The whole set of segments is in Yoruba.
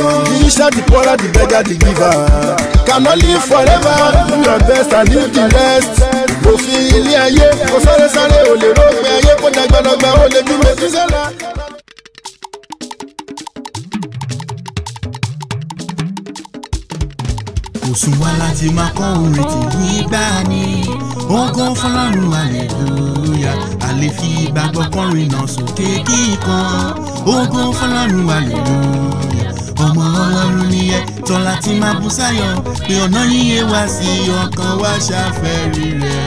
He shall the poorer, the beggar, the giver. Cannot live forever. Do your best and live the rest. Òfin ilé ayé, kò sáré sáré, ò lè rópin ayé, kó dàgbàdàgbà, ò lè bí mo ti sẹ́la. òsùn wa láti máa kọ́ orin tí gbígbà ni ògo fọlọ́run hallelujah àlè fi ìgbàgbọ́ kọrin náà sókè kíkan ògo fọlọ́run hallelujah ọmọ ọlọ́run ni ẹ tọ́ láti máa bú sáyọ̀ pé ọ̀nà yíyẹ wá sí ọkàn wá ṣàfẹ́rí rẹ̀.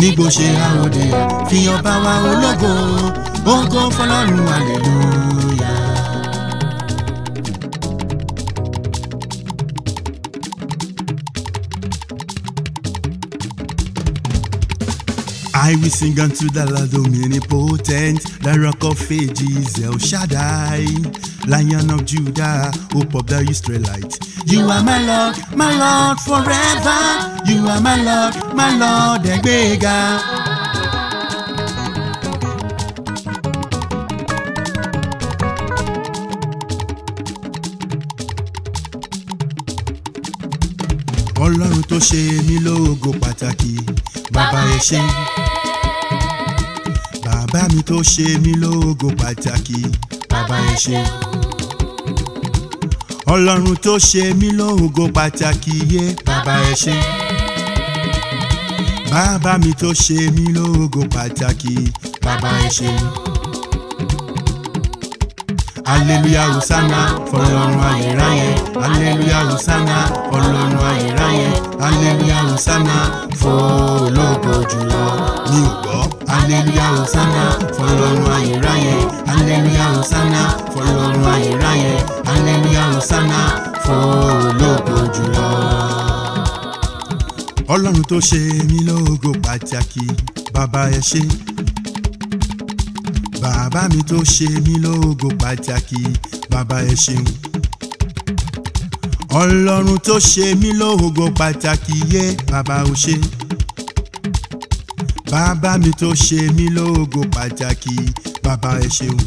nígbò ṣe àròdè fi ọba wa ológo ògo fọlọ́run àlè lò. I will sing unto the Lord omnipotent, the rock of ages, El Shaddai, Lion of Judah, hope of the Israelite. You are my Lord, my Lord forever. You are my Lord, my Lord Egbega. Ọlọ́run tó ṣe mí lógo pàtàkì bàbá ẹ ṣé bàbá mi tó ṣe mí lógo pàtàkì bàbá ẹ ṣé ọlọ́run tó ṣe mí lógo pàtàkì yé bàbá ẹ ṣé bàbá mi tó ṣe mí lógo pàtàkì bàbá ẹ ṣé aleluya hosanna fọ́lọ́run ayérayé aleluya hosanna fọ́lọ́run ayérayé aleluya hosanna fọ́lọ́run jùlọ ní òkè aleluya hosanna my ayérayé aleluya hosanna fọlọ́run ayérayé aleluya hosanna fọlọ́gbọ jùlọ. ọlọ́run tó ṣe mí lógo pàtàkì bàbá ẹ ṣé bàbá mi tó ṣe mí lógo pàtàkì bàbá ẹ ṣeun ọlọ́run tó ṣe mí lógo pàtàkì yé bàbá ò ṣe bàbá mi tó ṣe mí lógo pàtàkì bàbá ẹ ṣeun.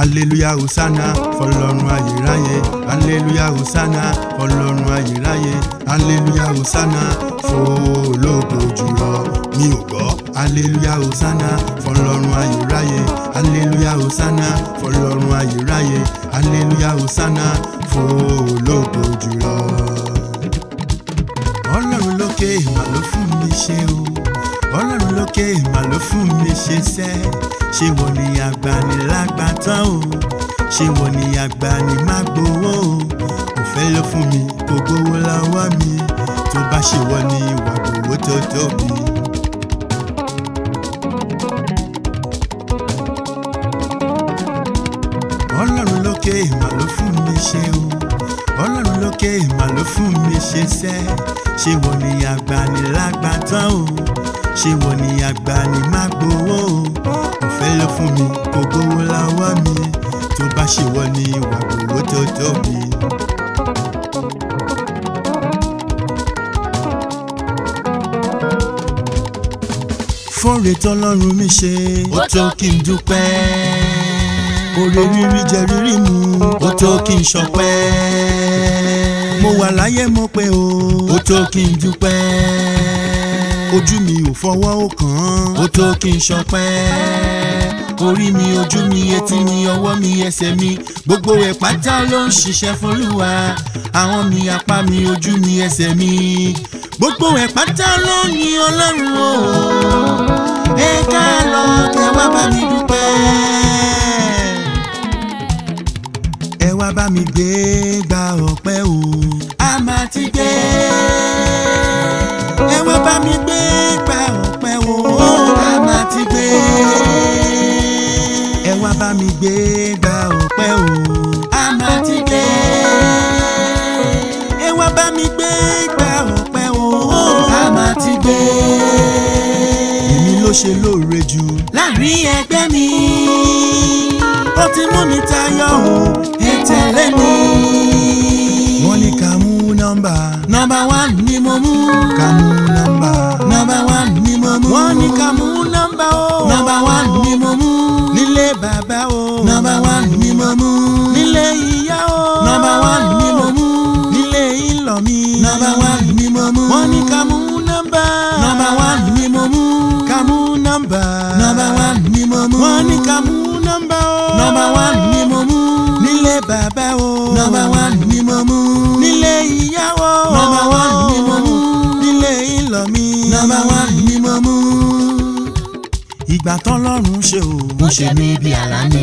aleluya hosana fọlọ́run ayérayé aleluya hosana fọlọ́run ayérayé aleluya hosana fọlọ́gbọ̀ jùlọ mi ò gbọ́. aleluya hosana fọlọ́run ayérayé aleluya hosana fọlọ́run ayérayé aleluya hosana fọlọ́gbọ̀ jùlọ. ọlọ́run ló lókè mà ló fún mi ṣe o ọlọ́run lókè mà ló fún mi ṣe sẹ́ ṣé wọ́n ní agbanilágbàtàn o ṣé wọ́n ní agbanimágbowó o òfẹ́ ló fún mi kò gbowó lọ́wọ́ mi tó bá ṣe wọ́n ní ìwà gbowó tó tóbi. ọlọ́run lókè mà ló fún mi ṣe o lókè mà ló fún mi ṣe sẹ́ ṣé wọ́n ní agbanilágbàtàn o ṣé wọ́n ní agbanimágbowó o òfẹ́ ló fún mi kò gbowó láwọ́ mi tó bá ṣe wọ́n ní ìwà gbowó tó tóbi. fóònù tọ́lọ́run mi ṣe ó tó kí n dúpẹ́ oore rírí jẹ rírí mu ó tó kí n ṣọpẹ́ mo wà láyé mo pé o o tó kí n dúpẹ́ ojú mi ò fọwọ́ ó kàn án ó tó kí n ṣọpẹ́ orí mi ojú mi etí mi ọwọ́ mi ẹsẹ̀ mi gbogbo ẹ̀ pátá ló ń ṣiṣẹ́ fúnlùwà àwọn mi apá mi ojú mi ẹsẹ̀ mi gbogbo ẹ̀ pátá ló ń yin ọlọ́run o ẹ ká lọ kẹ wá bá mi dúpẹ́ ẹ wá bá mi gbé gba ọpẹ́ o. bá mi gbé pẹ́ òpẹ́ o bá má ti gbé ẹ wá bá o bá má ti gbé ẹ wá bá o bá má ti gbé èmi ló ṣe lóore jù láàrin ẹgbẹ́ mi ó ti mú mi tayọ o ètẹ̀lẹ́ mi. Number one, ni mo mú. ká mú nọ́mbà. nọ́mbà wán ni mo mú. wọ́n ní ká mú nọ́mbà o. nọ́mbà wán ni mo mú. nílé bàbá o. nọ́mbà wán ni mo mú. nílé ìyá o. nọ́mbà wán ni mo mú. nílé ìlọ mi. nọ́mbà wán ni mo mú. wọ́n ní ká mú Number one, wán ni mo mú. ká mú Number one, wán ni mo mú. wọ́n ní ká mú o. nọ́mbà wán ni mo mú nílé bàbá o nọ́mbà wán ni mo mú nílé ìyá o nọ́mbà wán ni mo mú nílé ìlọ mi nọ́mbà wán ni mo mú ìgbà tọ́lọ́run ṣe o mo ṣe mí bí àlá ni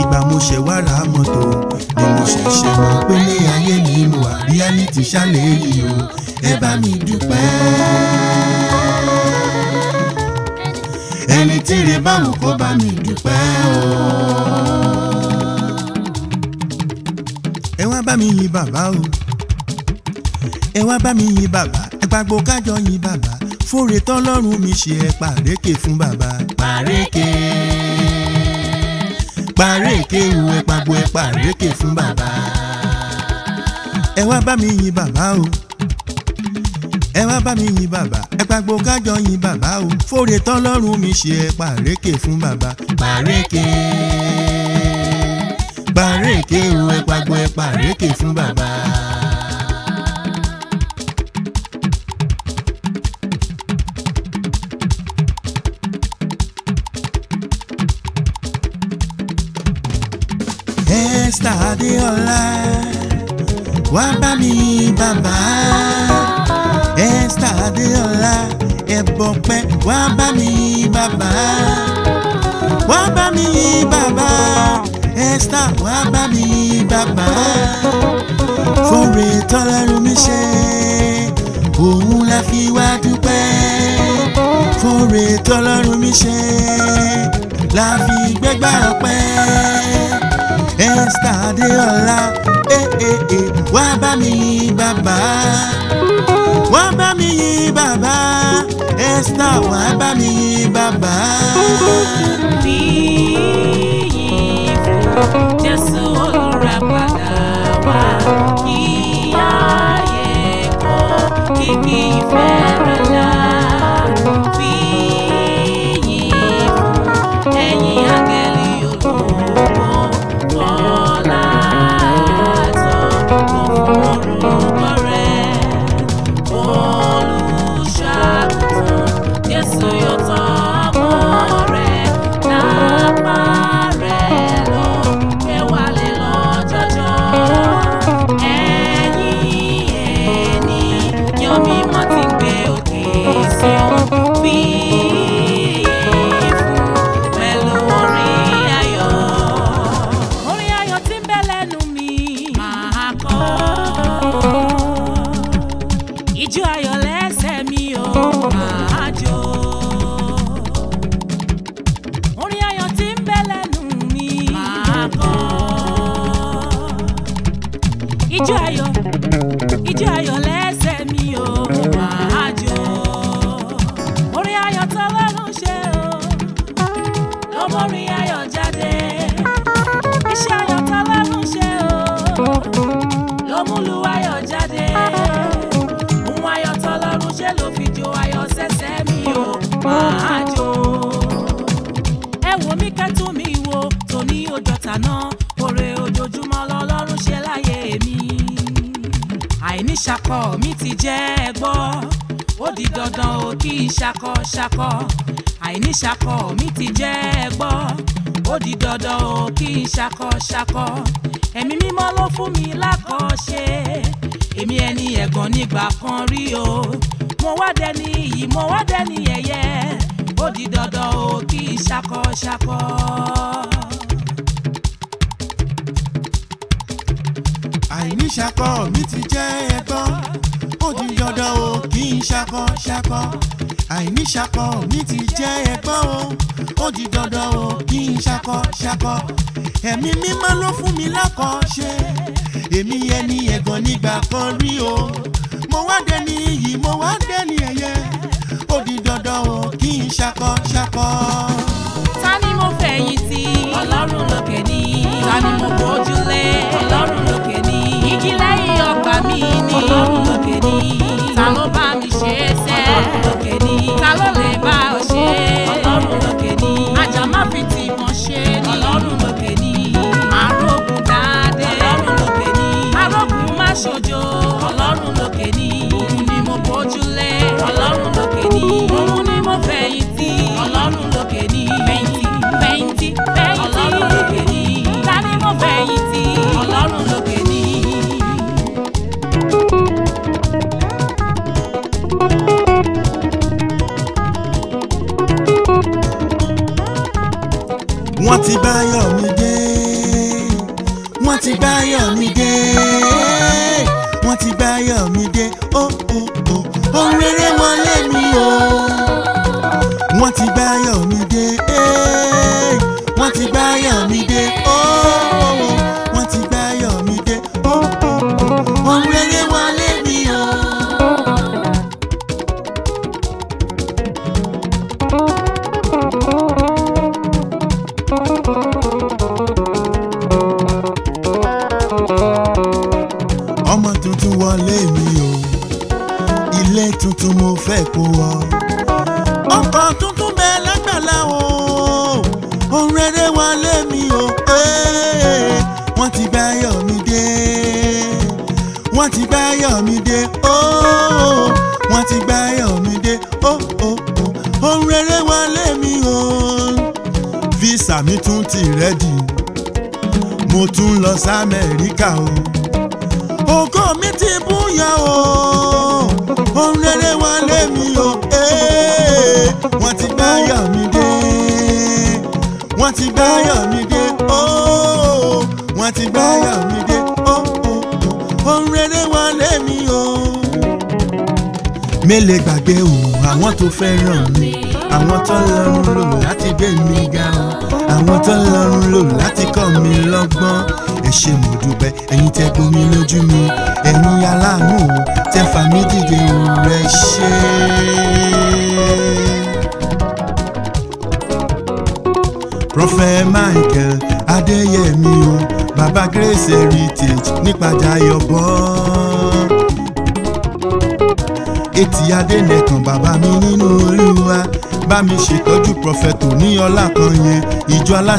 ìgbà mo ṣe wá ra mọ́tò ni mo ṣe ṣe mọ̀ pé ní ayé mi mo wà bí a ní ti ṣàlẹ̀ yìí o ẹ bá mi dúpẹ́ ẹni tí ire báwọn kó bá mi dúpẹ́ o. ẹ wá bá mi yin bàbá o ẹ wá bá mi yin bàbá ẹ gbàgbó kájọ yin bàbá fóore tọ́lọ́run mi ṣe ẹ pàrékè fún bàbá. pàrékè pàrékè o ẹ pàgbó ẹ pàrékè fún bàbá. ẹ wá bá mi yin bàbá o ẹ wá bá mi yin bàbá ẹ pàgbó kájọ yin bàbá o fòrè tọ́lọ́run mi ṣe ẹ pàrékè fún bàbá. pàrékè pàrékè o ẹ pàgbó ẹ pàrékè fún bàbá. Esther Adéọlá wá bá mi bàbá. Esther Adéọlá ẹ̀bọ̀pẹ́ wá bá mi bàbá wá bá mi bàbá Esther wá bá mi bàbá fòrè tọ́lọ́run mi ṣe òun la fi wá dúpẹ́ fòrè tọ́lọ́run mi ṣe la fi gbégbá ọpẹ́ Esther Adéọlá ẹ ẹ ẹ wá bá mi bàbá wọ́n bá mi yin bàbá Esther wá bá mi yin bàbá. mi yìí fún Jésù olùràpadà wá kí ayé kọ́ kí kì fẹ́.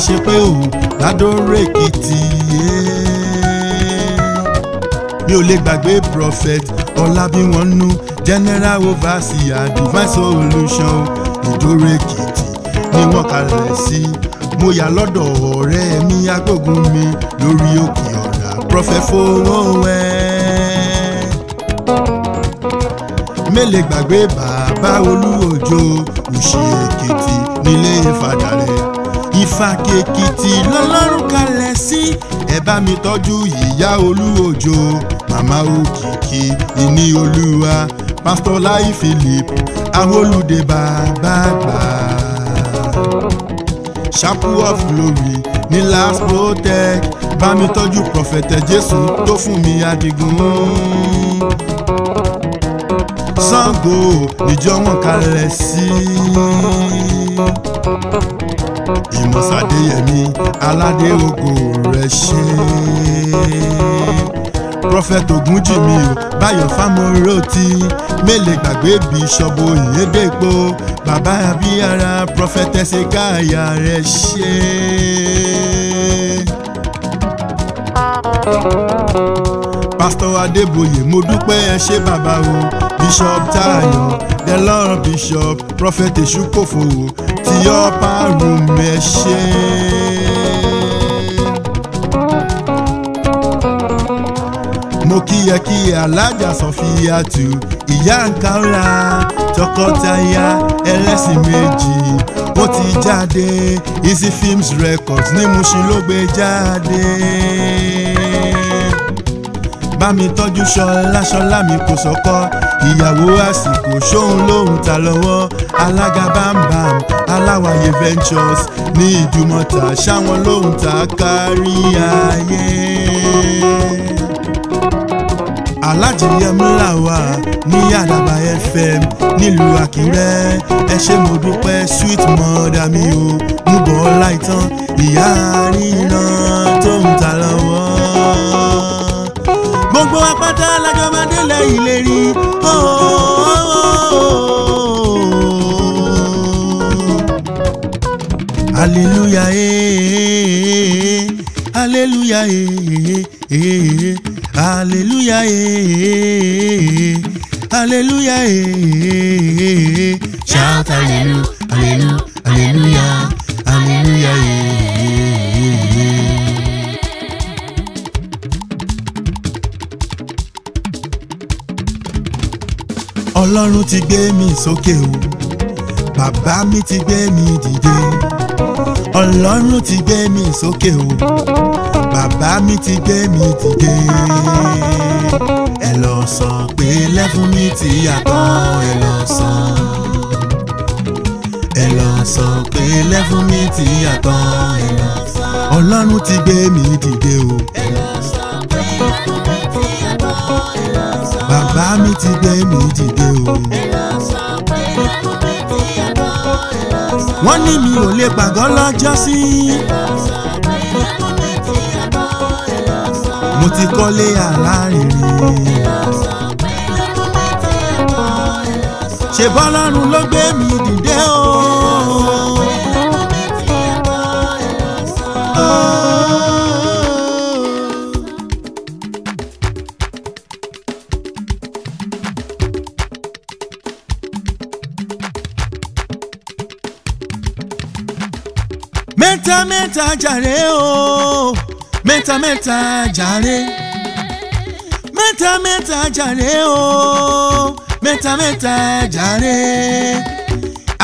ṣe pé ò ládòrò èkìtì mi ò lè gbàgbé prophet ọlábíwọnú general overseer divine solution ìdòrò èkìtì ni wọ́n kalẹ̀ sí mo yà lọ́dọ̀ ọ̀rẹ́ mi agbógun mi lórí òkè ọ̀rá prophet Fowónwẹ́ mélèé gbàgbé bàbá olúwojo òṣì èkìtì nílé ìfàdà ìfàkèkìtì lọ́lọ́run kalẹ̀ sí ẹ bá mi tọ́jú ìyá olúwòjò màmá òkìkí ìní olúwa pásítọ̀ láì philip awolóde bàbá àgbà chapel of glory ní last protect bá mi tọ́jú prọfẹ̀tẹ̀ jésù tó fún mi adigun Ṣàngó níjọ́ wọn kalẹ̀ sí i. Ìmọ̀sá Adéyẹmí aládé ògo rẹ̀ ṣe. Prophet Ògúnjìmí o Báyọ̀ Fámóró ti mélèé gbàgbé bí ṣọ́bù ìyédèpò bàbá abíyára Prophet Ẹ̀sìnkáyà rẹ̀ ṣe. Pásítọ̀ Adébóyè mo dúpẹ́ ẹ ṣé bàbá o Bishop Tayo Delọ́run Bishop Prophet Èṣù Kòfòwò àti ọba rúmẹ ṣe. mo kíyẹ kíyẹ alájà sọfíà tù ìyá nkárà tọkọtaya ẹlẹ́sìn méjì ó ti jáde easy films records ní Mushin ló gbé jáde. bá mi tọ́jú ṣọlá ṣọlá mi kò sọ́kọ́ ìyàwó àsìkò ṣóun lóhùn ta lọ́wọ́ alága bámbàm aláwàyè ventures ní ìdúmọ̀tà ṣáwọn lóhùn tá a kárí ayé. alájìyẹ múlá wà ní àdàbà fm nílùú àkírẹ́ ẹ ṣé mo dúpẹ́ sweet mother mi o mú bọ́ láì tán ìyá ríran tó ń ta lọ́wọ́. gbogbo apáta alájọba délẹ̀ ìlérí. hallelujah eh, hallelujah eh, hallelujah eh, hallelujah eh, shout hallelujah hallelujah hallelujah hallelujah eh. ọlọ́run ti gbé mi sókè o bàbá mi ti gbé mi dìde ọlọ́run ti gbé mi sókè o bàbá mi ti gbé mi dìde ẹ lọ sọ pé lẹ́fún mi ti yàtọ̀ ẹ lọ sọ ẹ lọ sọ pé lẹ́fún mi ti yàtọ̀ ẹ lọ sọ ọlọ́run ti gbé mi dìde o ẹ lọ sọ pé lẹ́fún mi ti yàtọ̀ ẹ lọ sọ bàbá mi ti gbé mi dìde o ẹ lọ sọ wọ́n ní mi ò lè pàgọ́ lọ́jọ́ sí. mo ti kọ́lé alárinrin. ṣe bọ́lọ́run ló gbé mi dìde o. Oh. mẹ́ta jàre o mẹ́ta mẹ́ta jàre mẹ́ta mẹ́ta jàre o mẹ́ta mẹ́ta jàre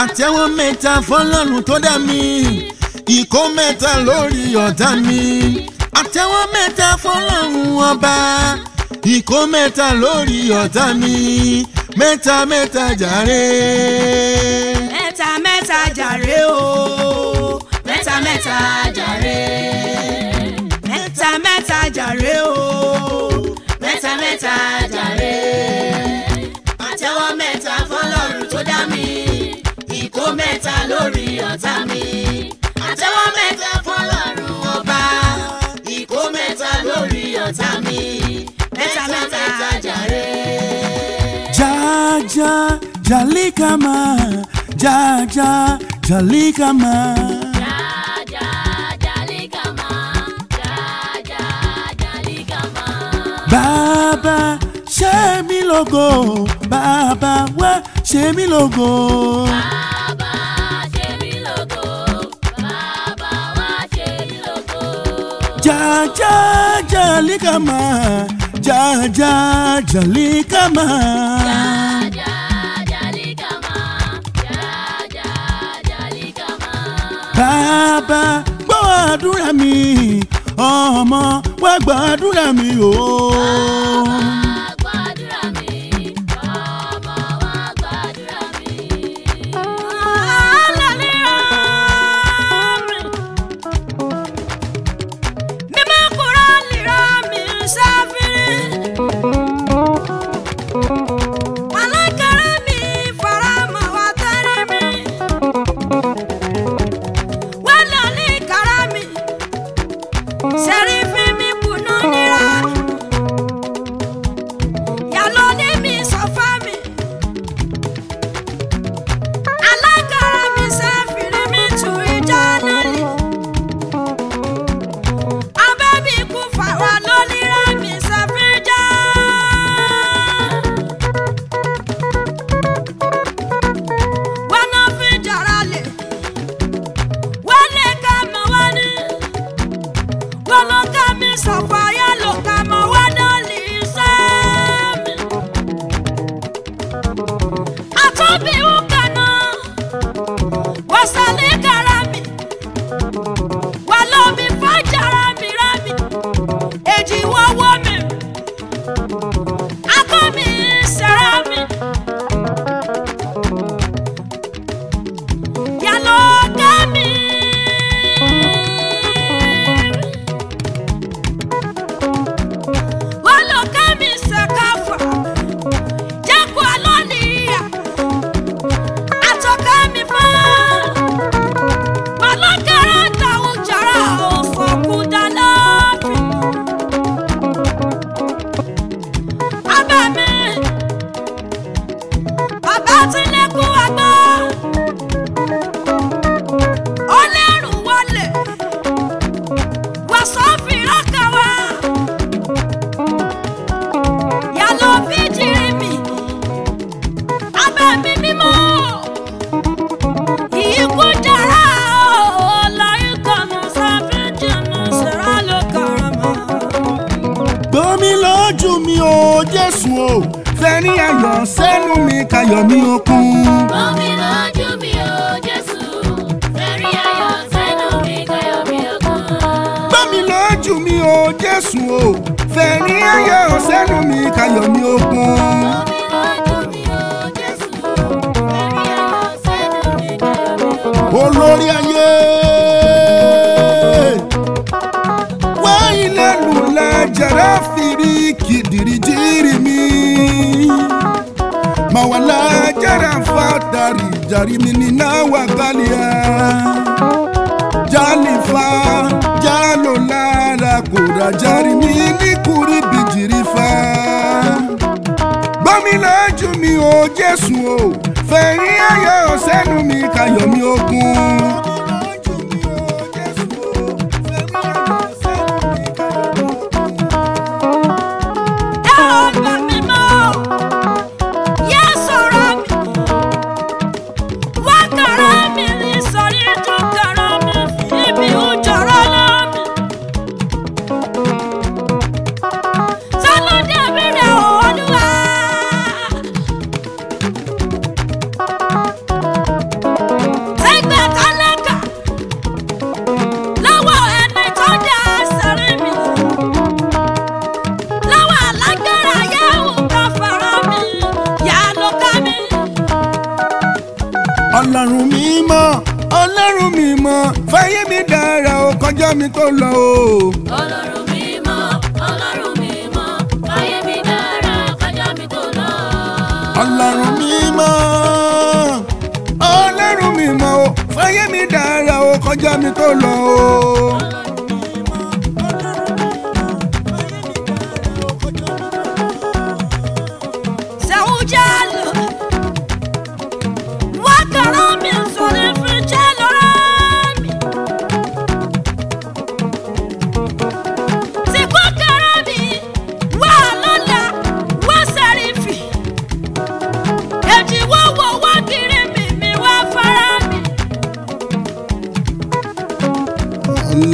àtẹ́wọ́ mẹ́ta fọ́lọ́run tó dá mi ìkó mẹ́ta lórí ọ̀tá mi àtẹ́wọ́ mẹ́ta fọ́lọ́run ọba ìkó mẹ́ta lórí ọ̀tá mi mẹ́ta mẹ́ta jàre. ọ̀tá mi. àtẹ́wọ́ mẹ́ta fọlọ́run ọba ìkó mẹ́ta lórí ọ̀tá mi. mẹ́ta mẹ́ta jàre. jaja jalikama jaja jalikama. Baba, ṣe mí lógo, bàbá wa ṣe mí lógo. Bàbá. Jaja Jalikama Jaja Jalikama Jaja Jalikama Jaja Jalikama Bàbá gbọ́ àdúrà mi ọmọ wá gbàdúrà mi o.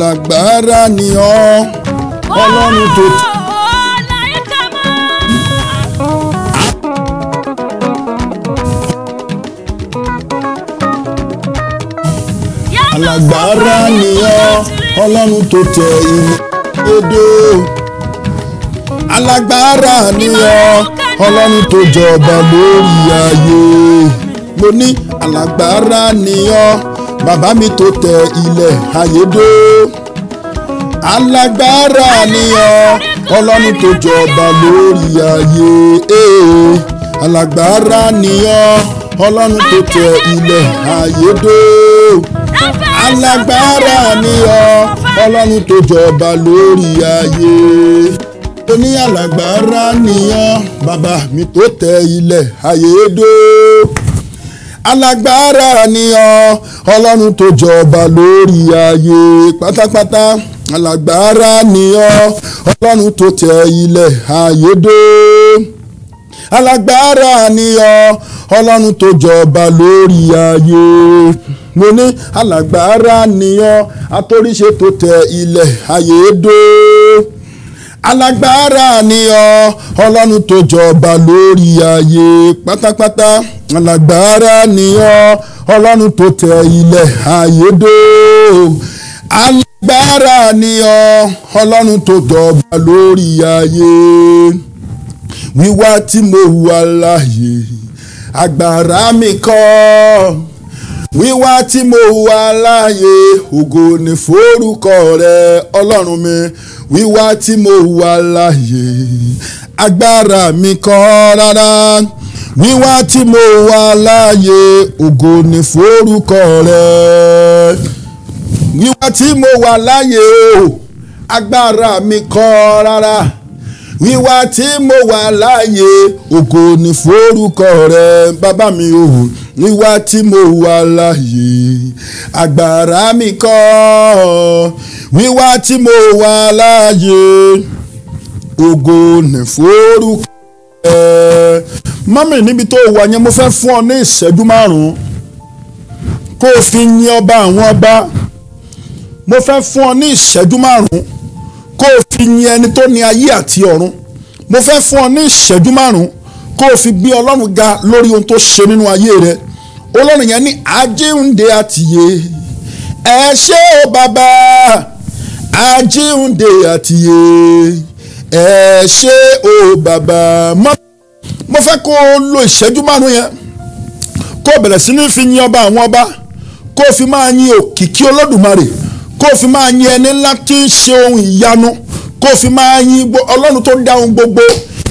alágbára ni ọ́ ọlọ́run tó ti. alágbára ni ọ́ ọlọ́run tó tẹ ilé dodo alágbára ni ọ́ ọlọ́run tó jọba lórí ayé mo ní alágbára ni ọ́ bàbá mi tó tẹ ilẹ̀ ayé dó. Alagbara ni ọ́ ọlọ́run tó jọba lórí ayé alágbára ni ọ́ ọlọ́run tó tẹ ilẹ̀ ayé dó alágbára ni ọ́ ọlọ́run tó jọba lórí ayé ó ní alágbára ni ọ́ bàbá mi tó tẹ ilẹ̀ ayé dó alágbára ni tó jọba lórí ayé pátápátá alágbára ni ọ́ ọlọ́run tó tẹ ilẹ̀ ayé dó alágbára ni ọ́ ọlọ́run tó jọba lórí ayé mo ní alágbára ni ọ́ atóríṣe tó tẹ ilẹ̀ ayé dó alágbára ni ọ ọlọ́run tó jọba lórí ayé pátápátá alágbára ni ọ ọlọ́run tó tẹ ilẹ̀ ayé agbara ni ọ ọlọ́run tó dọ̀gba lórí ayé wíwá tí mo wà láàyè agbára mi kọ́ wíwá tí mo wà láàyè ògo ni forúkọ rẹ ọlọ́run mi wíwá tí mo wà láàyè agbára mi kọ́ rárá wíwá tí mo wà láàyè ògo ni forúkọ rẹ. ìwà tí mo wà láyé o agbára mi kọ́ rárá wíwá tí mo wà láàyè ògo ní forúkọ rẹ bàbá mi o wíwá tí mo wà láàyè agbára mi kọ́ wíwá tí mo wà láàyè ògo ní forúkọ rẹ. mọ́mì níbi tó wà yẹn mo fẹ́ fún ọ ní ìṣẹ́jú márùn-ún kó o fi yin ọba àwọn ọba mo fẹ́ fún ọ ní ìṣẹ́jú márùn-ún kó o fi yin ẹni tó ní ayé àti ọ̀run mo fẹ́ fún ọ ní ìṣẹ́jú márùn-ún kó o fi gbé ọlọ́run ga lórí ohun tó ṣe nínú ayé rẹ ọlọ́run yẹn ní ajíhùndé àtìyé ẹ ṣé o bàbá ajíhùndé àtìyé ẹ ṣé o bàbá mo fẹ́ kó o lo ìṣẹ́jú márùn-ún yẹn kó o bẹ̀rẹ̀ sí ní fi yin ọba àwọn ọba kó o fi máa yin òkìkí olódùmarè kó fi máa yin ẹni ńlá tí ń ṣe ohun ìyanu kó fi máa yin ọlọ́run tó dá ohun gbogbo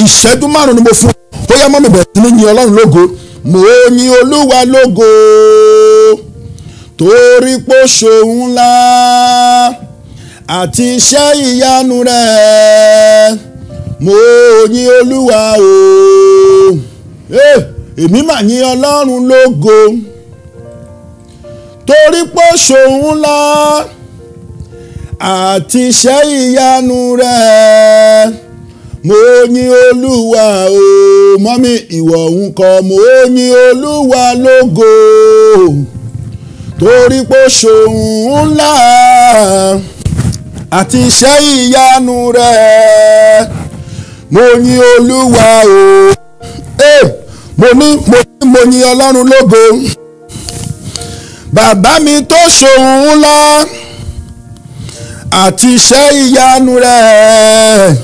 ìṣẹ́jú márùn-ún ni mo fún ó yá mọ́ mi bẹ̀rẹ̀ sí ní yin ọlọ́run lógo mo yin olúwa lógo torí pé ó ṣòun ńlá àti iṣẹ́ ìyanu rẹ̀ mo yin olúwa o eh, èmi mà yin ọlọ́run lógo torí pé ó ṣòun ńlá àti iṣẹ́ ìyanu rẹ̀ mo yìn olúwa o mọ́mí ìwọ ń kọ́ mo yìn olúwa lógo torí pé ṣòun ńlá àti iṣẹ́ ìyanu rẹ̀ mo yìn olúwa o eh, mo ní mo ní mo yìn ọlọ́run lógo bàbá mi tó ṣòun ńlá àti iṣẹ́ ìyanu rẹ̀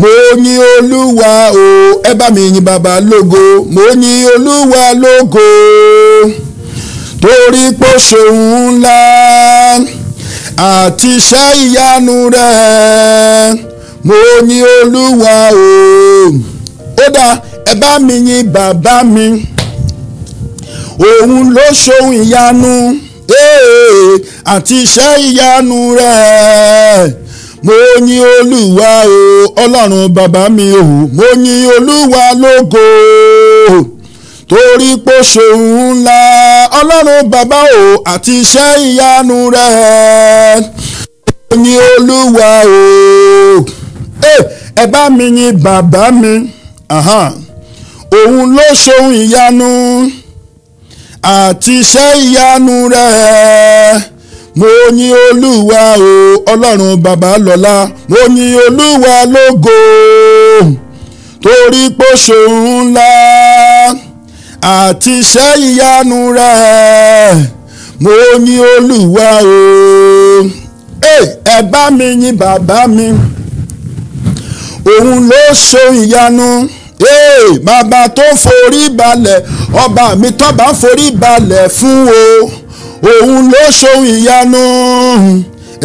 mo yìn olúwa o ẹ bá mi yìn bàbá lógo mo yìn olúwa lógo torí pé ó ṣeun ńlá àti iṣẹ́ ìyanu rẹ̀ mo yìn olúwa o ó dáa ẹ bá mi yìn bàbá mi òun ló ṣeun ìyanu. Hey, àti iṣẹ́ ìyanu rẹ̀ mo yìn olúwa o ọlọ́run bàbá mi o mo yìn olúwa lógo torí pé ṣòun ńlá ọlọ́run bàbá o àti iṣẹ́ ìyanu rẹ̀ mo yìn olúwa o eh, ẹ bá mi yìn bàbá mi òun ló ṣòun ìyanu àti iṣẹ́ ìyanu rẹ̀ mo yìn olúwa o ọlọ́run bàbá lọ́lá mo yìn olúwa lógo torí pé ṣòun ńlá àti iṣẹ́ ìyanu rẹ̀ mo yìn olúwa o ẹ bá mi yìn bàbá mi òun ló ṣe ìyanu bàbá tó forí balẹ̀ ọba mi tó forí balẹ̀ fún o òun ló ṣohun ìyanu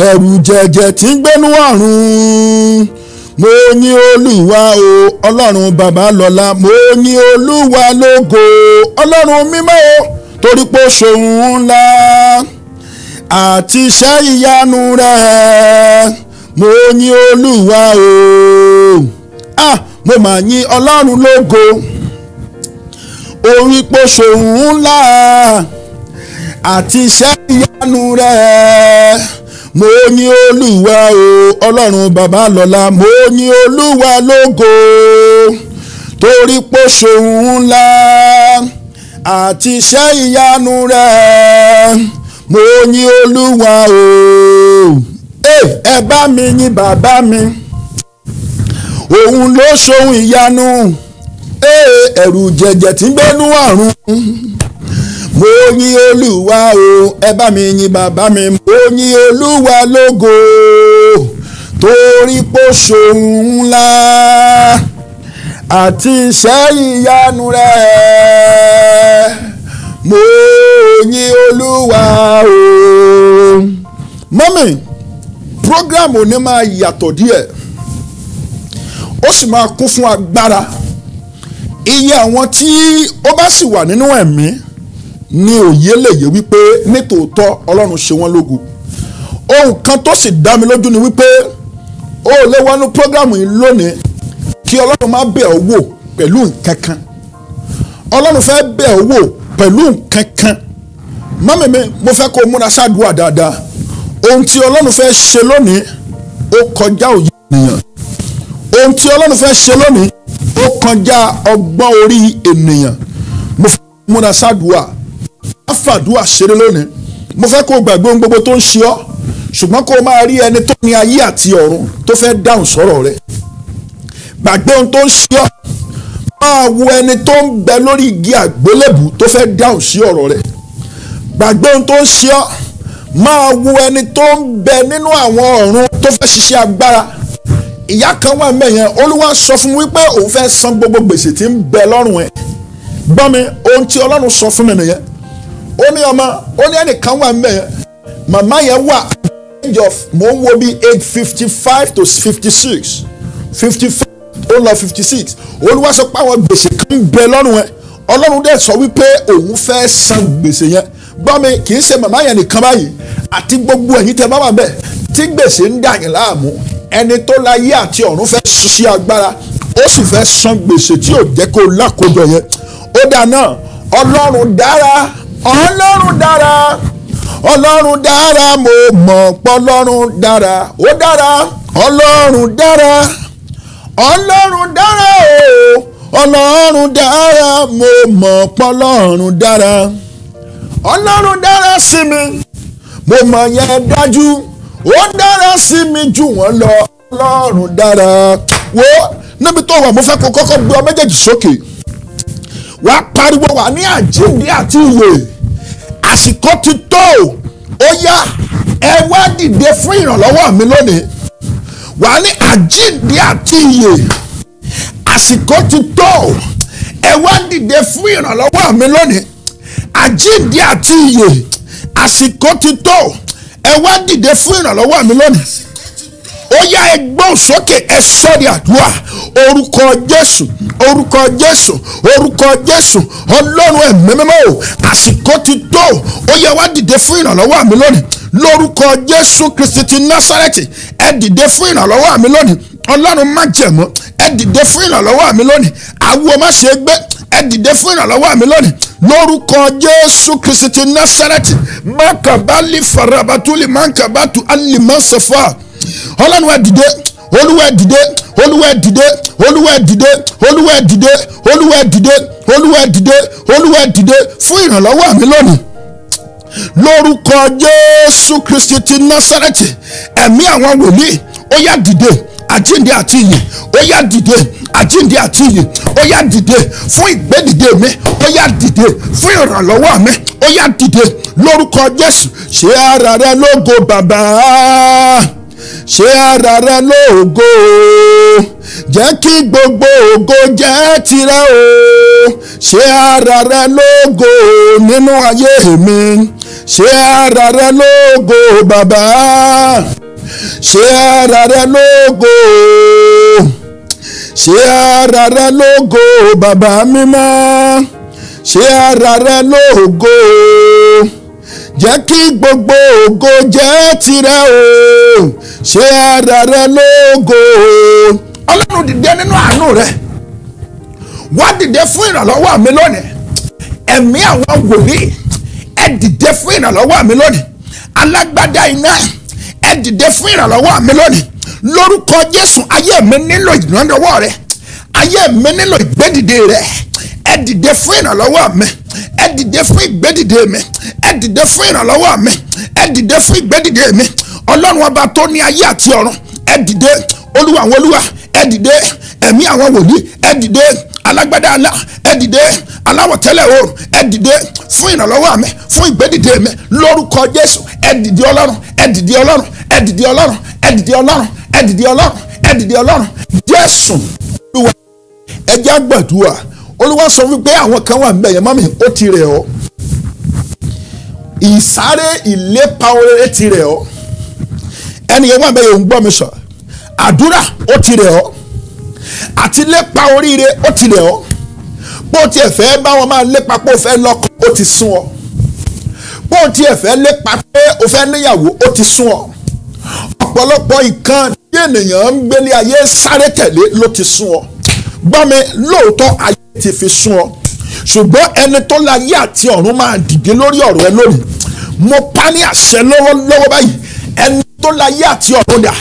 ẹ̀rù jẹ̀jẹ̀ tí ń gbénú ọ̀run mo ní olúwa o ọlọ́run bàbá lọ́lá mo ní olúwa lógo ọlọ́run mímọ́ o torí pé ó ṣohun ńlá àti iṣẹ́ ìyanu rẹ̀ mo ní olúwa o ah mo mà yìn ọlọ́run lógo orí pé ó ṣohun ńlá àti iṣẹ́ ìyanu rẹ̀ mo ní olúwa o ọlọ́run bàbá lọ́lá mo ní olúwa lógo torí pé ṣòun ńlá àti iṣẹ́ ìyanu rẹ̀ mo ní olúwa o ẹ bá mi yìn bàbá mi òun ló ṣòun ìyanu ẹ̀rù jẹ̀jẹ̀ tí ń gbénú ọ̀run mo yìn olúwa o ẹ bá mi yìn bàbá mi mo yìn olúwa lógo torí pé ṣòun ńlá àti iṣẹ́ ìyanu rẹ̀ mo yìn olúwa o. mọ́mì program òní máa yàtọ̀ díẹ̀ ó sì máa kún fún agbára iye àwọn tí ó bá sì wà nínú ẹ̀mí. E ní òye lèyẹ wípé nítòótọ́ ọlọ́run ṣe wọ́n lógo ohun kan tó sì dá mi lójú ni wípé ó lé wọnú prógrámù yìí lónìí kí ọlọ́run má bẹ̀ ọ́ wò pẹ̀lú nǹkan kan ọlọ́run fẹ́ bẹ̀ ọ́ wò pẹ̀lú nǹkan kan mọ́mí mo fẹ́ kó o múra ṣáàdúrà dáadáa ohun tí ọlọ́run fẹ́ ṣe lónìí ó kọjá òye ènìyàn ohun tí ọlọ́run fẹ́ ṣe lónìí ó kọjá ọgbọ́n orí ènìyàn mo fẹ́ múra ṣáàdúrà fàdúrà ṣeré lónìí mo fẹ́ kó gbàgbé ohun gbogbo tó ń ṣe ọ́ ṣùgbọ́n kó máa rí ẹni tó ní ayé àti ọ̀run tó fẹ́ dáhùn sọ̀rọ̀ rẹ̀ gbàgbé ohun tó ń ṣe ọ́ máa wo ẹni tó ń bẹ lórí igi àgbélébù tó fẹ́ dáhùn sí ọ̀rọ̀ rẹ̀ gbàgbé ohun tó ń ṣe ọ́ máa wo ẹni tó ń bẹ nínú àwọn ọ̀run tó fẹ́ ṣiṣẹ́ agbára ìyá kan wà mẹ́yẹn olúwa sọ fún wípé òun fẹ́ san gbogbo gbèsè tí ń bẹ lọ́rùn ẹ̀ gbọ́n mi ohun tí ọlọ́run sọ fún mi nìyẹn ó ní ọmọ ó ní ẹnìkan wà mbẹ màmá yẹn wà age of mò ń wo bí age fifty five to fifty six fifty five ó lọ fifty six olúwa sọ pé àwọn gbèsè kan ń bẹ lọ́rùn ẹ ọlọ́run dẹ̀ sọ wípé òun fẹ́ san gbèsè yẹn gbọ́ mi kì í ṣe màmá yẹn nìkan báyìí àti gbogbo ẹ̀yin tẹ́ bá wà bẹ́ẹ̀ tí gbèsè ń dà yín láàmú ẹni tó láyé àti ọ̀run fẹ́ ṣiṣẹ́ agbára ó sì fẹ́ san gbèsè tí ò jẹ́ kó lákòjọ yẹn ó dà náà ọlọ́run dára ọlọ́run dára ọlọ́run dára mo mọ̀ pọ́lọ́run dára ó dára ọlọ́run dára ọlọ́run dára o ọlọ́run dára mo mọ̀ pọ́lọ́run dára ọlọ́run dára sí mi mo mọ̀ yẹn dájú ó dára sí mi jù wọ́n lọ ọlọ́run dára wo níbi tó wà mo fẹ́ kó kọ́kọ́ gbé ọ méjèèjì sókè wàá pariwo wà ní àjíǹde àti ìwé àsìkò ti tó ó yá ẹ wá dìde fún ìrànlọ́wọ́ mi lónìí wà ní àjíǹde àti ìyè àsìkò ti tó ẹ wá dìde fún ìrànlọ́wọ́ mi lónìí àjíǹde àti ìyè àsìkò ti tó ẹ wá dìde fún ìrànlọ́wọ́ mi lónìí ó yá ẹgbọ́n sókè ẹ sọ di àdúrà orúkọ jésù orúkọ jésù orúkọ jésù ọlọ́run ẹ̀mẹ́mẹ́mẹ́ o àsìkò ti tó ó yá wá dìde fún ìrànlọ́wọ́ àmì lónìí lórúkọ jésù kristi ti násárẹ́tì ẹ dìde fún ìrànlọ́wọ́ àmì lónìí ọlọ́run má jẹ̀mọ́ ẹ dìde fún ìrànlọ́wọ́ àmì lónìí àwo má ṣe gbé ẹ dìde fún ìrànlọ́wọ́ àmì lónìí lórúkọ jésù kristi ti násárẹ́tì mákàbálì farabatuli mákàbátù olúwa dìde olúwa dìde olúwa dìde olúwa dìde olúwa dìde olúwa dìde olúwa dìde olúwa dìde fún ìrànlọ́wọ́ mi lónìí lórúkọ jésù kristi ti násàrẹ́tì ẹ̀mí àwọn wòlíì ó yá dìde àjíǹde àti ìyìn ó yá dìde àjíǹde àti ìyìn ó yá dìde fún ìgbédìde mi ó yá dìde fún ìrànlọ́wọ́ mi ó yá dìde lórúkọ jésù ṣe ara rẹ lógo bàbá ṣe ara rẹ lóògo jẹ́ kí gbogbo ògo jẹ́ tirẹ̀ o ṣe ara rẹ lóògo nínú ayé mi ṣe ara rẹ lóògo bàbá ṣe ara rẹ lóògo ṣe ara rẹ lóògo bàbá mímọ́ ṣe ara rẹ lóògo jẹ́ kí gbogbo ògo jẹ́ tirẹ̀ o ṣe ara rẹ lógo o. ọlọ́run dìde nínú àánú rẹ wá dìde fún ìrànlọ́wọ́ mi lónìí ẹ̀mí àwọn wòlíì ẹ dìde fún ìrànlọ́wọ́ mi lónìí alágbádá iná ẹ dìde fún ìrànlọ́wọ́ mi lónìí lórúkọ jésù ayé mi nílò ìrànlọ́wọ́ rẹ ayé mi nílò ìgbédìde rẹ ẹ dìde fún ìrànlọ́wọ́ mi ẹ dìde fún ìgbédìde mi ẹ dìde fún ìrànlọ́wọ́ mi ẹ dìde fún ìgbédìde mi ọlọ́run ọba tó ní ayé àti ọ̀run ẹ dìde olúwa àwọn olúwa ẹ dìde ẹ̀mí àwọn wòlíì ẹ dìde alágbádá alá ẹ dìde aláwọ̀ tẹ́lẹ̀ oòrùn ẹ dìde fún ìrànlọ́wọ́ mi fún ìgbédìde mi lórúkọ jésù ẹ dìde ọlọ́run ẹ dìde ọlọ́run ẹ dìde ọlọ́run ẹ dìde ọlọ́run ẹ dìde ọlọ́run ẹ dìde ọlọ́run jésù olúwa ẹ jẹ́ àgbàdua olúwa sọ wípé àwọn kan wà níbẹ̀ yẹn mọ́mí ó ti rẹ̀ ọ́ ìsáré ìlépa oore ti rẹ̀ ọ́ ẹnì yẹn wà níbẹ̀ yẹn ò ń gbọ́ mi sọ àdúrà ó ti rẹ̀ ọ́ àti lépa oríire ó ti rẹ̀ ọ́ bó tiẹ̀ fẹ́ bá wọn máa lépa pé o fẹ́ lọ́kọ ó ti sún ọ bó tiẹ̀ fẹ́ lépa pé o fẹ́ níyàwó ó ti sún ọ ọ̀pọ̀lọpọ̀ nǹkan tí ènìyàn ń gbélé ayé sáré tẹ̀lé ló ti sún ọ gbọ́ mi lóòótọ́ ayé ti fi sún ọ ṣùgbọ́n ẹni tó láyé àti ọ̀run máa dìde lórí ọ̀rọ̀ ẹ lónìí mo pa ní àṣẹ lọ́wọ́lọ́wọ́ báyìí ẹni tó láyé àti ọ̀run dà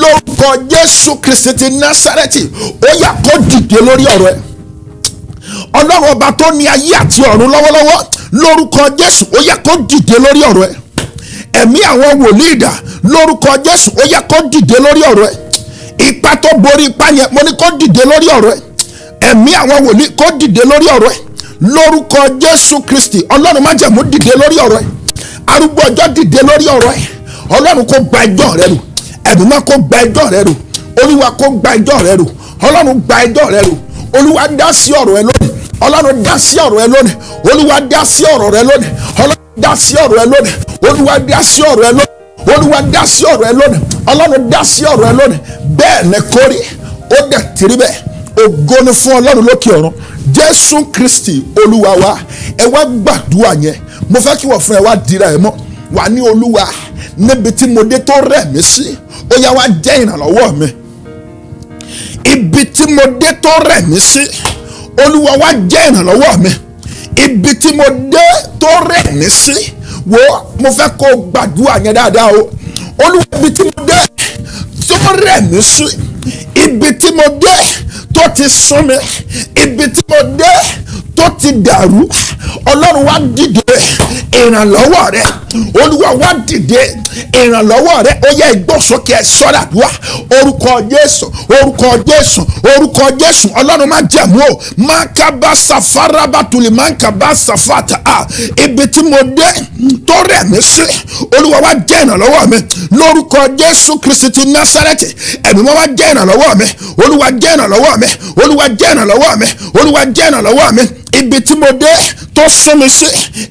lórúkọ Jésù Kristi ti Násárẹ́tì ó yá kó dìde lórí ọ̀rọ̀ ẹ ọlọ́run ọba tó ní ayé àti ọ̀run lọ́wọ́lọ́wọ́ lórúkọ Jésù ó yá kó dìde lórí ọ̀rọ̀ ẹ ẹ̀mí àwọn wòlíì dà lórúkọ Jésù ó yá kó dìde lórí ọ̀rọ̀ ẹ ipa tó borí ipa yẹn mo ní kó dìde lórí ọ̀rọ̀ ẹ ẹ̀mí àwọn wòlíì kó dìde lórí ọ̀rọ̀ ẹ̀ lórúkọ jésù kristi ọlọ́run májẹ̀mú dìde lórí ọ̀rọ̀ ẹ̀ arúgbó ọjọ́ dìde lórí ọ̀rọ̀ ẹ̀ ọlọ́run kó gba ẹjọ́ rẹ rò ẹ̀mí máa kó gba ẹjọ́ rẹ rò olúwa kó gba ẹjọ́ rẹ rò ọlọ́run gba ẹjọ́ rẹ rò olúwa dá sí ọ̀rọ̀ ẹ lónìí ọlọ́run dá sí ọ̀rọ̀ ẹ lónìí olúwa dá sí ọ̀rọ̀ rẹ lónìí ọlọ́run dá sí ọ̀rọ̀ ẹ lónìí olúwa dá sí ọ̀rọ̀ ẹ lónìí olúwa dá sí ọ̀rọ̀ ẹ lónìí bẹ́ẹ̀ ni kórè ó dẹ̀ tìrí bẹ́ẹ̀ ògo ni fún ọlọ́run lókè ọ̀run jésù kristi olúwa wa ẹ wá gbàdúrà yẹn mo fẹ́ kí wọ́n fún ẹ wá dira ẹ mọ́ wà ní olúwa níbi tí mo dé tó rẹ̀ mí sí ó yá wá jẹ́ ìrànlọ́wọ́ mi ibi tí mo dé tó rẹ̀ mí sí olúwa wá jẹ́ ìrànlọ́wọ́ mi ibi tí mo dé tó rẹ̀ mí sí wo mo fẹ́ kó gbàdúrà yẹn dáadáa o olúwa ibi tí mo dé tó rẹ̀ mí sí ibi tí mo dé tó ti sún mi ibi tí mo dé tó ti dàrú ọlọ́run wá dìde ìrànlọ́wọ́ rẹ olúwa wá dìde ìrànlọ́wọ́ rẹ ó yẹ ìgbọ́sókè ẹ sọ́ra àdúrà orúkọ jésù orúkọ jésù orúkọ jésù ọlọ́run má jẹ̀mú o má kábà safaraba tuli má kábà safata a ibi tí mo dé tó rẹ̀ mí sí olúwa wá jẹ́ ìrànlọ́wọ́ mi lórúkọ jésù kristi ti násárẹ́tì ẹ̀mí mọ́ wá jẹ́ ìrànlọ́wọ́ mi olúwa jẹ́ ìrànlọ́wọ́ mi mi olúwa jẹ́ ìrànlọ́wọ́ mi olúwa jẹ́ ìrànlọ́wọ́ mi ibi tí mo dé tó sún mi sí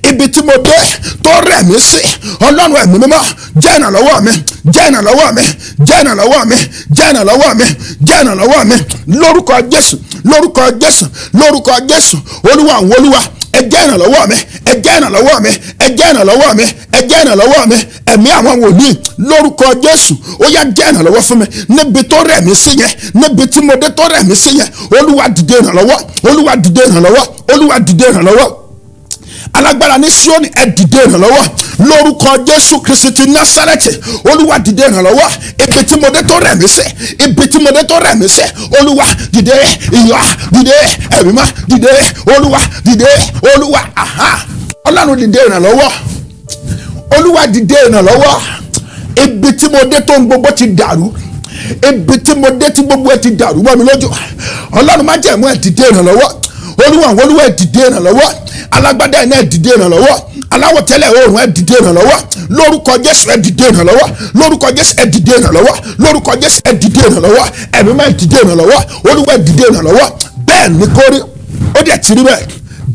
ibi tí mo dé tó rẹ̀ mí sí ọlọ́run ẹ̀mí mímọ́ jẹ́ ìrànlọ́wọ́ mi jẹ́ ìrànlọ́wọ́ mi jẹ́ ìrànlọ́wọ́ mi jẹ́ ìrànlọ́wọ́ mi jẹ́ ìrànlọ́wọ́ mi lórúkọ jésù lórúkọ jésù lórúkọ jésù olúwa àwọn ẹ jẹ́ ìrànlọ́wọ́ mi ẹ jẹ́ ìrànlọ́wọ́ mi ẹ jẹ́ ìrànlọ́wọ́ mi ẹ jẹ́ ìrànlọ́wọ́ mi ẹ̀mí àwọn wòlíì lórúkọ Jésù ó yá jẹ́ ìrànlọ́wọ́ fún mi níbi tó rẹ̀ mí sí yẹn níbi tí mo dé tó rẹ̀ mí sí yẹn Olúwa dìde ìrànlọ́wọ́ Olúwa dìde ìrànlọ́wọ́ Olúwa dìde ìrànlọ́wọ́ alágbára ní Síónì ẹ dìde ìrànlọ́wọ́ lórúkọ Jésù Kristi ti Násárẹ́tì olúwa dìde ìrànlọ́wọ́ ibi tí mo dé tó rẹ̀ mí sẹ́ ibi tí mo dé tó rẹ̀ mí sẹ́ olúwa dìde ìyá dìde ẹ̀mí má dìde olúwa dìde olúwa aha ọlọ́run dìde ìrànlọ́wọ́ olúwa dìde ìrànlọ́wọ́ ibi tí mo dé tó ń gbogbo ti dàrú ibi tí mo dé tí gbogbo ẹ ti dàrú mọ́ mi lójú ọlọ́run má jẹ̀mú ẹ̀ dìde ìrànlọ́wọ́ olúwa olúwa ẹ dìde ìrànlọ́wọ́ alágbádá iná ẹ dìde ìrànlọ́wọ́ aláwọ̀ tẹ́lẹ̀ oòrùn ẹ dìde ìrànlọ́wọ́ lórúkọ jésù ẹ dìde ìrànlọ́wọ́ lórúkọ jésù ẹ dìde ìrànlọ́wọ́ lórúkọ jésù ẹ dìde ìrànlọ́wọ́ ẹ̀mí máa dìde ìrànlọ́wọ́ olúwa ẹ dìde ìrànlọ́wọ́ bẹ́ẹ̀ ni kó rí ó dẹ̀ ti rí bẹ́ẹ̀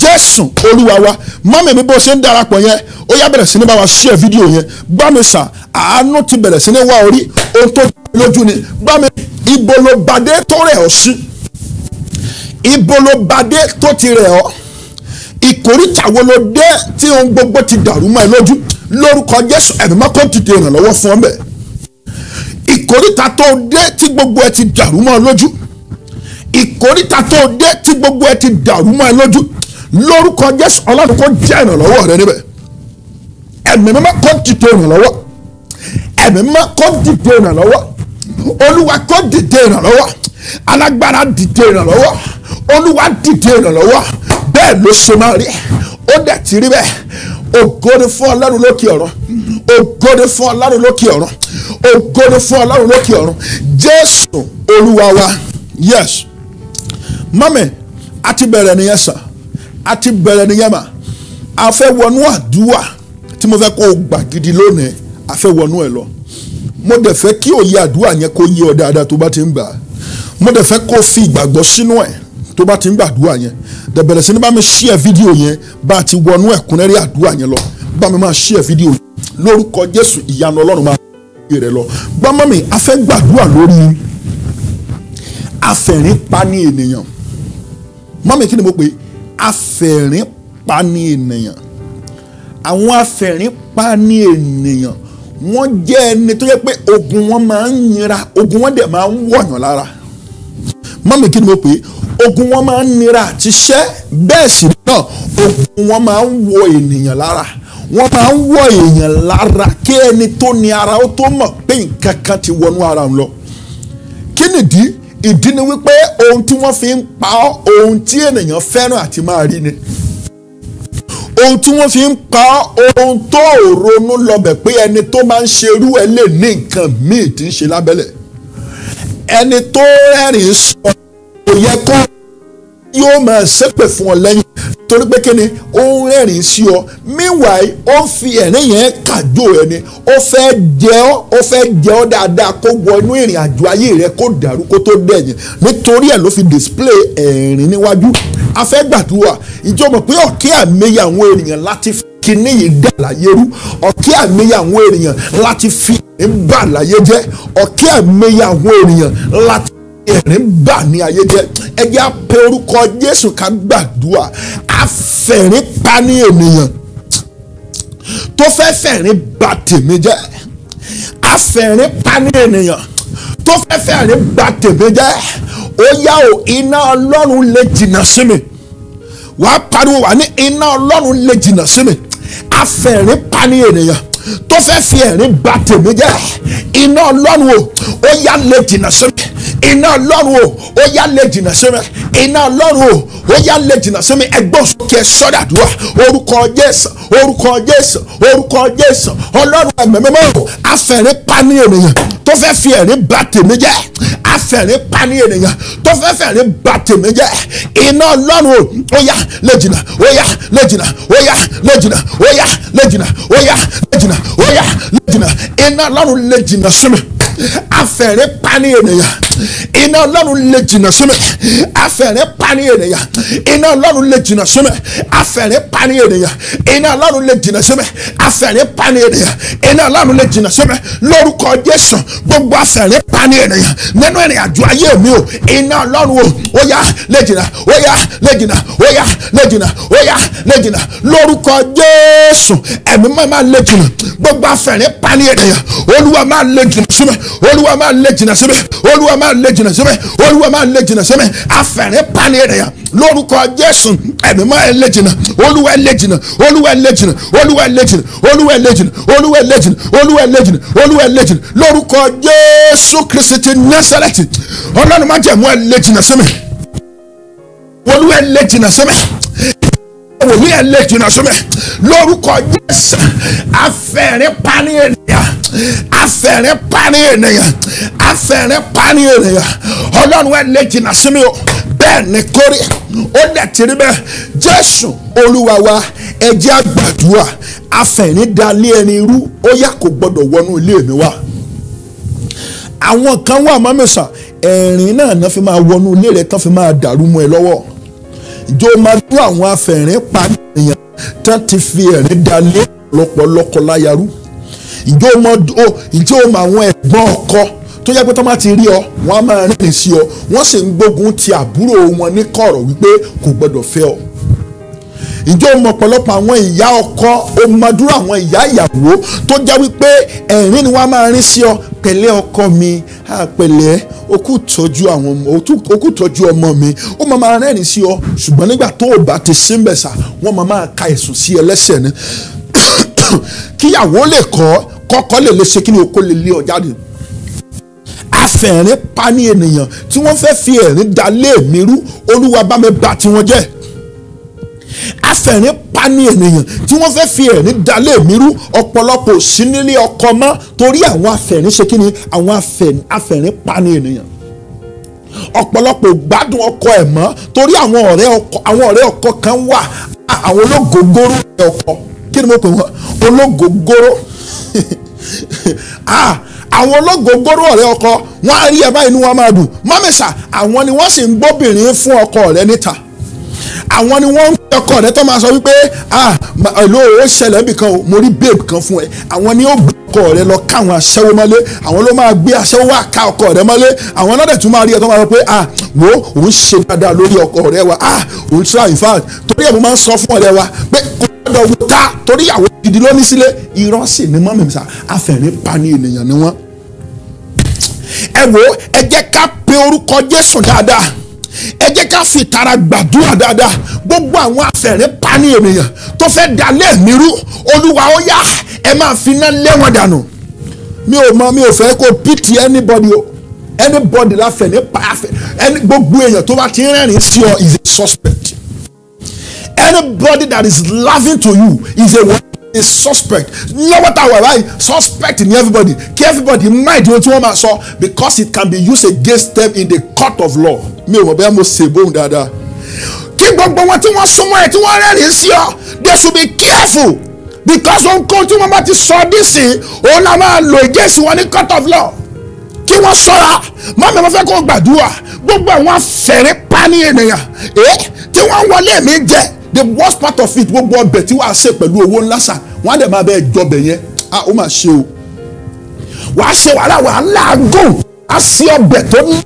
jésù olúwa wa mọ́mí mi bó ṣe ń darapọ̀ yẹn ó yá bẹ̀rẹ̀ sí ní bá wa ṣíẹ̀ fídíò yẹn gbá mi sà àánú ti bẹ̀rẹ̀ sí ní wá orí ohun tó lójú ni gbá mi ibo tó rẹ̀ ọ̀ sí ibo ló bá dé tó ti rẹ̀ ọ́ ìkóríta wo ló dé tí ohun gbogbo ti dàrú mọ́ ẹ lójú lórúkọ Jésù ẹ̀dùnmọ́ kò dìde ìrànlọ́wọ́ fún ọ bẹ́ẹ̀ ìkóríta tó dé tí gbogbo ẹ ti dàrú mọ́ ẹ lójú ìkóríta tó dé tí gbogbo ẹ ti dàrú mọ́ ẹ lójú lórúkọ Jésù Ọlọ́run kò jẹ́ ìrànlọ́wọ́ rẹ níbẹ̀ ẹ̀mí mímọ́ kò dìde ìrànlọ́wọ́ ẹ̀mí mímọ́ kò dìde ìrànlọ́wọ́ olúwa kò dìde ìrànlọ́wọ́ alágbára dìde ìrànlọ́wọ́ olúwa dìde ìrànlọ́wọ́ bẹ́ẹ̀ ló ṣe máa rí ó dẹ̀ ti rí bẹ́ẹ̀ ògòdè fún ọlọ́run lókè ọ̀run ògòdè fún ọlọ́run lókè ọ̀run ògòdè fún ọlọ́run lókè ọ̀run jésù olúwa wa yes mami a ti bẹ̀rẹ̀ nìyẹn sàn a ti bẹ̀rẹ̀ nìyẹn mà a fẹ́ wọnú àdúrà tí mo fẹ́ kó o gbà gidi lónìí a fẹ́ wọnú ẹ̀ lọ mo dẹ̀ fẹ́ kí òye àdúrà yẹn kó yé ọ dáadáa tó bá ti ń gbà mo dẹ̀ fẹ́ kó o fi ìgbàgbọ́ sínú ẹ̀ tó bá ti ń gbàdúrà yẹn dẹ̀ sí ní bá mi share fídíò yẹn bá a ti wọnú ẹ̀kúnrẹ́rẹ́ àdúrà yẹn lọ bá mi máa share fídíò yẹn lórúkọ Jésù ìyanu Ọlọ́run máa gbé rẹ lọ gbọ́mọ́ mi a fẹ́ gbàdúrà lórí afẹ̀rínpani ènìyàn mọ́mí kí ni mo pè afẹ̀rínpani ènìyàn àwọn afẹ̀rínpani ènìyàn wọ́n jẹ́ ẹni tó yẹ pé ogun wọn máa ń yinra ogun wọn dẹ̀ máa ń wọ̀yàn lára mọ́mí kí ni mo pè ogun wọn máa ń nira àti ṣẹ́ bẹ́ẹ̀ sì náà ogun wọn máa ń wọ ènìyàn lára wọ́n máa ń wọ èèyàn lára kí ẹni tó ní ara ó tó mọ̀ pé nǹkan kan ti wọnú ara lọ kí nìdí ìdí ni wípé ohun tí wọ́n fi ń pa ọ́ ohun tí ènìyàn fẹ́ràn àti máa rí ni ohun tí wọ́n fi ń pa ọ́ ohun tó ronú lọ́bẹ̀ pé ẹni tó máa ń ṣerú ẹ lè ní nǹkan míì tí ń ṣe lábẹ́lẹ̀ ẹni tó rẹ́rìn-ín sọ kò yẹ kó yóò máa ṣépè fún ọ lẹ́yìn torí pé kíni ó ń rẹ́rìn sí ọ meanwhile ó ń fi ẹ̀rín yẹn kàjò ẹ ni ó fẹ́ jẹ ọ́ ó fẹ́ jẹ ọ́ dáadáa kó wọ inú ìrìn àjò ayé rẹ kó dàrú kó tó dẹ̀yìn nítorí ẹ̀ ló fi display ẹ̀rín níwájú afẹ́gbàdúrà ìjọba pé ọ̀kẹ́ àmì àwọn ènìyàn láti fi kíní yìí dà láyé rú ọ̀kẹ́ àmìyẹ àwọn ènìyàn láti fi ń bà láyé jẹ́ ọ̀kẹ́ àmìyẹ àwọn ènìyàn láti ẹ̀rín bà ní ayé jẹ́ ẹ jẹ́ apẹ orúkọ Jésù ká gbàdúrà afẹ̀rín pa ní ènìyàn tó fẹ́ fẹ̀rín bà tèmi jẹ́ afẹ̀rín pa ní ènìyàn tó fẹ́ fẹ̀rín bà tèmi jẹ́ ó yá o iná Ọlọ́run lè jìnnà sí mi wàá pariwo wà ní iná Ọlọ́run lè jìnnà sí mi afẹ̀rín pa ní ènìyàn tó fẹ́ fi ẹ̀rín bà tèmi jẹ́ iná Ọlọ́run o ó yá lè jìnnà sí mi iná ọlọ́run o ó yá lè jìnnà sí mi iná ọlọ́run o ó yá lè jìnnà sí mi ẹgbọ́n sókè sọ́dàdúrà orúkọ jésù orúkọ jésù orúkọ jésù ọlọ́run ẹ̀mí o afẹ́rẹ́ pa ní ènìyàn tó fẹ́ fi ẹ̀rí bà tèmi jẹ́ afẹ́rẹ́ pa ní ènìyàn tó fẹ́ fẹ́rẹ́ bà tèmi jẹ́ iná ọlọ́run o ó yá lè jìnnà ó yá lè jìnnà ó yá lè jìnnà ó yá lè jìnnà ó yá lè jìnnà ó yá lè jìnnà iná ọlọ́run lè jìnnà sí mi afẹ́rẹ́ pani ènìyàn iná ọlọ́run lè jìnnà sími afẹ́rẹ́ pani ènìyàn iná ọlọ́run lè jìnnà sími afẹ́rẹ́ pani ènìyàn iná ọlọ́run lè jìnnà sími afẹ́rẹ́ pani ènìyàn iná ọlọ́run lè jìnnà sími lórúkọ jésù gbogbo afẹ́rẹ́ pani ènìyàn nínú ìrìn àjò ayé mi o iná ọlọ́run o ó yá lè jìnnà ó yá lè jìnnà ó yá lè jìnnà ó yá lè jìnnà lórúkọ jésù ẹ̀mí máa lè jìnnà gbogbo afẹ́rẹ́ pani ènìyàn olúwa máa lè jìnnà sími olúwa máa lé jìnnà síbẹ̀ olúwa máa lé jìnnà síbẹ̀ olúwa máa lé jìnnà síbẹ̀ afẹ̀rẹ̀ pani rẹ̀ yà lórúkọ jésù ẹ̀mí máa lé jìnnà olúwa lé jìnnà olúwa lé jìnnà olúwa lé jìnnà olúwa lé jìnnà olúwa lé jìnnà olúwa lé jìnnà olúwa lé jìnnà lórúkọ jésù kristi ti násàrẹ́tì ọlọ́run má jẹ̀mú ẹ̀ lé jìnnà síbẹ̀ olúwa lé jìnnà síbẹ̀ wòmí ẹ̀ lè jìnnà súnmẹ̀ lórúkọ Jésù afẹ́rin pani ènìyàn afẹ́rin pani ènìyàn afẹ́rin pani ènìyàn ọlọ́run ẹ̀ lè jìnnà súnmẹ̀ o bẹ́ẹ̀ ni kórè ó dẹ̀ ti rí bẹ́ẹ̀ Jésù olúwa wa ẹ jẹ́ a gbàdúrà afẹ́rin dalé ẹni irú ó yá kó gbọ́dọ̀ wọnú ilé mi wá àwọn kan wà mọ́mísà ẹ̀rín náà náà fi máa wọnú ilé rẹ̀ tán fi máa dàrú mọ́ ẹ lọ́wọ́ ìjọ máa dún àwọn afẹ̀rín pàdéyàn tán ti fi ẹ̀rín dalẹ̀ lọ́pọ̀lọpọ̀ láyarú ìjọ máa dún ó ìjọ máa àwọn ẹ̀gbọ́n ọkọ tó yẹ pé tó bá ti rí ọ wọ́n á máa rìnrìn sí ọ wọ́n sì ń gbógun ti àbúrò wọn ní kọ̀rọ̀ wípé kò gbọ́dọ̀ fẹ́ ọ ìjọ mọ ọ̀pọ̀lọpọ̀ àwọn ìyá ọkọ òmàdúrà àwọn ìyá ìyàwó tó jẹ́ wípé ẹ̀rín ni wọ́n á máa rín sí ọ pẹ̀lẹ́ ọkọ mi pẹ̀lẹ́ okú tọ́jú àwọn okú tọ́jú ọmọ mi ó máa máa rẹ́rìn sí ọ ṣùgbọ́n nígbà tó o bá ti sí mbẹ̀sà wọ́n máa máa ka ẹ̀sùn sí ẹlẹ́sẹ̀ ni kíyàwó lè kọ́ kọ́kọ́ lè lè ṣe kí ni okó lè lé ọ jáde afẹ̀rín pa ní ènìyàn tí wọ́n fẹ́ fi ẹ̀rín dalé mi rú olúwa bá mi bà tiwọn jẹ́ afẹ́rin pani ènìyàn tí wọ́n fẹ́ fi ẹ̀rín dalé mi rú ọ̀pọ̀lọpọ̀ sí nílé ọkọ mọ́ torí àwọn afẹ́rin ni àwọn afẹ́rin pani ènìyàn ọ̀pọ̀lọpọ̀ gbádùn ọkọ ẹ̀ mọ́ torí àwọn ọ̀rẹ́ ọkọ kan wà àwọn ológogoro ọ̀rẹ́ ọkọ kí ni mo pè wọ́n ológogoro àwọn ológogoro ọ̀rẹ́ ọkọ wọ́n á rí ẹ̀ báyìí inú wọn máa dùn mọ́mẹ́sà àwọn ni wọ́n sì ń gbóbìnrin fún ọkọ rẹ̀ níta àwọn ni wọ́n ń fi ọkọ rẹ tó máa sọ wípé ah ìlú owó ṣẹlẹ̀ nbìkan o mo rí babe kan fún ẹ àwọn ni ó gbé ọkọ rẹ lọ káwọn aṣẹ́wó mọ́lé àwọn ló máa gbé aṣẹ́wó wá ká ọkọ rẹ mọ́lé àwọn náà dẹ̀ tún máa rí ẹ tó máa sọ pé ah wo òun ṣe dáadáa lórí ọkọ rẹ wa ah òun try in fact torí ẹ̀ mo máa ń sọ fún ọ̀rẹ́ wa pé kò gbọ́dọ̀ wò ta torí ìyàwó gidi ló ní sílé irọ́ sì ni mọ́mí sá afẹ́rin pani ènìyàn ni wọ́n ẹ wo ẹ jẹ́ ká pe orúkọ Jésù dáadáa ẹ jẹ́ ká fi tara gbàdúrà dáadáa gbogbo àwọn afẹ́rẹ́ pani ènìyàn tó fẹ́ dalẹ̀ mi olúwa ó yá ẹ máa fi iná lé dànù mi ò mọ mi ò fẹ́ kó pity anybody o anybody láfẹ̀ ní pàfẹ́ ẹni gbogbo èèyàn tó bá ti rẹ́rìn sí ọ is a suspect anybody that is laughing to you is a is suspect lọ́wọ́ tá wà báyìí suspect ni everybody kí everybody mind ohun tí wọ́n máa sọ because it can be used against them in the court of law mi ò mọ̀ bẹ́ẹ̀ mo ṣègbóhùn dáadáa kí gbogbo wọn tí wọ́n súnmọ́ ẹ tí wọ́n rẹ́rìn sí ọ they should be careful because ohunkóhun tí wọ́n bá ti sọ dísìn òun náà máa lò against wọn ní court of law kí wọ́n sọ́ra mọ́mí wọn fẹ́ kó gbàdúrà gbogbo àwọn afẹ́rẹ́ pani ènìyàn ẹ eh, tí wọ́n wọlé mi jẹ the worst part of it gbogbo ọbẹ̀ tí wàá ṣe pẹ̀lú owó ńlá sà wọ́n á dẹ̀ máa bẹ́ẹ̀ jọbẹ̀ yẹn a ó máa ṣe o wàá ṣe wàhálà wàhálà àgùn á sí ọbẹ̀ tó ní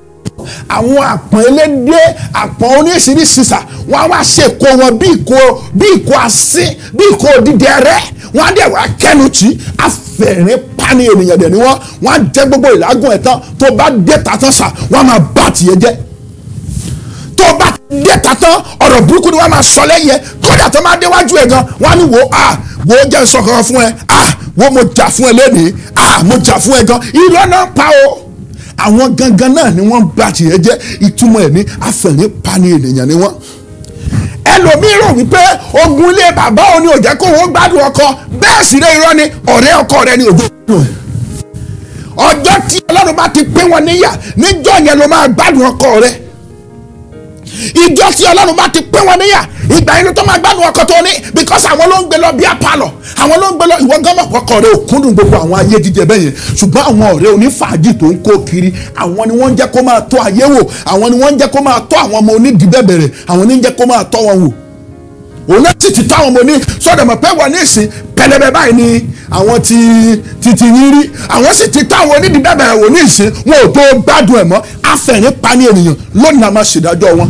àwọn àpọ̀n elédè àpọ̀n oníṣiríṣiṣà wọ́n á wá ṣe ìkó wọn bí ko bí ìkó asín bí ìkó dídẹ rẹ wọ́n á dẹ̀ wá kẹ́nu tí àfẹ̀rín pani ènìyàn dẹ̀ ni wọ́n wọ́n á jẹ́ gbogbo ìlágùn ẹ̀ tán tó bá dé tatán sa wọ́n á máa bá tìyẹ jẹ́ tó bá dé tatán ọ̀rọ̀ burúkú ni wọ́n máa sọ lẹ́yìn ẹ̀ kódà tó máa déwájú ẹ̀ gan wọ́n á ní wò á wò ó jẹ́ fún ẹ á ah, wò mo jà fún ẹ lónìí á ah, mo jà fún ẹ gan irọ́ náà pa o àwọn gangan náà ni wọ́n bà tiẹ̀ jẹ́ ìtumọ̀ ẹ̀ ní àfẹ̀rín pani ènìyàn ni wọ́n ẹlòmíì rò wípé ogun ilé bàbá òun ni ó jẹ́ kó wọ́n gbádùn ọkọ bẹ́ẹ̀ sì rẹ irọ́ ni ọ̀rẹ́ ọkọ rẹ ni òjò gbádùn ẹ̀ ọjọ́ tí ọlọ́run bá ti pín wọn níyà níjọ́ yẹn ló máa gbádùn ọkọ rẹ̀ ìjọ tí ọlọ́run bá ti pín wọn níyà ìgbà yẹn tó máa gbádùn ọkọ tó ní because àwọn ló ń gbé lọ bí apalọ àwọn ló ń gbé lọ ìwọ gánmọ̀ ọkọ rẹ ò kúndùn gbogbo àwọn ayé jíjẹ bẹ́ẹ̀ yẹn ṣùgbọ́n àwọn ọ̀rẹ́ onífàájì tó ń kó kiri àwọn ni wọ́n ń jẹ́ kó máa tọ́ ayé wò àwọn ni wọ́n ń jẹ́ kó máa tọ́ àwọn ọmọ onídìbẹ̀bẹ̀rẹ̀ àwọn ni ń jẹ́ kó máa tọ́ wọn wò òun náà sì ti táwọn ọmọ ní sọ́dọ̀ mọ̀ pé pẹlẹbẹ báyìí ni àwọn ti ti ti yín rí àwọn sì ti táwọn onídìí bẹ̀rẹ̀ wò ní ìsìn wọn ò tó gbádùn ẹ̀ mọ́ afẹ̀rín ní ènìyàn lónìí la máa ṣèdájọ́ wọn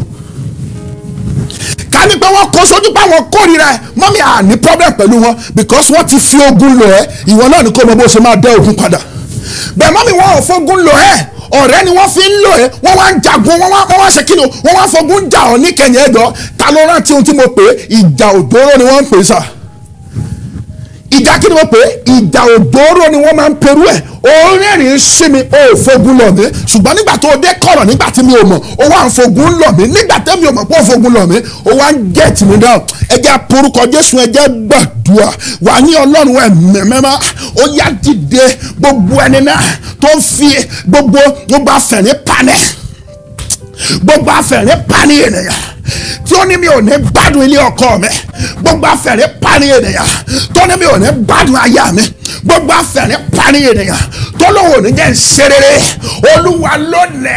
ká ní pé wọ́n kó sójú pé àwọn kórìíra ẹ̀ mọ́mí à ní problem pẹ̀lú wọn because wọ́n ti fi ogun lò ẹ́ ìwọ náà ni kò mọ bó ṣe máa dẹ́ ogun padà bẹ́ẹ̀ mọ́mí wọn ò fogun lò ẹ́ ọ̀rẹ́ ni wọ́n fi ń lò ẹ́ wọ́n wá ń jagun wọ́n wá wọ́n wá ṣe kí ni wọ́n wá fogun jà ọ́ níkẹyìn ẹ̀dọ́ ta ló rántí ohun tí mo pè é ìjà òdòrò ni wọ́n ń pè é sáà ìjà kí ni wọ́n pè é ìjà ògbóró ni wọ́n máa ń perú ẹ̀ orẹ́rìn sí mi ò fogun lọ̀ mí ṣùgbọ́n nígbà tó dé kọ̀rọ̀ nígbà tí mi ò mọ̀ ó wà ń fogun lọ̀ mí nígbà tí mi ò mọ̀ pé ó fogun lọ̀ mí ó wà ń gẹ̀ẹ́tì mi dáhùn ẹjẹ́ Jésù ẹjẹ́ gbàdúrà wà ní Ọlọ́run ẹ̀mí mẹ́má ó yá dìde gbogbo ẹni náà tó ń fi gbogbo gbogbo afẹ́rin panẹ́ gbogbo afẹ́rẹ́ pani ènìyàn tí ó ní mi ò ní gbádùn ilé ọkọ mi gbogbo afẹ́rẹ́ pani ènìyàn tó ní mi ò ní gbádùn aya mi gbogbo afẹ́rẹ́ pani ènìyàn tó lóun ò ní jẹ́ ìṣerere olúwa lónìí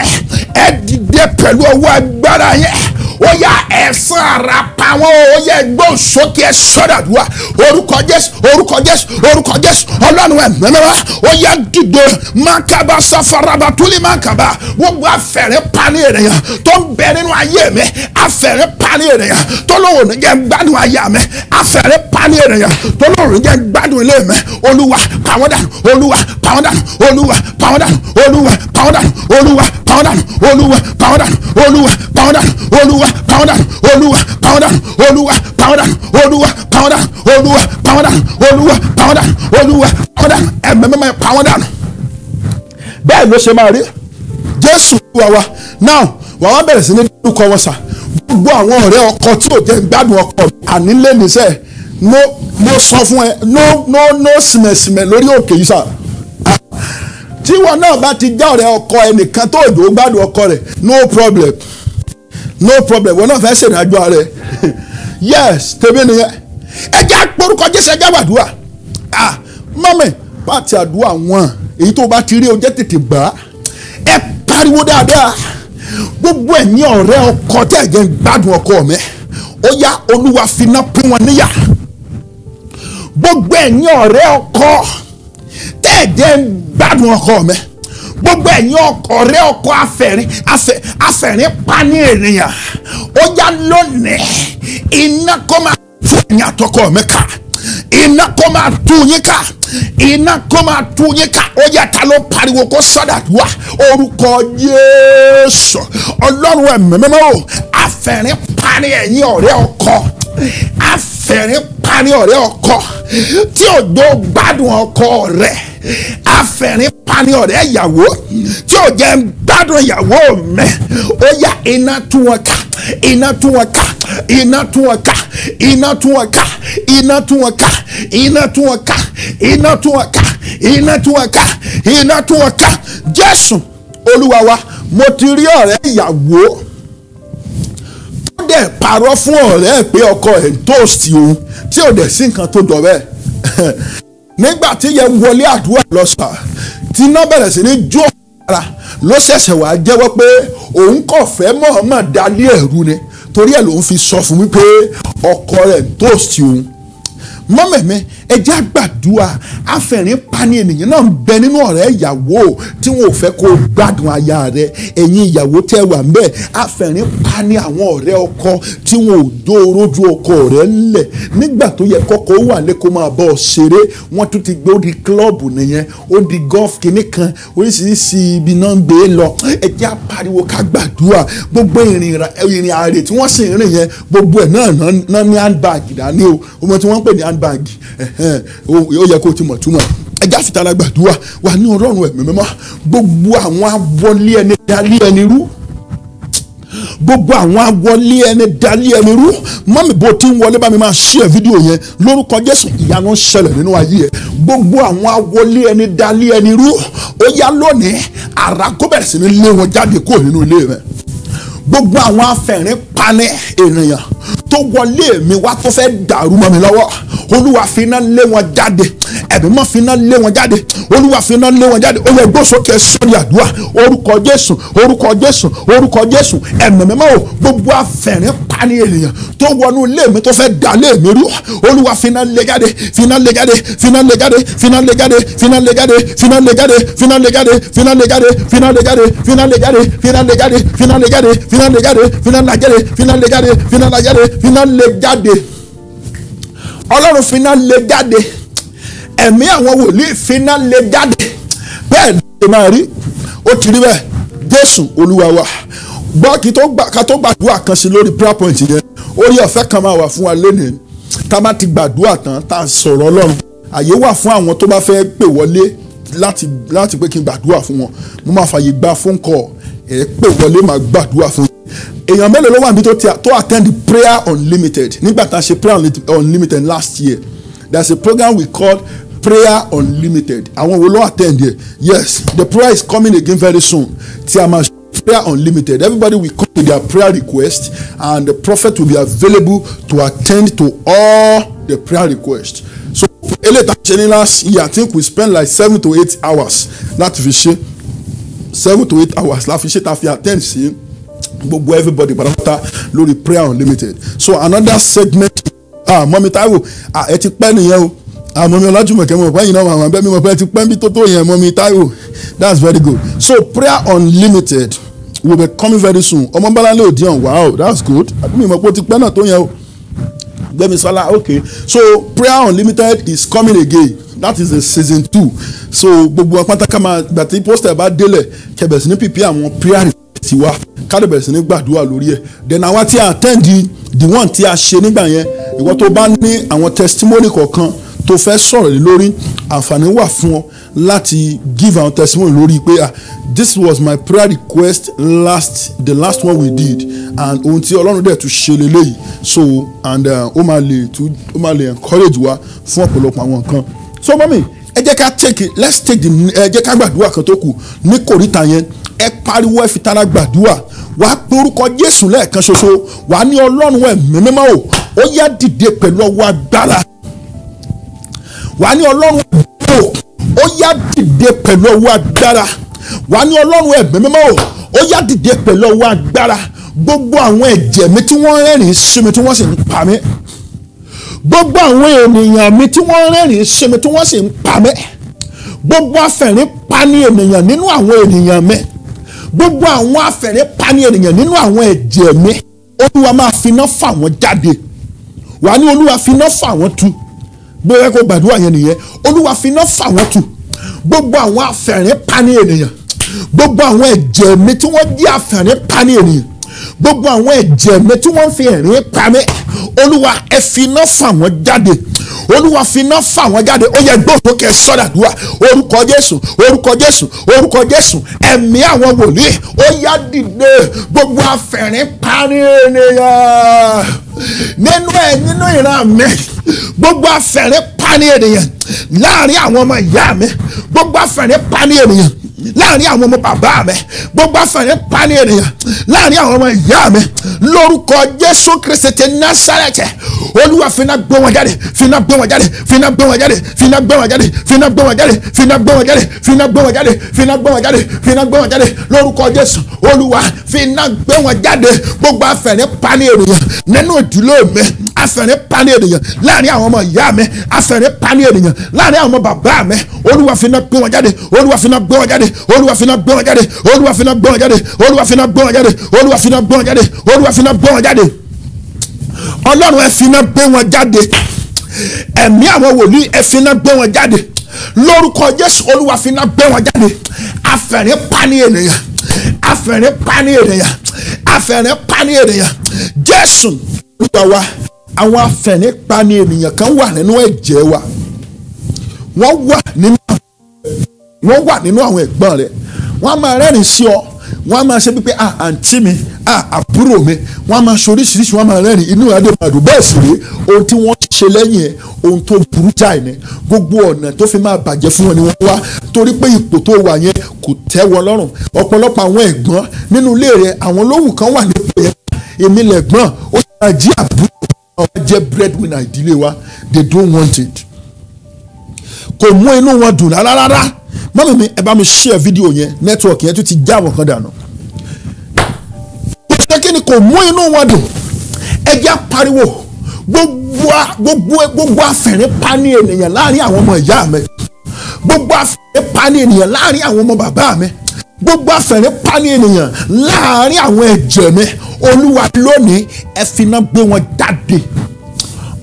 ẹ dìde pẹ̀lú ọwọ́ agbára yẹn ó yá ẹ̀sán ara pa wọ́n ó yá ẹgbẹ́ òsókè ẹ sọ́dàdúrà orúkọ jésù orúkọ jésù orúkọ jésù ọlọ́run ẹ̀mẹ́mẹ́wá ó yá dìde mákàbá safaraba túlí mákàbá gbogbo afẹ́rẹ́ parí rẹ̀ yàn tó ń bẹ nínú ayé mi afẹ́rẹ́ parí rẹ̀ yàn tó lóun ní jẹ́ gbádùn ayé mi afẹ́rẹ́ parí rẹ̀ yàn tó lóun ní jẹ́ gbádùn ilé mi olúwa pàwọn dànù olúwa pàwọn dànù olúwa pàwọn dànù olúwa pàwọn dànù olúwa pàwọn dànù olúwa pàwọn dànù olúwa pàwọn dànù olúwa powder, dànù olúwa pàwọn dànù olúwa powder, dànù olúwa pàwọn dànù olúwa powder, dànù olúwa pàwọn dànù olúwa pàwọn dànù ẹ̀mí mímọ́ ẹ̀ pàwọn dànù. bẹ́ẹ̀ ló ṣe máa rí jésù wà wá now wà wá bẹ̀rẹ̀ sí ní dúkọ wọn sà gbogbo àwọn ọ̀rẹ́ ọkọ tí ò jẹ́ gbádùn ọkọ àní lé níṣẹ́ no no sọ fún ẹ no no no sìmẹ̀sìmẹ̀ lórí òkè yìí sà tí wọn náà bá ti já ọ̀rẹ́ ọkọ ẹnìkan tó òjò gbádùn ọkọ rẹ̀ no problem no problem wọn náà fẹ́ ṣèrìn àjò ààrẹ yes tèmi nìyẹn ẹ jẹ́ àpòrúkọ jésù ẹ jẹ́ àdúrà ah mọ́mì pàtì àdúrà wọn èyí tó bá ti rí oúnjẹ tètè gbà ẹ pariwo dáadáa gbogbo ẹ̀yin ọ̀rẹ́ ọkọ tẹ́ ẹ̀ jẹ́ ń gbádùn ọkọ mi ó yá olúwa finá pín wọn níyà gbogbo ẹ̀yin ọ̀rẹ́ ọkọ tẹ́ ẹ̀ jẹ́ gbádùn ọkọ mi gbogbo ẹ̀yin ọkọ rẹ ọkọ afẹ̀rín afẹ̀rín pani ènìyàn ó yá lónìí iná kó máa fún ẹ̀yin àtọkọ mi ká iná kó máa tú yín ká iná kó máa tú yín ká ó yá ta ló pariwo kó sọ́dà wá orúkọ Jésù ọlọ́run ẹ̀mí o afẹ̀rín pani ẹ̀yin ọ̀rẹ́ ọkọ afẹ́rín parí ọ̀rẹ́ ọkọ tí òjò gbádùn ọkọ rẹ̀ afẹ́rín parí ọ̀rẹ́ ìyàwó tí òjò gbádùn ìyàwó mẹ́ ó yá iná tún wọn ká iná tún wọn ká iná tún wọn ká iná tún wọn ká iná tún wọn ká iná tún wọn ká iná tún wọn ká iná tún wọn ká iná tún wọn ká jésù olúwa wa mo ti rí ọ̀rẹ́ ìyàwó dẹ̀ parọ́ fún ọ̀rẹ́ ẹ̀ pé ọkọ ẹ̀ ń tóòsì òun tí ò dẹ̀ sí nǹkan tó dọ̀rẹ́ nígbà tí yẹ wọlé àdúrà lọ́sà tí iná bẹ̀rẹ̀ sí ní jó ara ló ṣẹ̀ṣẹ̀ wá jẹ́wọ́ pé òun kò fẹ́ mọ̀ọ́mọ̀ dalí ẹ̀rú ni torí ẹ̀ lòun fi sọ fún mi pé ọkọ rẹ̀ ń tóòsì òun mọ́mẹ̀mẹ́ ẹjẹ́ àgbàdua afẹ́rin pani ènìyàn náà ń bẹ nínú ọ̀rẹ́ ìyàwó tí wọn ò fẹ́ kó gbádùn aya rẹ ẹ̀yin ìyàwó tẹ́ wà ńbẹ̀ afẹ́rin pani àwọn ọ̀rẹ́ ọkọ tí wọn ò dóró ju ọkọ rẹ ńlẹ̀ nígbà tó yẹ kọ́kọ́ ó wà lé kó máa bọ́ ṣeré wọ́n tún ti gbé ó di klọ́ọ̀bù nìyẹn ó di gọ́ọ̀fù kìíní kan oríṣiríṣi ibi náà ń gbé e lọ ẹjẹ́ apariwo ká gbàdúrà gbogbo ìrìn àrè tí wọ́n sì ń rìn yẹn gbogbo ẹ̀ náà náà ní handbag dání o ọmọ tí wọ́n ń pè ní handbag ó yẹ kó o ti mọ̀ túmọ̀ ẹja sì tara gbàdúrà wà ní ọlọ́run ẹ̀mí mímọ́ gbogbo àwọn awọlé ẹni dalí ẹni rú gbogbo àwọn awọlé ẹni dalí ẹni rú mọ́mí bó ti ń wọlé bá mi máa share fídíò yẹn lórúkọ jésù ìyanu ń ṣẹlẹ̀ nínú ayé ẹ gbogbo àwọn awọlé ẹni dalí ẹni rú ó yá lónìí àrà kó bẹ̀rẹ̀ sí ní lé wọn jáde kúrò nínú ilé rẹ gbogbo àwọn afẹ̀rín panẹ́ ènìyàn tó wọlé mi wá tó fẹ́ dàrú mọ́ mi lọ́wọ́ olúwa finá lé wọn jáde ẹ̀mí mọ́ finá lé wọn jáde olúwa finá lé wọn jáde ó yẹ gbósókè sórí àdúrà orúkọ jésù orúkọ jésù orúkọ jésù ẹ̀mí mímọ́ o gbogbo afẹ́rin pani ènìyàn tó wọnú ilé mi tó fẹ́ dà lé mi rú olúwa finá lé jáde finá lé jáde finá lé jáde finá lé jáde finá lé jáde finá lé jáde finá lé jáde finá lé jáde finá lé jáde finá lé jáde finá lé jáde finá lé jáde finá lé jáde finá lé jáde finá lé jáde finá lé jáde finá lé jáde finá lè jáde ọlọ́run finá lè jáde ẹ̀mí àwọn wòlíì finá lè jáde bẹ́ẹ̀ ni ẹ máa rí ó ti rí bẹ́ẹ̀ jésù olúwa wa gbọ́ kí tó gbà ká tó gbàdúrà kan sí lórí prayer point yẹn orí ọ̀fẹ́ kan máa wà fún wa lénìí tá a bá ti gbàdúrà tán tá a sọ̀rọ̀ ọlọ́run àyè wà fún àwọn tó bá fẹ́ pè wọlé láti láti pé kí n gbàdúrà fún wọn mo máa fàyè gba phone call ẹ pè wọlé máa gbàdúrà fún èèyàn mélòó ló wà níbi tó attend prayer unlimited nígbà tá a ṣe prayer unlimited last year there is a program we call prayer unlimited àwọn wo ló attend here yes the prayer is coming again very soon tí a máa prayer unlimited everybody will come with their prayer request and the prophet will be available to attend to all the prayer request. so eléyìí tá a ṣe ní last year i think we spend like seven to eight hours láti fi ṣe seven to eight hours láti fi ṣe tá a fi attend sí. Si gbogbo everybody pátápátá lórí prayer unlimited so another segment ah mọ́mi Taiwo, ah ẹ ti pẹ́ nìyẹn o ah mọ́mi ọlájúmọ̀kẹ́ mọ̀ báyìí náà àwọn abẹ́mi mọ̀ pé ẹ ti pẹ́ bí tó yẹn mọ́mi táíwò that's very good so prayer unlimited will be coming very soon ọmọ bọ́láńlé òdiwọ̀n wow that's good àdúgbò ìmọ̀ pé ó ti pẹ́ náà tó yẹn o gbẹ̀mí sọ́lá okay so prayer unlimited is coming again that is the season two so gbogbo apátákàmá gbàtí poster bá délẹ̀ kẹbẹ̀ sí ní pp àwọn prayer tiwa ká lè bẹ̀rẹ̀ sí ní gbàdúrà lórí ẹ̀ then àwa tí a the one tí a ṣe nígbà yẹn ìwọ tó bá ní àwọn testimony kọ̀ọ̀kan tó fẹ́ sọ̀rọ̀ lórí àǹfààní wà fún ọ láti give àwọn testimony lórí pé ah this was my prayer request last the last one we did and ohun tí ọlọ́run dẹ̀ tún ṣe lélẹ́yìí so and uh, ó máa lè tún ó máa lè encourage wa fún ọ̀pọ̀lọpọ̀ àwọn nǹkan so mọ́mí ẹ jẹ́ ká take let's take the ẹ jẹ́ ká gbàdúrà kan tó kù ní kòríta yẹn ẹ pariwo ẹ fi tara gbàdúrà wàá pe orúkọ Jésù lẹ́ẹ̀kan ṣoṣo wàá ní Ọlọ́run ẹ̀mí mímọ́ o ó yá dìde pẹ̀lú ọwọ́ agbára wàá ní Ọlọ́run ẹ̀mí mímọ́ o ó yá dìde pẹ̀lú ọwọ́ agbára wàá ní Ọlọ́run ẹ̀mí mímọ́ o ó yá dìde pẹ̀lú ọwọ́ agbára gbogbo àwọn ẹ̀jẹ̀ mi tí wọ́n rẹ́rìn-ín sí mi tí wọ́n sì ń pa mí gbogbo àwọn ènìyàn mi tí wọ́n rẹ́rìn-ín sí mi tí wọ́n sì ń pa mí gbogbo afẹ́rin pa ní ènìyàn nínú àwọn ènìyàn mi gbogbo àwọn afẹ̀rẹ́ pani ènìyàn nínú àwọn ẹ̀jẹ̀ mi olúwa máa finá fà wọ́n jáde wà ní olúwa finá fà wọ́n tu bẹ́ẹ̀ kó gbàdúrà yẹn nìyẹn olúwa finá fà wọ́n tu gbogbo àwọn afẹ̀rẹ́ pani ènìyàn gbogbo àwọn ẹ̀jẹ̀ mi tí wọ́n jẹ́ afẹ̀rẹ́ pani ènìyàn gbogbo àwọn ẹ̀jẹ̀ mi tí wọ́n fi ẹ̀rín pa mí olúwa ẹ finá fà wọ́n jáde olúwa finá fà wọ́n jáde ó yẹ gbóòtó kẹ sọ́dàdúrà orúkọ jésù orúkọ jésù orúkọ jésù ẹ̀mí àwọn wòlíì ó yá dìde gbogbo afẹ̀rín parí ènìyàn nínú ẹ nínú ìran mi gbogbo afẹ̀rín parí ènìyàn láàrin àwọn ọmọ ìyá mi gbogbo afẹ̀rín parí ènìyàn láàrin àwọn ọmọ bàbá mi gbogbo àfààní pani ènìyàn láàrin àwọn ọmọ ìyá mi lórúkọ jésù kristi ti násàrẹ̀tẹ̀ olúwa fina gbé wọn jáde fina gbé wọn jáde fina gbé wọn jáde fina gbé wọn jáde fina gbé wọn jáde fina gbé wọn jáde fina gbé wọn jáde fina gbé wọn jáde fina gbé wọn jáde lórúkọ jésù olúwa fina gbé wọn jáde gbogbo àfààní pani ènìyàn nínú ìdílé mi àfààní pani ènìyàn láàrin àwọn ọmọ ìyá mi àfààní pani ènìyàn láàrin àwọn ọmọ bàbá mi olúwa fina gbé wọn jáde olúwa fina gbé wọn jáde jáde olúwa fi iná gbé wọn jáde olúwa fi iná gbé wọn jáde olúwa fi iná gbé wọn jáde olúwa fi iná gbé wọn jáde olúwa fi iná gbé wọn jáde ọlọ́run ẹ fi iná gbé wọn jáde ẹ̀mí àwọn wòlíì ẹ fi iná gbé wọn jáde lórúkọ jésù olúwa fi iná gbé wọn jáde afẹ̀rín pani ènìyàn afẹ̀rín pani ènìyàn afẹ̀rín pani ènìyàn jésù olúwa wa àwọn afẹ̀rín pani ènìyàn kan wà nínú ẹ̀jẹ̀ wa wọ́n wà nínú àwọn wọ́n wà nínú àwọn ẹ̀gbọ́n rẹ̀ wọ́n á máa rẹ́rìn sí ọ wọ́n á máa ṣe pípé à ah, àǹtí mi à ah, àbúrò mi wọ́n á máa ṣe oríṣiríṣi wọ́n á máa rẹ́rìn inú ìwádìí ìpàdù bẹ́ẹ̀ sì rèé ohun tí wọ́n ṣe lẹ́yìn ẹ̀ ohun tó burú jáì ni gbogbo ọ̀nà tó fi máa bàjẹ́ fún wọn ni wọ́n wá torí pé ipò tó wà yẹn kò tẹ́ wọn lọ́rùn ọ̀pọ̀lọpọ̀ àwọn ẹ̀gbọ́n nínú ilé rẹ̀ àwọn olówùn kan wà nípò yẹn èmi lẹ́gbọ́n ó ṣe àjí àbúrò àwọn they don't want it kò mú inú wọn dùn rárá rárá mọ́mí mi ẹ bá mi ṣe fídíò yẹn nẹ́tíwọ̀kì yẹn tún ti já àwọn kan dànù. ìṣe kí ni kò mú inú wọn dùn ẹjẹ́ pariwo gbogbo afẹ́rẹ́ pani ènìyàn láàrin àwọn ọmọ ìyá mi gbogbo afẹ́rẹ́ pani ènìyàn láàrin àwọn ọmọ bàbá mi gbogbo afẹ́rẹ́ pani ènìyàn láàrin àwọn ẹ̀jẹ̀ mi olúwa lónìí ẹ finá gbé wọn jáde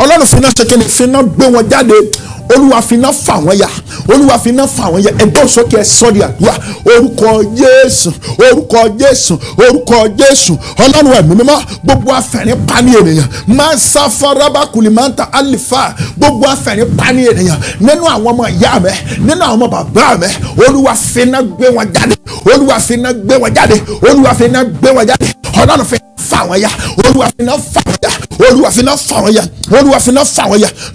ọlọ́run finá ṣe kí ni finá gbé wọn jáde olúwa finá fà wọ́n yà olúwa finá fà wọ́n yà ẹgbẹ́ sókè sọ́ọ̀dì àdúrà orúkọ jésù orúkọ jésù orúkọ jésù ọlọ́run ẹ̀mí mímọ́ gbogbo afẹ́rin pani ènìyàn máa ń sá farabakulì máa ń ta alifa gbogbo afẹ́rin pani ènìyàn nínú àwọn ọmọ ìyá mi nínú àwọn ọmọ bàbá mi olúwa finá gbé wọn jáde olúwa finá gbé wọn jáde olúwa finá gbé wọn jáde ọlọ́run finá fà wọ́n yà olúwa finá fà wọ́n yà olúwa finá fà wọ́n yà olúwa finá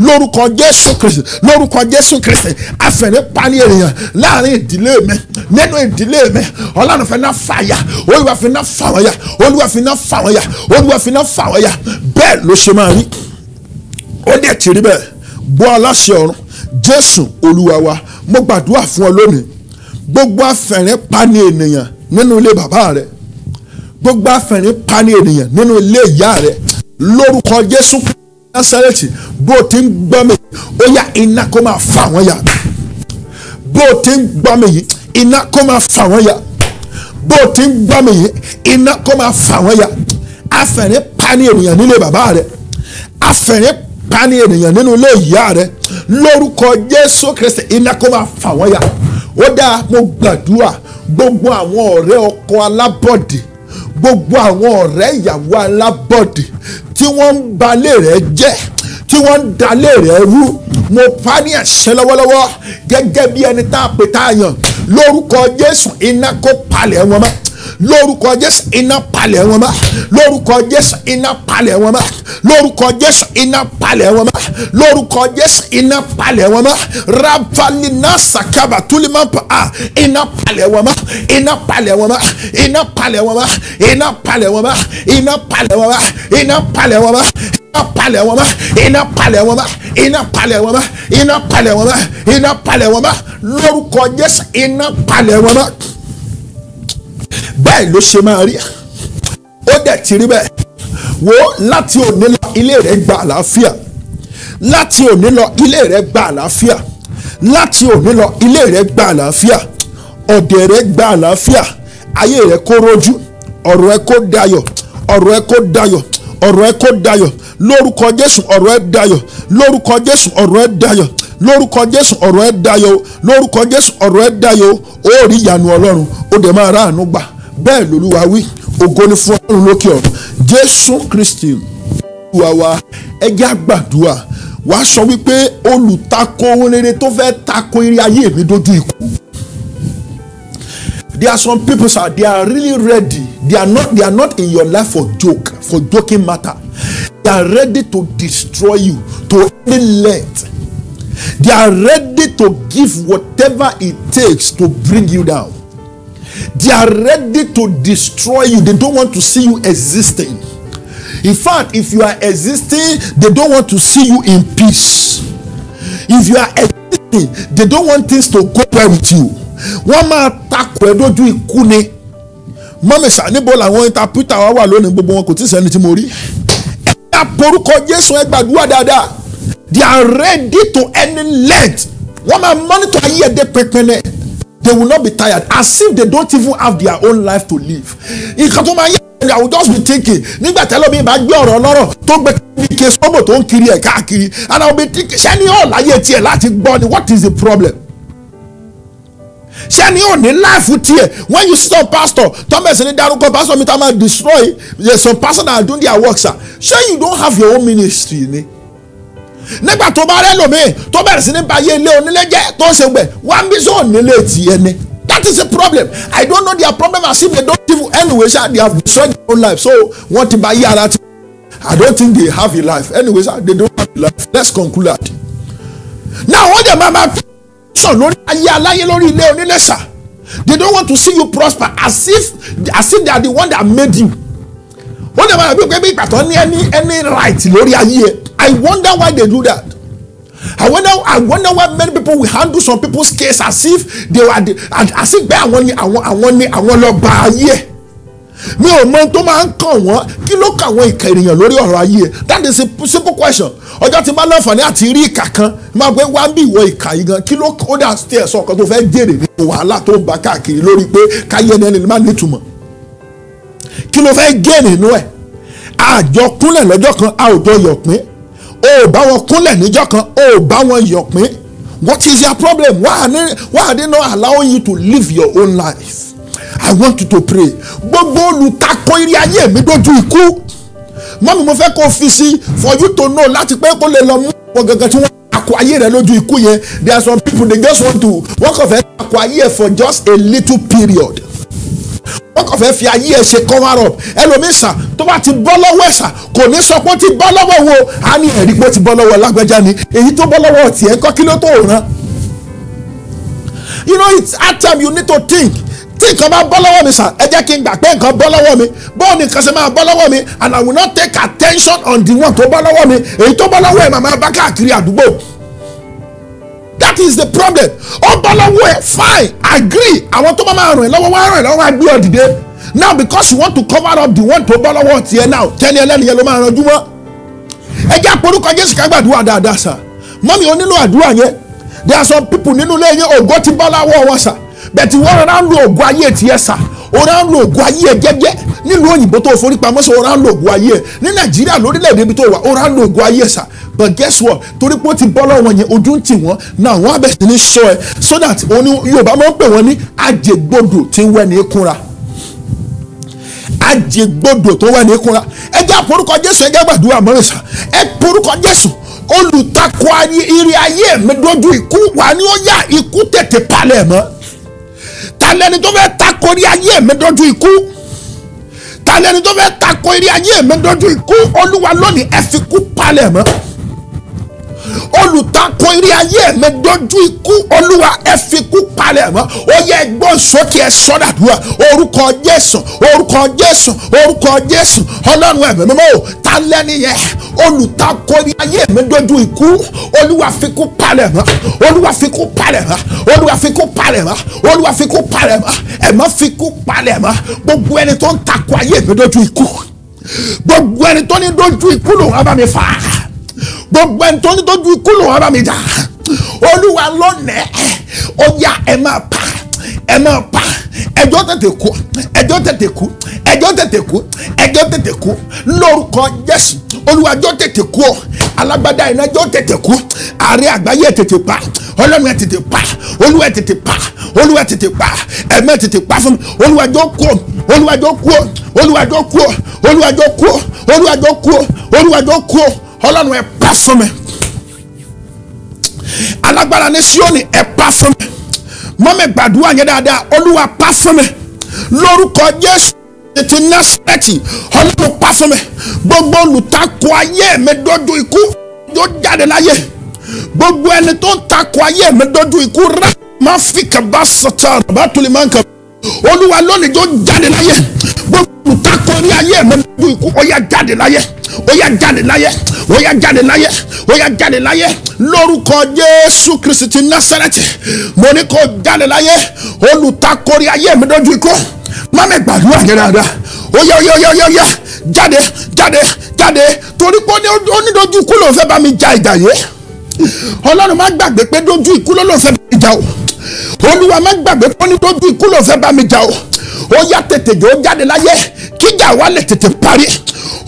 lórúkọ jésù kristu lórúkọ jésù kristi afẹ́rẹ́ pani ènìyàn láàrin ìdílé mi nínú ìdílé mi ọlọ́run fi náà fàyà olúwa fi náà fàwọ̀yà olúwa fi náà fàwọ̀yà olúwa fi náà fàwọ̀yà bẹ́ẹ̀ ló ṣe máa rí ó dẹ̀ ti rí bẹ́ẹ̀ gbọ́ aláṣẹ ọ̀run jésù olúwa wa mo gbàdúrà fún ọ lónìí gbogbo afẹ́rẹ́ pani ènìyàn nínú ilé bàbá rẹ gbogbo afẹ́rẹ́ pani ènìyàn nínú ilé ìyá rẹ lórúkọ jésù kristi násàrẹ́tì bó o ti ń gbọ́ mi ó yá iná kó máa fà wọ́n ya bó o ti ń gbọ́ mi yìí iná kó máa fà wọ́n ya bó o ti ń gbọ́ mi yìí iná kó máa fà wọ́n ya afẹ̀rín pani ènìyàn nílé bàbá rẹ̀ afẹ̀rín pani ènìyàn nínú ilé ìyá rẹ̀ lórúkọ Jésù Kristi iná kó máa fà wọ́n ya ó dáa mo gbàdúrà gbogbo àwọn ọ̀rẹ́ ọkọ alábọ̀dé gbogbo àwọn ọ̀rẹ́ ìyàwó alábọ̀dì tí wọ́n ń balẹ̀ rẹ̀ jẹ́ tí wọ́n ń dalé rẹ̀ rú mo pa ní àṣẹ lọ́wọ́lọ́wọ́ gẹ́gẹ́ bí ẹni tá a pè tá a yàn lórúkọ Jésù iná kó palẹ̀ wọn mọ́ lórúkọ jésù iná palẹ̀ wọn mọ́ lórúkọ jésù iná palẹ̀ wọn mọ́ lórúkọ jésù iná palẹ̀ wọn mọ́ lórúkọ jésù iná palẹ̀ wọn mọ́ rabalina sakaba tulimapa a iná palẹ̀ wọn mọ́ iná palẹ̀ wọn mọ́ iná palẹ̀ wọn mọ́ iná palẹ̀ wọn mọ́ iná palẹ̀ wọn mọ́ iná palẹ̀ wọn mọ́ palẹ̀ wọn mọ́ iná palẹ̀ wọn mọ́ iná palẹ̀ wọn mọ́ iná palẹ̀ wọn mọ́ iná palẹ̀ wọn mọ́ lórúkọ Jésù iná palẹ̀ wọn mọ́ bẹ́ẹ̀ ló ṣe máa rí ó dẹ̀ ti rí bẹ́ẹ̀ wo láti òní lọ ilé rẹ gba àlàáfíà láti òní lọ ilé rẹ gba àlàáfíà láti òní lọ ilé rẹ gba àlàáfíà ọ̀dẹ̀ rẹ gba àlàáfíà ayé rẹ kó rojú ọ̀rọ̀ ẹ kó dayọ̀ ọ̀rọ̀ ẹ kó dayọ̀ ọ̀rọ̀ ẹ kó dayọ̀ lórúkọ Jésù ọ̀rọ̀ ẹ dayọ̀ lórúkọ Jésù ọ̀rọ̀ ẹ dayọ̀ lórúkọ Jésù ọ̀rọ̀ ẹ dayọ̀ lórúkọ Jésù ọ̀rọ̀ ẹ dayọ̀ ó rí ìyanu Ọlọ́run ó dẹ̀ máa ráàánú gbà bẹ́ẹ̀ lolúwa wí ògo ni fún Ọlọ́run lókè ọ̀run Jésù Kristi olúwa wa ẹ jẹ́ wàá sọ wípé olùtakò rere tó fẹ́ takò eré ayé mi dójú ikú There are some people, sir, they are really ready. They are not, they are not in your life for joke, for joking matter. They are ready to destroy you, to any length. They are ready to give whatever it takes to bring you down. They are ready to destroy you. They don't want to see you existing. In fact, if you are existing, they don't want to see you in peace. If you are existing, they don't want things to go well with you. wọ́n máa takò ẹ́ dójú ikú ni mọ́mísà níbo làwọn intapita wa wà lónìí gbogbo wọn kò tí ì sẹ́ni tí mo rí ẹ bá Jésù ẹ gbàdúrà dáadáa they are ready to any length wọ́n máa monitor ayé ẹ̀dẹ́ pẹ́pẹ́lẹ́ they will not be tired as if they don't even have their own life to live nǹkan tó máa yẹ I will just be thinking nígbà tẹ́lẹ̀ mi bá gbé ọ̀rọ̀ lọ́rọ̀ tó gbé kí n sọ́mọ̀ tó ń kiri ẹ̀ káàkiri and I will be thinking ṣé ni ọ̀la yẹ tiẹ̀ láti gbọ́ ni what is the problem ṣé ni ò life láìfù tiẹ̀ when you see some pastor tọ́mẹ̀sì ní dárúkọ pastor mi ta máa destroy yes, some pastor are doing their work sa ṣé you don't have your own ministry ni nígbà tó bá rẹ́ lòmíì tó bẹ̀rẹ̀ sí ní báyé ilé onílé jẹ́ tó ń ṣe gbẹ̀ wọ́n bí sọ nílé tiẹ̀ ni that won bi so nile ni thats a problem I don't know their problem as if they don't even anyway sha they have destroyed their own life so wọ́n ti báyé ara ti I don't think they have a life anyway sha they don't have a life let's conclude that now wọ́n jẹ́ máa máa fi. so lórí ayé aláyé lórí ilé onílẹ̀ṣà they don't want to see you prosper as if as if they are the one that made you wọ́n dẹ̀ máa bí pé bí ìpàtọ́ ní any any right lórí ayé ẹ̀ I wonder why they do that I wonder I wonder why many people will handle some people's case as if they were the, as if bẹ́ẹ̀ àwọn ni àwọn àwọn ni àwọn lọ́ọ́ ba ayé ẹ̀ mi ò mọ tó máa ń kàn wọ́n kí ló kà wọ́n ìkà ènìyàn lórí ọ̀rọ̀ ayé ẹ̀ that is a simple question ọjọ́ tí máa láǹfààní àti rí ìkà kan máa gbé wá ń bí ìwọ ìkà yìí gan kí ló ó dà sí ẹ̀sọ́ kan tó fẹ́ jèrè nínú wàhálà tó ń bá káàkiri lórí pé káyé ẹni ẹni máa nítumọ̀ kí ló fẹ́ jẹ́ nínú ẹ̀ àjọ kúnlẹ̀ lọ́jọ́ kan a ò jọ yọ̀pín o ò bá wọn kúnlẹ̀ níjọ́ kan o ò bá wọn yọ̀pín what is your problem why are they not allowing you to live your own life I want you to pray. Gbogbo olùtakò eré ayé mi dojú ikú. Mọ́mi mo fẹ́ kó fi sí for you to know láti pé kó lè lọ mú ọ̀pọ̀ gangan tí wọ́n takò ayé rẹ lójú ikú yẹn. There are some people they just want to work of it takò ayé ẹ̀ for just a little period. Work of it fi ayé ẹ̀ ṣe cover up. Ẹlòmíì sà tó bá ti bọ́ lọ́wọ́ ẹ̀sà kò ní sọ pé ó ti bọ́ lọ́wọ́ wo. A ní ẹ̀rí pé ó ti bọ́ lọ́wọ́ lágbájá ni. Èyí tó bọ́ lọ́wọ́ tiẹ̀ kọ́ kí ló tó rán. You know it's hard time you need to think tí nǹkan bá bọ́ lọ́wọ́ mi sà ẹ jẹ́ kí n gbà pé nǹkan bọ́ lọ́wọ́ mi bọ́ọ̀ ni nǹkan ṣe máa bọ́ lọ́wọ́ mi and I will not take attention on the one tó bọ́ lọ́wọ́ mi èyí tó bọ́ lọ́wọ́ ẹ̀ màmá bá káàkiri àdúgbò that is the problem ó bọ́ lọ́wọ́ ẹ̀ fine agree àwọn tó bá máa ràn ẹ́ lọ́wọ́ wá ràn ẹ́ lọ́wọ́ agbé ọ̀ dìde now because you want to cover up the one tó bọ́ lọ́wọ́ tiẹ̀ now tẹ́ni ẹlẹ́niyẹn ló máa ranjú mọ́ ẹ jẹ́ àporúkọ Jésù ká gbàdúrà dáadáa sà mọ́mi onílò àdúrà yẹn there are some people nínú ilé yẹn ògo ti bọ́ lọ́wọ́ wọn sà bẹ̀tì wọ́n rẹ̀ náà ń lo ògùn ayé tiẹ̀ sà òun náà ń lo ògùn ayé ẹ̀ jẹ́jẹ́ nílùú òyìnbó tó forí pamọ́ sí òun náà ń lo ògùn ayé ẹ̀ ní nàìjíríà lórílẹ̀‐èdè ibi tó wà òun náà ń lo ògùn ayé ẹ̀ sà but guess what torí pé ó ti bọ́ lọ́wọ́ yẹn ojú ń tì wọ́n náà wọ́n á bẹ̀ sí ní sọ ẹ so that òun ni yorùbá máa ń pè wọ́n ní àjẹgbodò tí ń wẹ̀ ní kúnra àjẹgbodò tó wẹ̀ ní kúnra ẹ jẹ́ àporúkọ jésù ẹ jẹ́ gbàdúrà mọ́rìnsà ẹ porúkọ jésù olùtakò ayé ire ayé mi dojú ikú wà ní ó yá ikú tètè palẹ̀ mọ́ ta lẹni tó fẹ́ takò rí ayé mi dọ́jú ikú ta lẹni tó fẹ́ takò rí ayé mi dọ́jú ikú olúwa lónìí ẹ palẹ̀ mọ́ olùtakò eré ayé mi dojú ikú olúwa ẹ fi kú palẹ̀ mọ́ ó yẹ gbọ́n sókè ẹ sọ́dàdúrà orúkọ jésù orúkọ jésù orúkọ jésù ọlọ́run ẹ̀mí mímọ́ o ta lẹ́ni yẹn olùtakò eré ayé mi dojú ikú olúwa fi kú palẹ̀ mọ́ olúwa fi kú palẹ̀ mọ́ olúwa fi kú palẹ̀ mọ́ olúwa fi kú palẹ̀ mọ́ ẹ má fi kú palẹ̀ mọ́ gbogbo ẹni tó ń takò ayé mi dojú ikú gbogbo ẹni tó ní dojú ikú lòun á bá gbogbo ẹni tó ní tó ju ikú lòun ọba mi jà olúwa lọ́nẹ̀ẹ́ ó yá ẹ máa pa ẹ máa pa ẹjọ́ tètè kú ẹjọ́ tètè kú ẹjọ́ tètè kú ẹjọ́ tètè kú lórúkọ Jésù olùwàjọ́ tètè kú ọ alágbádá ìnájọ́ tètè kú ààrẹ àgbáyé tètè pa ọlọ́run ẹ tètè pa olúwa tètè pa olúwa tètè pa ẹ̀mẹ́ tètè pa fún mi olùwàjọ́ kú ọ olùwàjọ́ kú ọ olùwàjọ́ kú ọ olùwàjọ́ kú ọ olùwàjọ́ kú ọ olùwàjọ́ kú ọ ọlọ́run ẹ pa fún mi alágbára ní Síónì ẹ pa fún mi mọ́mí gbàdúrà yẹn dáadáa olúwa pa fún mi lórúkọ Jésù tètè Násárẹ́tì ọlọ́run pa fún mi gbogbo olùtakò ayé mi dọ́jú ikú yóò jáde láyé gbogbo ẹni tó ń takò ayé mi dọ́jú ikú rẹ máa fi kaba sọ̀tà bàtúlì máa ń kà olúwa lónìí yóò jáde láyé gbogbo nǹkan kan ní ayé ẹ̀ mọ́jú ikú ọ̀yá jáde láyé ọ̀yá jáde láyé ọ̀yá jáde láyé ọ̀yá jáde láyé lórúkọ Jésù Kristi Násárẹ́tì mo ní kó jáde láyé olùtakori ayé mi dójú ikú mọ́mí gbàdúrà yẹn dáadáa ọ̀yá ọ̀yá ọ̀yá ọ̀yá ọ̀yá jáde jáde jáde torí pé onídojú ikú ló ń fẹ́ bá mi ja ìjà yé Ọlọ́run má gbàgbé pé dojú ikú ló ló ń fẹ́ bá mi ja o Olúwa má gbàgbé pé onídojú ikú ló ń fẹ́ bá mi ja o ó yá tètè jò ó jáde láyé kíjà wa lè tètè parí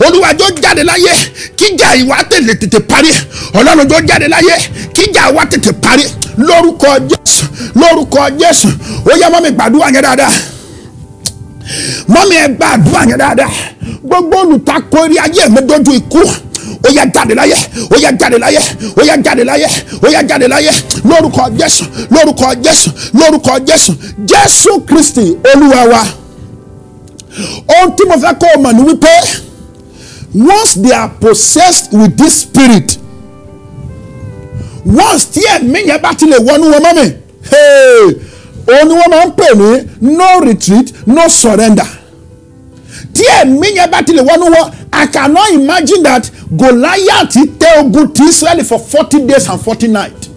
olúwa jọ jáde láyé kíjà ìwà tèlè tètè parí ọlọ́run jọ jáde láyé kíjà wa tètè parí lórúkọ jésù lórúkọ jésù ó yá mọ́mi gbàdúrà yẹn dáadáa mọ́mi ẹ gbàdúrà yẹn dáadáa gbogbo olùtakò eré ayé mi dojú ikú ó yá jáde láyé ó yá jáde láyé ó yá jáde láyé ó yá jáde láyé lórúkọ jésù lórúkọ jésù lórúkọ jésù jésù kristi olúwa wa ohun tí mo fẹ́ kọ́ ọ mọ̀ ni wípé once they are possessed with this spirit once tí ẹ̀mí yẹn bá ti lè wọnú wọn mọ́mi òun ni wọ́n máa ń pè ní no retreat no surrender tí ẹ̀mí yẹn bá ti lè wọnú wọn I cannot imagine that Goliath tẹ ogun ti Israel for forty days and forty nights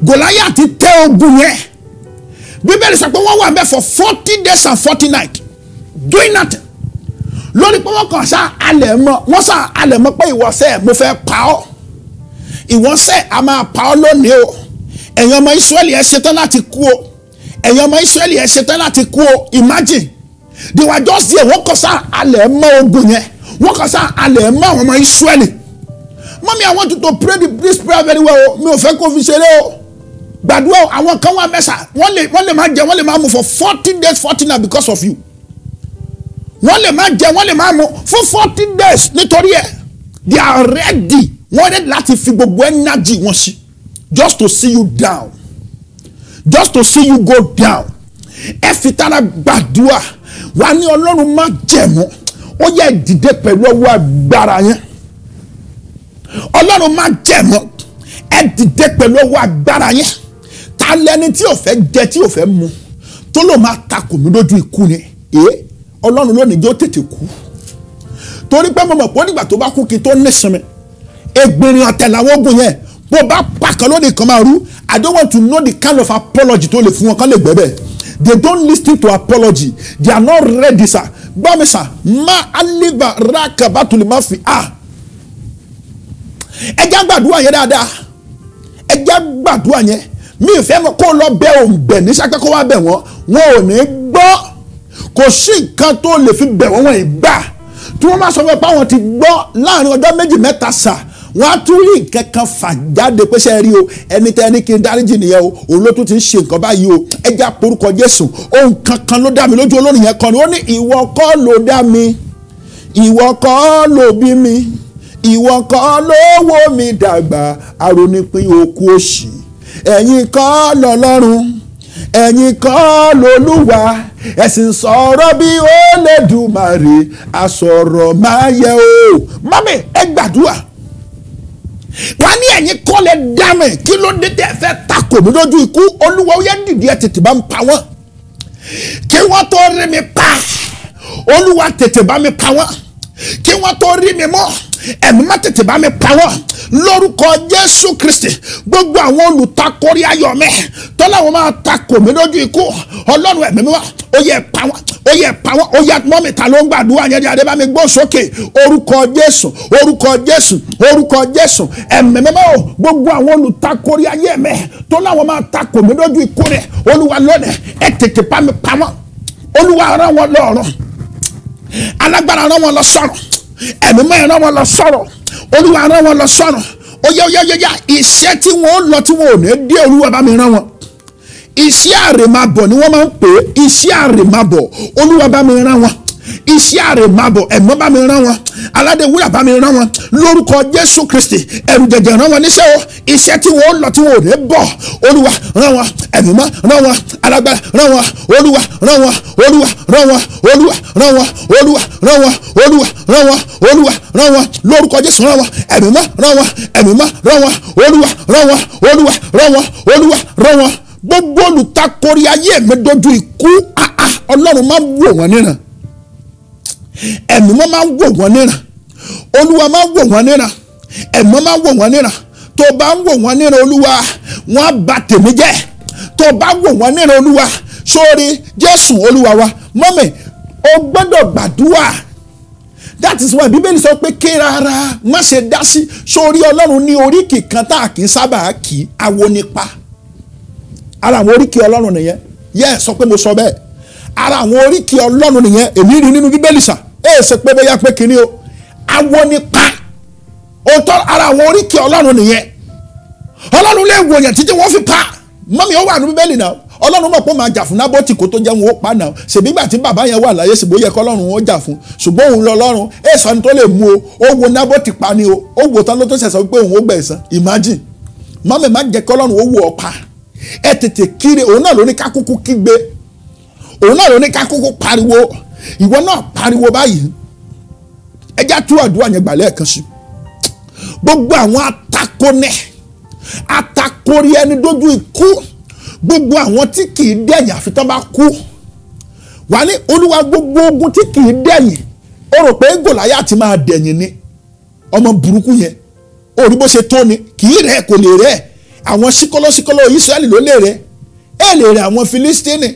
Goliath tẹ ogun yẹn bíbélì sọ pé wọ́n wà bẹ́ẹ̀ for forty days and forty nights doing nothing lórí pé wọ́n kàn sá alẹ̀ mọ́ wọ́n sá alẹ̀ mọ́ pé ìwọ mo fẹ́ pa ọ́ ìwọ sẹ́ẹ̀ a máa pa ọ́ lónìí o ẹ̀yin ọmọ Israẹli ẹ̀ ṣetán láti kú o ẹ̀yin ọmọ Israẹli ẹ̀ ṣetán láti kú o imagine they were just there wọ́n kọ́ sá alẹ̀ mọ́ ogun yẹn wọ́n kọ́ sá alẹ̀ mọ́ ọmọ Israẹli mọ́mí I want you to pray the, this prayer very well o mi ò fẹ́ kó fi ṣeré o gbàdúrà àwọn kan wà mẹ́sà wọ́n lè wọ́n lè má jẹ wọ́n lè má mu for fourteen days fourteen na because of you wọ́n lè má jẹ wọ́n lè má mu for fourteen days nítorí ẹ̀ they are ready wọ́n ready láti fi gbogbo energy wọn sí just to see you down just to see you go down ẹ fi tara gbàdúrà wàá ní ọlọ́run má jẹ̀mú ó yẹ dìde pẹ̀lú ọwọ́ agbára yẹn ọlọ́run má jẹ̀mú ẹ dìde pẹ̀lú ọwọ́ agbára yẹn ta lẹni tí ò fẹ́ jẹ tí ò fẹ́ mu tó ló máa takò mí lójú ikú ni èé ọlọ́run lónìí yóò tètè kú torí pé mo mọ̀ pé nígbà tó bá kú kí n tó nísinmi egbìnrin ọ̀tẹ̀ làwọn ogun yẹn bó bá pàkọ́ lónìí kan máa rú I don't want to know the kind of apology tó lè fún wọn kán lè gbẹ́ bẹ́ẹ̀. They don't listen to apology. They are not ready, sir. Gbọ́mi sà, má aliva rákàbá tó lè má fi à. Ah. Ẹ já gbàdúrà yẹn dáadáa. Ẹ já gbàdúrà yẹn. Mi ò fẹ́ mọ̀ kó lọ bẹ òǹbẹ̀ ní sápẹ́ kó wá bẹ̀ wọ́n. Wọn ò ní gbọ́. Kò sí nǹkan tó lè fi bẹ̀ wọ́n wọ̀nyí gbà. Tí wọ́n máa sọ fún ẹ pé àwọn ti gbọ́ láàrin ọjọ́ méjì mẹ́ta sà wọ́n á tún rí nǹkan kan fà jáde pé ṣe rí o ẹni tẹ́ ẹni kí n dáríjì nìyẹn o òun ló tún ti ń ṣe nǹkan báyìí o ẹja porúkọ Jésù ohun kankan ló dá mi lójú olórin yẹn kan ni ó ní ìwọ kọ́ ló dá mi ìwọ kọ́ ló bí mi ìwọ kọ́ ló wò mí dàgbà arónípín okú òṣì ẹ̀yin kọ́ lọ́lọ́run ẹ̀yin kọ́ lolúwa ẹ̀sìn sọ̀rọ̀ bí ó lè dùn màrè àsọ̀rọ̀ máa yẹ o mami ẹ gbàdúrà wàá ní ẹ̀yin kọ́ lẹ dá mi kí ló dé tẹ́ fẹ́ takò mí lójú ikú olúwa ó yẹ dìde ẹ tètè bá ń pa wọ́n kí wọ́n tó rí mi pa olúwa tètè bá mi pa wọ́n kí wọ́n tó rí mi mọ́ ẹ̀mí má tètè bá mi pawọ́ lórúkọ jésù kristi gbogbo àwọn olùtakọrí ayọ̀ mi tọ́láwọn máa takò mí lójú ikú ọlọ́run ẹ̀mí mi wá ó yẹ pawọ́ ó yẹ pawọ́ ó yẹ mọ́mì ta ló ń gbàdúrà yẹn ní adébámi gbó sókè orúkọ jésù orúkọ jésù orúkọ jésù ẹ̀mí mi máa gbogbo àwọn olùtakọrí ayé mi tọ́láwọn máa takò mí lójú ikú rẹ̀ olúwa lónìí ẹ̀ tètè bá mi pawọ́ olúwa rán wọn lọ́rùn alágbára rán wọn lọ sọ́run ẹ̀mí mọ́ ẹ̀ràn wọn lọ sọ̀rọ̀ olúwa rán wọn lọ sọ̀rọ̀ ó yá ó yá ó yá iṣẹ́ tí wọ́n lọ tí wọ́n ò ní dé olúwa bá mi rán wọn iṣẹ́ àrèmabọ̀ ni wọ́n máa ń pè é iṣẹ́ àrèmabọ̀ olúwa bá mi rán wọn iṣẹ́ àrèmábọ̀ ẹ̀mọ́ bá mi rán wọn aládé wúrà bá mi rán wọn lórúkọ jésù kristi ẹ̀rù jẹ̀jẹ̀ rán wọn níṣẹ́ o iṣẹ́ tí wọ́n lọ tí wọ́n ò lè bọ̀ olúwa rán wọn ẹ̀mímọ́ rán wọn alágbára rán wọn olúwa rán wọn olúwa rán wọn olúwa rán wọn olúwa rán wọn olúwa rán wọn olúwa rán wọn lórúkọ jésù rán wọn ẹ̀mímọ́ rán wọn ẹ̀mímọ́ rán wọn olúwa rán wọn olúwa rán wọn olúwa rán wọn gbogbo olùtakori ayé mi dojú ikú ọlọ́run máa ń wò wọ́n níran ẹ̀mí wọn máa ń wò wọ́n níran olúwa máa ń wò wọ́n níran ẹ̀mí wọn máa ń wò wọ́n níran tó bá ń wò oluwa olúwa á tèmi tó bá wò olúwa wa mọ́mì o gbọ́dọ̀ gbàdúrà that is why bíbélì sọ pé ké rárá má ṣe dá sí sórí ọlọ́run ní oríkì kan tá ara àwọn oríkì ọlọ́run nìyẹn sọ pé mo ara àwọn oríkì ọlọ́run nìyẹn èmi rí ẹ ṣe pé bóyá pé kínní o awọ nípa òótọ́ ara àwọn oríkèé ọlọ́run nìyẹn ọlọ́run lè wò yẹn títí wọ́n fi pa mọ́mí ó wà ní bíbélì náà ọlọ́run mọ̀ pé màá jà fún nábọ́tì kó tó jẹ́ wọn ó pa náà ṣèbí gbà tí bàbá yẹn wà láyé ṣùgbọ́n ó yẹ kọ́ ọlọ́run ó jà fún ṣùgbọ́n òun lọ ọlọ́run ẹ ni tó lè mú o ó wo nábọ́tì pa ni o ó wò tán ló tó ṣẹ̀ṣọ́ pé òun ó gbẹ̀ ẹ̀sán imagine mọ́mí má jẹ́ kọ́ ọlọ́run ó wò ọ́ pa ẹ tètè kiri òun náà ló ní kákúkú kígbe òun náà ló ní kákúkú pariwo ìwọ náà pariwo báyìí ẹjẹ tú àdúrà yẹn gbà lẹ́ẹ̀kan sí gbogbo àwọn atakonẹ atakori ẹni dójú ikú gbogbo àwọn tí kì í dẹ̀yìn àfi tán bá kú wà ní olúwa gbogbo ogun tí kì dẹ̀yìn o rò pé Gòláyátì máa dẹ̀yìn ni ọmọ burúkú yẹn o rí bó ṣe tó ni kì í rẹ̀ kò lè rẹ̀ àwọn síkọ́lọ́síkọ́lọ́ Ísírẹ́lì ló lè rẹ̀ ẹ̀ lè rẹ̀ àwọn Filistini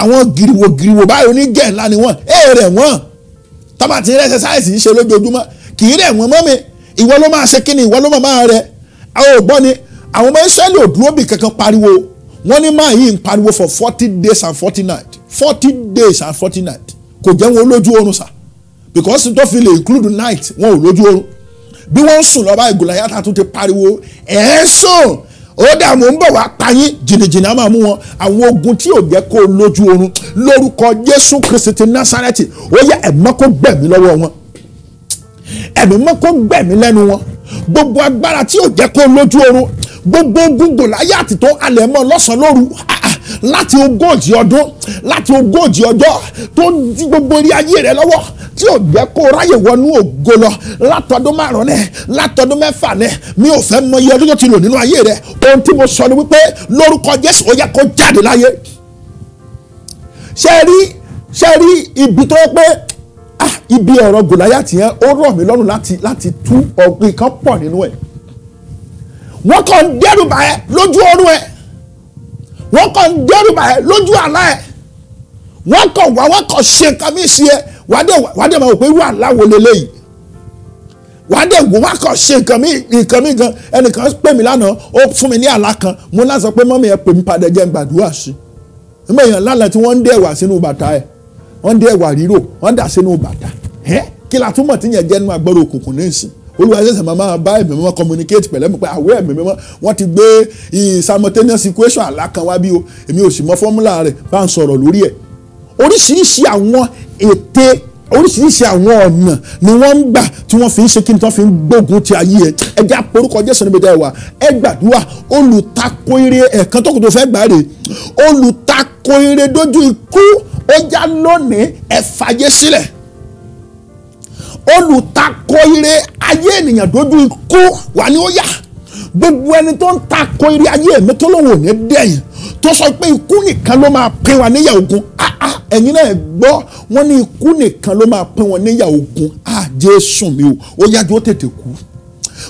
àwọn giriwo giriwo báyìí oníjẹ̀ ńlá ni wọ́n ẹ̀ rẹ̀ wọ́n tọ́ba ti rẹ́ exercise ń ṣe lójoojúmọ́ kì í rẹ̀ wọ́n mọ́ mi ìwọ ló máa ṣe kí ni ìwọ ló máa rẹ̀ àwọn ògbọ́n ni àwọn ọmọ Ísírẹ́lì ò dúró bì kankan pariwo wọ́n ní máa yí ń pariwo for forty days and forty nights forty days and forty nights kò jẹ́ wọn lójú oorun sà because tó fi lè include night wọn ò lójú oorun bí wọ́n ń sùn lọ́ba ìgòlàyàtà tún ti pariwo ẹ̀ ń sùn ó dà mò ń bọ̀ wá payín jìnnìjìnnì á máa mú wọn àwọn ogun tí ò jẹ́ kó o lójú oorun lórúkọ Jésù Kristi ti ó yá ẹ̀mọ́ gbẹ̀mí lọ́wọ́ wọn ẹ̀mí gbẹ̀mí lẹ́nu wọn gbogbo agbára tí ò jẹ́ kó lójú oorun gbogbo gbogbo láyé àtìtó alẹ́ mọ́ lọ́sàn-án lóru ah, ah, láti ogójì ọdún láti ogójì ọjọ́ tó ń di gbogbo eré ayé rẹ lọ́wọ́ tí ò jẹ́ kó ráyè wọnú ògo lọ látọdún márùn nẹ látọdún mẹ́fà nẹ mi ò fẹ́ mọ iye ọdún tó ti lò nínú ayé rẹ ohun tí mo sọ ni wípé lórúkọ Jésù ó yẹ kó jáde láyé ṣe rí ṣe rí ibi tó yẹ pé ibi ọ̀rọ̀ gòláyàtì yẹn ó rọ̀ mí lọ́rùn láti láti tú ọ̀gbìn kan pọ̀ nínú ẹ̀ wọ́n kàn ń dẹ́rùbà ẹ lójú ọ̀run ẹ wọ́n kàn ń dẹ́rùbà ẹ lójú àlá ẹ wọ́n kàn wá wọ́n kàn ṣe nǹkan mí sí ẹ wàá dẹ̀ máa wò pé irú àlá wo leléyìí wàá dẹ̀ wò kàn ṣe nǹkan mí nǹkan mí gan ẹnìkan pè mí lánàá ó fún mi ní àlá kan mo lásán pé mọ́mí ẹ pè mí padà jẹ́ ń gbàdúrà sí i wọ́n dé ẹ̀wà rírò wọ́n dà sínú bàtà ẹ́ kí la túmọ̀ tí yẹn jẹ́ nínú agbọ́dọ̀ òkùnkùn ní ìsìn olúwa ṣẹ̀ṣẹ̀ máa bá ẹ̀mí communicate pẹ̀lẹ́ mi pé àwẹ̀ ẹ̀mí mímọ́ wọ́n ti gbé simultaneous equation àlákan bí o èmi ò sì mọ fọ́múlà rẹ̀ bá ń sọ̀rọ̀ lórí ẹ̀ oríṣiríṣi àwọn ète oríṣiríṣi àwọn ọ̀nà ni wọ́n ń gbà tí wọ́n fi ń ṣe kí ni tí wọ́n fi ń gbógun ti ayé ẹ ẹjẹ́ àporúkọ Jésù níbi dáìwà ẹ gbàdúrà olùtakò eré ẹ̀kan tó kò tó fẹ́ gbà rè olùtakò eré dójú ikú ó já lónìí ẹ fàyè sílẹ̀ olùtakò eré ayé ènìyàn dójú ikú wà ní ó yà gbogbo ẹni tó ń takò eré ayé mi tó lóun ò ní dẹ̀yìn tó sọ pé ikú nìkan ló máa pín wa níyà ogun ah, ah, ẹ̀yin náà gbọ́ wọ́n ní ikú nìkan ló máa pín wọn níyà ogun ah, Jésù mi o ó yájú ó tètè kú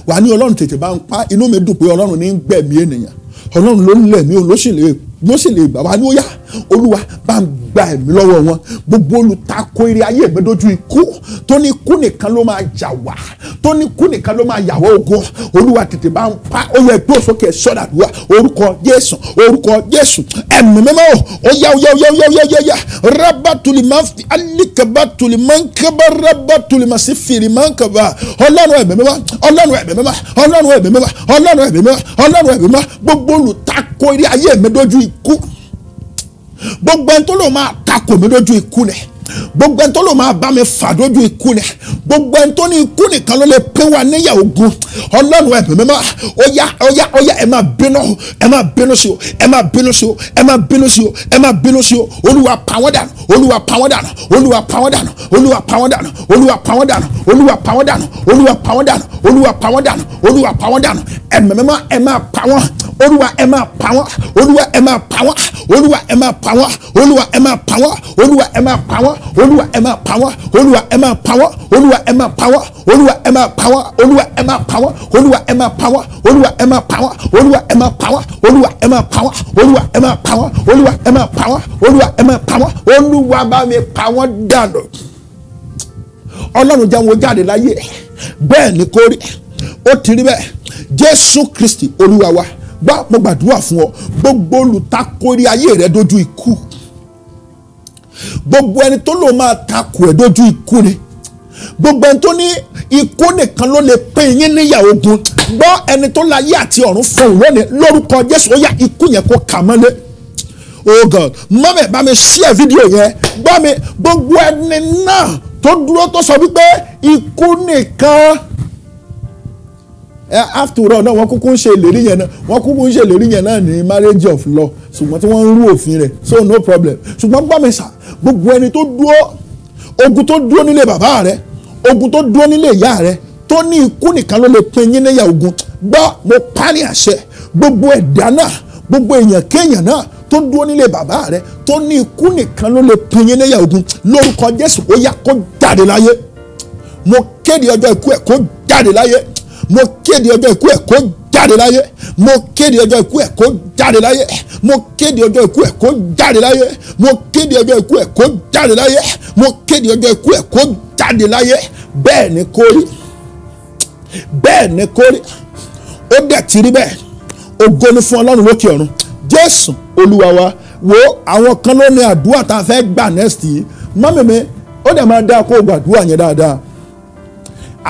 wà á ní Ọlọ́run tètè bá ń pa inú mi dùn pé Ọlọ́run ní gbẹ̀mí ènìyàn Ọlọ́run ló ń lẹ̀mí òun ló sì lè ló sì lè bàbá ní ó yá olúwa bá ń gba ẹ̀mí lọ́wọ́ wọn gbogbo olùtakò eré ayé mi dojú ikú tó ní ikú nìkan ló máa jà wá tó ní ikú nìkan ló máa yàwó ogo olúwa tètè bá ń pa ó yẹ gbé òsókè sọ́dàdúrà orúkọ jésù orúkọ jésù ẹ̀mí mímọ́ ó yá ó yá ó yá ó yá ó yá ó yá rabatuli máa fi alikabátuli máa ń kaba rabatuli máa sì fìrì máa ń kaba ọlọ́run ẹ̀mí mímọ́ ọlọ́run ẹ̀mí mímọ́ ọlọ́run ẹ̀mí mímọ́ ọlọ́run ẹ̀mí mímọ́ gbogbo olùtakò eré ayé mi ikú ikú gbogbo ẹni tó lò máa takò mí lójú ikú nìyẹn gbogbo ẹni tó lò máa bá mi fà dójú ikú ni gbogbo ẹni tó ní ikú nìkan ló lè pín wa níyà ogun ọlọ́run ẹ̀mí mímọ́ ọ̀yá ọ̀yá ọ̀yá ẹ máa bínú ẹ máa bínú sí o ẹ máa bínú sí o ẹ máa bínú sí o ẹ máa bínú sí o olúwa pa wọ́n dànù olúwa pa dànù olúwa pa dànù olúwa pa dànù olúwa pa dànù olúwa pa dànù olúwa pa dànù olúwa pa dànù olúwa pa dànù ẹ̀mí mímọ́ ẹ máa pa wọ́n olúwa máa pa olúwa ẹ máa pa wọ́n olúwa ẹ máa pa wọ́n olúwa ẹ máa pa wọ́n olúwa ẹ máa pa wọ́n olúwa ẹ máa pa wọ́n olúwa ẹ máa pa wọ́n olúwa ẹ máa pa wọ́n olúwa ẹ máa pa wọ́n olúwa ẹ máa pa wọ́n olúwa ẹ máa pa wọ́n olúwa ẹ máa pa wọ́n olúwa ẹ máa pa wọ́n olúwa ẹ máa pa wọ́n olúwa ẹ máa pa wọ́n olúwa ẹ máa pa wọ́n olúwa ẹ máa pa wọ́n olúwa bá mi pa wọ́n dànù ọlọ́run jẹ́ wọn jáde láyé bẹ́ẹ̀ ni kórè ó ti rí bẹ́ẹ̀ jésù kristi olúwa wa gbá mo gbàdúrà fún ọ gbogbo olùtakórí ayé rẹ dojú ikú gbogbo ẹni tó lò máa takò ẹ dojú ikú ni gbogbo ẹni tó ní ikú nìkan ló lè pín yín níyà ogun gbọ́ ẹni tó láyé àti ọ̀run fọhùn lónìí lórúkọ Jésù ó yá ikú yẹn kó kà mọ́lẹ̀ oh god mọ́mẹ́ bá mi share fídíò yẹn gbọ́ mi gbogbo ẹni náà tó dúró tó sọ wípé ikú nìkan Eh, after all náà wọ́n kúkú ń ṣe ìlérí yẹn náà wọ́n kúkú ń ṣe ìlérí yẹn náà ní marriage of law ṣùgbọ́n tí wọ́n ń rú òfin rẹ̀ so no problem ṣùgbọ́n gbọ́ mi sà gbogbo ẹni tó dúró ogun tó dúró nílé bàbá rẹ ogun tó dúró nílé ìyá rẹ tó ní ikú nìkan ló lè pin yín níyà ogun gbọ́ mo parí àṣẹ gbogbo ẹ̀dá náà gbogbo èèyàn kéèyàn náà tó dúró nílé bàbá rẹ tó ní ikú nìkan ló lè pin yín níyà ogun lórúkọ Jésù ó yá kó jáde láyé mo kéde ọjọ́ ikú ẹ̀ kó jáde láyé mo kéde ọjọ́ ikú ẹ̀ kó jáde láyé mo kéde ọjọ́ ikú ẹ̀ kó jáde láyé mo kéde ọjọ́ ikú ẹ̀ kó bẹ́ẹ̀ ni kó rí bẹ́ẹ̀ ni bẹ́ẹ̀ ogo ni fún ọlọ́run lókè jésù olúwa wa wo àwọn kan ló ní àdúrà tá a fẹ́ gbà next yìí mọ́mí ó dẹ̀ máa dá kó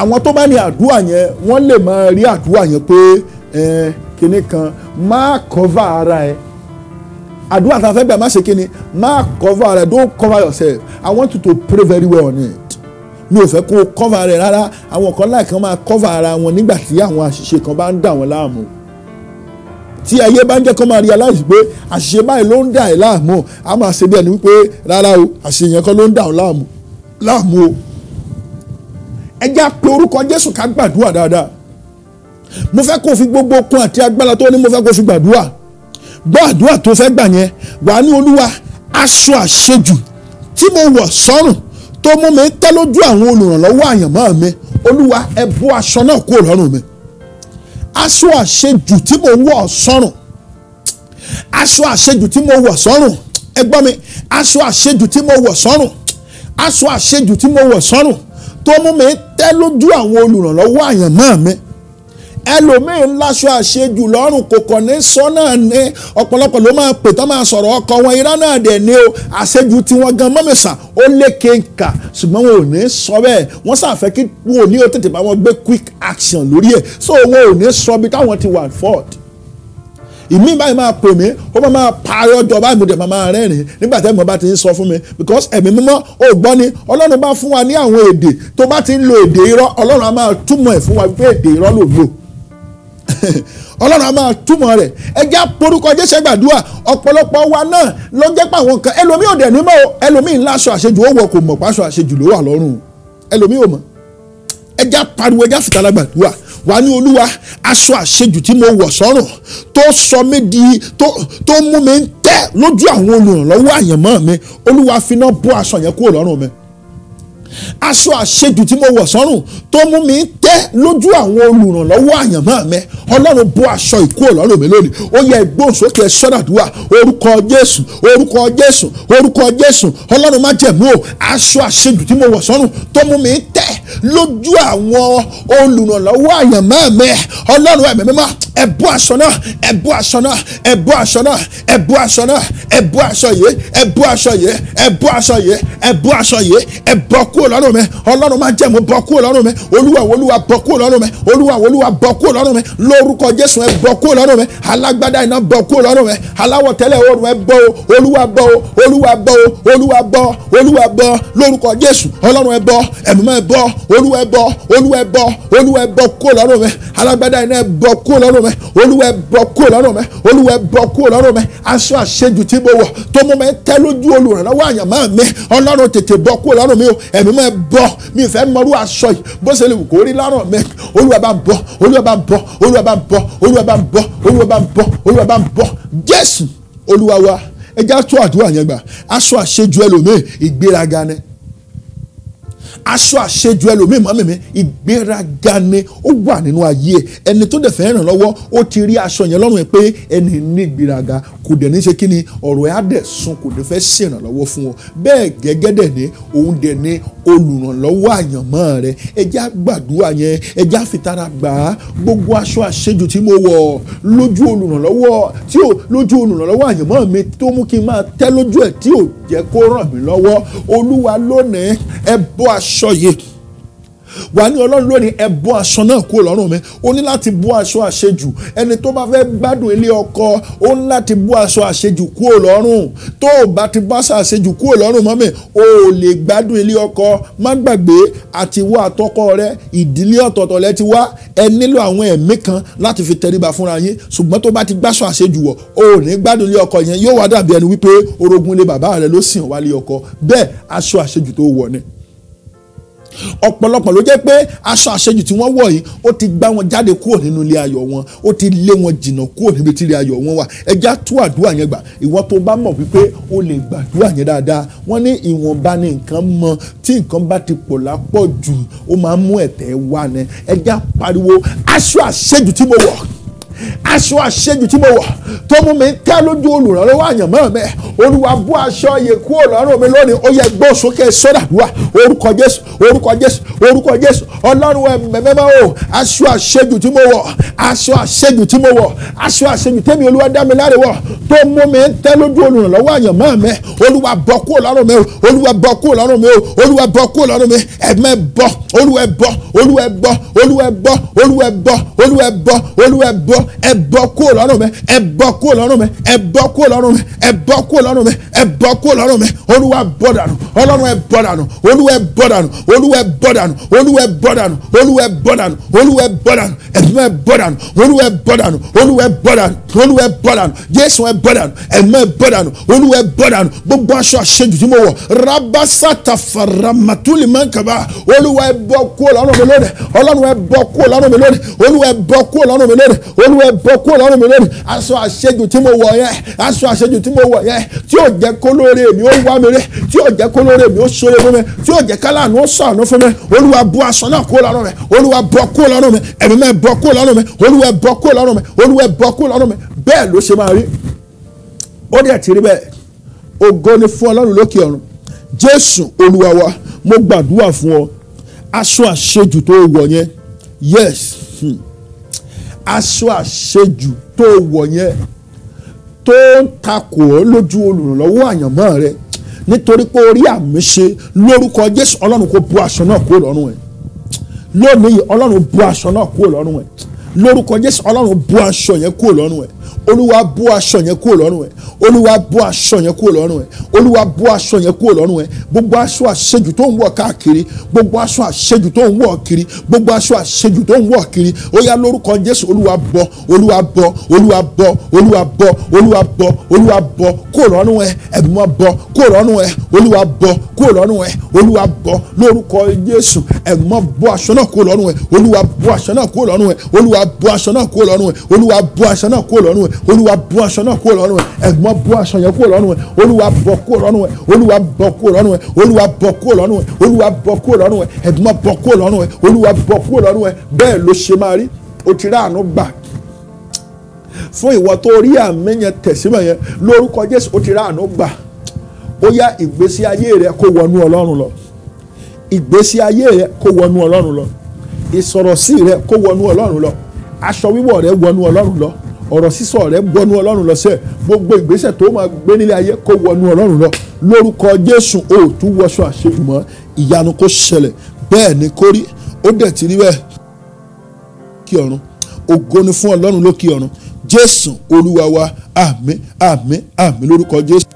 àwọn tó bá ní àdúrà yẹn wọ́n lè máa rí àdúrà yẹn pé kinní kan má cover ara ẹ àdúrà tá a fẹ́ gbà má ṣe kinní má cover ara ẹ don't cover yourself I want you to pray very well on it mi ò fẹ́ kó o cover rẹ̀ rárá àwọn kan láìkan máa cover ara wọn nígbà tí àwọn àṣìṣe kan bá ń dà wọ́n láàmú tí ayé bá ń jẹ́ kó máa realize pé àṣìṣe báyìí ló ń dà ẹ́ láàmú a máa ṣe bí ẹni wípé rárá o àṣìṣe yẹn kan ló ń dà ọ́ láàmú láàmú o ẹ já pe orúkọ Jésù ká gbàdúrà dáadáa mo fẹ́ kó fi gbogbo okun àti agbára tó ní mo fẹ́ kó fi gbàdúrà gbọ́ àdúrà tó fẹ́ gbà yẹn wà ní olúwa aṣọ àṣejù tí mo wọ̀ sọ́rùn tó mú mi tẹ́ lójú àwọn olùrànlọ́wọ́ àyànmọ́ mi olúwa ẹ bọ́ aṣọ náà kúrò lọ́rùn mi aṣọ àṣejù tí mo wọ̀ sọ́rùn aṣọ àṣejù tí mo wọ̀ sọ́rùn ẹ gbọ́ mi aṣọ àṣejù tí mo wọ̀ sọ́rùn aṣọ àṣejù tí mo wọ̀ sọ́rùn tó mú mi tẹ́ lójú àwọn olùrànlọ́wọ́ àyànmọ́ mi ẹlòmíín láṣọ àṣejù lọ́rùn kòkò ní sọ́nà ní ọ̀pọ̀lọpọ̀ ló máa pè tán máa sọ̀rọ̀ ọkọ wọn irá náà dẹ̀ ni o àṣejù tiwọn gan mọ́mẹ́sà ó lékè nkà ṣùgbọ́n wọn ò ní sọ bẹ́ẹ̀ wọ́n sàfẹ́ kí wọn ò ní o tètè bá wọn gbé quick action lórí ẹ̀ so wọn ò ní sọ bí táwọn ti wà fault ìmí báyìí máa pè mí ó máa máa parí ọjọ́ báyìí mo dẹ̀ máa máa rẹ́rìn nígbà tẹ́ mo bá ti ń sọ fún mi because ẹ̀mí mímọ́ ò gbọ́ ni ọlọ́run bá fún wa ní àwọn èdè tó bá ti ń lo èdè irọ́ ọlọ́run á máa túmọ̀ ẹ̀ fún wa pé èdè irọ́ ló lò ọlọ́run a máa túmọ̀ rẹ̀ ẹjẹ́ àporúkọ jésù gbàdúrà ọ̀pọ̀lọpọ̀ wa náà ló ń jẹ́ pé àwọn kan ẹlòmíì ò dẹ̀ ní mọ̀ ẹlòmíì ńláṣọ àṣejù ó wọ̀ kò mọ̀ páṣọ àṣejù ló wà wà ní olúwa aṣọ àṣejù tí mo wọ̀ sọ́rùn tó sọ mí di tó mú mi ń tẹ́ lójú àwọn olùrànlọ́wọ́ àyànmọ́ mi olúwa finá bọ́ aṣọ yẹn kúrò lọ́rùn mi aṣọ àṣejù tí mo wọ̀ sọ́rùn tó mú mi tẹ́ lójú àwọn olùrànlọ́wọ́ àyànmọ́ mi ọlọ́run bó aṣọ ìkó ọlọ́run mi lónìí ó yẹ ìgbóhùnsókè sọ́dàdúrà orúkọ jésù orúkọ jésù orúkọ jésù ọlọ́run má jẹ̀mú o aṣọ àṣejù tí mo wọ̀ sọ́rùn tó mú mi tẹ́ lójú àwọn olùrànlọ́wọ́ àyànmọ́ mi ọlọ́run ẹ̀mí mímọ́ ẹ̀bú aṣọ náà ẹ̀bú aṣọ náà ẹ̀bú aṣọ náà ẹ̀bú aṣọ náà ẹ̀bú aṣọ yìí ẹ̀bú aṣọ yìí ẹ̀bú aṣọ yìí ẹ̀bú aṣọ yìí ẹ̀bú ọkọ kúrò lọ́rùn mi ọlọ́run máa jẹ́ mo bọ́ kúrò lọ́rùn mi olúwa olúwa bọ́ kúrò lọ́rùn mi olúwa olúwa bọ́ kúrò lọ́rùn mi lórúkọ jésù ẹ bọ́ kúrò lọ́rùn mi alágbádá iná bọ́ kúrò lọ́rùn mi aláwọ̀ tẹ́lẹ̀ oòrùn ẹ bọ́ o olúwa bọ́ o olúwa bọ́ o olúwa bọ́ olúwa bọ́ lórúkọ jésù ọlọ́run ẹ bọ́ ẹ̀mímọ́ ẹ bọ́ olúwa ẹ bọ́ olúwa ẹ bọ́ olúwa ẹ bọ́ kúrò lọ́rùn mi alágbádá iná ẹ bọ́ kúrò lọ́rùn mi olúwa ẹ bọ́ kúrò lọ́rùn mi olúwa ẹ bọ́ kúrò lọ́rùn mi aṣọ àṣejù tí mo wọ̀ tó mú mi tẹ́ lójú olùrànlọ́wọ́ àyàmọ́ mi ọlọ́run tètè bọ́ kúrò lọ́rùn mi mi máa bọ́ mi fẹ́ mọ́rú aṣọ yìí bó ṣe lè wù kó rí lọ́rùn mi olúwa bá ń bọ́ olúwa bá ń bọ́ olúwa bá ń bọ́ olúwa bá ń bọ́ olúwa bá ń bọ́ olúwa bá ń bọ́ jésù olúwa wa ẹja tó àdúrà yẹn gbà aṣọ àṣejù ẹlòmíì ìgbéraga ni aṣọ àṣejù ẹlòmíì mọ́mì mi ìgbéraga ni ó wà nínú ayé ẹ ẹni tó dẹ̀ fẹ́ ràn lọ́wọ́ ó ti rí aṣọ yẹn lọ́rùn ẹ pé ẹni ní ìgbéraga kò dẹ̀ ní ṣe kí ni ọ̀rọ̀ ẹ̀ á dẹ̀ sun kò dẹ̀ fẹ́ ṣèrànlọ́wọ́ fún ọ bẹ́ẹ̀ gẹ́gẹ́ dẹ̀ ni òun dẹ̀ ni olùrànlọ́wọ́ àyànmọ́ rẹ ẹjẹ́ àgbàdúrà yẹn ẹjẹ́ àfitara gbà á gbogbo aṣọ àṣejù tí mo wọ̀ lójú olùrànlọ́wọ́ tí ò lójú olùrànlọ́wọ́ àyànmọ́ aṣọ yìí wà ní ọlọ́run lónìí ẹ bọ́ aṣọ náà kúrò lọ́rùn mi ó ní láti bọ́ aṣọ àṣejù ẹni tó bá fẹ́ gbádùn ilé ọkọ ó ní láti bọ́ aṣọ àṣejù kúrò lọ́rùn tó o bá ti bọ́ aṣọ àṣejù kúrò lọ́rùn mọ́mì o ò lè gbádùn ilé ọkọ má gbàgbé àti wá àtọkọ rẹ ìdílé ọ̀tọ̀ọ̀tọ̀ lẹ ti wá ẹ nílò àwọn ẹ̀mí kan láti fi tẹríba fúnra yín ṣùgbọ́n tó bá ti gbáṣọ àṣejù wọ̀ o ò ní gbádùn ilé ọkọ yẹn yóò wá dàbí ẹni wípé orogún ilé bàbá rẹ ló sìn wá ilé ọkọ ọ̀pọ̀lọpọ̀ ló jẹ́ pé aṣọ àṣejù tí wọ́n wọ̀ yìí ó ti gbá wọn jáde kúrò nínú ilé ayọ̀ wọn ó ti lé wọn jìnnà kúrò níbi tí ilé ayọ̀ wọn wà ẹja tú àdúrà yẹn gbà ìwọ tó bá mọ̀ wípé o lè gbàdúrà yẹn dáadáa wọ́n ní ìwọ̀nba ni nǹkan mọ tí nǹkan bá ti pọ̀ lápọ̀ jù ó máa ń mú ẹ̀tẹ̀ wá ni ẹja pariwo aṣọ àṣejù tí mo wọ̀ aṣọ àṣejù tí mo wọ̀ tó mú mi tẹ́ lójú olùrànlọ́wọ́ àyànmọ́ mi olúwa bú aṣọ yìí kúrò lọ́rùn mi lónìí ó yẹ gbọ́ sókè sódàdúrà orúkọ jésù orúkọ jésù orúkọ jésù ọlọ́run ẹ̀mẹ́mẹ́mẹ́ o aṣọ àṣejù tí mo wọ̀ aṣọ àṣejù tí mo wọ̀ aṣọ àṣejù tẹ́mi olúwa dá mi láre wọ̀ tó mú mi tẹ́ lójú olùrànlọ́wọ́ àyànmọ́ mi olúwa bọ́ kúrò lọ́rùn mi o olúwa bọ́ kúrò lọ́rùn mi o olúwa bọ́ kúrò lọ́rùn mi ẹ̀mẹ́ bọ́ bọ́ ọlọ́run ẹ bọ́ kúrò lọ́rùn mi ẹ bọ́ kúrò lọ́rùn mi ẹ bọ́ kúrò lọ́rùn mi ẹ bọ́ kúrò lọ́rùn mi ẹ bọ́ kúrò lọ́rùn mi olúwa bọ́ dànù ọlọ́run ẹ bọ́ dànù olúwa ẹ bọ́ dànù olúwa ẹ bọ́ dànù olúwa ẹ bọ́ dànù olúwa ẹ bọ́ dànù olúwa ẹ bọ́ dànù ẹ̀mí ẹ bọ́ dànù olúwa ẹ bọ́ dànù olúwa ẹ bọ́ dànù olúwa ẹ bọ́ dànù jésù ẹ bọ́ dànù ẹ̀mí ẹ bọ́ dànù olúwa ẹ bọ́ dànù gbogbo aṣọ àṣejù tí mo wọ̀ rabasata faramatuli mankaba olúwa ẹ bọ́ kúrò lọ́rùn mi lónìí ọlọ́run ẹ bọ́ kúrò lọ́rùn mi lónìí olúwa ẹ kúrò lọ́rùn mi lónìí olú ẹ bọ́ kúrò lọ́rùn mi lónìí aṣọ àṣejù tí mo wọ̀ yẹn aṣọ àṣejù tí mo wọ̀ yẹn tí yóò jẹ́ kólóore mi ó wá mi rí tí yóò jẹ́ kólóore mi ó ṣoore fún mi tí yóò jẹ́ kálánù ó sànù fún mi olúwa bọ́ aṣọ náà kúrò lọ́rùn mi olúwa bọ́ kúrò lọ́rùn mi ẹ̀mí mẹ́ bọ́ kúrò lọ́rùn mi olúwa bọ́ kúrò lọ́rùn mi olúwa bọ́ kúrò lọ́rùn mi bẹ́ẹ̀ ló ṣe máa rí ó dẹ̀ ti rí bẹ́ẹ̀ ògo ni fún ọlọ́run lókè ọ̀run jésù olúwa wa mo gbàdúrà fún ọ aṣọ àṣejù tó wọ̀ yẹn yes. Hmm aṣọ àṣejù tó wọ̀ yẹn tó ń takò ọ́ lójú olùrànlọ́wọ́ àyànmọ́ rẹ nítorí pé orí àmì ṣe lórúkọ Jésù Ọlọ́run kò bu aṣọ náà kúrò lọ́rùn ẹ̀ lónìí Ọlọ́run bu aṣọ náà kúrò lọ́rùn ẹ̀ lórúkọ Jésù Ọlọ́run bu aṣọ yẹn kúrò lọ́rùn ẹ̀ olúwa bó aṣọ yẹn kúrò lọ́rùn ẹ olúwa bó aṣọ yẹn kúrò lọ́rùn ẹ olúwa bó aṣọ yẹn kúrò lọ́rùn ẹ gbogbo aṣọ àṣejù tó ń wọ̀ káàkiri gbogbo aṣọ àṣejù tó ń wọ̀ kiri gbogbo aṣọ àṣejù tó ń wọ̀ kiri ó yá lórúkọ jésù olúwa bọ́ olúwa bọ́ olúwa bọ́ olúwa bọ́ olúwa bọ́ olúwa bọ́ kúrò lọ́rùn ẹ ẹ̀gbọ́n bọ́ kúrò lọ́rùn ẹ olúwa bọ́ kúrò lọ́rùn ẹ olúwa bọ́ lórúkọ jésù ẹ̀gbọ́n bọ́ aṣọ náà kúrò lọ́rùn ẹ olúwa bọ́ aṣọ náà lọ́rùn ẹ̀ olúwa bọ́ aṣọ náà kúrò lọ́rùn ẹ̀ ẹ̀gbọ́n bọ́ aṣọ yẹn kúrò lọ́rùn ẹ̀ olúwa bọ́ kúrò lọ́rùn ẹ̀ olúwa bọ́ kúrò lọ́rùn ẹ̀ olúwa bọ́ kúrò lọ́rùn ẹ̀ olúwa bọ́ kúrò lọ́rùn ẹ̀ ẹ̀gbọ́n bọ́ kúrò lọ́rùn ẹ̀ olúwa bọ́ kúrò lọ́rùn ẹ̀ bẹ́ẹ̀ ló ṣe máa rí o ti rí àánú gbà fún ìwọ tó rí àmì yẹn tẹ̀síwọ̀n yẹn lórúkọ Jésù o ti rí àánú gbà ó yá rẹ kó wọnú Ọlọ́run lọ aṣọ wíwọ̀ rẹ wọnú Ọlọ́run lọ ọ̀rọ̀ sísọ rẹ gbọ́nú ọlọ́run lọ sẹ́ẹ̀ gbogbo ìgbésẹ̀ tó máa gbé nílé ayé kó wọnú ọlọ́run lọ lórúkọ jésù o tún wọṣọ àṣejùmọ́ ìyanu kó ṣẹlẹ̀ bẹ́ẹ̀ ni kó rí ó dẹ̀ ti rí bẹ́ẹ̀ kí ọ̀run ògo ni fún ọlọ́run lókè ọ̀run jésù olúwa wa àmín àmín àmín lórúkọ jésù.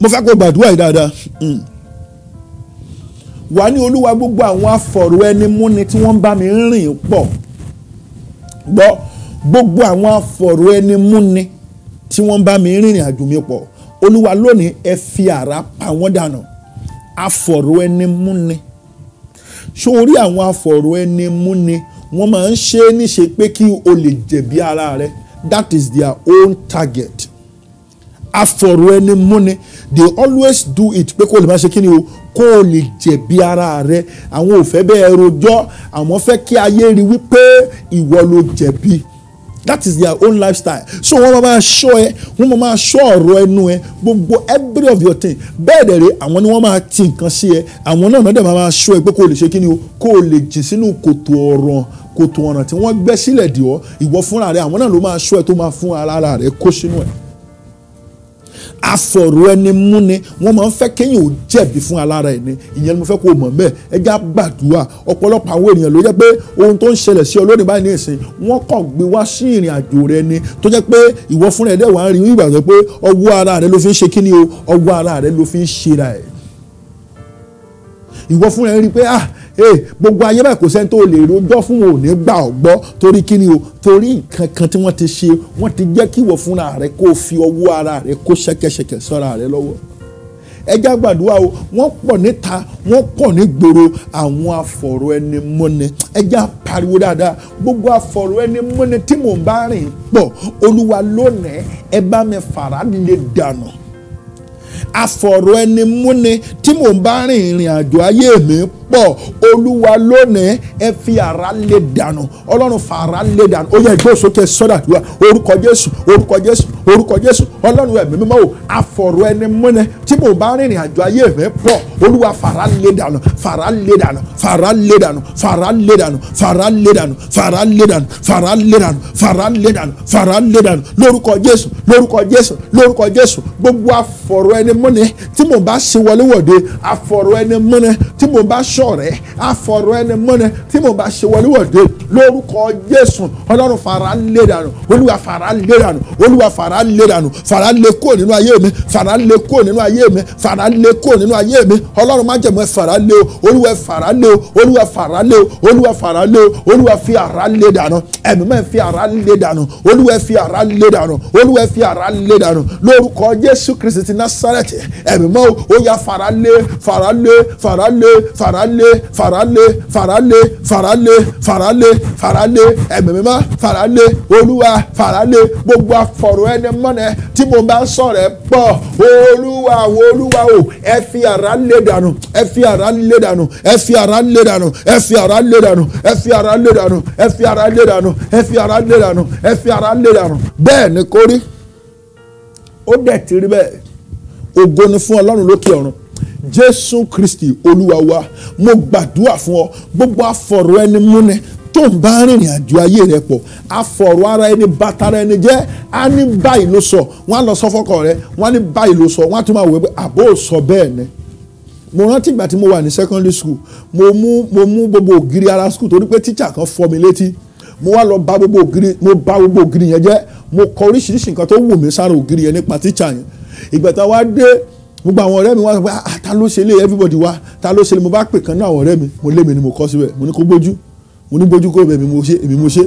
mo fẹ́ kó gbàdúrà yìí dáadáa hmm. wà ní olúwa gbogbo àwọn afọ̀rọ̀ ẹni múni tí wọ́n bá mi rìn pọ̀ gbọ́ gbogbo àwọn afọ̀rọ̀ ẹni múni tí wọ́n bá mi rìnrìn àjò mi pọ̀ olúwa lónìí ẹ fi àrá pa wọ́n dànù afọ̀rọ̀ ẹni múni ṣó orí àwọn afọ̀rọ̀ ẹni múni wọ́n máa ń ṣe é níṣe pé kí o lè jẹ̀bi ara rẹ that is their own target afọ̀rọ̀ ẹni múni they always do it pé kó o lè máa ṣe kí ni o kó o lè jẹ̀bi ara rẹ àwọn ò fẹ́ bẹ́ẹ̀ rojọ́ àwọn fẹ́ kí ayé rí wípé ìwọ ló jẹ̀bi that is their own lifestyle so wọ́n máa ṣọ́ ẹ wọ́n máa ṣọ́ ọ̀rọ̀ ẹnu ẹ gbogbo every of your thing bẹ́ẹ̀ dẹ̀ rẹ àwọn ni wọ́n máa ti nǹkan sí ẹ àwọn náà náà dẹ̀ máa ṣọ́ ẹ pé kó o lè ṣe kí ni o kó o lè jìn sínú kòtò ọ̀rọ̀ kòtò ọ̀ràn tí wọ́n gbẹ́ sílẹ̀ dì ọ́ ìwọ fúnra rẹ àwọn náà ló máa ṣọ́ ẹ tó máa fún ara rẹ kó sínú ẹ afọ̀rọ̀ ẹni mú ni wọ́n máa ń fẹ́ kéèyàn ò jẹ̀bi fún alára ẹni ìyẹn ni mo fẹ́ kó o mọ̀ bẹ́ẹ̀ ẹ já gbàdúrà ọ̀pọ̀lọpọ̀ àwọn èèyàn ló jẹ́ pé ohun tó ń ṣẹlẹ̀ sí ọ lónìí báyìí ní ìsìn wọ́n kàn gbé wá sí ìrìn àjò rẹ ni tó jẹ́ pé ìwọ fúnra ẹ̀ dẹ̀ wá ń rí ìgbà tó pé ọwọ́ ara rẹ ló fi ń ṣe kíni o ọwọ́ ara rẹ ló fi ń ṣera ẹ̀ ìwọ fúnra ẹ̀ rí pé ah gbogbo ayé báyìí kò sẹ́ni tó lè rojọ́ fún wọn ò ní gbà ọ́ gbọ́ torí kí ni o torí nǹkan kan tí wọ́n ti ṣe wọ́n ti jẹ́ kí wọ́n fúnra rẹ̀ kó fi ọwọ́ ara rẹ̀ kó ṣẹ̀kẹ̀ṣẹ̀kẹ̀ sọ́ra rẹ̀ lọ́wọ́ ẹja gbàdúrà o wọ́n pọ̀ níta wọ́n pọ̀ ní gbòòrò àwọn afọ̀rọ̀ ẹni mọ́ni ẹja pariwo dáadáa gbogbo afọ̀rọ̀ ẹni mọ́ni tí mò ń bá rìn pọ̀ olúwa lónìí ẹ bá mi fàrà lè dànù afọ̀rọ̀ ẹni mọ́ni tí mò ń bá rìn ìrìn àjò ayé mi pọ̀ olúwa lónìí ẹ fi àrá lè dànù ọlọ́run fa àrá lè dànù ó yẹ ìgbó sókè sọ́dà wa orúkọ jésù orúkọ jésù orúkọ jésù ọlọ́run ẹ̀mí mímọ́ o afọ̀rọ̀ ẹni múnẹ tí mo bá rìnrìn àjò ayé mi pọ̀ olúwa fara lè dànù fara lè dànù fara lè dànù fara lè dànù fara lè dànù fara lè dànù fara lè dànù fara lè dànù fara lè dànù lórúkọ jésù lórúkọ jésù lórúkọ jésù gbogbo afọ̀rọ̀ ẹni múnẹ tí mo bá ṣe wọléwọ̀de afọ̀rọ̀ ẹni múnẹ tí mo bá ṣ ṣọ̀rẹ́ àfọ̀rọ̀ ẹni mọ́ni tí mo bá ṣe wọléwọ̀de lórúkọ Jésù ọlọ́run fara lé dànù olúwa fara lé dànù olúwa fara lé dànù fara lé kúrò nínú ayé mi fara lé kúrò nínú ayé mi fara lé kúrò nínú ayé mi ọlọ́run má jẹ̀mọ́ fara lé o olúwa fara lé o olúwa fara lé o olúwa fara lé o olúwa fi ara lé dànù ẹ̀mí mẹ́ fi ara lé dànù olúwa fi ara lé dànù olúwa fi ara lé dànù lórúkọ Jésù Kristi ti Násárẹ́tì ẹ̀mí mọ́ o ó yá fara lé fara lé fara lé fara farale farale farale farale farale farale ẹ̀mí mímọ́ farale olúwa farale gbogbo afọ̀rọ̀ ẹni mọ́nẹ tí mo bá ń sọ̀rọ̀ ẹ pọ̀ olúwa àwọn olúwa o ẹ fi ara lé dànù ẹ fi ara lé dànù ẹ fi ara lé dànù ẹ fi ara lé dànù ẹ fi ara lé dànù ẹ fi ara lé dànù ẹ fi ara lé dànù ẹ fi ara lé dànù bẹ́ẹ̀ ni kórí ó dẹ̀ ti bẹ́ẹ̀ ògo ni fún ọlọ́run lókè ọ̀run jésù kristi olúwa mo gbàdúrà fún ọ gbogbo afọ̀rọ̀ ẹni múnẹ tó ń bá rìnrìn àjò ayé rẹ pọ̀ afọ̀rọ̀ ara ẹni bàtàrà ẹni jẹ́ á ní báyìí ló sọ wọ́n á lọ sọ fọ́kọ rẹ wọ́n á ní báyìí ló sọ wọ́n á tún máa wẹ̀ pé àbó sọ bẹ́ẹ̀ ni mo rántí ìgbà tí mo wà ní secondary school mo mú mo mú gbogbo ògiri ara school torí pé tíṣà kan fọ́ mi létí mo wá lọ bà gbogbo ògiri mo bà gbogbo ògiri yẹn jẹ́ mo kọ oríṣiríṣi nǹkan tó wù mí sára ògiri yẹn nípa tíṣà yẹn ìgbà tá dé gbogbo àwọn ọ̀rẹ́ mi wá sọ pé ah ta ló ṣe lé everybody wá ta ló ṣe lé mo bá pè kan náà àwọn ọ̀rẹ́ mi mo lé mi ni mo kọ́ síbẹ̀ mo ní kó gbójú mo ní gbójú kó èmi mo ṣe èmi mo ṣe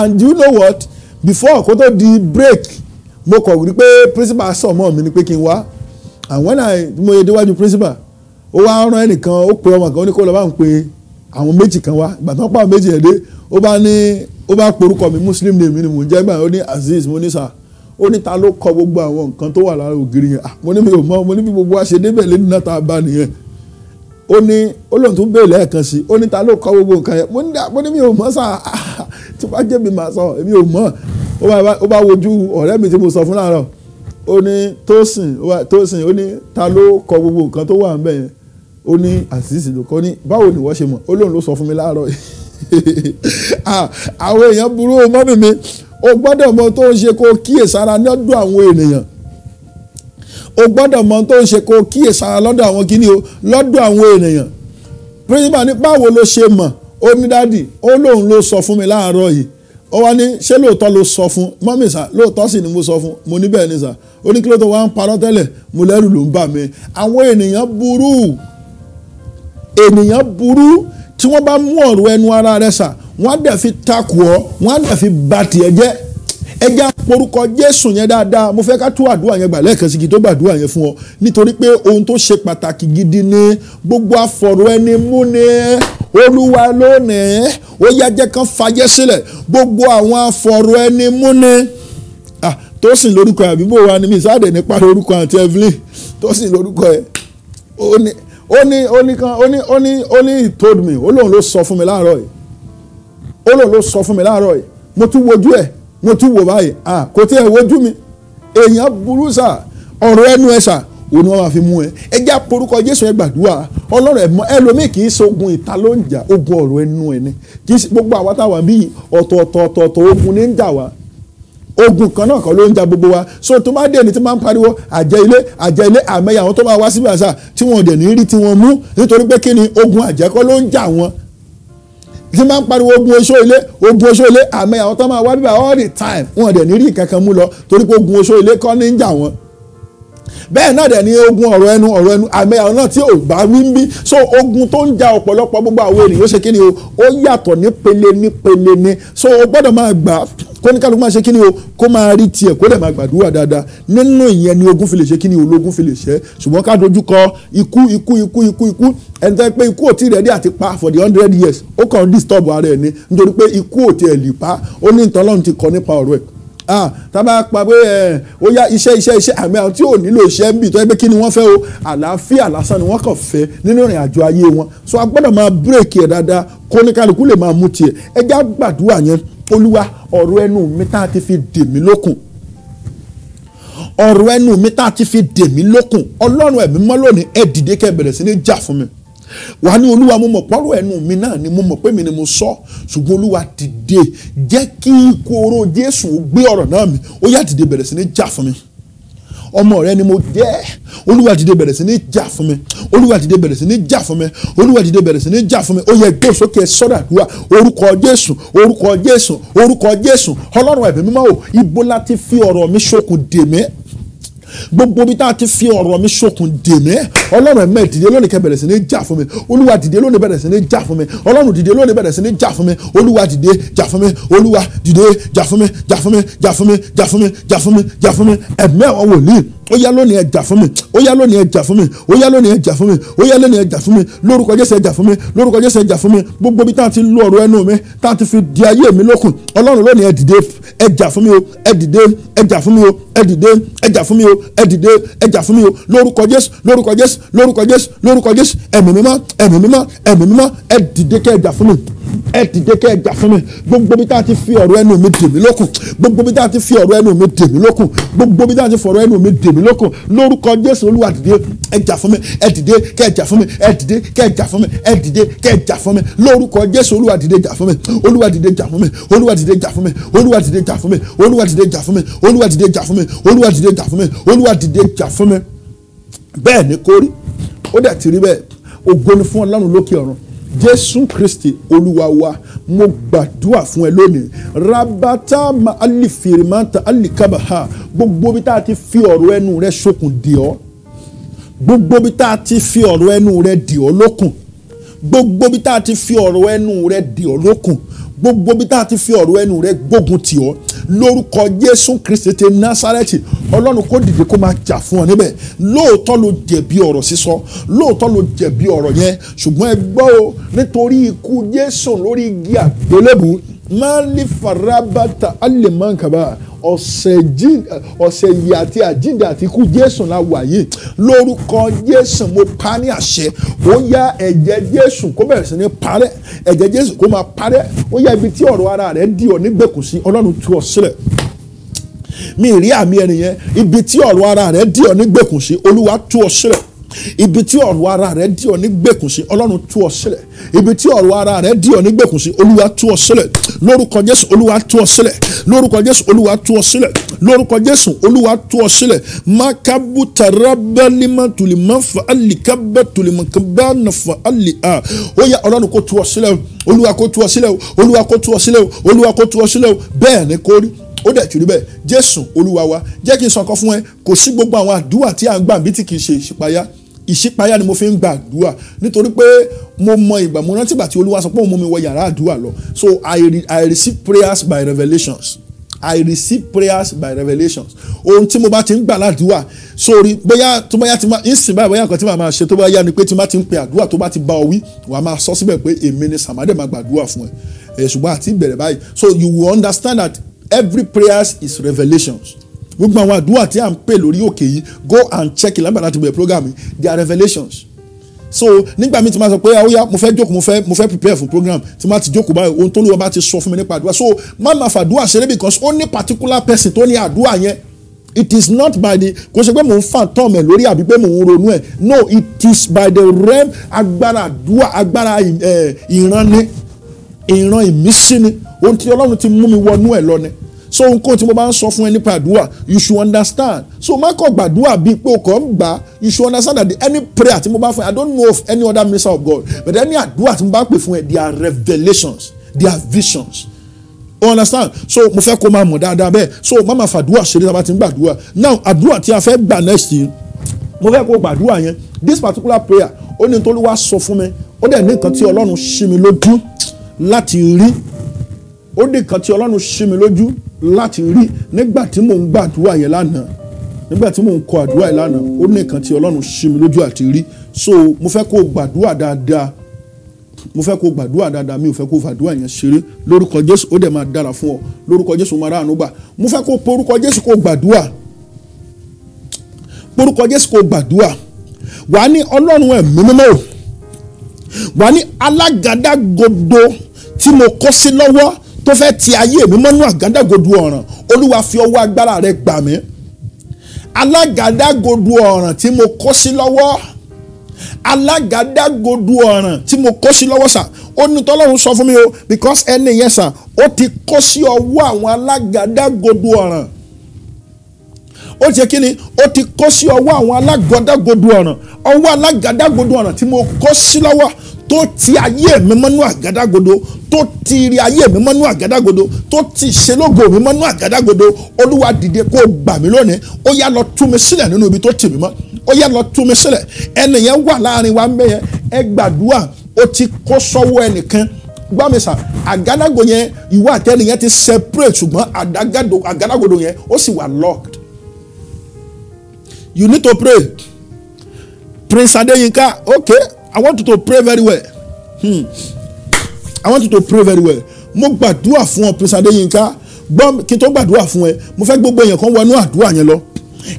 and you know what before kó tó di break mo kọ̀ rí principal sọ̀ mọ́ mi ni pé kí n wá and when i mo yẹ déwájú principal ó wá rán ẹnìkan ó pe ọmọ kan ó ní kó lọ bá ń pe àwọn méjì kan wá ìgbà tó ń pa àwọn méjì yẹn dé ó bá ní ó bá porúkọ mi muslim name ni mò ń jẹ́ gbà ó ní azeez mo ní sáà ó ní ta ló kọ gbogbo àwọn nǹkan tó wà lára ògiri yẹn ah, mo ní mi ò mọ mo ní bí gbogbo wa ṣe débẹ̀ lẹ́nu náà tá a bá nìyẹn ó ní olóhùn tó bèèrè lẹ́ẹ̀kan sí ó ní ta ló kọ gbogbo nǹkan yẹn mo ní ah, mi ò mọ sá tó bá jẹ́ mi màá sọ èmi ò mọ ó bá wojú ọ̀rẹ́ mi tí mo sọ fún láàárọ̀ ó ní tósìn tósìn ó ní ta ló kọ gbogbo nǹkan tó wà ń bẹ̀ yẹn ó ní àṣìṣe ló kọ́ ní báwo ni wọ́n ṣe mọ̀ olóhùn ló sọ fún mi láàárọ̀ ah, àwọn èèyàn burú mọ́mí mi o gbọ́dọ̀ mọ tó ń ṣe kó kíyèsára lọ́dọ̀ àwọn ènìyàn o gbọ́dọ̀ mọ tó ń ṣe kó kíyèsára lọ́dọ̀ àwọn kíní o lọ́dọ̀ àwọn ènìyàn principal ní báwo ló ṣe mọ̀ ó ní dádì ó lóun ló sọ fún mi láàárọ̀ yìí ó wá ní ṣé lóòótọ́ ló sọ fún mọ́mí sà lóòótọ́ sì ni mo sọ fún mo ní ni sà ó ní kí ló tó wá ń parọ́ tẹ́lẹ̀ mo lẹ́rù ló ń bà mí àwọn ènìyàn burú ènìyàn burú tí wọ́n bá mú ọ̀rọ̀ ẹnu ara rẹ̀ sà wọ́n á dẹ̀ fi takò ọ́ wọ́n á dẹ̀ fi ba tiẹ̀ jẹ́ ẹja porúkọ Jésù yẹn dáadáa mo fẹ́ ká tú àdúrà yẹn gbà lẹ́ẹ̀kan sí kí tó gbàdúrà yẹn fún ọ nítorí pé ohun tó ṣe pàtàkì gidi ni gbogbo afọ̀rọ̀ ẹni mú ni olúwa lónìí ó yá jẹ́ kán fàyè sílẹ̀ gbogbo àwọn afọ̀rọ̀ ẹni mú ni ah, Tósìn lórúkọ ẹ̀ àbíbò wa ni mi sáàdé nípa orúkọ àti Evelyn Tósìn lórúkọ ẹ̀ ó ní ó ní ó ní ó ní ó ní ó told me ó lóun ló sọ fún mi láàárọ̀ yìí ó lò ló sọ fún mi láàárọ̀ yìí mo tún wojú ẹ̀ mo tún wò báyìí ah kò tí ẹ̀ wojú mi èèyàn burú sà ọ̀rọ̀ ẹnu ẹ̀ sà òun ni wọ́n máa fi mú ẹ ẹ já porúkọ Jésù ẹ gbàdúrà ọlọ́rọ̀ ẹ mọ ẹlòmíì kì í ṣe ogun ìta ló ń jà ogun ọ̀rọ̀ ẹnu ẹ ni kì í ṣe gbogbo àwa táwa bíi ọ̀tọ̀ọ̀tọ̀ọ̀tọ̀ ogun ní ń jà wá ogun kan náà kan ló ń jà gbogbo wa so tó bá dé ní tí máa ń pariwo àjẹ ilé àjẹ ilé àmẹ́yà àwọn tó máa wá síbẹ̀ àṣà tí wọ́n dẹ̀ ní rí tí wọ́n mú nítorí pé kí ni ogun àjẹkọ́ ló ń jà wọ́n tí máa ń pariwo ogun oṣó ilé ogun oṣó ilé àmọ́ àwọn tó máa wá bíbá all the time wọn dẹ̀ ní rí nǹkan kan mú lọ torí pé ogun oṣó ilé kọ́ ní ń jà wọ́n bẹ́ẹ̀ náà dẹ̀ ni ogun ọ̀rọ̀ ẹnu ọ̀rọ̀ ẹnu àmì ọ̀rọ̀ náà tí ò bá wí ń bí so ogun tó ń ja ọ̀pọ̀lọpọ̀ gbogbo àwọn ènìyàn ó ṣe kí ni o ó yàtọ̀ ní pele ní pele ní so o gbọ́dọ̀ máa gbà kóníkàlùkù máa ṣe kí ni o kó máa rí tiẹ̀ kó dẹ̀ máa gbàdúrà dáadáa nínú ìyẹn ni ogun fi lè ṣe kí ni ológun fi lè ṣe ṣùgbọ́n ká dojú kọ ikú ikú ikú ikú ikú ẹni tó yẹ pé ikú ò rẹ̀ dé àti pa for the hundred years ó kàn disturb ara ẹ̀ ni nítorí pé ikú ò tí ẹ̀ lè pa ó ní ìtọ́lọ́run ti kọ nípa ọ̀rọ̀ ẹ̀ Ah, a bá pa pé ẹ eh, ó yá iṣẹ́ iṣẹ́ iṣẹ́ àmì àwọn tí ò nílò iṣẹ́ ń bì tó yẹ kí ni wọ́n fẹ́ o àlàáfíà lásán ni wọ́n kàn fẹ́ nínú ìrìn àjò ayé wọn so a gbọ́dọ̀ máa bírèkì ẹ̀ dáadáa kó ní kálukú lè máa mú tiẹ̀ ẹ já gbàdúrà yẹn olúwa ọ̀rọ̀ ẹnu mi tá a ti fi dè mí lókun ọ̀rọ̀ ẹnu mi tá a ti fi dè mí lókun ọlọ́run ẹ̀mí mọ́ lónìí ẹ dìde kẹ́ bẹ̀rẹ̀ sí ní jà fún mi wà á ní olúwa mo mọ̀ pọ́rọ̀ ẹnu mi náà ni mo mọ̀ pé mi ni mo sọ ṣùgbọ́n olúwa dìde jẹ́ kí ìkorò jésù gbé ọ̀rọ̀ náà mi ó yá dìde bẹ̀rẹ̀ sí ní jà fún mi ọmọ rẹ ni mo jẹ́ olúwa dìde bẹ̀rẹ̀ sí ní jà fún mi olúwa dìde bẹ̀rẹ̀ sí ní jà fún mi olúwa dìde bẹ̀rẹ̀ sí ní jà fún mi ó yẹ gbé sókè sọ́dà dùwà orúkọ jésù orúkọ jésù orúkọ jésù ọlọ́run ẹ̀mí mímọ́ o ibo láti fi ọ̀rọ̀ mi ṣokùn dè mí gbogbo bí tá ti fi ọ̀rọ̀ mi ṣokùn dè mí ọlọ́run ẹ̀mẹ́ dìde lónìí kẹ́ bẹ̀rẹ̀ sí ní jà fún mi olúwa dìde lónìí bẹ̀rẹ̀ sí ní jà fún mi ọlọ́run dìde lónìí bẹ̀rẹ̀ sí ní jà fún mi olúwa dìde jà fún mi olúwa dìde jà fún mi jà fún mi jà fún mi jà fún mi jà fún mi jà fún mi jà ó yá lónìí ẹ jà fún mi ó yá lónìí ẹ jà fún mi ó yá lónìí ẹ jà fún mi ó yá lónìí ẹ fún mi lórúkọ Jésù ẹ fún mi lórúkọ Jésù ẹ fún mi gbogbo bí táà ti lu ọ̀rọ̀ ẹnu mi táà ti fi di ayé mi lókun ọlọ́run lónìí ẹ dìde ẹ fún mi o ẹ dìde ẹ jà fún mi o ẹ dìde ẹ jà fún mi o ẹ dìde ẹ jà fún mi o lórúkọ Jésù lórúkọ Jésù lórúkọ Jésù lórúkọ Jésù ẹ̀mí mímọ́ ẹ̀mí mímọ́ ẹ̀mí mímọ́ ẹ dìde kẹ́ ẹ jà fún mi ẹ dìde kẹ́ ẹ jà fún mi gbogbo bí táà ti fi ọ̀rọ̀ ẹnu mi dè mí lókun gbogbo bí táà ti fi ọ̀rọ̀ ẹnu mi dè mí lókun gbogbo bí táà ti fọ̀rọ̀ ẹnu mi dè mí lókun lórúkọ jésù olúwa dìde ẹ jà fún mi ẹ dìde kẹ ẹ jà fún mi ẹ dìde kẹ ẹ jà fún mi ẹ dìde kẹ ẹ jà fún mi lórúkọ jésù olúwa dìde jà fún mi olúwa dìde jà fún mi olúwa dìde jà fún mi olúwa dìde jà fún mi olúwa dìde jà fún mi olúwa dìde jà fún mi olúwa dìde jà fún mi olúwa dìde jà fún mi bẹ́ẹ̀ ni kó ó dẹ̀ ti rí bẹ́ẹ̀ fún ọlọ́run lókè ọ̀run jésù kristi olúwa wa mo gbàdúrà fún ẹ lónìí rabata ma alifirimata alikabaha gbogbo bí tá ti fi ọ̀rọ̀ ẹnu rẹ sokùn dì ọ́ gbogbo bí tá ti fi ọ̀rọ̀ ẹnu rẹ dì ọ́ lókùn gbogbo bí tá ti fi ọ̀rọ̀ ẹnu rẹ dì ọ́ lókùn gbogbo bí tá a ti fi ọ̀rọ̀ ẹnu rẹ gbógun tì ọ́ lórúkọ Jésù Kristi ti Násárẹ́tì Ọlọ́run kó dìde kó máa jà fún ọ níbẹ̀ lóòótọ́ ló jẹ̀bi ọ̀rọ̀ sísọ lóòótọ́ ló jẹ̀bi ọ̀rọ̀ yẹn ṣùgbọ́n ẹ gbọ́ o nítorí ikú Jésù lórí igi àgbélébùú máàlì farabata alimankaba ọ̀sẹ̀ yìí àti àjíǹde àti ikú jésù la wà yìí lórúkọ jésù mo pa ní àṣẹ ó yá ẹ̀jẹ̀ jésù kó bẹ̀rẹ̀ sí ní parẹ́ ẹ̀jẹ̀ jésù kó máa parẹ́ ó yá ibi tí ọ̀rọ̀ ara rẹ̀ di ọ̀ nígbèkùn sí ọlọ́run tú ọ sílẹ̀ mi rí àmì ẹni yẹn ibi tí ọ̀rọ̀ ara rẹ̀ di ọ̀ nígbèkùn sí olúwa tú ọ sílẹ̀ ibi tí ọ̀rọ̀ ara rẹ dí ọ ní gbèkùn sí ọlọ́run tú ọ sílẹ̀ ibi tí ọ̀rọ̀ ara rẹ dí ọ ní gbèkùn sí olúwa tú ọ sílẹ̀ lórúkọ jésù olúwa tú ọ sílẹ̀ lórúkọ jésù olúwa tú ọ sílẹ̀ lórúkọ jésù olúwa tú ọ sílẹ̀ makabu tarabalima ali kaba tulima kaba ali a ó yá ọlọ́run kó tú ọ sílẹ̀ olúwa kó tú ọ sílẹ̀ olúwa kó tú ọ sílẹ̀ olúwa kó tú ọ sílẹ̀ bẹ́ẹ̀ ni kò rí ó dẹ̀ tìrí bẹ́ẹ̀ jésù olúwa wa jẹ́ kí n sọ fún ẹ kò sí gbogbo àwọn àdúrà tí à ń gbà bí tí kì í ṣe ìṣípayá ìṣípayá ni mo fi ń gba àdúrà nítorí pé mo mọ ìgbà mo rántí ìgbà tí olúwa sọ pé òun mú mi wọ yàrá àdúrà lọ so I, re I receive prayers by revelations I receive prayers by revelations ohun tí mo bá ti ń gbà ládùúà sórí bóyá tó bóyá ti máa ń sìn báyìí bóyá nǹkan tí màá máa ṣe tó bá yá ni pé tí màá ti ń pe àdúrà tó bá ti bá ọ wí wàá máa sọ síbẹ̀ pé èmi ni sàmádé máa gbàdúrà fún ẹ ṣùgbọ́n àti ìbẹ̀rẹ̀ báyìí so you will understand that every prayers is revelations gbogbo àwọn àdúrà tí à ń pè lórí òkè yìí go and check ìlànà láti bẹ̀rẹ̀ program yìí they are revelations so nígbà míì tí máa sọ pé àwòyá ah, mo fẹ́ jókòó mo fẹ́ mo fẹ́ prepare fún program tí máa ti jókòó báyìí ohun tó lówó bá ti sọ fún mi nípa àdúrà so má máa fàdúrà ṣeré because ó particular person tó ní àdúrà yẹn it is not by the kò ṣe pé mò ń fà tán mẹ lórí àbí pé mò ń ronú ẹ no it is by the realm agbára àdúrà agbára eh, ìran ni ìran ìmísí ni ohun tí Ọlọ́run ti mú mi wọnú ẹ̀ lọ ni so ohunkóhun tí mo máa ń sọ fún ẹ nípa àdúrà you should understand so má kàn gbàdúrà bíi pé o kàn gbà you should understand that any prayer tí mo bá fún ẹ i don't know of any other minister of God but any àdúrà tí mo bá pè fún ẹ they are revelations they are visions you understand so mo fẹ́ kó máa mọ̀ dáadáa bẹ́ẹ̀ so má máa fàdúrà ṣeré tá a bá ti ń gbàdúrà now àdúrà tí a fẹ́ gbà next year mo fẹ́ kó gbàdúrà yẹn this particular prayer ó ní tó ló wá sọ fún mi ó dẹ̀ ní nǹkan tí ọlọ́run ṣí mi lójú láti rí ó ní nǹkan tí ọlọ́run ṣí mi lójú láti rí nígbà tí mò ń gbàdúrà yẹn lánàá nígbà tí mò ń kọ àdúrà yẹn lánàá ó ní nǹkan tí ọlọ́run ṣí mi lójú àti rí so mo fẹ́ kó gbàdúrà dáadáa mo fẹ́ kó gbàdúrà dáadáa mi ò fẹ́ kó fàdúrà yẹn ṣeré lórúkọ jésù ó dẹ̀ máa dára fún ọ lórúkọ jésù máa ráàánú gbà mo fẹ́ kó porúkọ jésù kó gbàdúrà porúkọ jésù kó gbàdúrà wàá ní ọlọ́run ẹ̀mí mímọ́ wàá ní alágàdàgodo tí mo kó sí lọ́wọ́ tó fẹ́ ti ayé mi mọ́nú àgádágodo ọ̀ràn olúwa fi ọwọ́ agbára rẹ gbà mí alágádágodo ọ̀ràn tí mo kó sí lọ́wọ́ alágádágodo ọ̀ràn tí mo kó sí lọ́wọ́ sà ó ní tọ́lọ́run sọ fún mi o because ẹni yẹn sà ó ti kó sí ọwọ́ àwọn alágádágodo ọ̀ràn ó ti kí ni ó ti kó sí ọwọ́ àwọn alágádágodo ọ̀ràn ọwọ́ alágádágodo ọ̀ràn tí mo kó sí lọ́wọ́ tó ti ayé mi mọ́nú àgádágodo tó ti rí ayé mi mọ́nú àgádágodo tó ti ṣelógo mi mọ́nú àgádágodo olúwa dìde kó gbà mí lónìí ó yá lọ tú mi sílẹ̀ nínú ibi tó tì mí mọ́ ó yá lọ tú mi sílẹ̀ ẹnìyẹn wà láàrin wa mẹ́yẹn ẹ gbàdúrà ó ti kó sọ́wọ́ ẹnìkan gbọ́ mi sà àgádágodo yẹn ìwọ àtẹ́ni yẹn ti separate ṣùgbọ́n àgádágodo yẹn ó sì wà locked you need to pray Prince Adeyinka okay I want you to pray very well. Hmm. I want you to pray very well. Mo gbàdúrà fún ọ Prince Adéyínká gbọ́ kí n tó gbàdúrà fún ẹ mo fẹ́ gbogbo èèyàn kan wọnú àdúrà yẹn lọ.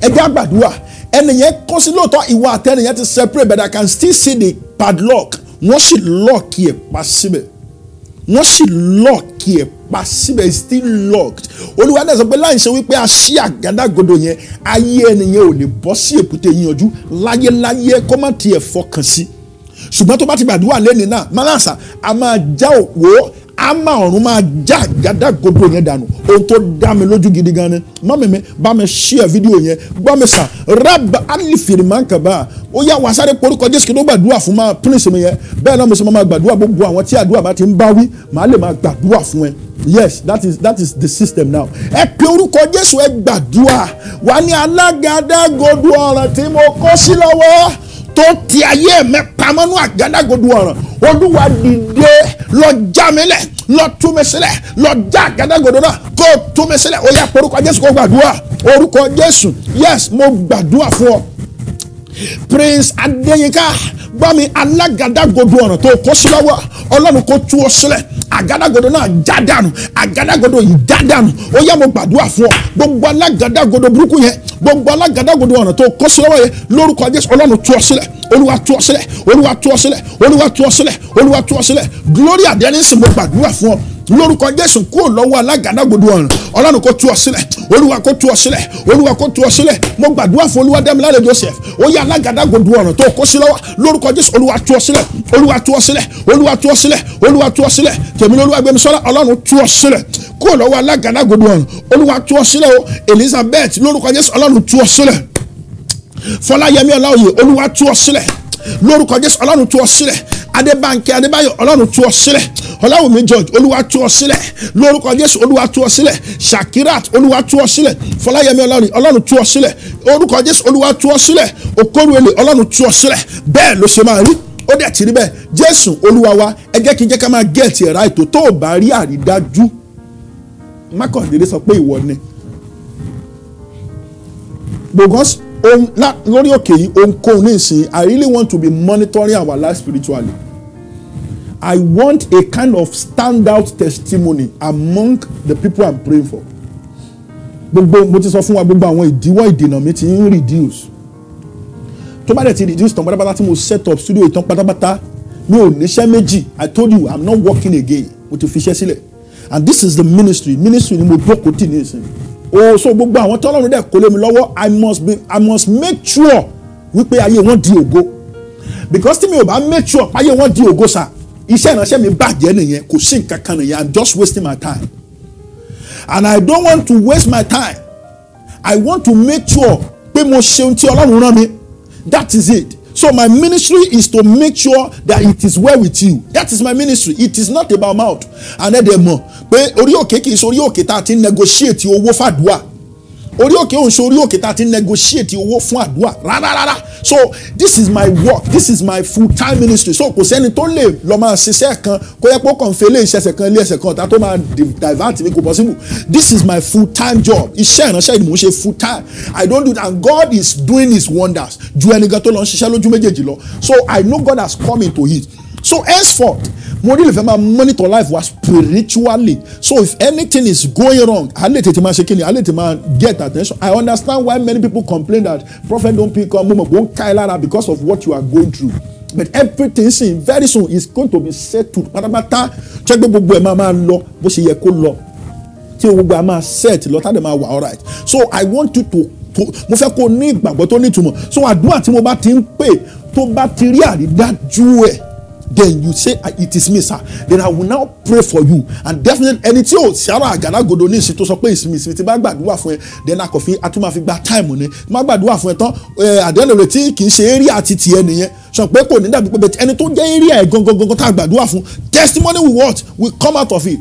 Ẹ jẹ́ àgbàdúrà ẹnìyẹn kọ́ sí lóòótọ́ ìwà àtẹnìyẹn ti separate but I can still see the padlock wọ́n sì lọ́ọ̀kì ẹ̀ pa síbẹ̀ wọ́n sì lọ́ọ̀kì ẹ̀ pa síbẹ̀ still locked olúwa náà sọ pé láì ṣe wípé a ṣí àgádágodo yẹn ayé ẹnìyẹn ò lè bọ́ sí èkúté yíyanjú láyéláyé kó má fọkàn sí i ṣùgbọ́n tó bá ti gbàdúrà lẹ́ni náà malasa a máa já òwò a máa ọ̀run máa já àgádágodo yẹn dànù ohun tó dá mi lójú gidi gan ni má mi mi bá mi share fídíò yẹn gbọ́ mi sà rab alifiri máa ń kàbá ó yá wàá sáré porúkọ jésù kí gbàdúrà fún máa prince mi yẹn bẹ́ẹ̀ náà mo sì máa gbàdúrà gbogbo àwọn tí àdúrà bá ti ń bá wí màá lè máa gbàdúrà fún ẹ yes that is that is the system now ẹ pe orúkọ jésù ẹ gbàdúrà wà ní alágadágodo ọ̀ràn tí mo kó sí lọ́wọ́ tó ń ti ayé ẹ̀mẹ́ pamọ́nú àgádágodo ọ̀ràn olúwa dìde lọ já mi lẹ̀ lọ tú mi sílẹ̀ lọ já àgádágodo náà kó tú mi sílẹ̀ ó yá porúkọ jésù kó gbàdúrà orúkọ jésù yes mo gbàdúrà fún ọ Prince Adéyínká gbami alágàdàgodo ọ̀ràn tó kó sílọ́wọ́ ọlọ́run kó tú ọ sílẹ̀ àgádágodo náà já dànù àgádágodo yìí já dànù ó yá mo gbàdúrà fún ọ gbogbo alágàdágodo burúkú yẹn gbogbo alágàdágodo ọ̀ràn tó kó sílọ́wọ́ yẹn lórúkọ Jésù ọlọ́run tú ọ sílẹ̀ olúwa tú ọ sílẹ̀ olúwa tú ọ sílẹ̀ olúwa tú ọ sílẹ̀ olúwa tú ọ sílẹ̀ glory adẹ́nísìn mo gbàdúrà fún ọ lórúkọ jésù kúrò lọ́wọ́ alágàdàgbòdo ọ̀ràn ọlọ́run kò tú ọ sílẹ̀ olúwa kò tú ọ sílẹ̀ olúwa kò tú ọ sílẹ̀ mo gbàdúrà fún olúwa dẹ́milálẹ̀ joseph ó yẹ alágàdàgbòdo ọ̀ràn tó kó sí lọ́wọ́ lórúkọ jésù olúwa tú ọ sílẹ̀ olúwa tú ọ sílẹ̀ olúwa tú ọ sílẹ̀ olúwa tú ọ sílẹ̀ tèmi ní olúwa gbẹmí sọ́lá ọlọ́run tú ọ sílẹ̀ kúrò lọ́wọ́ alágàdàgbòdo ọ̀ràn olúwa tú ọ sílẹ̀ o elizabeth lórúkọ jésù ọlọ́run tú ọ sílẹ̀ fọláyẹmí ọláòyè olúwa tú ọ sílẹ̀ lórúkọ jésù ọlọ́run tú ọ sílẹ̀ adébánkẹ́ adébáyọ̀ ọlọ́run tú ọ sílẹ̀ ọláwùmí george olúwa tú ọ sílẹ̀ lórúkọ jésù olúwa tú ọ sílẹ̀ shakirat olúwa tú ọ sílẹ̀ fọláyẹmí ọlọ́run ọlọ́run tú ọ sílẹ̀ orúkọ jésù olúwa tú ọ sílẹ̀ òkórùwẹlẹ ọlọ́run tú ọ sílẹ̀ bẹ́ẹ̀ ló ṣe máa rí ó dẹ̀ ti rí bẹ́ẹ̀ jésù olúwa wa ẹ jẹ́ kí n jẹ́ ká máa gẹ̀ẹ́tì ẹ̀rá ètò tó o bá rí àrídájú mákàndínlé pé ìwọ ni ohun lórí òkè yìí ohunkóhun ní ìsìn I really want to be monitoring our life spiritually I want a kind of standout testimony among the people I'm praying for gbogbo mo ti sọ fún wa gbogbo àwọn ìdíwọ́ ìdènà mi ti ń reduce tó bá dẹ̀ ti reduce tán pátápátá tí mo set up studio ìtàn pátápátá mi ò níṣẹ́ méjì I told you I'm not working again mo ti fiṣẹ́ sílẹ̀ and this is the ministry ministry ni mo jókòó tì ní ìsìn o so gbogbo àwọn tọ́lọ́run dẹ̀ kó lé mi lọ́wọ́ i must be i must make sure wípé ayé wọn di ògo because tí mi ò bá make sure ayé wọn di ògo sa iṣẹ́ ìránṣẹ́ mi bàjẹ́ nìyẹn kò sí nǹkan kan nìyẹn i'm just wasting my time and i don't want to waste my time i want to make sure pé mo ṣe ohun tí ọlọ́run rán mi that is it So my ministry is to make sure that it is well with you. That is my ministry. It is not about mouth. And then they mọ̀ pé orí òkè kì í ṣe orí ti negotiate owó fàdúà orí òkè òun ṣe orí òkè tá a ti negotiate owó fún àdúrà rárá rárá so this is my work this is my full time ministry so kò sẹ́ni tó lè lọ máa ṣiṣẹ́ kan kó yẹ kó kàn fẹ́ lé iṣẹ́ ẹsẹ̀ kan ilé ẹsẹ̀ kan ọ̀tá tó máa divert mi kò possible this is my full time job iṣẹ́ ìránṣẹ́ ìdìbò ń ṣe full time I don't do that and God is doing his wonders ju ẹnìkan tó lọ ń ṣiṣẹ́ lójú méjèèjì lọ so I know God has come into it So henceforth, mo really fẹ́ máa monitor life wa spiritually. So if anything is going wrong, a lè tètè máa ṣe kíni, a lè tètè máa get attention. I understand why many people complain that prophet don pick up, mo mọ̀ gbọ́n ká ẹ because of what you are going through but everything sin very soon is going to be settled pátápátá jẹ́ pé gbogbo ẹ̀ máa máa lọ bó ṣe yẹ kó lọ tí gbogbo ẹ̀ máa set lọ tá a dẹ̀ máa wà alright so I want you to to mo fẹ́ kó ní ìgbàgbọ́ tó nítumọ̀ so àdúrà tí mo bá ti ń pè tó bá ti rí àrídájú ẹ̀ then you say ah, it is me sir then i will now pray for you and definitely ẹni tí o ṣara àgádágodo ní ìṣètò sọ pé ìsinmi ìsinmi ti bá gbàdúrà fún ẹ then akọ̀fin atúmọ̀fi gba time ni má gbàdúrà fún ẹ tán àdéhùn eh, tí kì í ṣe eré àti tiẹ̀ nìyẹn sọ pé kò ní dàbí pé ẹni tó jẹ́ eré ẹ̀ gangan gangan tá a gbàdúrà fún testimony will what will come out of it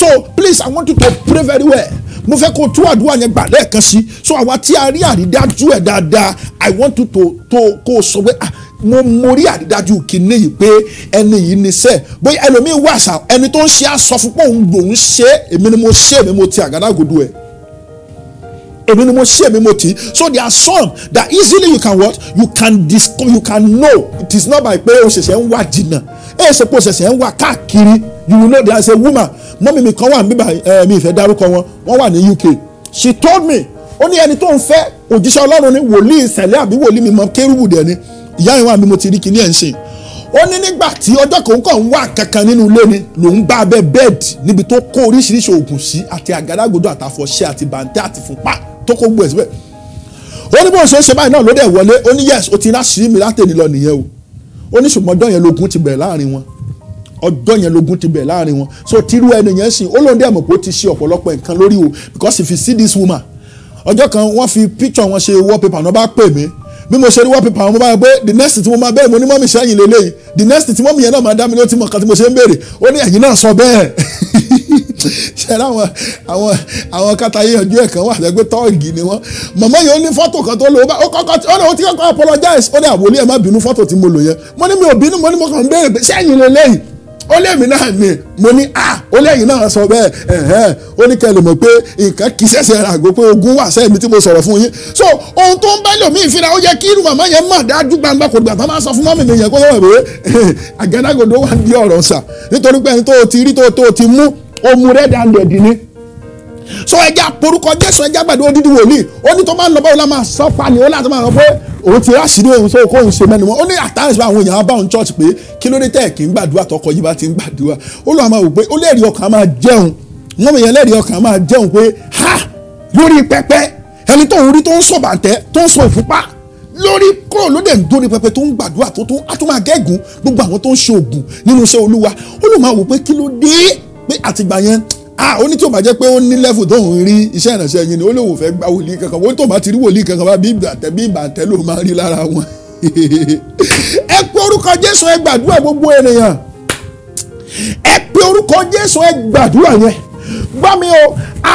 so please i want you to pray very well mo fẹ́ kó tú àdúrà yẹn gbà lẹ́ẹ̀kan sí so àwa tí a rí àrídájú ẹ̀ dáadáa i want you to to kó sọ pé ah mo mo rí àrídájú kìíní yìí pé ẹni yìí ni sẹ́ bóyá ẹlòmíín wà sá ẹni tó ń ṣe àsọfúnpọ̀ òun lòún ṣe èmi ni mo ṣe èmi mo ti àgádágodo ẹ̀ èmi ni mo ṣe èmi mo tì í so there are some that easily you can what you can disco you can know it is not by pé o ṣẹ̀ṣẹ̀ ń wá jìnnà ẹ ṣe pé o ṣẹ̀ṣẹ̀ ń wá káàkiri you will know there is a woman mọ́mí mi kan wà níbà ẹ mi ìfẹ́ dárúkọ wọn wọ́n wà ní UK she told me ó ní ẹni tó ń fẹ́ òjíṣẹ́ Ọlọ́run ni wòlíì ìṣẹ̀lẹ̀ àbí wòlíì mi mọ kérúbù dẹ̀ ni ìyá ìwà mi mo ti rí kíní ẹ̀ ń sìn ó ní nígbà tí ọjọ́ kan kàn ń wá kankan nínú ilé ni lòun bá abẹ́ bẹ́ẹ̀dì níbi tó kó oríṣiríṣi oògùn sí àti àgádágodo àtàfọ̀ṣẹ́ àti bàǹtẹ́ àti fúnpa tó kó gbogbo ẹ̀ síbẹ̀ ó ní bóun ṣe ń ṣe báyìí náà ló dẹ̀ wọlé ó ní yes ó ti rá sí mi látẹ̀ni lọ nìyẹn o ó ní ṣùgbọ́n ọjọ́ yẹn lógun ti bẹ̀rẹ̀ láàrin wọn ọjọ́ yẹn lógun ti bẹ̀rẹ̀ láàrin wọn so tírú ẹni yẹn sìn ó lóun dẹ̀ mọ̀ pé ó ti ṣe ọ̀pọ̀lọpọ̀ nǹkan lórí o because if you see this woman ọjọ́ kan wọ́n fi picture wọn ṣe wallpaper náà bá pè mí bí mo ṣe rí wallpaper àwọn ọmọ báyìí pé the next tí mo máa bẹ́ẹ̀ mo ní mọ́mí sẹ́yìn lélẹ́yìí the next tí mọ́mí yẹn náà máa dá mi ló ti mọ̀ kan tí mo ṣe ń béèrè ó ní ẹ̀yin náà sọ bẹ́ẹ̀ ṣẹlẹ àwọn àwọn àwọn kátàyé ọjọ́ ẹ kan wà lẹgbẹ tọọgì ni wọn màmá yẹn ó ní fọ́tò kan tó lò ó bá ó kọ́kọ́ ó ní o ti kọ́kọ́ apologize ó ní àwòlé ẹ má bínú fọ́tò tí mo lò yẹn mo ní mi ò bínú mo ní mo kàn ń béèrè pé sẹ́yìn lélẹyìn ó lẹ́mìí náà ni mo ní a ó lẹ́yìn náà sọ bẹ́ẹ̀ ó ní kẹlẹ̀ mọ̀ pé nǹkan kì í ṣẹ̀ṣẹ̀ rà gbọ́ pé ogun wà sẹ́yìn mi tí mo sọ̀rọ̀ fún yín so ohun tó ń bẹ́ lòmíì fira ó yẹ kí irú màmá yẹn mọ̀ dájú gbangba kò gbà tó máa sọ fún mọ́mì mi yẹn kó lọ́wọ́ pé àgádágodo wà ní ọ̀rọ̀ sà nítorí pé ẹni tó o ti rí tó o ti mú òmù rẹ̀ dàndẹ̀dì ni so ẹja porúkọ jésù ẹja gbàdúrà odidi wòlíì ó ní tó máa ń lọ báwo la máa sọ fani ó láti máa sọ pé òun ti ráṣìírí òun sọ kó òun ṣe mẹ́nu mọ́ ó ní àtàrà sí àwọn èèyàn bá church pé kí ló dé tẹ̀ kí n gbàdúrà tọkọ yìí bá ti ń gbàdúrà ó lọ́ máa wò pé ó lẹ́rìí ọkàn máa jẹun wọ́n mìíràn lẹ́rìí ọkàn máa jẹun pé ha lórí pẹpẹ ẹni tó ń rí tó ń sọ bàǹtẹ́ tó ń sọ ìfúnpá lórí kúrò lóde ń dórí pẹpẹ tó ń gbàdúrà tó tó ń atúmọ̀ agẹ́gùn gbogbo àwọn tó ń ṣe òògùn nínú iṣẹ́ olúwa ó lọ́ máa wò pé kí ló dé pé àtìgbà yẹn ah ó ní tí o bá jẹ́ pé ó ní lẹ́fù tó ń rí iṣẹ́ ìrànṣẹ́ yìí ni ó lóun fẹ́ gba wòlíì kankan wọ́n tó bá ti rí wòlíì kankan bá bí ìbàtẹ́ bí ìbàtẹ́ ló máa rí lára wọn. ẹ pé orúkọ Jésù ẹ gbàdúrà gbogbo ènìyàn ẹ pé orúkọ Jésù ẹ gbàdúrà yẹn gbọ́ mi o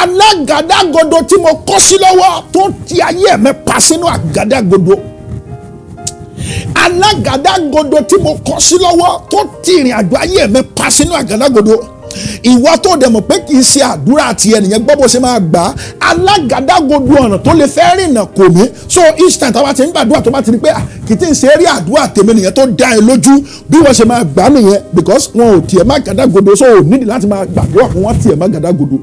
alágàdágodo tí mo kọ́ sí lọ́wọ́ tó ti ayé mi pa sínú àgádágodo alágàdágodo tí mo kọ́ sí lọ́wọ́ tó ti ìrìn àjò ayé mi pa sínú àgádágodo ìwà tó dẹ̀ mọ̀ pé kì í ṣe àdúrà àti ẹnìyẹn gbọ́ bó ṣe máa gbà á alágàdágodo ọ̀nà tó lè fẹ́ rìnà kò mí so each time táwa ti ń gbàdúrà tó bá ti ní pé ah, kì í ti ń ṣe eré àdúrà tèmi nìyẹn tó dá ẹ lójú bí wọ́n ṣe máa gbà á nìyẹn because wọn ò tiẹ̀ má gàdágodo so ò nídìí láti máa gbàdúrà fún wọn tiẹ̀ má gàdágodo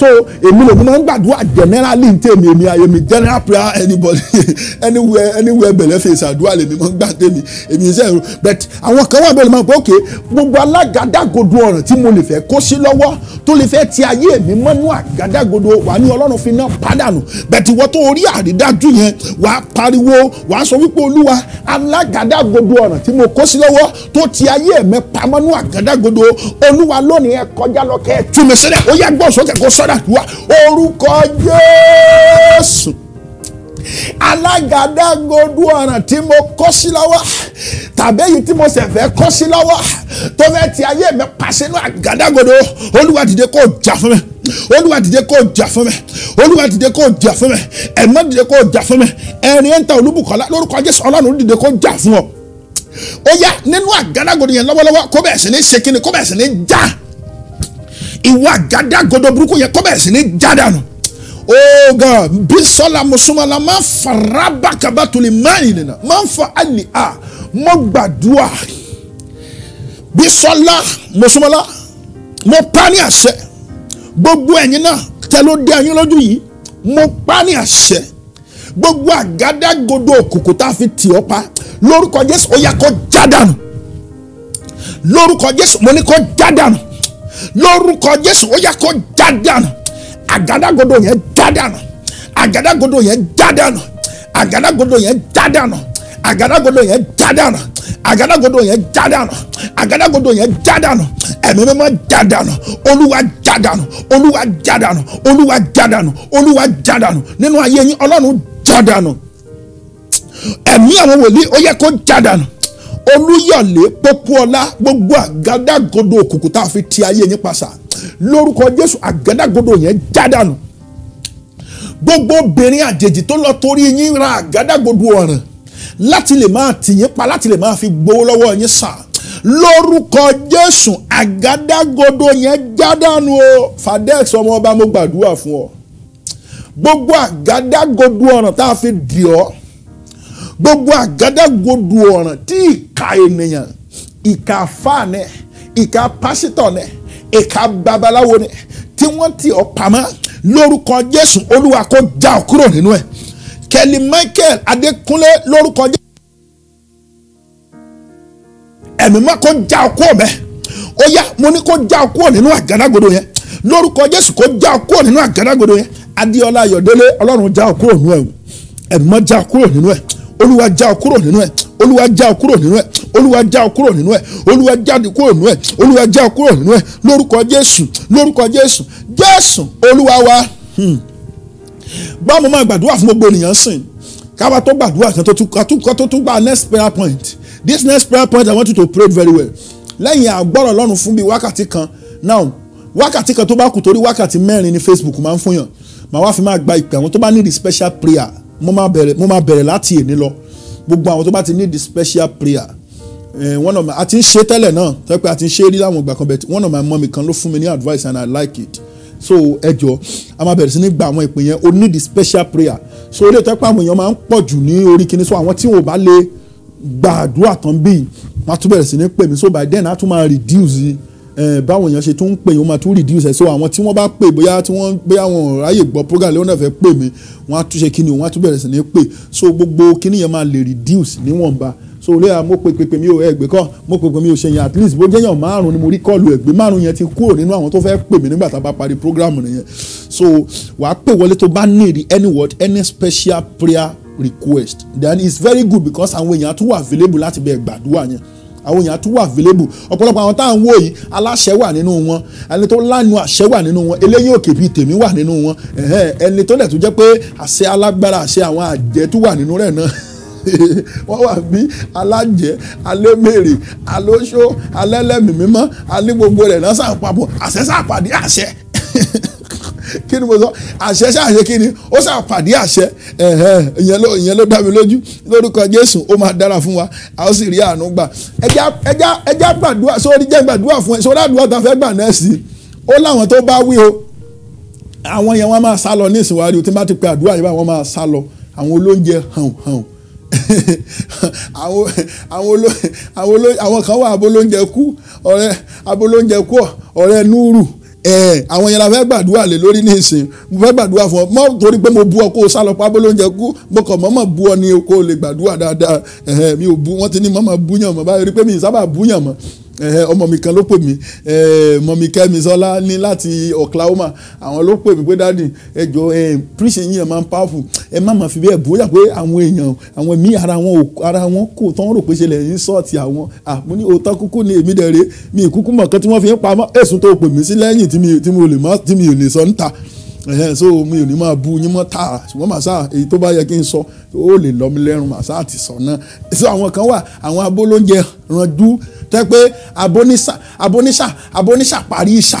so èmi lòun máa ń gbàdúrà generally ntẹ̀mí èmi àyèmí general prayer anybody anywhere anywhere bẹ̀lẹ̀ fèsì àdúrà lèmi máa ń gbà tẹ̀mí èmi ń sẹ́yìn but àwọn kan wà bẹ́ẹ̀ máa gbọ́ òkè gbogbo alágàdàgodo ọ̀ràn tí mo lè fẹ́ kó sí lọ́wọ́ tó lè fẹ́ ti ayé mi mọ́nú àgàdàgodo wà ní ọlọ́run fi náà pàdánù but ìwọ tó rí àrídájú yẹn wà á pariwo wà á sọ wípé olúwa alágàdàgodo ọ̀ràn tí mo kó sí lọ́wọ́ tó ti ayé mi pamọ́nú àgàdàgodo olúwa lónìí ẹ kọjá lọ kẹ́ ẹ tú mi sílẹ̀ ó yá gbọ́ sókè kó sọ gbàdúrà orúkọ Jésù alágàdágodo ọ̀ràn tí mo kọ́ sí lọ́wọ́ tàbí èyí tí mo sì fẹ́ kọ́ sí lọ́wọ́ tó fẹ́ ti ayé mi pàṣẹ ní àgádágodo olúwa dìde kó jà fún mi olúwa dìde kó jà fún mi olúwa dìde kó jà fún mi ẹ̀mọ́ dìde kó jà fún mi ẹ̀rín ẹ̀ńtà olúbùkọ́lá lórúkọ jésù ọlọ́run dìde kó jà fún ọ ó yá nínú àgádágodo yẹn lọ́wọ́lọ́wọ́ kó bẹ̀ẹ̀ sì ní ṣe kíni kó bẹ̀ẹ̀ sì ní já ìwà àgádágodo burúkú yẹn kó bẹ̀rẹ̀ sí ní jádànù oh god bisola musumala máa fara bákàbá tuli máa yìí nìyẹn máa fa àlì à mo gbàdúrà bisola musumala mo pa ní àṣẹ gbogbo ẹ̀yin náà tẹ ló dé ẹ̀yin lójú yìí mo pa ní àṣẹ gbogbo àgádágodo òkùnkùn tá a fi tì ọ́ pa lórúkọ jésù ó yá kó jádànù lórúkọ jésù mo ní kó jádànù lórúkọ jésù ó yẹ kó já dànù àgádágodo yẹn já dànù àgádágodo yẹn já dànù àgádágodo yẹn já dànù àgádágodo yẹn já dànù àgádágodo yẹn já dànù àgádágodo yẹn já dànù ẹ̀mí mímọ́ já dànù olúwa já dànù olúwa já dànù olúwa já dànù olúwa já dànù nínú ayé yín ọlọ́run já dànù ẹ̀mí àwọn wòlíì ó yẹ kó já dànù olúyọ̀lé pópóọlá gbogbo àgádágodo òkùnkùn tá a fi ti ayé yín pasà lórúkọ jésù àgádágodo yẹn jádànù gbogbo obìnrin àjèjì tó lọ torí yín ra àgádágodo ọ̀ràn láti lè máa tì pa láti lè máa fi gbowó lọ́wọ́ yín sà lórúkọ jésù àgádágodo yẹn jádànù o fadex ọmọ ọba mo gbàdúrà fún ọ gbogbo àgádágodo ọ̀ràn tá a fi dì ọ́ gbogbo àgádágodo ọ̀ràn tí ìka ènìyàn ìka fáànẹ ìka pásítọ̀ nẹ ìka babaláwo nẹ tí wọ́n ti ọ̀ pamọ́ lórúkọ Jésù Olúwa kó já ọ kúrò nínú ẹ̀ Kelly Michael Adékúnlé lórúkọ Jésù ẹ̀mí mọ́ kó já ọ kúrò mẹ́ ó yá mo ní kó já ọ kúrò nínú àgádágodo yẹn lórúkọ Jésù kó já ọ kúrò nínú àgádágodo yẹn Adéọlá Ayọ̀délé Ọlọ́run já ọ kúrò nínú ẹ̀ ẹ̀mí mọ́ já ọ kúrò nínú ẹ̀ olúwa já ọ kúrò nínú ẹ olúwa já ọ kúrò nínú ẹ olúwa já ọ kúrò nínú ẹ olúwa jáde kúrò nínú ẹ olúwa já ọ kúrò nínú ẹ lórúkọ jésù lórúkọ jésù jésù olúwa wa gbọ́ hmm. mo máa gbàdúrà fún gbogbo ènìyàn sìn káwa tó gbàdúrà kan tó tún gba next prayer point this next prayer point i want you to pray very well lẹ́yìn àgbọ̀rọ̀ lọ́rùn fún bíi wákàtí kan now wákàtí kan tó bá kù torí wákàtí mẹ́rin ni facebook máa ń fún yàn màá wá fi máa gba ìpè àwọn tó bá need special prayer mo máa bẹ̀rẹ̀ mo máa bẹ̀rẹ̀ láti èní lọ gbogbo àwọn tó bá ti need the special prayer eh, one of my àti ń ṣe tẹ́lẹ̀ náà tẹ́ pé àti ń ṣe rí láwọn ìgbà kan bẹ̀ one of my mummy kan ló fún mi ní advice and I like it so ẹ jọ a máa bẹ̀rẹ̀ sí ní gba àwọn ìpè yẹn o need the special prayer so ilé tẹ́ pé àwọn èèyàn máa ń pọ̀ jù ní orí kinní so àwọn tí wọn ò bá lè gbàdúrà tán bíi wọn á tún bẹ̀rẹ̀ sí ní pè mí so by then á tún máa reduce Eh, báwọn èèyàn ṣe tún ń pè yín ó máa tún reduce ẹ̀ so àwọn tí wọ́n bá pè bóyá tí wọ́n bóyá wọn ò ráyè gbọ́ program lẹ́wọ́n náà fẹ́ pè mí wọ́n á tún ṣe kíni wọ́n á tún bẹ̀rẹ̀ sí ní pè so gbogbo kíni yẹn máa lè reduce níwọ̀nba so léyà mo pe pepe mi ò ẹgbẹ́ kọ́ mo pe pepe mi ò ṣe yẹn at least bó jẹ́yàn márùn ni mo rí kọ́ọ̀lù ẹgbẹ́ márùn yẹn ti kúrò nínú àwọn tó fẹ́ pè mí nígbà tá a bá parí program nìyẹn so wàá pè wọlé tó bá need any word any special prayer request then it's very good because àwọn èèyàn á tún wà available láti bẹ gbàdúrà yẹn àwọn èèyàn tún wà available ọ̀pọ̀lọpọ̀ àwọn táwọn wò yìí aláṣẹ wà nínú wọn ẹni tó lánu àṣẹ wà nínú wọn eléyìí òkè bíi tèmi wà nínú wọn ẹni tó dẹ̀ tún jẹ́ pé àṣẹ alágbára àṣẹ àwọn àjẹ́ tún wà nínú rẹ̀ náà wọ́n wà bí alájẹ alémèrè alóṣó alẹ́lẹ́mì mímọ́ alé gbogbo rẹ̀ náà sàpapọ̀ àṣẹ sàpàdé àṣẹ kí ni mo sọ àṣẹ ṣàṣẹ kí ni ó ṣàpàdé àṣẹ ìyẹn ló dá mi lójú lórúkọ Jésù ó máa dára fún wa a ó sì rí àánú gbà ẹja gbàdúrà sórí jẹ́ gbàdúrà fún ẹ sórí àdúrà tá a fẹ́ gbà náà sí ó láwọn tó bá wí o àwọn yẹn wọ́n máa sá lọ ní ìsìnwárí o tí bá ti pe àdúrà yìí báyìí wọ́n máa sá lọ àwọn olóúnjẹ hàn hàn àwọn àwọn olóúnjẹ àwọn kan wà abolóúnjẹ kú ọ̀rẹ́ abolóúnjẹ kú ọ̀rẹ́ núrù ẹ eh, àwọn yẹn la fẹ́ gbàdúrà lé lórí ní ìsìn mo fẹ́ gbàdúrà fún ọ mọ torí pé mo bú ọ kó o sá lọ pábó lóúnjẹ kú mo kàn mọ́ mọ́ bú ọ ni kó o lè gbàdúrà dáadáa mi ò bú wọ́n ti ní mọ́ mọ́ búyàn mọ́ báyìí rí pé mi ì sábà búyàn mọ́ Eh, ọmọ mi kan ló pè mí eh, mọ̀mí kẹ́mi sọ́lá ní láti Oklahoma àwọn ló pè mí pé dáàdì ẹ jọ ẹ píríṣì yìí ẹ máa ń powerful ẹ má máa fi bẹ́ẹ̀ bóyá pé àwọn èèyàn àwọn míì ara wọn ara wọn kò tán rò pé ṣe lẹ̀ ń sọ́ọ̀tì àwọn àmú ní òótọ́ kúkú ni èmi dẹ̀ rè mi ìkúkú mọ̀ọ́kan tí wọ́n fi ń pamọ́ èsùn tó pè mí sí lẹ́yìn tí mi ò lè sọ ń so mi ò ní máa bu yín mọ́ tààrà ṣùgbọ́n màá sáà èyí tó bá yẹ kí n sọ ó lè lọ mi lẹ́rùn màá sáà ti sọ náà so àwọn kan wà àwọn abólóúnjẹ ranjú tẹ́ pé abóníṣà abóníṣà abóníṣà parí ìṣà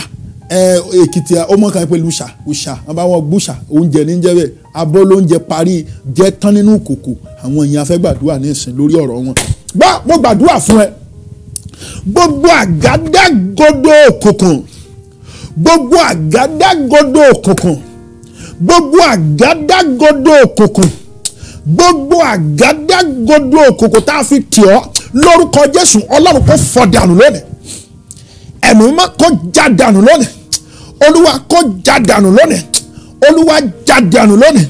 èkìtì ọmọ kan pẹ̀lú ṣà òṣà àbá wọn gbúṣà oúnjẹ ní jẹ́ bẹ́ẹ̀ abólóúnjẹ parí jẹ́ tán nínú kòkò àwọn èèyàn afẹ́ gbàdúrà ní ìsìn lórí ọ̀rọ̀ wọn gbọ́ mo gbàdúrà fún ẹ gbogbo àgádágodo òkùnkùn gbogbo àgádágodo òkùnkùn gbogbo àgádágodo òkùnkùn gbogbo àgádágodo òkùnkùn tá a fi tì ọ́ lórúkọ Jésù Ọlọ́run kó fọ́ dànù lónìí ẹ̀mí mọ́ kó já dànù lónìí Olúwa kó já dànù lónìí Olúwa já dànù lónìí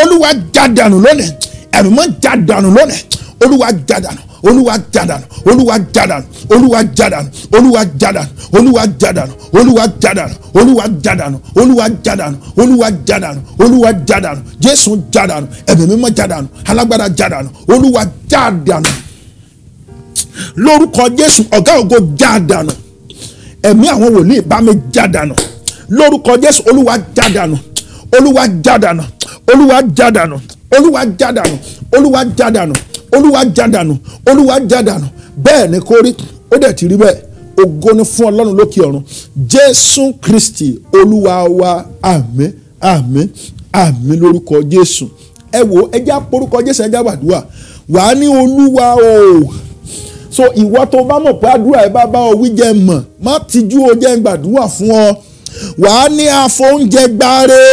Olúwa já dànù lónìí ẹ̀mí mọ́ já dànù lónìí Olúwa já dànù olúwa jádànù olúwa jádànù olúwa jádànù olúwa jádànù olúwa jádànù olúwa jádànù olúwa jádànù olúwa jádànù olúwa jádànù olúwa jádànù jésù jádànù ẹ̀mí mímọ́ jádànù alágbára jádànù olúwa jádànù lórúkọ jésù ọ̀gá ògo jádànù ẹ̀mí àwọn wòlíì bá mi jádànù lórúkọ jésù olúwa jádànù olúwa jádànù olúwa jádànù olúwa jádànù olúwa jádànù olúwa jádànù olúwa jádànù bẹ́ẹ̀ ni kó rí ó dẹ̀ ti rí bẹ́ẹ̀ ògo ni fún ọlọ́run lókè ọ̀run jésù kristi olúwa wa àmín àmín àmín lórúkọ jésù ẹ wo ẹjẹ́ àporúkọ jésù ẹjẹ́ àbàdúrà wàá ní olúwa o so ìwọ tó bá mọ̀ pé àdúrà ẹ bá bá ọ wí jẹ́ mọ̀ má tijú o jẹ́ gbàdúrà fún ọ wàá ní afọ oúnjẹ gbáre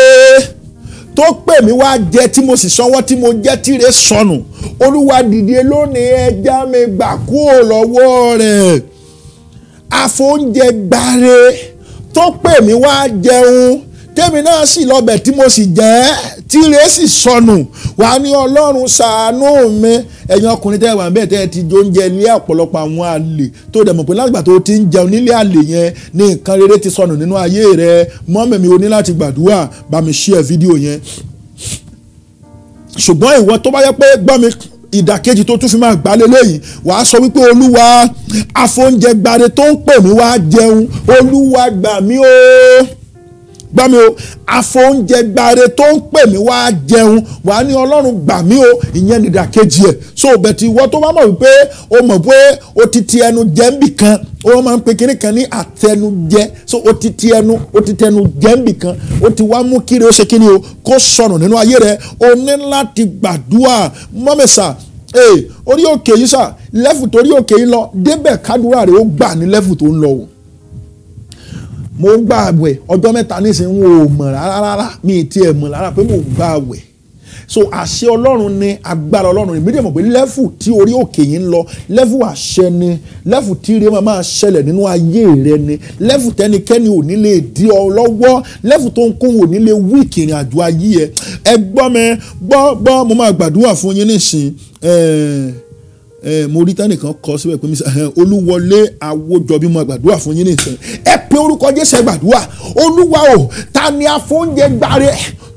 tó pè mí wá jẹ tí mo sì sanwó tí mo jẹ́ tíre sọnù olúwa dìde lónìí ẹja mi gbà kúrò lọ́wọ́ rẹ̀ àfọ̀njẹ gbáre tó pè mí wá jẹun tèmi náà sì lọ́bẹ̀ tí mo sì jẹ́ tí ire sì sọnù wà ní ọlọ́run ṣàánú mi ẹ̀yin ọkùnrin tẹ́ wà ń bẹ̀ tẹ́ ti jó ń jẹ ilé ọ̀pọ̀lọpọ̀ àwọn àlè tó dẹ̀ mọ̀ pé látìgbà tó ti ń jẹun nílé àlè yẹn ní nǹkan rere ti sọnù nínú ayé rẹ mọ́mẹ̀mí o ní láti gbàdúrà bá mi ṣí ẹ̀ fídíò yẹn ṣùgbọ́n ìwọ tó bá yẹ pé gbọ́ mi ìdàkejì tó tún fi máa gbà lélẹ́yìn wàá sọ wípé olúwa afóúnjẹgbàre tó ń pè mí wá jẹun olúwa gbà mí ooo gbá mi o àfọ̀njẹgbàre tó ń pè mí wá jẹun wà á ní ọlọ́run gbà mí o ìyẹn nìdàkejì ẹ̀ so bẹ̀tì ìwọ tó bá mọ̀ wípé o mọ̀ pé o ti ti ẹnu jẹ́ ń bì kan wọ́n máa ń pe kinní kan ní àtẹnujẹ so o ti ti ẹnu o ti tẹnu jẹ́ ń bì kan o ti wá mú kiri o ṣe kinní o kó sọnù nínú ayé rẹ o ní láti gbàdúrà mọ́mẹ́sà eh, orí òkè yìí sà lẹ́fù torí òkè yìí lọ débẹ̀ kádùrà rẹ̀ ó gbà ní lẹ́fù tó ń lọ o mo ń gba àwẹ̀ ọjọ́ mẹ́ta nísìnyí n ò mọ̀ rárá rárá mi ì tiẹ̀ mọ̀ rárá pé mo ń gba àwẹ̀ so àṣẹ ọlọ́run ni agbára ọlọ́run ni mídìyàn mọ̀ pé lẹ́fù tí orí òkè yìí ń lọ lẹ́fù àṣẹ ni lẹ́fù tí ire máa máa ṣẹlẹ̀ nínú ayé rẹ ni lẹ́fù tẹnikẹ́ni ò ní lè di ọ lọ́wọ́ lẹ́fù tó ń kó ò ní lè wí ìkìrìn àjò ayé ẹ ẹ gbọ́ mi gbọ́ gbọ́ mo máa gbàdúrà fún yín nísìnyí mo rí tánìkan kọ síbẹ̀ pé olúwọlé àwòjọbí mo gbàdúrà fún yín ní ìsìn ẹ pé orúkọ jésù ẹ gbàdúrà olúwa o ta ni afóúnjẹ gbáre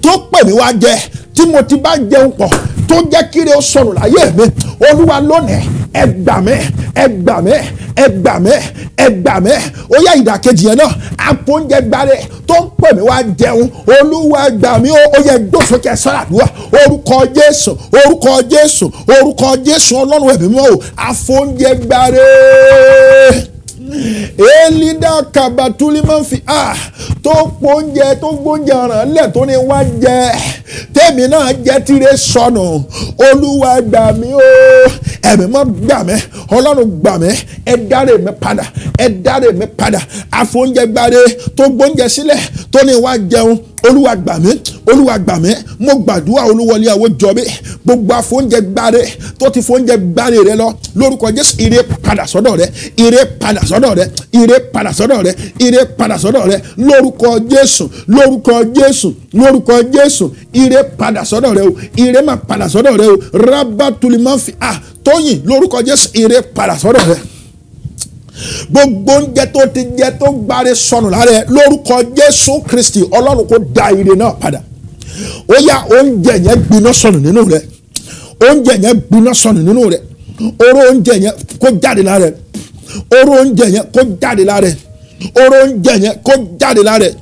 tó pè mí wá jẹ tí mo ti bá jẹun pọ̀ tó jẹ́ kíre ó sọnù láyé mi olúwa lónìí ẹ gbà mí ẹ gbà mí ẹ gbà mí ẹ gbà mí ó yá ìdàkejì yẹn náà àpòúnjẹ gbalẹ̀ tó ń pè mí wá jẹun olúwa gbà mí ó yẹ gbósókè sọ́dàdúrà orúkọ jésù orúkọ jésù orúkọ jésù ọlọ́run ẹ̀mí mọ́ o àfòúnjẹ gbalẹ̀ elida kabatuli máa ń fi a ah, tó pọ́njẹ tó gbóúnjẹ ọ̀ràn lẹ̀ tó ní wá jẹ tèmi náà jẹ́ tire sọnù olúwa gbà mí o ẹ̀mí mọ́ gbà mí ọlọ́run gbà mí ẹ dáre mi padà ẹ dáre mi padà àfọ̀njẹgbàre tó gbóúnjẹ sílẹ̀ tó ní wá jẹun olúwa gbà mí olúwa gbà mí mo gbàdúrà olúwọlé àwọ jọ mi gbogbo àfóúnjẹ gbáre tó ti fóúnjẹ gbáre rẹ lọ lórúkọ jésù ire padà sọ́dọ̀ rẹ ire padà sọ́dọ̀ sọ́dọ̀ rẹ ire padà sọ́dọ̀ rẹ ire padà sọ́dọ̀ rẹ lórúkọ Jésù lórúkọ Jésù lórúkọ Jésù ire padà sọ́dọ̀ rẹ o ire má padà sọ́dọ̀ rẹ o rabatulimafi ah tóyìn lórúkọ Jésù ire padà sọ́dọ̀ rẹ gbogbo oúnjẹ tó ti jẹ tó gbáre sọnù lára ẹ lórúkọ Jésù Kristi Ọlọ́run kò da ire náà padà ó yá oúnjẹ yẹn gbiná sọnù nínú rẹ oúnjẹ yẹn gbiná sọnù nínú rẹ oró oúnjẹ yẹn kó jáde lára ẹ oró oúnjẹ yẹn kó jáde lára ẹ̀ oró oúnjẹ yẹn kó jáde lára ẹ̀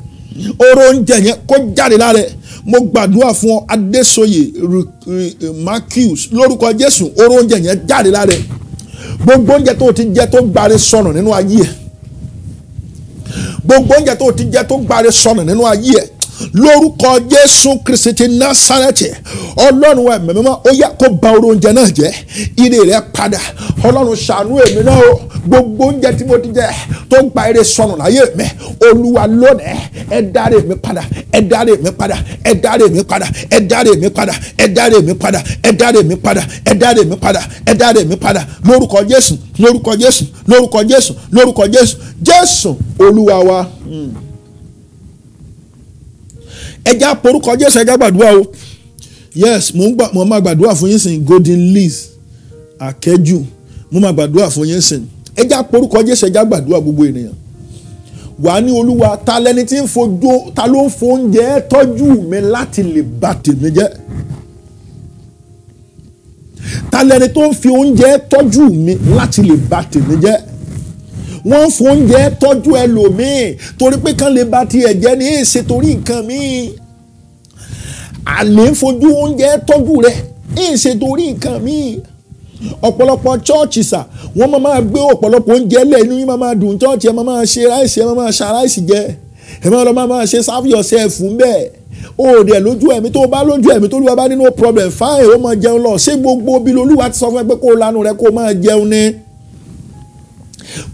oró oúnjẹ yẹn kó jáde lára ẹ̀ mo gbàdúrà fún ọ Adésoyè Marcus lórúkọ Jésù oró oúnjẹ yẹn jáde lára ẹ̀ gbogbo oúnjẹ tó ti jẹ tó gbáre sọnù nínú ayé ẹ̀ gbogbo oúnjẹ tó ti jẹ tó gbáre sọnù nínú ayé ẹ̀ lórúkọ jésù kristi ti násàrẹ́tì ọlọ́run wa ẹ̀mí mímọ́ ó yá kó ba oró oúnjẹ náà jẹ́ ire rẹ̀ padà ọlọ́run ṣàánú èmi náà o gbogbo oúnjẹ tí mo ti jẹ tó gba ire sọnù láyé mi olúwa lónìí ẹ dárí mi padà ẹ dárí mi padà ẹ dárí mi padà ẹ dárí mi padà ẹ dárí mi padà ẹ dárí mi padà ẹ dárí mi padà ẹ dárí mi padà lórúkọ jésù lórúkọ jésù lórúkọ jésù lórúkọ jésù jésù olúwa wa. Mm ẹja porúkọ jésù ẹja gbàdúrà o yes mo ń gbà mo máa gbàdúrà fún yín sìn golden lees akẹ́jù mo máa gbàdúrà fún yín sìn ẹja porúkọ jésù ẹja gbàdúrà gbogbo ènìyàn wà ní olúwa ta lẹni tí ń fojú ta ló ń fo oúnjẹ tọ́jú mi láti lè bà tèmi jẹ́ ta lẹni tó ń fi oúnjẹ tọ́jú mi láti lè bà tèmi jẹ́ wọ́n ń fo oúnjẹ tọ́jú ẹlòmíì torí pé kán lè bà tiẹ̀ jẹ́ ní èsè torí nǹkan míì àlè ń fojú oúnjẹ tọ́jú rẹ̀ ń ṣètò orí nǹkan míì ọ̀pọ̀lọpọ̀ chọ́ọ̀chì sà wọ́n máa máa gbé ọ̀pọ̀lọpọ̀ oúnjẹ lẹ̀ inú yín máa máa dùn chọ́ọ̀chì ẹ máa máa ṣe ráìsì ẹ máa máa ṣa ráìsì jẹ ẹ máa lọ máa máa ṣe serve yourself fún bẹ́ẹ̀ o ò dẹ̀ lójú ẹ̀mí tó o bá lójú ẹ̀mí tó olúwa bá ní no problem fine ó máa jẹun lọ ṣé gbogbo bí lolúwa ti sọ fún ẹ pé kó o lanu rẹ kó o máa jẹun ni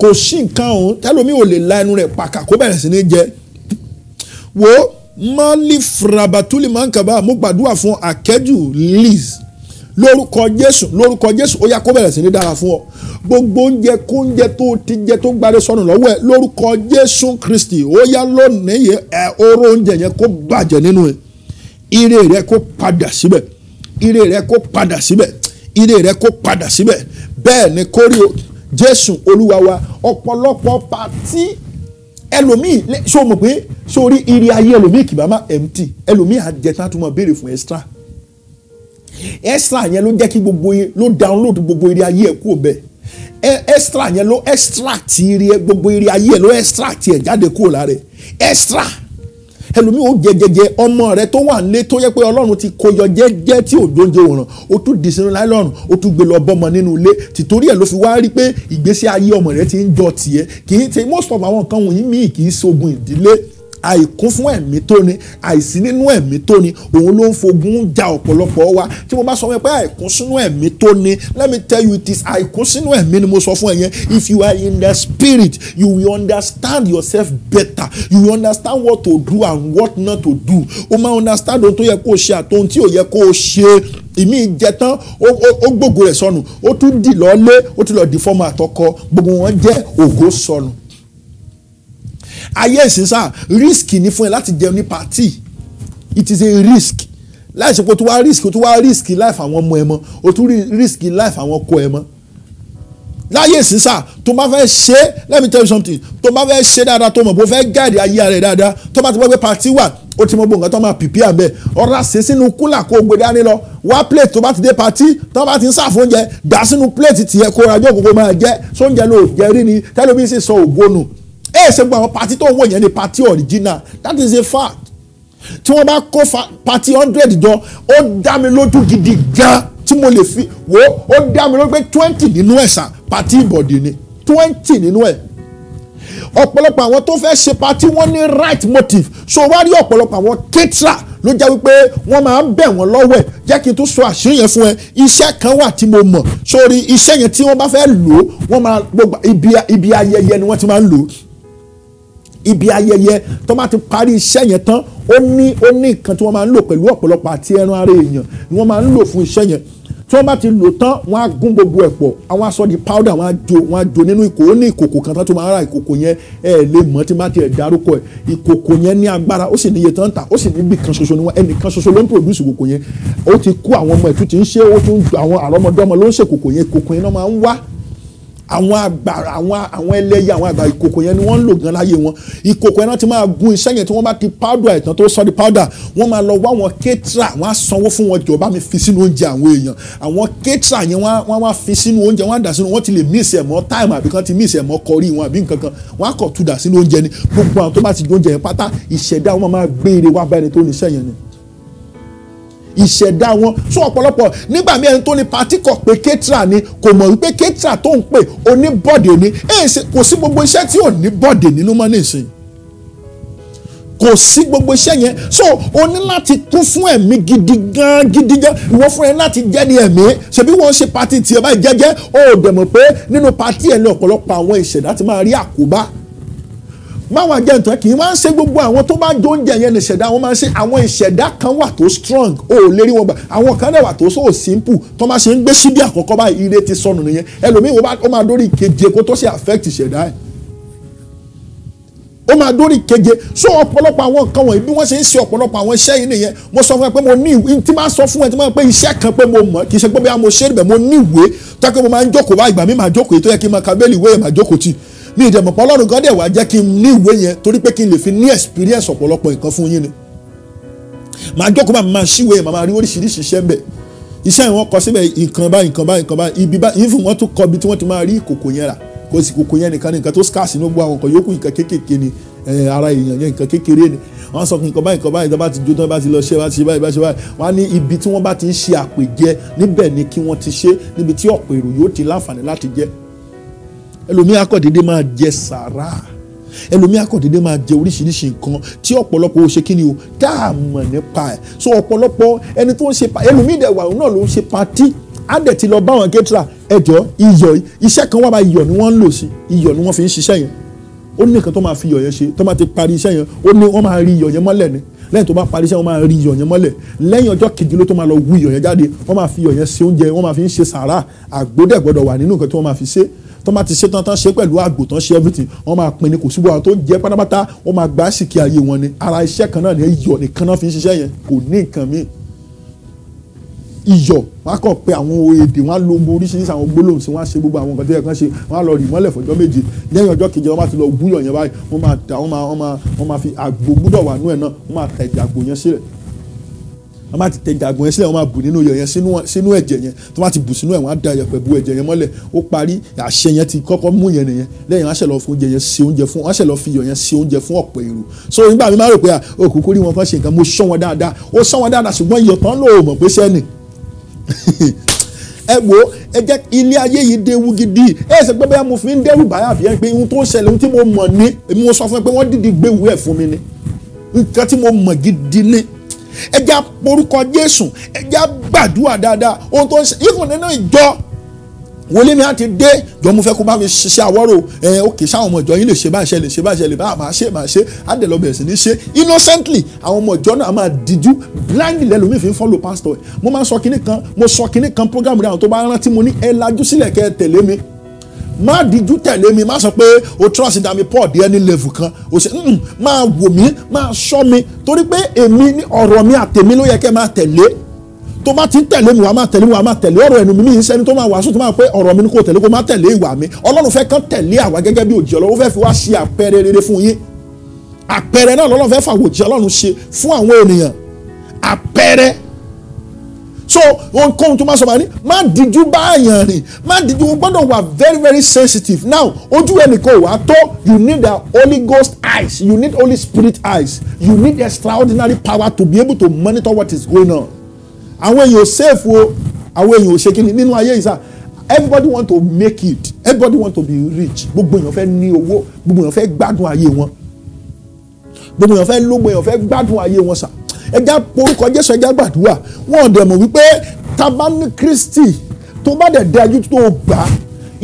kò sí nǹkan ọ̀hún tẹ́lómi ò lè la ẹnu rẹ̀ pàkà kó bẹ̀rẹ̀ sí ní jẹ wo mali frabatuli mankaba mo gbàdúrà fún akẹ́jù liz lórúkọ jésù lórúkọ jésù ó yá kó bẹ̀rẹ̀ sí ní dára fún ọ gbogbo oúnjẹ kó oúnjẹ tó ti jẹ tó gbáre sọnù lọ́wọ́ ẹ lórúkọ jésù kristi ó yá lónìí yẹ ẹ oró oúnjẹ yẹn kó bàjẹ́ nínú ẹ ire rẹ kó padà síbẹ̀ ire rẹ kó padà síbẹ̀ ire rẹ kó padà síbẹ̀ bẹ́ẹ̀ ni kórìó jésù olúwa wa ọ̀pọ̀lọpọ̀ pàtí ẹlòmíì ṣé o mọ̀ pé sórí ire ayé ẹlòmíì kì bá má empty ẹlòmíì àjẹtá tó mọ̀ béèrè fún extra extra yẹn ló jẹ́ kí gbogbo yẹn ló download gbogbo ire ayé ẹ̀ kúrò bẹ́ẹ̀ e, extra yẹn ló extract ire gbogbo ire ayé ẹ̀ ló extract ẹ̀ jáde kúrò lára ẹ̀ extra ẹlòmíì ó jẹ jẹjẹ ọmọ rẹ tó wà nílé tó yẹ pé ọlọ́run ti kó yọ jẹ́jẹ́ tí ò jóúnjẹ òràn ó tún dì sínú láìlọ́run ó tún gbé lọ bọ́mọ nínú ilé tìtorí ẹ̀ ló fi wá rí pé ìgbésí ayé ọmọ rẹ ti ń jọ tiẹ̀ kì í ṣe most of àwọn nǹkan wọ̀nyí míì kì í ṣogun ìdílé àìkún fún ẹ̀mí tó ni àìsí nínú ẹ̀mí tó ni òun ló ń fogun ja ọ̀pọ̀lọpọ̀ wa tí mo bá sọ pé àìkún sínú ẹ̀mí tó let me tell you this àìkún sínú ẹ̀mí ni mo sọ fún ẹ yẹn if you are in the spirit you will understand yourself better you will understand what to do and what not to do o máa understand ohun tó yẹ kó o ṣe àtohun tí ò yẹ kó o ṣe ìmí jẹ tán ó gbógo rẹ̀ sọnù ó tún dì lọ́lé ó tún lọ dì fọ́mọ àtọkọ gbogbo wọn jẹ́ ògo sọnù ayé ah, ìsinsá risk ni fún ẹ láti jẹun ní party it is a risk láì ṣe pé o tún wá risk o tún wá risk life àwọn ọmọ ẹ mọ o tún risk life àwọn ọkọ ẹ mọ láyé sísà tó bá fẹ́ ṣe let me tell you something tó bá fẹ́ ṣe dáadáa tó mọ̀ bó fẹ́ gáàdì ayé rẹ̀ dáadáa tó bá ti gbọ́ pé pàtí wà ó ti mọ gbogbo nǹkan tó máa pìpì àbẹ̀ ọ̀rá ṣe sínú kúlà kó gbé dání lọ wá plate tó bá ti dé pàtí tó bá ti ń sàfún oúnjẹ dà sínú plate tiẹ̀ kó rajọ́ gbogbo máa jẹ́ sóúnjẹ ló jẹ́ rí ni tẹ́lómi sọ ògbónù ẹ ṣe gbogbo àwọn pati tó wọ̀ yẹn ni pati original that is a fact tí wọ́n bá kó pati hundred jọ ó dá mi lójú gidi gan tí mo lè fi wò ó ó dá mi lójú pé twenty nínú ẹ̀ sà pati ìbọ̀dì ni twenty nínú ẹ̀ ọ̀pọ̀lọpọ̀ àwọn tó fẹ́ ṣe pati wọ́n ní right motive so wá rí ọ̀pọ̀lọpọ̀ àwọn ketra ló jẹ́ wípé wọ́n máa ń bẹ̀ wọ́n lọ́wọ́ ẹ̀ jẹ́ kí n tún sọ àṣírí yẹn fún ẹ iṣẹ́ kan wà tí mo mọ̀ sórí iṣẹ́ yẹn tí wọ́n bá fẹ́ lò wọ́n máa gbogbo ibi ayẹyẹ ni wọ́n ti máa ń lò ibi ayẹyẹ tó bá ti parí iṣẹ́ yẹn tán ó ní ó ní nǹkan tí wọ́n máa ń lò pẹ̀lú ọ̀pọ̀lọpọ̀ àti ẹran ara èèyàn ni wọ́n máa ń lò fún iṣẹ́ yẹn tí wọ́n bá ti lò tán wọ́n á gún gbogbo ẹ̀ pọ̀ àwọn aṣọ di powder wọ́n á jo wọ́n á jo nínú ìkó ó ní ìkòkò kan tó máa ra ìkòkò yẹn ẹ lè mọ̀ tí má tiẹ̀ dárúkọ ẹ̀ ìkòkò yẹn ní agbára ó sì níye tán ta ó sì níbi kan ṣoṣo ni wọn ẹnìkan ṣoṣo ló ń produce ìkòkò yẹn ó ti kó àwọn ọmọ ẹ̀ tó ti ń ṣe ó tún àwọn àrọ́mọdọ́mọ ló ń ṣèkòkò yẹn ìkòkò yẹn náà máa ń wá àwọn àgbà àwọn àwọn ẹlẹ́yẹ àwọn àgbà ìkòkò yẹn ni wọ́n ń lò gan láyé wọn ìkòkò yẹn náà ti máa gun iṣẹ́ yẹn tí wọ́n bá ti powder ẹ̀tàn tó sọ di powder wọ́n máa lọ wá àwọn kẹ́tìrà wọ́n á sanwó fún wọn jọba mi fi sínú oúnjẹ àwọn èèyàn àwọn kẹ́tìrà yẹn wọ́n á wá fi sínú oúnjẹ wọ́n á dà sínú wọ́n ti lè miss ẹ̀ mọ́ time àbí kan ti miss ẹ̀ mọ́ kọrí wọn àbí nǹkan kan wọ́n á kọ̀ tu dà sínú oúnjẹ ni gbogbo àwọn tó bá ti jóúnjẹ yẹn pátá ìṣẹ̀dá wọn ìṣẹ̀dá wọn fún ọ̀pọ̀lọpọ̀ nígbà míì ẹni tó ní patí kọ̀ pé kẹ́tìrà ni kò mọ̀ wípé kẹ́tìrà tó ń pè oníbọ̀dé ni kò sí gbogbo iṣẹ́ tí ò ní bọ̀dé nínú mọ́ nísìnyí kò sí gbogbo iṣẹ́ yẹn so o ní láti kún fún ẹ̀mí gidi gan gidi gan ìwọ fún ẹ láti jẹ́ ní ẹ̀mí ṣebí wọ́n ṣe pati tiẹ̀ báyìí jẹ́jẹ́ o ò dẹ̀ mọ̀ pé nínú pati ẹ̀ ní ọ̀pọ̀lọpọ̀ àwọn ìṣẹ̀dá ti máa rí àkóbá máwàá jẹ́ nǹkan kì í máa ń ṣe gbogbo àwọn tó bá jó oúnjẹ yẹn ní ìṣẹ̀dá wọn máa ń ṣe àwọn ìṣẹ̀dá kan wà tó strong ó ò lérí wọn gbà àwọn kan náà wà tó so simple tó máa ṣe ń gbé síbi àkọ́kọ́ báyìí ire ti sọnù nìyẹn ẹlòmíì ó máa dórí keje kó tó ṣe affect ìṣẹ̀dá ẹ̀ ó máa dórí keje so ọ̀pọ̀lọpọ̀ àwọn nǹkan wọ̀nyí bí wọ́n ṣe ń ṣe ọ̀pọ̀lọpọ̀ àwọn iṣẹ́ yìí nìyẹn mo sọ fún ẹ pé mo ní ìwé tí máa sọ fún ẹ tí máa pé iṣẹ́ kan pé mo mọ̀ kì í ṣe pé bí a mo ṣe é bẹ̀ mo ní ìwé tó yẹ kí mo máa ń jókòó báyìí ìgbà mi máa jókòó èyí tó yẹ kí n máa ka bẹ́ẹ̀lì ìwé yẹn máa jókòó tì í mi ìdẹ̀mọ̀ pọ̀ ọlọ́run gan dẹ̀ wá jẹ́ kí n ní ìwé yẹn torí pé kí n lè fi ní experience ọ̀pọ̀lọpọ̀ nǹkan fún yín ni màá jókòó máa máa ṣíwèé màá máa rí oríṣiríṣi iṣẹ́ ń bẹ̀ iṣẹ́ yẹn wọ́n kọ síbẹ̀ nǹkan báyìí nǹkan báyìí nǹkan báyìí ibi báyìí ìfún wọn tún kọ ibi tí wọ́n ti máa rí ìkòkò yẹn rà kò sí ìkòkò yẹn nìkan nìkan tó scarce ní gbogbo àwọn nǹkan yòókù nǹkan kéékèèké ni eh, ara ni wọ́n sọ ni kí wọ́n ti ṣe ẹlòmíì akọ̀dédé máa jẹ sàrà ẹlòmíì akọ̀dédé máa jẹ oríṣiríṣi nǹkan tí ọ̀pọ̀lọpọ̀ ó ṣe kí ni o tá a mọ̀ nípa ẹ̀ so ọ̀pọ̀lọpọ̀ ẹni tó ń ṣe pa ẹlòmíì dẹ̀ wà náà ló ń ṣe patí á dẹ̀ ti lọ bá àwọn kẹ́tìrà ẹ̀jọ́ iyọ̀ iṣẹ́ kan wà bá iyọ̀ ni wọ́n ń lò sí iyọ̀ ni wọ́n fi ń ṣiṣẹ́ yẹn ó ní nǹkan tó máa fi iyọ̀ yẹn ṣe tó máa ti parí iṣẹ́ yẹn ó ní wọ́n máa rí iyọ̀ yẹn mọ́lẹ̀ ni lẹ́yìn tó bá parí iṣẹ́ wọn máa rí iyọ̀ yẹn mọ́lẹ̀ lẹ́yìn ọjọ́ kejì tó máa lọ wú iyọ̀ yẹn jáde wọ́n máa fi iyọ̀ yẹn ṣe oúnjẹ wọ́n máa fi ń ṣe sàrà àgbódẹ̀ gbọ́dọ̀ wà nínú nǹkan tí máa fi ṣe tó máa ti ṣe tán tán ṣe pẹ̀lú àgbò tán ṣe everything wọ́n máa pin ni kò síbò àwọn tó ń jẹ pátápátá wọ́n máa gbá sìkì ayé wọn ni ara iṣẹ́ kan náà ni iyọ̀ nìkan náà fi ń ṣiṣẹ́ yẹn kò ní nǹkan míì iyọ̀ wọ́n á kàn pé àwọn èdè wọ́n á lo gbogbo oríṣiríṣi àwọn gbólóhùn sí wọ́n á ṣe gbogbo àwọn nǹkan tó yẹ kán ṣe wọ́n á lọ rì mọ́lẹ̀ fọjọ́ méje lẹ́yìn ọjọ́ kejì wọ́n bá ti lọ gbúyọ̀ yẹn báyìí wọ́n máa ta wọ́n máa wọ́n máa wọ́n máa fi àgbo gbúdọ̀ wà nú ẹ̀ náà wọ́n máa ta ẹ̀jẹ̀ àgbo yẹn sílẹ̀ wọ́n bá ti tẹ ìdàgbọ̀n yẹn sílẹ̀ wọ́n máa bù nínú iyọ̀ yẹn sínú ẹ̀jẹ̀ yẹn tó bá ti bù sínú ẹ̀ wọ́n á da iyọ̀ pẹ̀lú ẹ̀jẹ̀ yẹn mọ́lẹ̀ ó parí àṣẹ yẹn ti kọ́kọ́ mú yẹn nìyẹn lẹ́yìn wọ́n ṣẹ̀ lọ fi oúnjẹ yẹn ṣe oúnjẹ fún wọ́n ṣẹ̀ lọ fi iyọ̀ yẹn ṣe oúnjẹ fún ọ̀pọ̀ èrò so nígbà mi máa rò pé òkùnkùn rí wọn kan ṣe nǹkan mo ṣọ́ wọn dáadáa ó ṣọ́ ẹ wò ẹ jẹ́ ilé ayé yìí déwu gidi ẹ ṣe pé bẹ́ẹ̀ mo fi ń dẹ́rù báyà fi ẹ́ pé ohun tó ń ṣẹlẹ̀ ohun tí mo mọ̀ ní mo sọ fún ẹ pé wọ́n dìde gbéwú ẹ̀ fún mi ni nǹkan tí mo mọ̀ gidi ni ẹja porúkọ jésù ẹja gbàdúrà dáadáa ohun tó ń ṣe yíkùn nínú ìjọ wọlé mi àti dé jọ mo fẹ́ kó bá mi ṣiṣẹ́ àwọ́rò ẹ òkè sáwọn ọmọ ìjọ yín lè ṣe bá ṣe lè ṣe bá ṣe lè bá máa ṣe máa ṣe àdèlọ bẹ̀rẹ̀ sí ní ṣe innocently àwọn ọmọ ìjọ náà máa díjú blindly lẹ́lòmíì fi ń follow pastor ẹ̀ mo máa sọ kinní kan mo sọ kinní kan program rẹ̀ àwọn tó bá rántí mo ní ẹ lajú sílẹ̀ kẹ́ ẹ tẹ̀lé mi má díjú tẹ̀lé mi má sọ pé o trust in mi paul di ẹni level kan o ṣe máa wò mí máa ṣọ́ mi torí pé èmi ní ọ̀rọ̀ mi àtèmi ló yẹ kẹ́ máa tẹ̀lé tó bá ti ń tẹ̀lé mi wà máa tẹ̀lé mi wà máa tẹ̀lé ọ̀rọ̀ ẹnu mi mi ń sẹ́ni tó máa wàásù tó máa pé ọ̀rọ̀ mi ni kò tẹ̀lé kó máa tẹ̀lé ìwà mi ọlọ́run fẹ́ kán tẹ̀lé àwa gẹ́gẹ́ bí òjì ọlọ́run fẹ́ fi wá ṣe àpẹẹrẹ rere fún yín àpẹẹrẹ náà lọ́lọ́run fẹ́ fàwọ̀ òjì ọlọ́run ṣe fún àwọn ènìyàn àpẹẹrẹ so ohunkóhun tó máa sọ máa ní má díjú báyàn rìn má díjú o gbọ́dọ̀ wà very very sensitive now ojú ẹnìkan ò wá tó you need the holy ghost eyes you need holy spirit eyes you need extraordinary power to be able to monitor what is going on àwọn èèyàn ò safe o àwọn èèyàn ò ṣe kíni nínú ayé yìí sá everybody want to make it everybody want to be rich gbogbo èèyàn fẹ́ ní owó gbogbo èèyàn fẹ́ gbádùn ayé wọn gbogbo èèyàn fẹ́ lógbó èèyàn fẹ́ gbádùn ayé wọn sá ẹja porúkọ jésù ẹja gbàdúrà wọn ò dẹ̀ mọ̀ wípé taba ní kristi tó bá dẹ̀ dájú tó gbà á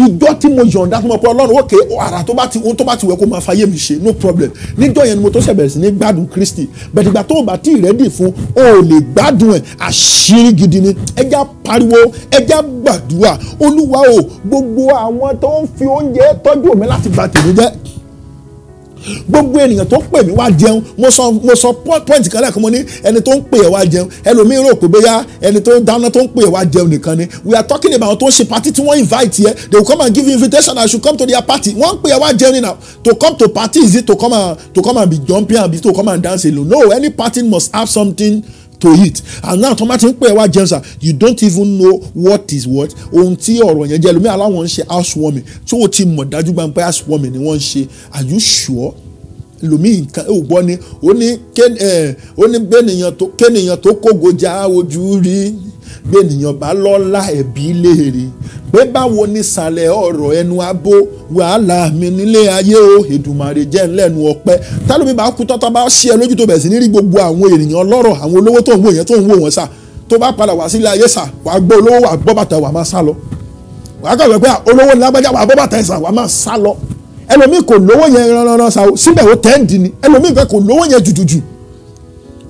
ìjọ tí mo yọ̀ǹda fún ọpọ ọlọ́run òkè ara tó bá ti ohun tó bá ti wẹ̀ kó máa fàyè mi ṣe no problem níjọ yẹn ni mo tó ṣẹ̀ bẹ̀rẹ̀ sí ní gbádùn kristi bẹ̀tìgbà tó o bá tí ì rẹ́dì fún o ò lè gbádùn ẹ̀ àṣírí gidi ni ẹja pariwo ẹja gbàdúrà olúwa o gbogbo àwọn tó ń fi oúnjẹ tọ́jú mi láti bà tèmi jẹ́ gbogbo ènìyàn tó pè mí wá jẹun mo sọ point kan lẹ́ẹ̀kan mo ní ẹni tó ń pè ẹ́ wá jẹun ẹlòmíín rò pé bóyá ẹni tó dáná tó ń pè ẹ́ wá jẹun nìkan ni we are talking about tó ń ṣe party tí wọ́n invite yẹ they will come and give you invitation and you should come to their party wọ́n ń pè ẹ́ wá jẹun ni na to come to party is it to come and to come and be jumping and be to come and dance alone no any party must have something to eat and now tó má ti ń pè ẹ́ wá jẹun sà you don't even know what is what ohun tí ọ̀rọ̀ yẹn jẹ́ lómi aláwọ̀ ń ṣe housewarming tó o ti mọ̀ dájú gbangba housewarming ni wọ́n ń ṣe are you sure lomi nǹkan ò e gbọ́ ni ó ní ó ní gbẹ̀nìyàn tó kẹ́nìyàn tó kógojà ojú rí gbẹ̀nìyàn bá lọ́la ẹ̀bí léèrè pé báwo ni sàlẹ̀ ọ̀rọ̀ ẹnu abó wàhálà mi nílé ayé o Èdùmàrè jẹ́ ńlẹ́nu ọpẹ́ tálómi bá kú tọ́tọ́ bá ṣí ẹ lójú tó gbogbo àwọn ènìyàn lọ́rọ̀ àwọn olówó tó ń wò yẹn tó ń wò wọ́n sà tó bá padà wá sílé ayé sà wàá gbọ́ olówó wàá bàtà wàá máa ẹlòmíì kò lówó yẹn ránran sa o síbẹ̀ ó tẹ́ǹdì ni ẹlòmíì kan kò lówó yẹn jùjùjù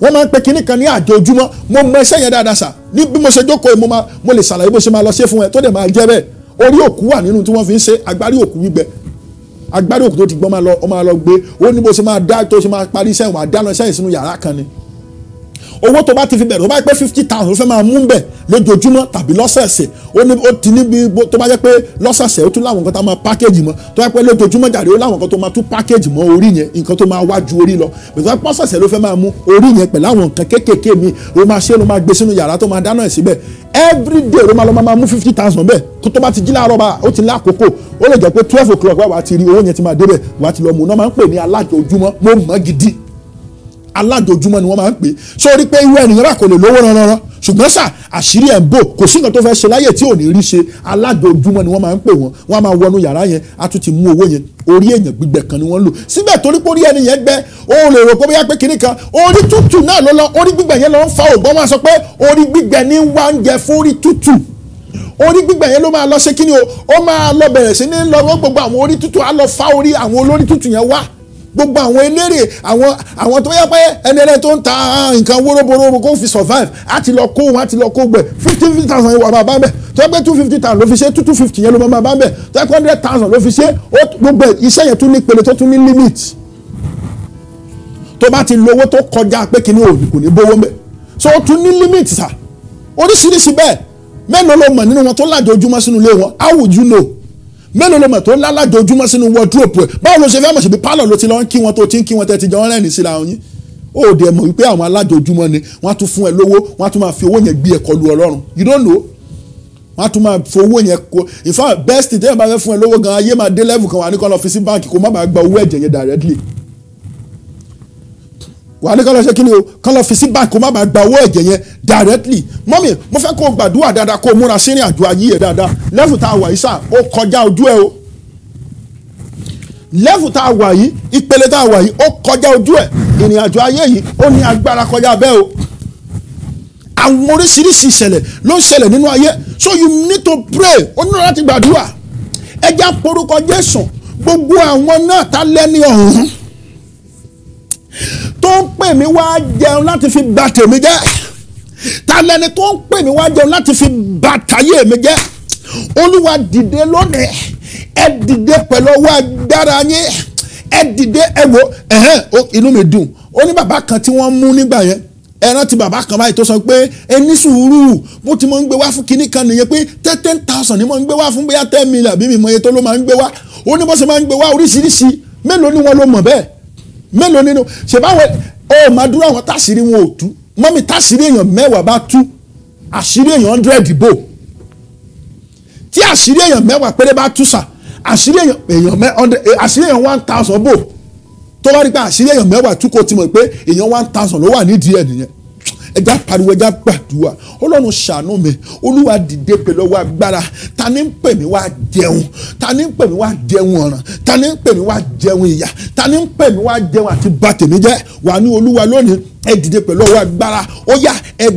wọ́n máa ń pe kinní kan ní àjòjúmọ́ mo mọ iṣẹ́ yẹn dáadáa sà ní bí mo ṣe jókòó mo máa mo lè ṣàlàyé bó ṣe máa lọ ṣe fún ẹ tó dẹ̀ máa jẹ́ bẹ́ẹ̀ orí òkú wà nínú tí wọ́n fi ń ṣe agbárí òkú gbígbẹ agbárí òkú tó ti gbọ́n máa lọ gbé ó ní bó ṣe máa dá tó ṣe máa parí iṣẹ́ ìwà dáná iṣẹ́ ìsinú yàrá kan ni owó tó bá ti fi bẹ̀rẹ̀ tó bá yẹ pé fifty thousand ó fẹ́ máa mú bẹ̀ lójoojúmọ́ tàbí lọ́sẹ̀ẹ̀sẹ̀ ó ní ó ti níbi tó bá yẹ pé lọ́sẹ̀ẹ̀sẹ̀ ó tún láwọn nǹkan tá máa package mọ́ tó yẹ pé lójoojúmọ́ jàre ó láwọn nǹkan tó máa tún package mọ́ orí yẹn nǹkan tó máa wá ju orí lọ bẹ̀tọ́ pọ́sẹ̀sẹ̀ ló fẹ́ máa mú orí yẹn pẹ̀lú àwọn nǹkan kéékèèké mi ló máa ṣe ló máa gbé sínú yàrá tó máa dáná ẹ̀ síbẹ̀ everyday ló máa lọ máa mú fifty thousand bẹ́ẹ̀ kó tó bá ti jí láàárọ̀ bá ó ti lákòókò ó lè jẹ́ pé twelve o'clock wá wàá ti rí owó yẹn ti máa débẹ̀ wàá ti lọ mú un náà máa ń pè ní alájọjúmọ́ mo mọ̀ gidi alájojúmọ́ ni wọ́n máa ń pè é sórí pé irú ènìyàn bá kò lè lówó ranranran ṣùgbọ́n sà àṣírí ẹ̀ ń bò kò sí nǹkan tó fẹ́ ṣe láyè tí ò ní rí ṣe alájojúmọ́ ni wọ́n máa ń pè wọ́n wọ́n á máa wọnú yàrá yẹn á tún ti mú owó yẹn orí èèyàn gbígbẹ kan ni wọ́n lò síbẹ̀ torí pé orí ẹni yẹn gbẹ ó lè rò pé bóyá pé kinní kan orí tútù náà ló lọ orí gbígbẹ yẹn lọ fa ògbọ́n máa sọ pé orí gbígbẹ ní wá ń jẹ fún tútù orí gbígbẹ yẹn ló máa lọ ṣe kíni o ó máa lọ bẹ̀rẹ̀ sí ní lọ gbogbo àwọn orí tútù á lọ fa orí àwọn olórí tútù yẹn wá gbogbo àwọn eléré àwọn àwọn tó yẹ pé ẹni ẹni tó ń ta nǹkan wóróboró kó fi survive á ti lọ kó wọn á ti lọ kó gbẹ fifty fifty thousand wà máa bá bẹ tó yẹ pé two fifty thousand ló fi ṣe two two fifty yẹn ló máa bá bẹ tó yẹ pé hundred thousand ló fi ṣe gbogbo iṣẹ́ yẹn tún ní pele tó tún ní limit tó bá ti lówó tó kọjá pé kíní òní kò ní bówó mẹ so ó tún ní limit sa oríṣiríṣi bẹ́ẹ̀ mélòó ló mọ̀ nínú wọn tó lájọ ojúmọ́ sínú ilé wọn how would you know mélòó ló mọ̀ tó lálàjọjúmọ́ sínú wọ́dúrópù ẹ̀ báwo ló ṣe fẹ́ mọ̀ ṣèbí pálọ̀ ló ti lọ ń kí wọn tó ti ń kí wọn tẹ́ ti jọ rẹ́ni síra yín ó dẹ̀ mọ̀ wípé àwọn alájọjúmọ́ ni wọ́n á tún fún ẹ lówó wọ́n á tún máa fi owó yẹn gbé ẹ kọlu ọlọ́run you don't know wọ́n á tún máa fowó yẹn kó in fact best thing tẹ́yìn bá fẹ́ fún ẹ lówó gan ayé máa dé level kan wà ní kọ́ lọ fi sí báǹkì kó má bàa gba owó ẹ̀jẹ̀ yẹn directly wà ní kọ́lọ́ ṣe kí ni o kọ́lọ́ fi sí báńkì kó má bàa gba owó ẹ̀jẹ̀ yẹn directly mọ́mí mo fẹ́ kó o gbàdúrà dáadáa kó o múra sínú àjò ayé yẹn dáadáa lẹ́fù tá a wà yìí sà ó kọjá ojú ẹ o lẹ́fù tá a wà yìí ìpele tá a wà yìí ó kọjá ojú ẹ ìrìn àjò ayé yìí ó ní agbára kọjá bẹ́ẹ̀ o àwọn oríṣiríṣi ìṣẹ̀lẹ̀ ló ń ṣẹlẹ̀ nínú ayé so you need to pray ó nílò láti gbàdúrà ẹja porúkọ Jésù gbogbo àwọn náà tá lẹ́ni ọ̀hún tó ń pè mí wá jẹun láti fi bà tèmi jẹ́ ta lẹni tó ń pè mí wá jẹun láti fi bà tayé mi jẹ́ olúwa dìde lónìí ẹ dìde pẹ̀lú ọwọ́ agbára yín ẹ dìde ẹ wò ẹ̀hẹ́n inú mi dùn ó ní bàbá kan tí wọ́n mú nígbà yẹn ẹ rántí bàbá kan báyìí tó sọ pé ẹ ní sùúrù bó ti máa ń gbé wá fún kinní kan nìyẹn pé ten ten thousand ni mo ń gbé wá fún bóyá ten million àbí mi mọ iye tó ló máa ń gbé wá ó ní bó ṣe máa ń gbé wá oríṣiríṣi mélòó ni wọ́n ló mọ̀ bẹ́ẹ̀ mélòó nínú ṣèbáwẹ ọ máa dúró àwọn táṣìírí wọn ò tú mọ́mí táṣìírí èèyàn mẹ́wàá bá tú àṣírí èèyàn hundred bò tí àṣírí èèyàn mẹ́wàá péré bá tú sà àṣírí èèyàn mẹ́ hundred eh, àṣírí èèyàn one thousand bò tó wá rí pé àṣírí èèyàn mẹ́wàá tú kò ti mọ̀ pé èèyàn one thousand ló wà nídìí ẹ̀ nìyẹn ẹja pariwo ẹja gbàdúrà ọlọ́run ṣàánú mi olúwa dìde pẹ̀lú ọwọ́ agbára ta ni ń pè mí wá jẹun ta ni ń pè mí wá jẹun ọ̀ràn ta ni ń pè mí wá jẹun ìyà ta ni ń pè mí wá jẹun àti bà jẹ́ wà ní olúwa lónìí ẹ dìde pẹ̀lú ọwọ́ agbára ó yá ẹ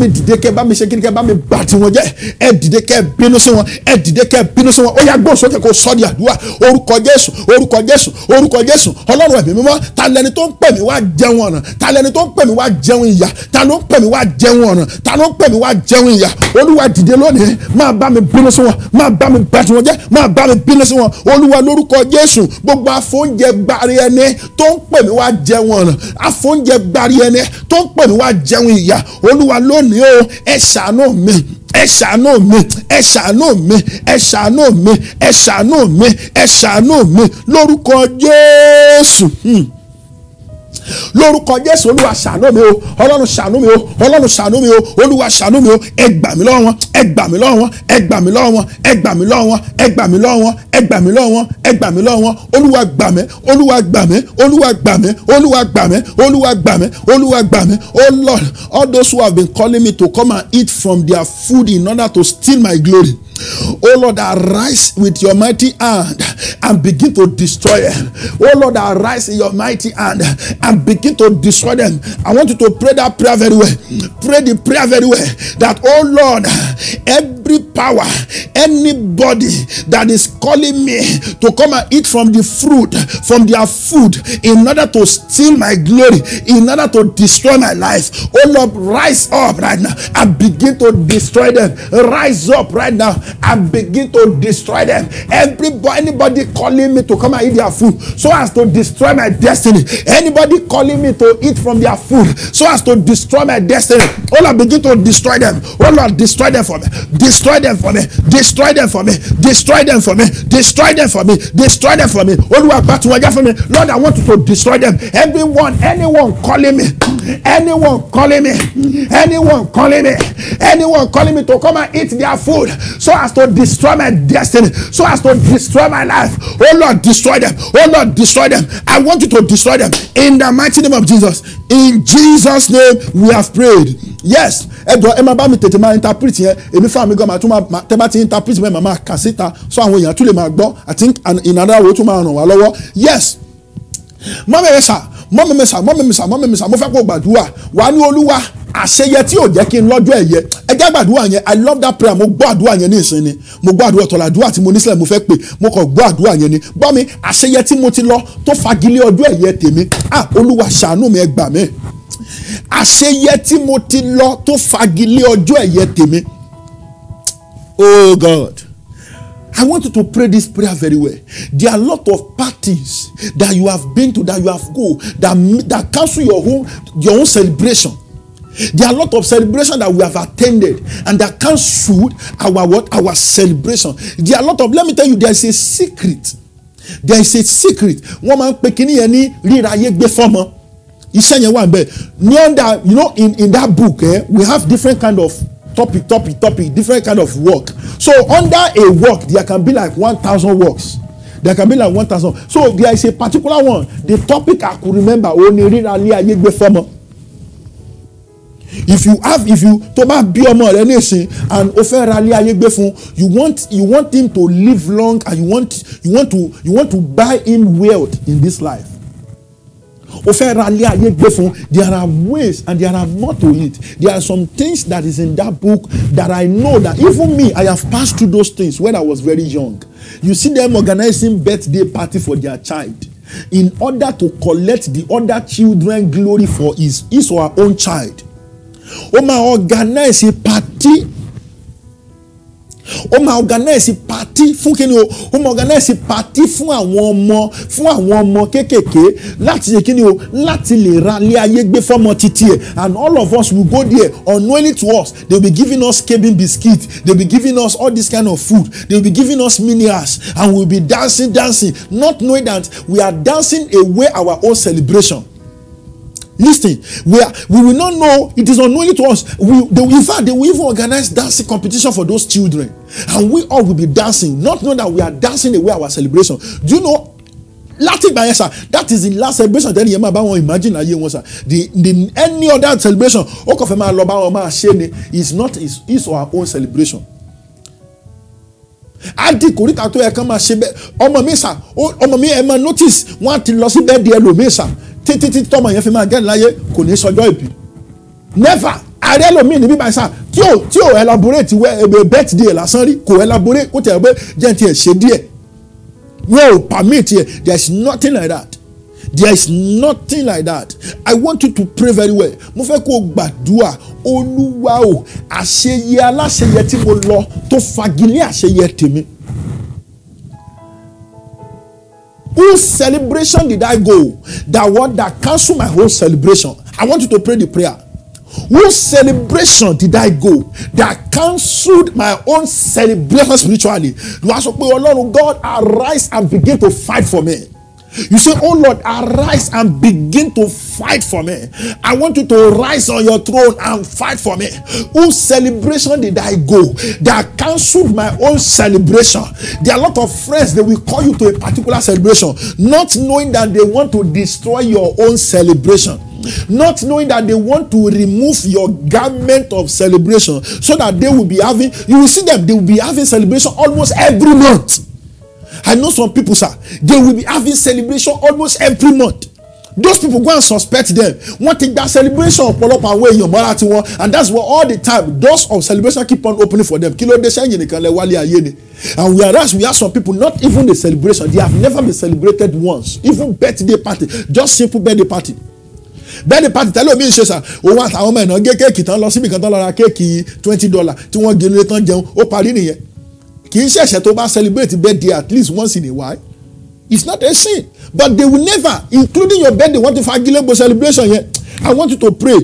mi dìde kẹ bá mi ṣe kíni kẹ bá mi bà tí wọn jẹ ẹ dìde kẹ bínú sí wọn ẹ dìde kẹ bínú sí wọn ó yá gbóhùn sókè kó sọ di àdúrà orúkọ Jésù orúkọ Jésù orúkọ Jésù Ọlọ́run ẹ̀mí mímọ́ ta lẹni tó ń pè mí wá jẹun ọ̀nà ta lẹni tó ń pè mí wá jẹun ìyà ta ló ń pè mí wá jẹun ọ̀nà ta ló ń pè mí wá jẹun ìyà Olúwa dìde lónìí máa bá mi bínú sí wọn máa bá mi mi bínú sí hallelujah olúwa lónìí o ẹ ṣàánú mi ẹ ṣàánú mi ẹ ṣàánú mi ẹ ṣàánú mi ẹ ṣàánú mi ẹ ṣàánú mi lórúkọ jésù. Hmm lórúkọ jésù olúwa ṣàánú mi o ọlọ́run ṣàánú mi o ọlọ́run ṣàánú mi o olúwa ṣàánú mi o ẹ gbà mí lọ́wọ́ ẹ gbà mí lọ́wọ́ ẹ gbà mí lọ́wọ́ ẹ gbà mí lọ́wọ́ ẹ gbà mí lọ́wọ́ ẹ gbà mí lọ́wọ́ ẹ gbà mí lọ́wọ́ olúwa gbà mí olúwa gbà mí olúwa gbà mí olúwa gbà mí olúwa gbà mí olúwa gbà mí oh lord all those who have been calling me to come and eat from their food in order to steal my glory. Oh Lord, arise with your mighty hand and begin to destroy them. Oh Lord, arise in your mighty hand and begin to destroy them. I want you to pray that prayer very well. Pray the prayer very well that, oh Lord, every power, anybody that is calling me to come and eat from the fruit, from their food, in order to steal my glory, in order to destroy my life, oh Lord, rise up right now and begin to destroy them. Rise up right now and begin to destroy them. Everybody, anybody calling me to come and eat their food so as to destroy my destiny. Anybody calling me to eat from their food so as to destroy my destiny. Oh Lord, begin to destroy them. Oh Lord, destroy them for me. Destroy them for me. Destroy them for me. Destroy them for me. Destroy them for me. Destroy them for me. Olúwa bá tiwọn jẹ́ fún Lord, I want you to destroy them. Everyone, anyone calling me. Anyone calling me. Anyone calling me. Anyone calling me to come and eat their food so as to destroy my destiny, so as to destroy my life. Oh Lord, destroy them. Oh Lord, destroy them. I want you to destroy them in the mighty name of Jesus. In Jesus' name, we have prayed. Yes, ẹ̀dọ̀ ẹ máa bá mi tètè máa interpret yẹn èmi fún mi gan máa tún máa tẹ́ bá ti interpret bẹ́ẹ̀ máa máa kà síta so àwọn èèyàn tún lè máa gbọ́ I think in another way tún máa ràn wá lọ́wọ́. Yes, mọ́mọ́ ẹ̀ sà mọ́mímísà mọ́mímísà mọ́mímísà mo fẹ́ kó gbàdúrà wà ní olúwa àṣeyẹ tí ò jẹ́ kí n lọ́jọ́ ẹ̀yẹ ẹ gbàdúrà yẹn i love that prayer mo gbọ́ àdúrà yẹn ní ìsinmi mo gbọ́ àdúrà tọ́lá àdúrà tí mo ní sílẹ̀ mo fẹ́ pè mo kàn gbọ́ àdúrà yẹn ni gbọ́ mi àṣeyẹ tí mo ti lọ tó fagilé ọjọ́ ẹ̀yẹ tèmi ah olúwa ṣàánú mi ẹ gbà mí àṣeyẹ tí mo ti lọ tó fagilé ọjọ́ ẹ̀yẹ tèmi oh god I want you to pray this prayer very well. There are a lot of parties that you have been to, that you have go, that, that cancel your home, your own celebration. There are a lot of celebration that we have attended and that cancelled our what our celebration. There are a lot of let me tell you, there is a secret. There is a secret. Woman, pekini any leader kíní yẹn ní ríra ayé gbé that, you know, in, in that book, eh, we have different kind of topic topic topic different kind of work so under a work there can be like one thousand works there can be like one thousand so there is a particular one the topic i could remember ó ní rírà ilé ayé if you have if you tó bá bí ọmọ rẹ nísìn and o fẹ́ ra ilé ayé you want you want him to live long and you want you want to you want to buy him wealth in this life o fẹ́ ra ilé ayé gbé fún there are ways and there are more to it there are some things that is in that book that I know that even me I have passed through those things when I was very young you see them organizing birthday party for their child in order to collect the other children glory for his his or her own child o ma organize a party ó máa organize party fún kíni o ó máa organize party fún àwọn ọmọ fún àwọn ọmọ kéékèèké láti ṣe kíni o láti lè ra ilé ayé gbé fọmọ títí ẹ and all of us will go there unknowingly to us they will be giving us cabin biscuit they will be giving us all this kind of food they will be giving us minias and we will be dancing dancing not knowing that we are dancing away our own celebration Listen, we, are, we will not know, it is unknowing to us. We, they, in fact, they will even organize dancing competition for those children. And we all will be dancing, not knowing that we are dancing away our celebration. Do you know Latin, ìgbà yẹn that is the last celebration tẹ́ni yẹn máa bá wọn imagine ayé wọn sà the the any other celebration ó kàn fẹ́ máa lọ bá wọn máa ṣe ni is not is his or own celebration. adi kòríta tó yẹ kán máa ṣe bẹ́ẹ̀ ọmọ mi sà ọmọ mi ẹ máa notice wọ́n á ti lọ sí bẹ́ẹ̀ di ẹlòmíì sà títí títí tọmọ yẹn fi máa gẹ́ni láyé kò ní sọjọ́ ìbí never ààrẹ lomi ní bíbá sá tí ò tí ò elaborate wẹ ebe birthday lásán rí kò elaborate kò tẹ̀ pé jẹ́ ti ẹ̀ ṣe díẹ̀ wọn ò permit yẹ there is nothing like that there is nothing like that i want you to pray very well mo fẹ́ kó o gbàdúrà olúwa o àṣeyẹ aláṣeyẹ tí mo lọ tó fagilé àṣeyẹ tèmi whose celebration did I go? That what that cancel my whole celebration. I want you to pray the prayer. Whose celebration did I go that cancelled my own celebration spiritually? You are Lord God, arise and begin to fight for me. You say, Oh Lord, arise and begin to fight for me. I want you to rise on your throne and fight for me. Whose celebration did I go? They have cancelled my own celebration. There are a lot of friends that will call you to a particular celebration, not knowing that they want to destroy your own celebration not knowing that they want to remove your garment of celebration so that they will be having you will see them they will be having celebration almost every month I know some people, sir, they will be having celebration almost every month. Those people go and suspect them. Wọ́n ti gba celebration ọ̀pọ̀lọpọ̀ àwọn èèyàn mọ́ra tiwọn and that's why all the time doors of celebration keep on opening for them. Kí ló dé sẹ́yìn nìkan lẹ wálé ayé ni? And whereas we have some people not even the celebration they have never been celebrated once even birthday party just simple birthday party Birthday party. tẹ́lẹ̀ omi ṣe sà òun àtàwọn ọmọ ẹ̀ náà gé kéèkì tán lọ síbi kan tán lọ ra kéèkì twenty dollar tí wọ́n gé lé tán jẹun ó parí nìyẹn kì í ṣẹ̀ṣẹ̀ tó bá celebrate birthday at least once in a while it's not a sin but they will never including your birthday wọ́n ti fagilégbo celebration yẹn I want you to pray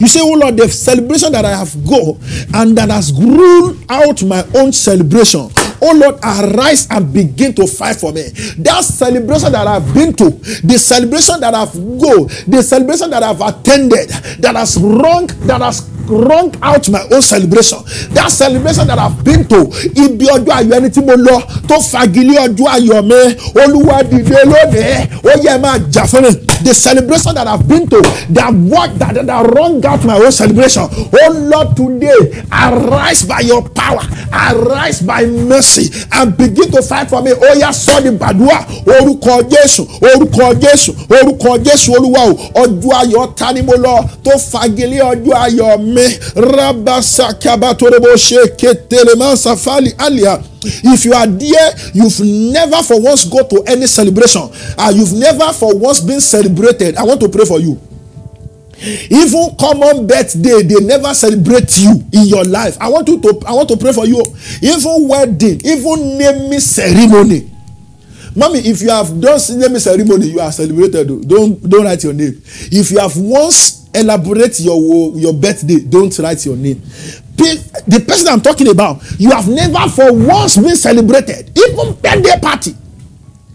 you say oh Lord the celebration that I have go and that has ruled out my own celebration oh Lord arise and begin to fight for me that celebration that I've been to the celebration that I've go the celebration that I've attended that has wrong that has Run out my own celebration that celebration that I've been to ibi ọjọ́ ayọ̀ ẹni tí mo lọ tó fagilé ọjọ́ ayọ̀ mi olúwa dìde lónìí ó yẹ máa jà fún mi the celebration that I've been to that what that, that, that wrong out my own celebration oh Lord today arise by your power arise by mercy and begin to fight for me ó sọ di gbàdúrà orúkọ Jésù orúkọ Jésù orúkọ Jésù olúwa o ọjọ́ ayọ̀ ta ni mo lọ tó fagilé ọjọ́ ayọ̀ mi me alia. If you are there, you've never for once go to any celebration, and ah, you've never for once been celebrated. I want to pray for you. Even common birthday, they never celebrate you in your life. I want you to I want to pray for you. Even wedding, even naming ceremony mommy if you have done sinemi ceremony you are celebrated o oh. don't don't write your name if you have once elaborate your your birthday don't write your name the person i'm talking about you have never for once been celebrated even birthday party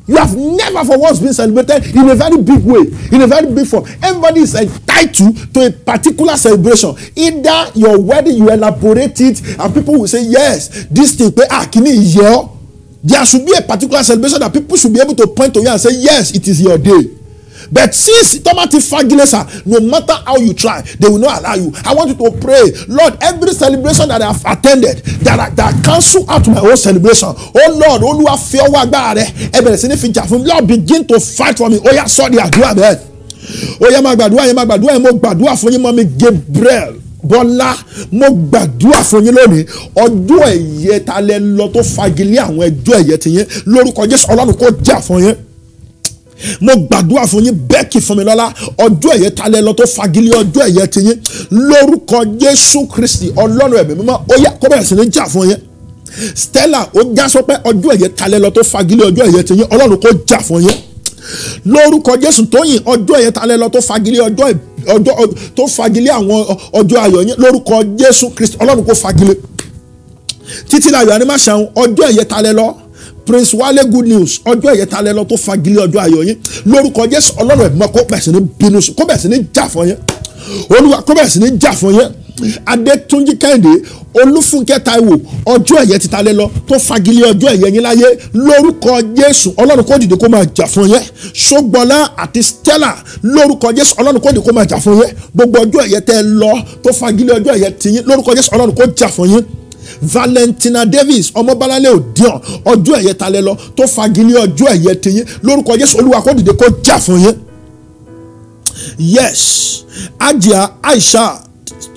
you have never for once been celebrated in a very big way in a very big form everybody is entitled to a particular celebration either your wedding you elaborate it and people will say yes this thing pe ah kini iye o there should be a particular celebration that people should be able to point to you and say yes it is your day but since tomati fagilesa no matter how you try they will not allow you i want you to pray lord every celebration that i have attended that i that cancel out my own celebration oh lord olúwa fi ọwọ́ agbára rẹ ẹ bẹ̀rẹ̀ sí ní fi jà lord begin to fight for me oya sọ di àdúrà bẹ́ẹ̀ oya máa gbàdúrà yẹn máa gbàdúrà yẹn mo gbàdúrà fún yín mọ́ mi Gabriel Bọ́lá mo gbàdúrà fún yín lónìí ọdún ẹ̀yẹ ta lẹ lọ tó fagilé àwọn ẹjọ́ ẹ̀yẹ ti yín lórúkọ Jésù Ọlọ́run kó jà fún yín mo gbàdúrà fún yín Becky Fúnmilọ́lá ọjọ́ ẹ̀yẹ ta lẹ lọ tó fagilé ọjọ́ ẹ̀yẹ ti yín lórúkọ Jésù Kristi Ọlọ́run ẹ̀mí mímọ́ ó yá kó bẹ̀rẹ̀ sí ní jà fún yín Stella ó já sọ pé ọjọ́ ẹ̀yẹ ta lẹ lọ tó fagilé ọjọ́ ẹ̀yẹ ti yín Ọlọ́run kó jà fún yín lórúkọ jésù tóyìn ọjọ́ yẹn talẹ́ lọ tó fagilé ọjọ́ ọjọ́ tó fagilé àwọn ọjọ́ ayọ̀ yẹn lórúkọ jésù kristi ọlọ́run kò fagilé títí láyọ̀ ànímáṣàun ọjọ́ yẹn talẹ́ lọ prince wale good news ọjọ́ ìyẹta lẹ́lọ tó fagilé ọjọ́ ayọ̀ yín lórúkọ jésù ọlọ́run ẹ̀gbọ́n kó bẹ̀rẹ̀ sí ní bínú kó bẹ̀rẹ̀ sí ní jà fún yín olúwa kó bẹ̀rẹ̀ ní jà fún yín adétúnjí kẹ́hìndé olúfúnkẹ́ táíwò ọjọ́ ẹ̀yẹ ti talẹ́ lọ tó fagilé ọjọ́ ẹ̀yẹ yín láyé lórúkọ jésù ọlọ́run kò dìde kó máa jà fún yẹn ṣógbọ́lá àti stella lórúkọ jésù ọlọ́run kò dìde kó máa jà fún yẹn gbogbo ọjọ́ ẹ̀yẹ tẹ́ lọ tó fagilé ọjọ́ ẹ̀yẹ tiyín lórúkọ jésù ọlọ́run kò jà fún yín valentina davis ọmọbalálẹ̀ òdiwọ̀n ọjọ́ ẹ̀yẹ talẹ́ lọ tó fagilé ọjọ́ ẹ̀yẹ tiyín lórúkọ jésù olúwa kò dìde kó jà fún yín yes ajia aisha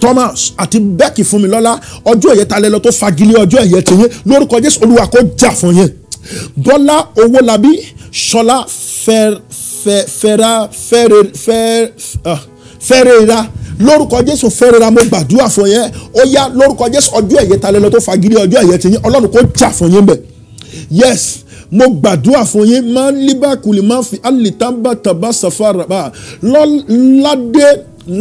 Thomas àti Becky Fúnmilọ́lá ọjọ́ ẹ̀yẹ talẹ́ lọ tó fagilé ọjọ́ ẹ̀yẹ tiyín lórúkọ Jésù Olúwa kó jà fún yín Bọ́lá Owólabí Ṣọlá Fẹ́ra Fẹ́rẹ́ra ah, lórúkọ Jésù Fẹ́rẹ́ra mo gbàdúrà fún yín ó yá lórúkọ Jésù ọjọ́ ẹ̀yẹ talẹ́ lọ tó fagilé ọjọ́ ẹ̀yẹ tiyín Ọlọ́run kó jà fún yín bẹ́ẹ̀ yes mo gbàdúrà fún yín máa ń líbàkulì máa ń fi alìtàbàtàbà sàfàràbà lọ́ládé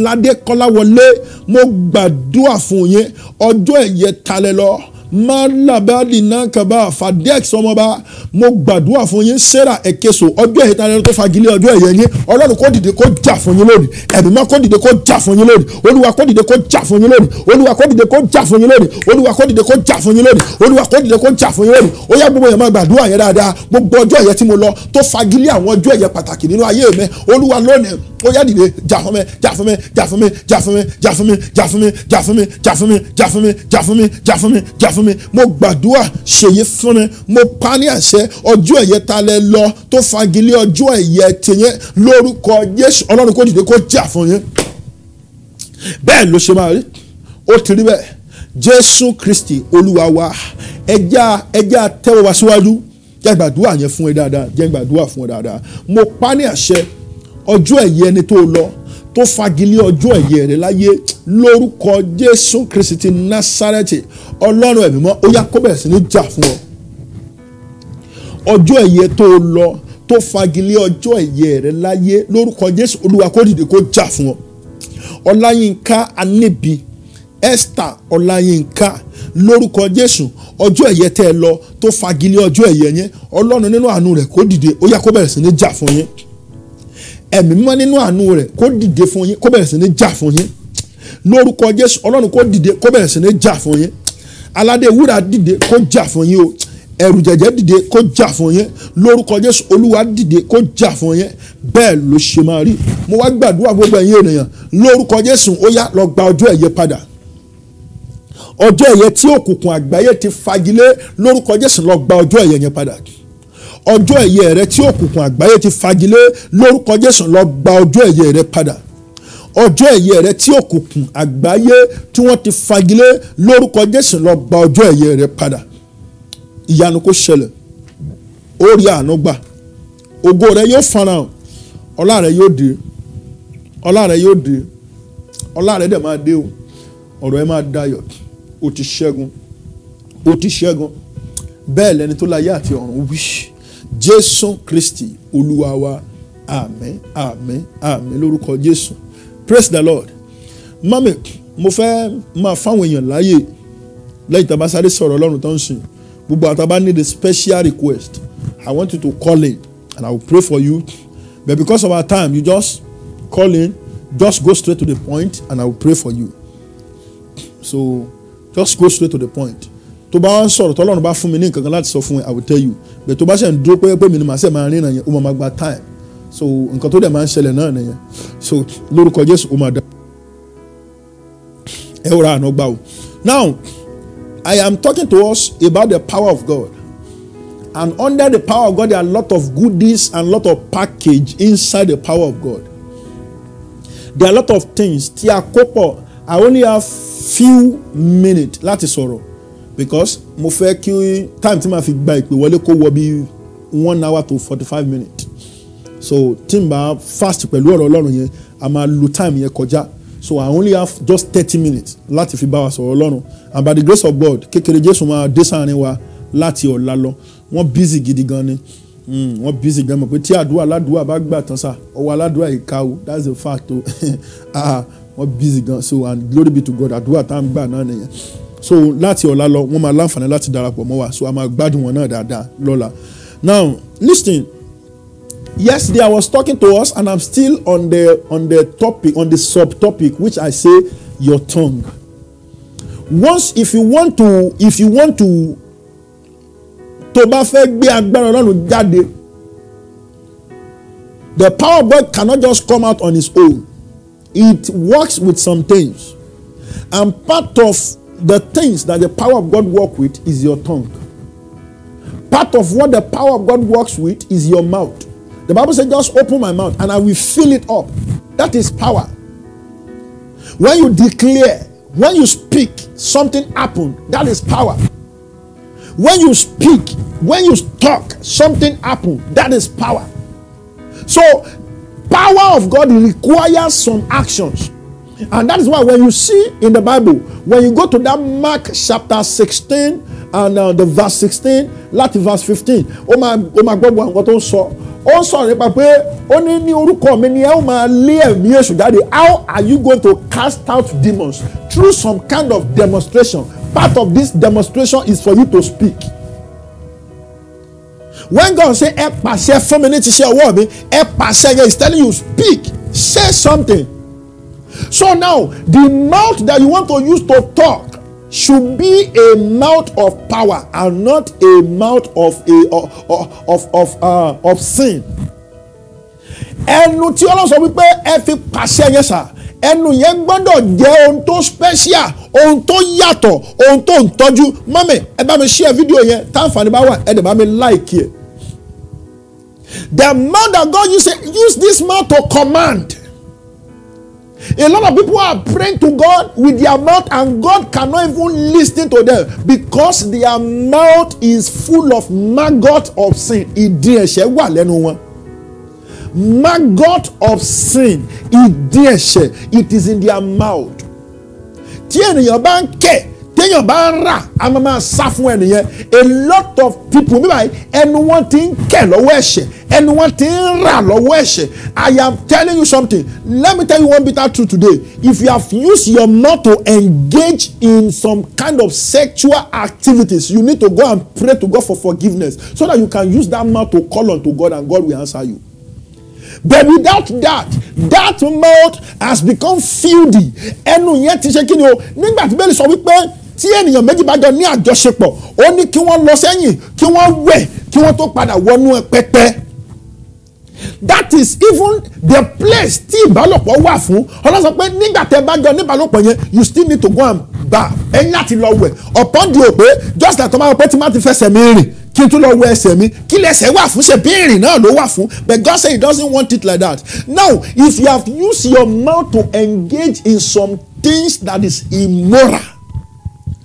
Ládé Kọ́láwọlé mo gbàdúrà fún yín ọjọ́ ẹ̀yẹ talẹ̀ lọ malabali nankaba fadex ọmọba mo gbàdúrà fún yín sarah ekeso ọjọ́ ìta ẹni tó fagilé ọjọ́ ẹ̀yẹ yín ọlọ́run kó dìde kó jà fún yín lónìí ẹ̀mí má kó dìde kó jà fún yín lónìí olúwa kó dìde kó jà fún yín lónìí olúwa kó dìde kó jà fún yín lónìí olúwa kó dìde kó jà fún yín lónìí olúwa kó dìde kó jà fún yín lónìí ó yá gbogbo yẹn máa gbàdúrà yẹn dáadáa gbogbo ọjọ́ ẹ̀yẹ tí mo lọ tó fagilé àwọn ọjọ́ ẹ̀yẹ pàtàkì nínú ayé mi olúwa lónìí ó yá dìde jà fún mi jà fún mi jà fún mi jà fún mi jà fún mi jà fún mi jà fún mi jà fún mi jà fún mi jà fún fún mi mo gbàdúrà ṣèyí fún mi mo pa ní àṣẹ ọjọ́ ẹ̀yẹ ta lẹ lọ tó fagilé ọjọ́ ẹ̀yẹ tìyẹn lórúkọ Jésù Ọlọ́run kò dìde kó jà fún yín bẹ́ẹ̀ ló ṣe máa rí ó ti rí bẹ́ẹ̀ Jésù Kristi Olúwa wa ẹja ẹja tẹ́wọ́ wa síwájú jẹ́ gbàdúrà yẹn fún ẹ dáadáa jẹ́ gbàdúrà fún ẹ dáadáa mo pa ní àṣẹ ọjọ́ ẹ̀yẹ ni tó lọ tó fagilé ọjọ́ ẹ̀yẹ rẹ̀ láyé lórúkọ Jésù Kristi Násárẹ́tì Ọlọ́run ẹ̀mí mọ́ ó yá kó bẹ̀rẹ̀ sí ní jà fún ọ ọjọ́ ẹ̀yẹ tó lọ tó fagilé ọjọ́ ẹ̀yẹ rẹ̀ láyé lórúkọ Jésù Olúwa kó dìde kó jà fún ọ Ọláyínká Aníbi Esther Ọláyínká lórúkọ Jésù ọjọ́ ẹ̀yẹ tẹ́ ẹ lọ tó fagilé ọjọ́ ẹ̀yẹ yẹn Ọlọ́run nínú àánú rẹ̀ kó dìde ó yá kó bẹ̀rẹ̀ sí ní jà fún yín ẹ̀mí mímọ́ nínú àánú rẹ̀ kó dìde fún yín kó bẹ̀rẹ̀ sí ní jà fún yín lórúkọ jésù ọlọ́run kó dìde kó bẹ̀rẹ̀ sí ní jà fún yín aládé wúrà dìde kó jà fún yín o ẹ̀rù jẹ̀jẹ̀ dìde kó jà fún yín lórúkọ jésù olúwa dìde kó jà fún yín bẹ́ẹ̀ ló ṣe máa rí mo wá gbàdúrà gbogbo ẹ̀yin ènìyàn lórúkọ jésù ó yá lọ gba ọjọ́ ẹ̀yẹ padà ọjọ́ ẹ̀yẹ tí òkùnkùn àgbáyé ti fagilé lórúkọ jésù lọ gba ọjọ́ ẹ̀yẹ yẹn padà ọjọ́ ẹ̀yẹ rẹ tí òkùnkùn àgbáyé ti fagilé lórúkọ Jésù lọ gba ọjọ́ ẹ̀yẹ rẹ padà ọjọ́ ẹ̀yẹ rẹ tí òkùnkùn àgbáyé tí wọ́n ti fagilé lórúkọ Jésù lọ gba ọjọ́ ẹ̀yẹ rẹ padà ìyanu kó ṣẹlẹ̀ ó rí àánú gbà ògo rẹ yóò farahàn ọlá rẹ yóò dé ọlá rẹ yóò dé ọlá rẹ dẹ̀ máa dé o ọ̀rọ̀ ẹ máa dayọ̀ o ti ṣẹ́gun o ti ṣẹ́gun bẹ́ẹ̀ lẹni tó láyé àti ọ̀run wí jésù kristi olúwa Amen, Amen, Amen. àmín lórúkọ jésù praise the lord mami mo fẹ́ máa fáwọn èèyàn láàyè lẹ́yìn tá a bá sáré sọ̀rọ̀ ọlọ́run tó ń sìn gbogbo àtàbá need a special request i want you to call in and i will pray for you but because of our time you just call in just go straight to the point and i will pray for you so just go straight to the point tó bá ń sọ̀rọ̀ tọ́lọ́run bá fún mi ní nǹkan kan láti sọ fún ẹ I will tell you but tó bá ṣe ń dúró pé pé mi ni màá ṣe máa ríran yẹn ó máa gba time so nǹkan tó dẹ̀ máa ń ṣẹlẹ̀ náà nìyẹn so lórúkọ Jésù ó máa dá ẹ wúra àná gbà o now I am talking to us about the power of God and under the power of God there are a lot of goodies and a lot of package inside the power of God there are a lot of things tí a kó pọ̀ I only have few minutes láti sọ̀rọ̀ because mo fẹ́ kí time tí màá fi gba ìpè wọlé kó wọ bí one hour to forty five minutes so tí n bá fast pẹ̀lú ọ̀rọ̀ ọlọ́run yẹn a máa lo time yẹn kọjá so I only have just thirty minutes láti fi bá wa sọ̀rọ̀ ọlọ́run and by the grace of God kékeré Jésù máa dé sáàrin wa láti ọ̀la lọ wọ́n busy gidi gan ni hmm, wọ́n busy gan mọ̀ pé tí àdúrà aládùúrà bá gbà tán sá ọwọ́ aládùúrà yìí ká o that's the fact o ah, wọ́n busy gan so and glory be to God àdúrà tá à ń gbà náà nìyẹn so láti ọ̀la lọ wọ́n máa láǹfààní láti darapọ̀ mọ́ wa so a máa gbádùn wọn náà dáadáa lọ́la now listen yesterday I was talking to us and I'm still on the on the topic on the subtopic which I say your tongue once if you want to if you want to tó bá fẹ́ gbé agbára Ọlọ́run jáde the power boy cannot just come out on his own it works with some things and part of the things that the power of God work with is your tongue. Part of what the power of God works with is your mouth. The Bible says, just open my mouth and I will fill it up. That is power. When you declare, when you speak, something happened. That is power. When you speak, when you talk, something happened. That is power. So, power of God requires some actions. And that is why when you see in the Bible, when you go to that Mark chapter 16 and uh, the verse 16 láti verse 15, ó máa ó máa gbọ́ nǹkan tó ń sọ. Ó ń nípa pé ó ní ní orúkọ mi ni ẹ ó máa lé ẹ̀mí èṣù jáde. How are you going to cast out demons? Through some kind of demonstration. Part of this demonstration is for you to speak. When God say ẹ pàṣẹ fún mi ní ti ṣe ọwọ́ mi, ẹ pàṣẹ yẹn is telling you speak, say something. So now, the mouth that you want to use to talk should be a mouth of power and not a mouth of a of of of, uh, of sin. ẹnu tí ọlọ́run sọ wípé ẹ fi pàṣẹ yẹn sà ẹnu yẹn gbọ́dọ̀ jẹ́ ohun tó special ohun tó yàtọ̀ ohun tó ń tọ́jú mọ́mì ẹ bá mi share fídíò yẹn táǹfààní bá wà ẹ dẹ̀ bá mi like ẹ. the mouth that God use use this mouth to command A lot of people are praying to God with their mouth, and God cannot even listen to them because their mouth is full of maggot of sin. Ìdí ẹ̀ṣẹ̀ wà lẹ́nu wọn. Maggot of sin. Ìdí It is in their mouth. Tí ènìyàn bá téèyàn bá ń rà á máa máa sá fún ẹnìyẹn a lot of people mi báyìí ẹnu wọn ti ń kẹ̀ lọ́wọ́ ẹ̀ṣẹ̀ ẹnu wọn ti ń rà lọ́wọ́ ẹ̀ṣẹ̀ I am telling you something let me tell you one bitter truth today if you have used your mouth to engage in some kind of sexual activities you need to go and pray to God for forgiveness so that you can use that mouth to call unto God and God will answer you. But without that, that mouth has become filthy. Ẹnu yẹn ti ṣe kí ni o? Nígbà tí bẹ́ẹ̀ sọ wípé tí ènìyàn méjì bá jọ ní àjọṣepọ̀ ó ní kí wọ́n lọ sẹ́yìn kí wọ́n wẹ̀ kí wọ́n tó padà wọnú pẹpẹ that is even the place tí ìbálòpọ̀ wà fún ọlọ́run sọ pé nígbà tẹ́ bá jọ níbálòpọ̀ yẹn you still need to go and bath ẹ̀yin láti lọ wẹ̀ ọ̀pọ̀ di òpè just like tọ́mọ́ pé tí má ti fẹsẹ̀ mi rìn kí n tún lọ wẹ̀ ẹsẹ̀ mi kí lẹsẹ̀ wà fún ṣe bí náà ló wà fún but God say he doesn't want it like that now if you have used your mouth to engage in some things that is immoral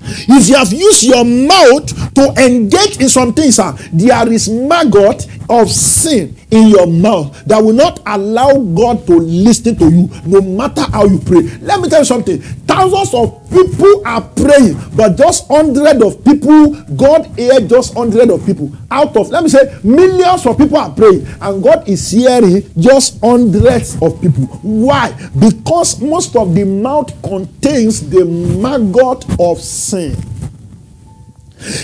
If you have used your mouth to engage in some things, uh, there is maggot of sin in your mouth that will not allow God to listen to you no matter how you pray. Let me tell you something. Thousands of people are praying, but just hundred of people, God hear just hundred of people out of, let me say, millions of people are praying, and God is hearing just hundreds of people. Why? Because most of the mouth contains the maggot of sin.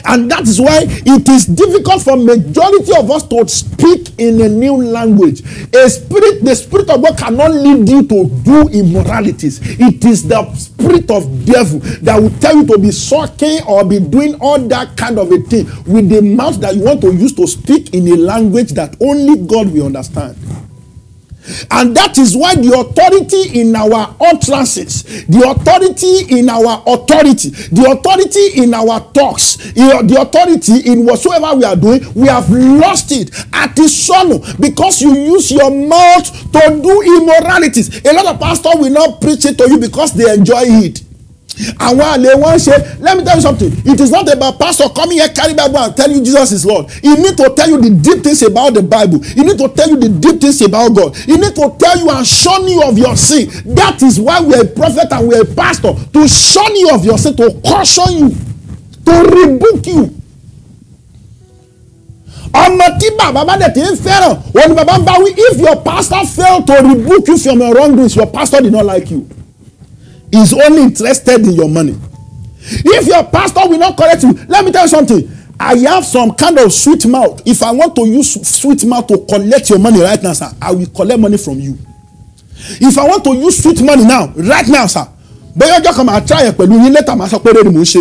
And that is why it is difficult for majority of us to speak in a new language. A spirit, the spirit of God cannot lead you to do immoralities. It is the spirit of devil that will tell you to be sucking or be doing all that kind of a thing with the mouth that you want to use to speak in a language that only God will understand. And that is why the authority in our utterances, the authority in our authority, the authority in our talks, the authority in whatsoever we are doing, we have lost it at the son because you use your mouth to do immoralities. A lot of pastors will not preach it to you because they enjoy it àwọn àlè wọn ṣe let me tell you something it is not about pastor coming here carry bible and tell you jesus is lord he need to tell you the deep things about the bible he need to tell you the deep things about god he need to tell you and shun you of your sin that is why we are a prophet and we are a pastor to shun you of your sin to caution you to rebuke you ọmọ tí bàbá bá dẹ̀ ti ń fẹ́ràn òun ni bàbá ń bá wí if your pastor fail to rebuke you from your wrongdoings your pastor did not like you is only interested in your money if your pastor will not correct you let me tell you something I have some kind of sweet mouth. If I want to use sweet mouth to collect your money right now, sir, I will collect money from you. If I want to use sweet money now, right now, sir, bóyá ọjọ́ kan máa try ẹ̀ pẹ̀lú yín later máa sọ pé rere mò ń ṣe.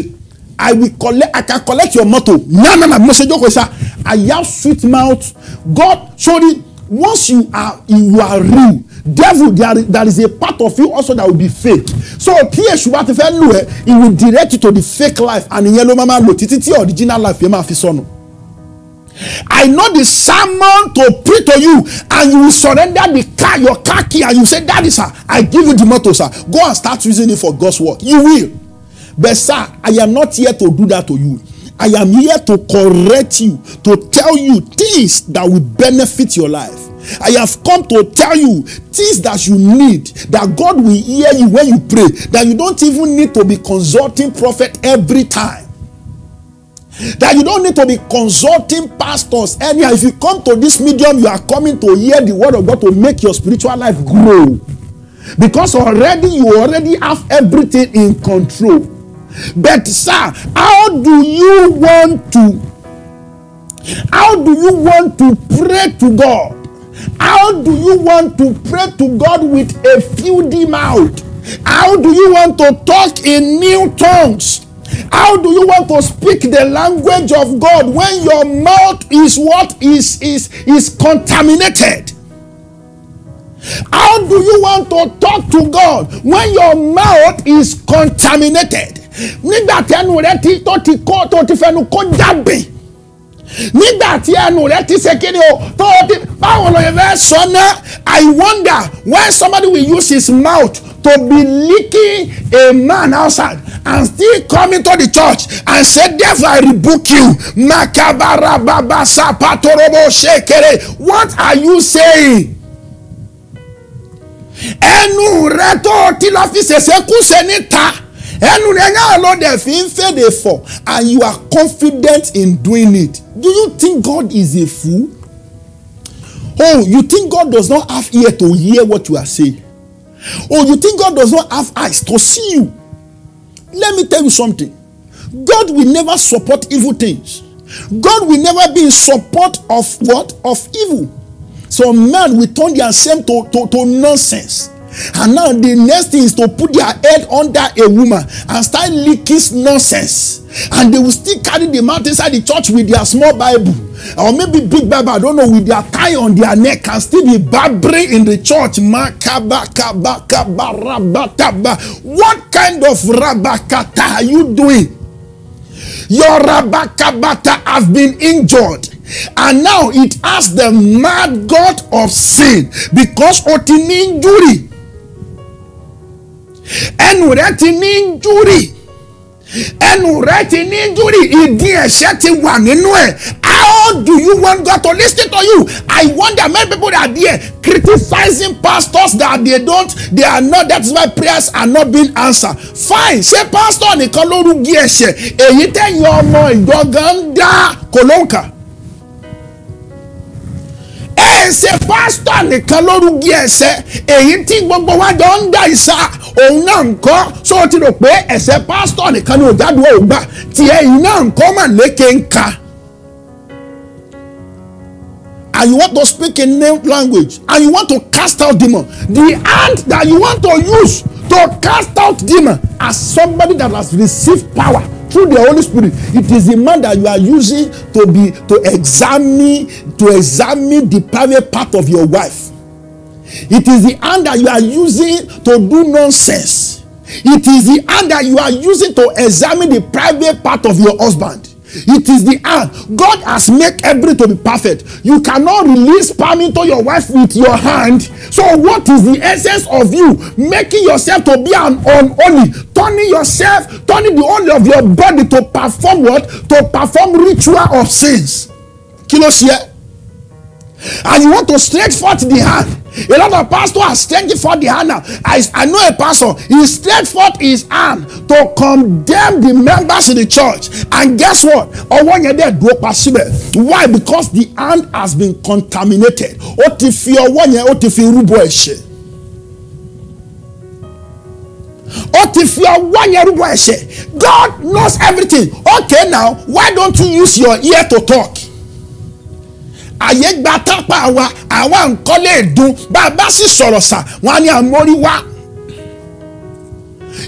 I will collect I can collect your motto. No, no, no, mo ṣe jókòó sá. I have sweet mouth. God sorry once you are you are real devil there, there is a part of you also that will be fake so tí èṣù bá ti esu lù ẹ́ he will direct you to the fake life and ìyẹn ló máa máa lò títí tí original life yẹn máa fi sọnù. I know the sermon to preach to you, and you will surrender the car, your car key, and you say, Daddy, sir, I give you the motor, sir. Go and start using it for God's work. You will. But, sir, I am not here to do that to you. I am here to correct you, to tell you things that will benefit your life. I have come to tell you things that you need that God will hear you when you pray, that you don't even need to be consulting prophet every time. That you don't need to be consulting pastors. Anyhow, if you come to this medium, you are coming to hear the word of God to make your spiritual life grow. Because already you already have everything in control. But sir, how do you want to how do you want to pray to God? How do you want to pray to God with a filthy mouth? How do you want to talk in new tongues? How do you want to speak the language of God when your mouth is what is is is contaminated? How do you want to talk to God when your mouth is contaminated? Nígbà tí ẹnu rẹ ti tó ti kó tó ti fẹnu kó jágbe. Nígbà tí ẹnu rẹ ti ṣe enu re ti se o tó ti i wonder why somebody will use his mouth to be licking a man outside and still coming to the church and say therefore i rebuke you what are you saying ẹnu reto tó ti níta ẹnu and you are confident in doing it do you think God is a fool? Oh, you think God does not have ear to hear what you are saying? Oh, you think God does not have eyes to see you? Let me tell you something. God will never support evil things. God will never be in support of what? Of evil. Some men will turn their shame to, to, to nonsense. And now the next thing is to put their head under a woman and start leaking nonsense. And they will still carry the mouth inside the church with their small Bible or maybe big Bible, I don't know, with their tie on their neck and still be barbering in the church. What kind of rabakata are you doing? Your rabakabata have been injured. And now it has the mad god of sin because of the injury. ẹnu rẹ ti ní injúrì ẹnu rẹ ti ní injúrì ìdí ẹ̀ṣẹ̀ ti wà nínú ẹ̀ how do you want God to listen to you I wonder many people that are there criticizing pastors that they don't they are not that's why prayers are not being answered fine ṣé pastor nìkan ló rú gí ẹ̀ṣẹ̀ èyí tẹ̀yìn ọmọ ìjọ dá kòlóǹkà ṣe pásítọ̀ nìkan lórúkí ẹ̀ṣẹ̀ èyí tí gbogbo wa jọ ń gbà ìsà òun náà ń kọ́ sọ ti rò pé ẹ̀ṣẹ̀ pásítọ̀ nìkan ni òjádùn ògbà tiẹ̀ yìí náà ń kọ́ mà lékè ń ka. and you want to speak in name language and you want to cast out demon the hand that you want to use to cast out demon as somebody that has received power through the Holy Spirit, it is the man that you are using to be to examine to examine the private part of your wife. It is the hand that you are using to do nonsense. It is the hand that you are using to examine the private part of your husband. It is the hand. God has made everything to be perfect. You cannot release palm into your wife with your hand. So, what is the essence of you making yourself to be an only, turning yourself, turning the only of your body to perform what? To perform ritual of sins. Kilos here and you want to stretch forth the hand. A lot of pastors are stretching forth the hand now. I, I know a pastor, he stretched forth his hand to condemn the members of the church. And guess what? Why? Because the hand has been contaminated. God knows everything. Okay, now, why don't you use your ear to talk? àyè gba tápà wa àwa nǹkan lè dùn bá a bá sì sọ̀rọ̀ sà wọ́n ní àmórí wá.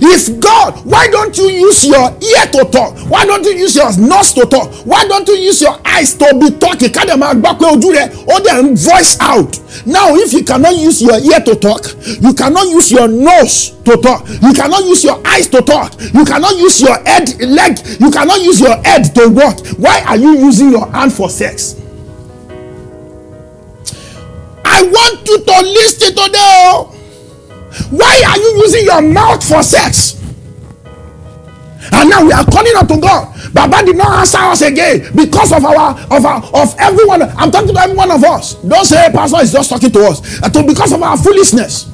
If God, why don't you use your ear to talk? Why don't you use your nose to talk? Why don't you use your eyes to be talking? Ká dẹ̀ man back pé ojú rẹ̀ ó voice out. Now if you cannot use your ear to talk, you cannot use your nose to talk, you cannot use your eyes to talk, you cannot use your head leg, you cannot use your head to walk. Why are you using your hand for sex? I want you to listen today. Oh. Why are you using your mouth for sex? And now we are calling out to God. Baba did not answer us again because of our of our of everyone. I'm talking to every one of us. Don't say hey, pastor is just talking to us. Uh, because of our foolishness.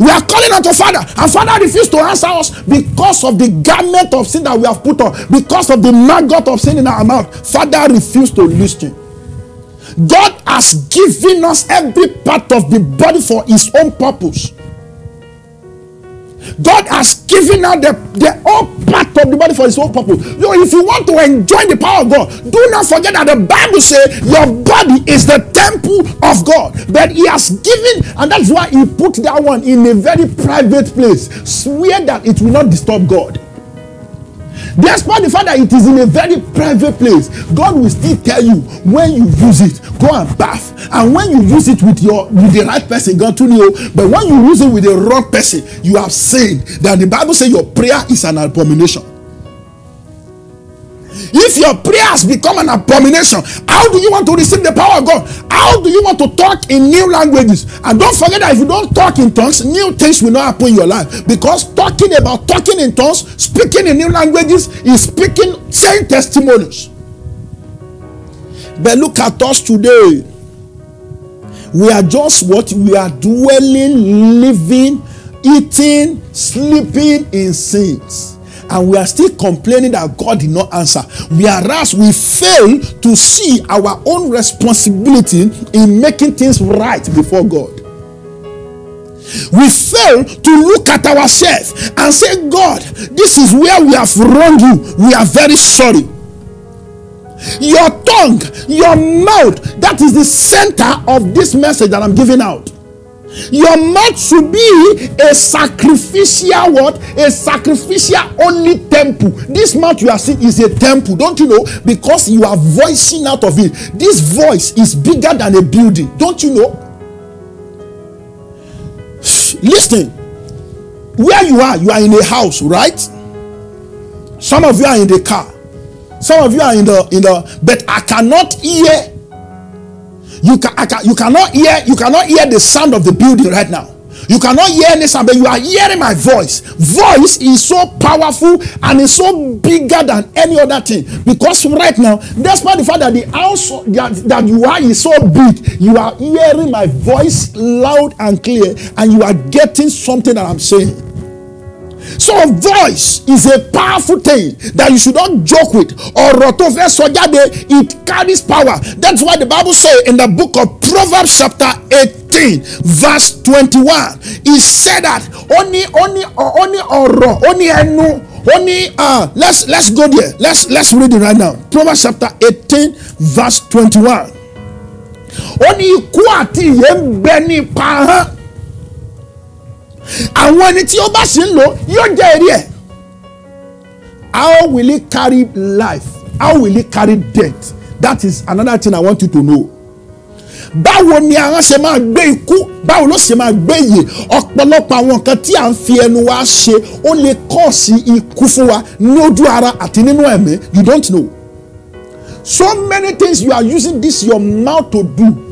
We are calling out to Father, and Father refused to answer us because of the garment of sin that we have put on, because of the maggot of sin in our mouth. Father refused to listen. God has given us every part of the body for His own purpose. God has given us the, the whole part of the body for His own purpose. You know, if you want to enjoy the power of God, do not forget that the Bible says your body is the temple of God. That He has given, and that's why He put that one in a very private place, swear that it will not disturb God. Despite the fact that it is in a very private place, God will still tell you when you use it, go and bath. And when you use it with your with the right person, God to know. But when you use it with the wrong person, you have sinned. That the Bible says your prayer is an abomination. If your prayers become an abomination, how do you want to receive the power of God? How do you want to talk in new languages? And don't forget that if you don't talk in tongues, new things will not happen in your life. Because talking about talking in tongues, speaking in new languages, is speaking, saying testimonies. But look at us today. We are just what we are dwelling, living, eating, sleeping in sins and we are still complaining that God did not answer. We are us. we fail to see our own responsibility in making things right before God. We fail to look at ourselves and say, God, this is where we have wronged you. We are very sorry. Your tongue, your mouth, that is the center of this message that I'm giving out. Your mouth should be a sacrificial what? A sacrificial only temple. This mouth you are seeing is a temple, don't you know? Because you are voicing out of it. This voice is bigger than a building, don't you know? Listen, where you are, you are in a house, right? Some of you are in the car, some of you are in the in the. But I cannot hear you can, can, you cannot hear you cannot hear the sound of the building right now. You cannot hear any sound, but you are hearing my voice. Voice is so powerful and is so bigger than any other thing. Because right now, despite the fact that the house that, that you are is so big, you are hearing my voice loud and clear, and you are getting something that I'm saying. So voice is a powerful thing that you should not joke with. Or sojade, it carries power. That's why the Bible says in the book of Proverbs chapter 18 verse 21 it said that only only only only, only enu only uh let's let's go there let's let's read it right now proverbs chapter 18 verse 21 only kuati yembeni pa. àwọn ẹni tí ó bá sì ń lò yóò jẹ́ èrè ẹ̀. how will he carry life how will he carry death that is another thing I want you to know. báwo ni àwọn ṣe máa gbé ikú báwo ló ṣe máa gbé ìyè ọ̀pọ̀lọpọ̀ àwọn nǹkan tí à ń fi ẹnu wa ṣe ó lè kọ́ọ̀sì ikú fún wa ní ojú ara àti nínú ẹ̀mí you don't know so many things you are using this your mouth to do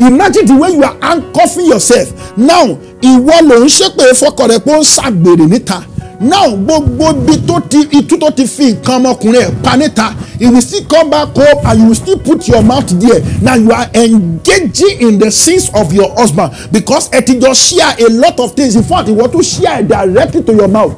imagine the way you are handcuffing yourself now ìwọ ló ń ṣépè fọkọ rẹ pé ó ń ṣàgbèrè níta now gbogbo ibi tó ti itú tó ti fi nǹkan ọmọkùnrin ẹ̀ pa níta he will still come back home and you will still put your mouth there now you are engaging in the sins of your husband because ẹ ti jọ share a lot of things in fact ìwọ tún share directly to your mouth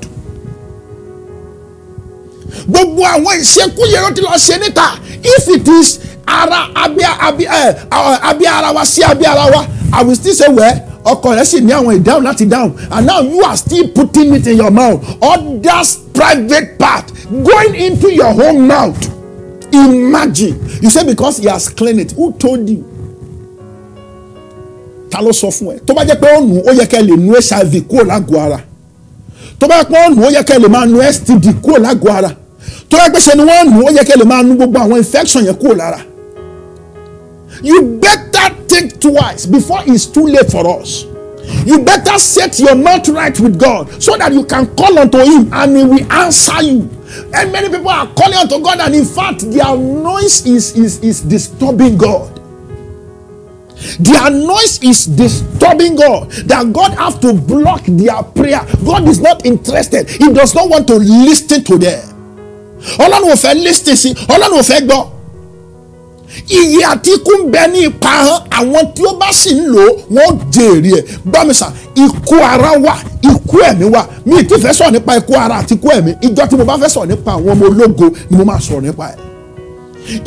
gbogbo àwọn ìṣekúyẹ ló ti lọ ṣe níta if it is ara abia abia ẹ eh, eh, abia ara wa sí abia ara wa i will still say well ọkọ rẹ sì ní àwọn ìdáhùn láti dáhùn and now you are still putting it in your mouth others private part going into your own mouth imagine you say because he has cleaned it who told you ta ló sọ fún ẹ tó bá jẹ́ pé ó nù ó yẹ kẹ́ lè nu hiv kúrò lágọ̀ọ́ ara tó bá jẹ́ pé ó nù ó yẹ kẹ́ lè máa nu std kúrò lágọ̀ọ́ ara tó bá jẹ́ pé ṣe ni wọ́n nù ó yẹ kẹ́ lè máa nu gbogbo àwọn infection yẹn kúrò lára You better think twice before it's too late for us. You better set your mouth right with God so that you can call unto Him and He will answer you. And many people are calling unto God, and in fact, their noise is, is, is disturbing God. Their noise is disturbing God. That God have to block their prayer. God is not interested. He does not want to listen to them. Ọlọ́run ò fẹ́ listen sí ọlọ́run fẹ́ God. iyì àti ikú ń bẹ ní ipa hàn àwọn tí ó bá sì ń lò ó wọn ó jèrè ẹ̀ bámisà ikú ara wà ikú ẹ̀mí wà mi ti fẹ́ sọ̀rọ̀ nípa ikú ara àti ikú ẹ̀mí ìjọ tí mo bá fẹ́ sọ̀rọ̀ nípa àwọn ọmọ ológo ni mo máa sọ̀rọ̀ nípa ẹ̀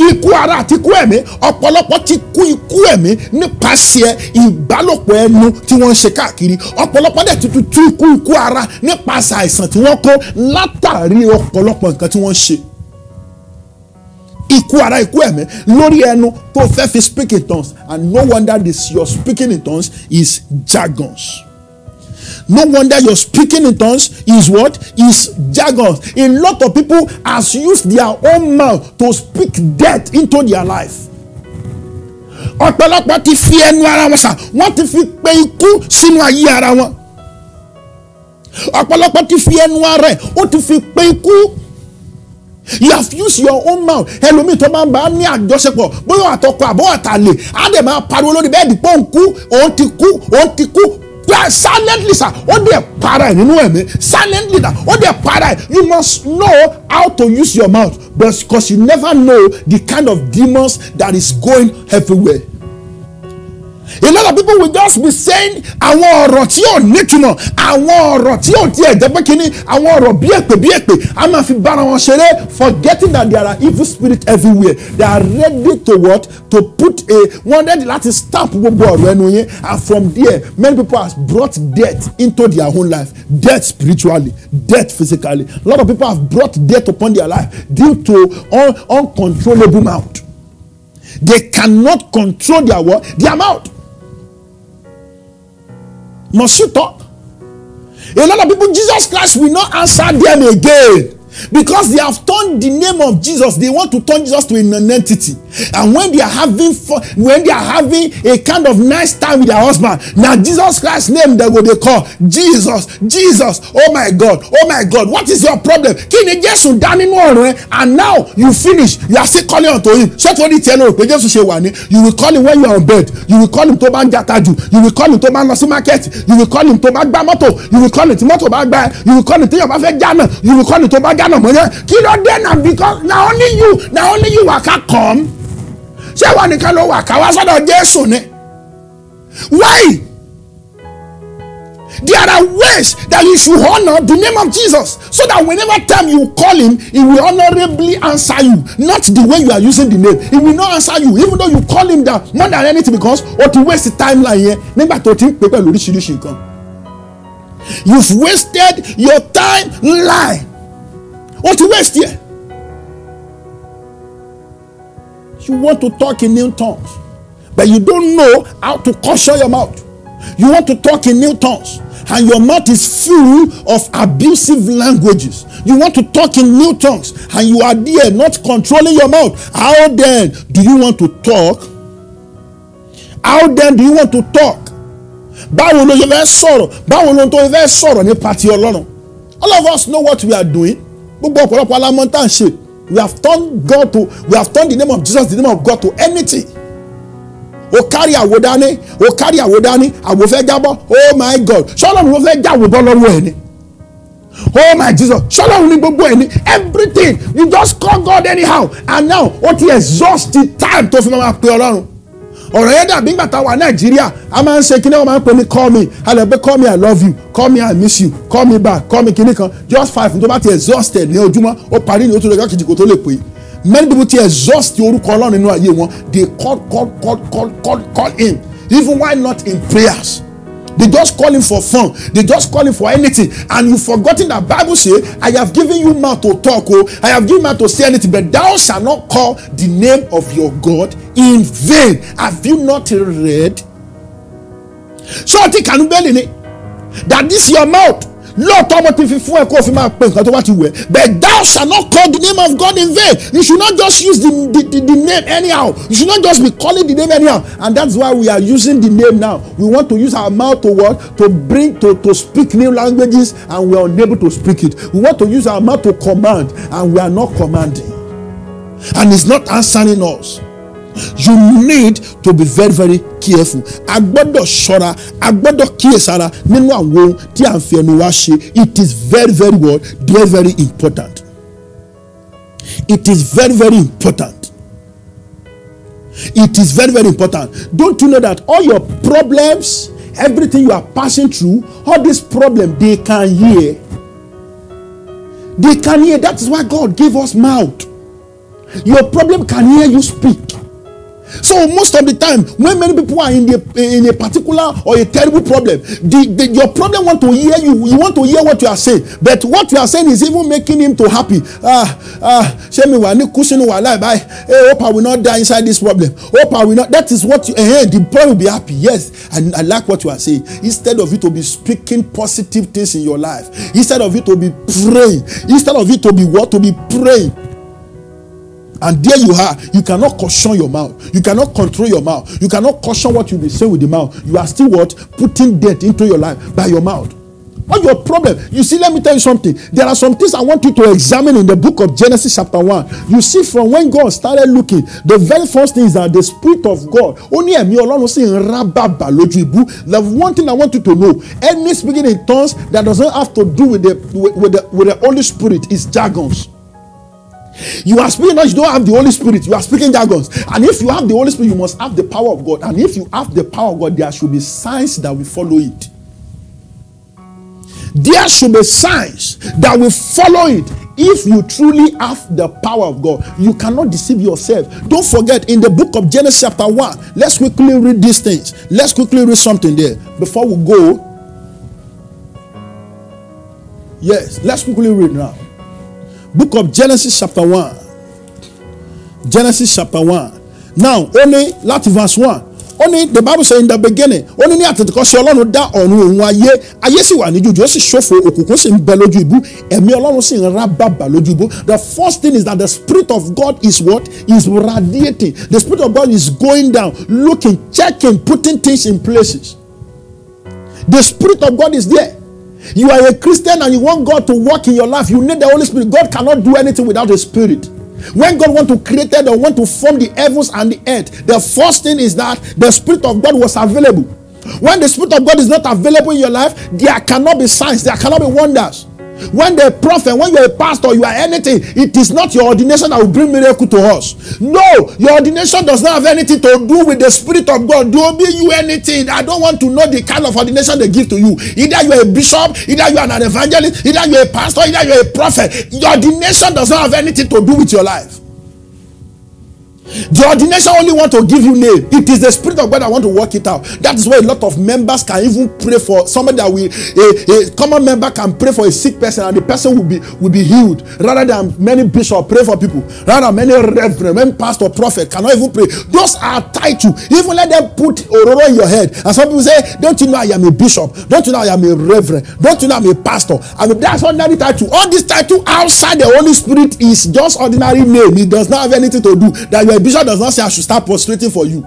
ikú ara àti ikú ẹ̀mí ọ̀pọ̀lọpọ̀ ti kú ikú ẹ̀mí nípasẹ̀ ìbálòpọ̀ ẹnu tí wọ́n ń ṣe káàkiri ọ̀pọ̀lọpọ̀ dẹ̀ tuntun tú ikú ikú ara nípasẹ̀ àìsàn tí wọ́n kó látàrí ọ̀pọ̀lọpọ̀ nǹkan tí wọ́n ń ṣe ikú ara ikú ẹ̀mí lórí ẹnu tó fẹ́ fi speak in tongues and no wonder this your speaking in tongues is jargons. No wonder your speaking in tongues is what? Is jargons. A lot of people has used their own mouth to speak death into their life. ọ̀pọ̀lọpọ̀ ti fi ẹnu ara wọn sà wọ́n ti fi pe ikú sínú ayé ara wọn. ọ̀pọ̀lọpọ̀ ti fi ẹnu ara ẹ̀ ó ti fi pe ikú. you have used your own mouth ẹlòmíì tó máa ń bá ní àjọṣepọ̀ bóyá àtọkọ àbọ̀ àtàlè á dẹ̀ máa pariwo lórí bẹ́ẹ̀dì pé òun kú òun ti kú òun ti kú silently sir ó dẹ̀ para ẹ̀ nínú ẹ̀mí silently na ó dẹ̀ para ẹ̀ you must know how to use your mouth because you never know the kind of demons that is going everywhere a lot of people will just be saying àwọn ọ̀rọ̀ tí ò nítumọ̀ àwọn ọ̀rọ̀ tí ò tiẹ̀ jẹ́ pé kínní àwọn ọ̀rọ̀ bí èpè bí èpè a máa fi bára wọn ṣeré forgetting that there are evil spirits everywhere they are ready to what to put a wọ́n ready láti stamp gbogbo ọ̀rọ̀ ẹnu yẹn and from there many people have brought death into their own life death spiritually death physically a lot of people have brought death upon their life due to un uncontrollable mouth they cannot control their word their mouth Must you talk? A lot of people, Jesus Christ will not answer them again. because they have turned the name of Jesus they want to turn Jesus to a non-entity and when they are having fun when they are having a kind of nice time with their husband na Jesus Christ name dem go dey call Jesus Jesus oh my God oh my God what is your problem kí ni Jésù dá nínú ọ̀rọ̀ ẹ and now you finish you are still calling on to him ṣé torí tiẹ̀ lóòrò pé Jésù ṣe wà ní you will call him when you are on bed you will call him tó bá ń jata jù you will call him tó bá ń lọ sí market you will call him tó bá gbá mọ́tò you will call him tí mọ́tò bá gbá you will call him tí yóò bá fẹ́ já you will call him tó bá gá lọ́nà because now only you now only you waka come Say, wọn nìkan ló waka wá sọ́dọ̀ Jésù ni why there are ways that you should honor the name of Jesus so that whenever time you call him he will honourably answer you not the way you are using the name he will not answer you even though you call him that. more than anything because what ti waste timeline yẹn nígbà tó o ti ń pè pẹ̀lú come? nǹkan you've wasted your time lie ó you waste here? you want to talk in new tongues but you don't know how to caution your mouth you want to talk in new tongues and your mouth is full of abusive languages. You want to talk in new tongues and you are there not controlling your mouth. How then do you want to talk? How then do you want to talk? Báwo ló fẹ́ sọ̀rọ̀? Báwo ló ń tó fẹ́ sọ̀rọ̀ Ọlọ́run? All of us know what we are doing. gbogbo ọ̀pọ̀lọpọ̀ alamọ́ tá à ń ṣe we have turned God to we have turned the name of Jesus the name of God to anything o kárí àwo dání o kárí àwo dání àwo fẹ́ jábọ́ oh my God ṣọ́lọ́run ló fẹ́ jáwó bọ́ lọ́wọ́ ẹ̀ ni oh my Jesus ṣọ́lọ́run ní gbogbo ẹ̀ everything you just call God anyhow and now o ti exhaust the time tó fi máa pe ọlọ́run ọ̀rọ̀ yẹn dàbí ìgbà tá a wà nàìjíríà a máa ń ṣe kíní wọn máa ń pè ní call me a pé call me i love you call me i miss you call me back call me kíní kan just five tó bá ti exhausted ní ojúmọ́ ó parí ní oṣù lọ́jọ́ kejì kò tó lè pè é many people ti exhaust orúkọ ọlọ́run nínú ayé wọn they call call call call call call him even while not in prayers They just call him for fun. They just call him for anything. And you've forgotten that Bible say, I have given you mouth to talk, oh, I have given mouth to say anything, but thou shalt not call the name of your God in vain. Have you not read? So I think I'm believe it? That this your mouth Lord, how much if you ẹ kó o fi máa pe tó bá ti but thou shall not call the name of God in vain you should not just use the, the, the, the name anyhow you should not just be calling the name anyhow and that's why we are using the name now we want to use our mouth to what to bring to to speak new languages and we are unable to speak it we want to use our mouth to command and we are not commanding and it's not answering us you need to be very very careful a gbọ́dọ̀ ṣọ́ra a gbọ́dọ̀ kíyèsára nínú àwọn ohun tí à ń fi ẹnu wa ṣe it is very very well very very important it is very very important it is very very important don't you know that all your problems everything you are passing through all these problems they can hear they can hear that is why God gave us mouth your problem can hear you speak so most of the time, when many people are in, the, in a particular or a terrible problem, the, the, your problem want to hear you. You want to hear what you are saying, but what you are saying is even making him to happy. Ah, ah, shame we are not cushion our life. I hey, hope I will not die inside this problem. Hope I will not. That is what you, hey, eh, eh, the boy will be happy. Yes, and I like what you are saying. Instead of you to be speaking positive things in your life, instead of you to be praying, instead of you to be what to be praying. And there you are. You cannot caution your mouth. You cannot control your mouth. You cannot caution what you will say with the mouth. You are still what? Putting death into your life by your mouth. What's your problem? You see, let me tell you something. There are some things I want you to examine in the book of Genesis, chapter 1. You see, from when God started looking, the very first thing is that the Spirit of God, only a mere alone was in The one thing I want you to know any speaking in tongues that doesn't have to do with the, with the, with the Holy Spirit is jargons. You are speaking that you don't have the Holy Spirit. You are speaking jargons. And if you have the Holy Spirit, you must have the power of God. And if you have the power of God, there should be signs that will follow it. There should be signs that will follow it. If you truly have the power of God, you cannot deceive yourself. Don't forget in the book of Genesis, chapter 1. Let's quickly read these things. Let's quickly read something there before we go. Yes, let's quickly read now book of Genesis chapter 1. Genesis chapter 1. Now, only latin verse 1. Only the bible say in the beginning only ní ní àtètèkọ́ sí ọlọ́run dá ọ̀run òun ayé ayé sì wà ní jújù ó sì ṣòfò òkùnkùn sì ń bẹ lójú ibú ẹ̀mí ọlọ́run sì ń rá bàbà lójú ibú the first thing is that the spirit of God is what is radiating the spirit of God is going down looking checking putting things in places the spirit of God is there you are a Christian and you want God to work in your life. You need the Holy Spirit. God cannot do anything without the Spirit. When God want to create or want to form the heavens and the earth, the first thing is that the Spirit of God was available. When the Spirit of God is not available in your life, there cannot be signs, there cannot be wonders. When the prophet, when you're a pastor, you are anything, it is not your ordination that will bring miracle to us. No, your ordination does not have anything to do with the Spirit of God. Don't be you anything. I don't want to know the kind of ordination they give to you. Either you're a bishop, either you're an evangelist, either you're a pastor, either you're a prophet. Your ordination does not have anything to do with your life. The ordination only want to give you name. It is the spirit of God that want to work it out. That is why a lot of members can even pray for somebody that will a, a common member can pray for a sick person and the person will be will be healed rather than many bishops pray for people, rather many reverend, many pastor, prophet cannot even pray. Those are tied to even let them put aurora in your head. And some people say, Don't you know I am a bishop? Don't you know I am a reverend? Don't you know I'm a pastor? I mean that's ordinary title. All this title outside the Holy Spirit is just ordinary name. It does not have anything to do that you the bishop does not say I should start prostrating for you.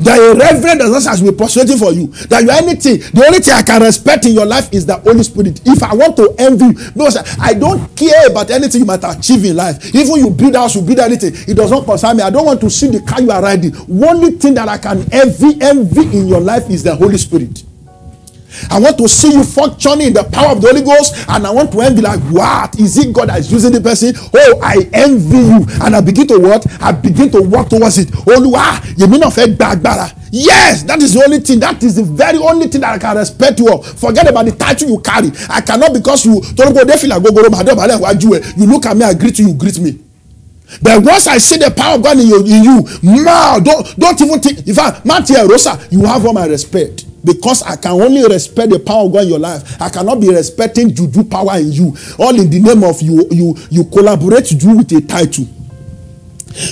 That a reverend does not say I should be prostrating for you. That you are anything. The only thing I can respect in your life is the Holy Spirit. If I want to envy you, because I don't care about anything you might achieve in life. Even you build house, you build anything, it does not concern me. I don't want to see the car you are riding. Only thing that I can envy, envy in your life is the Holy Spirit. I want to see you functioning in the power of the Holy Ghost, and I want to envy like, what is it God that is using the person? Oh, I envy you, and I begin to what? I begin to walk towards it. Olúwa, yèmí náà fẹ́ gba agbára. Yes, that is the only thing. That is the very only thing that I can respect you of. Forget about the title you carry. I cannot because you Tolugo Defila Gogoro Madobale Wajuwe. You look at me, I greet you, you greet me. But once I see the power of God in you, in you, ma, don't, don't even think. In fact, Matthew Rosa, you have all my respect because I can only respect the power of God in your life. I cannot be respecting juju power in you. All in the name of you, you, you collaborate juju with a title.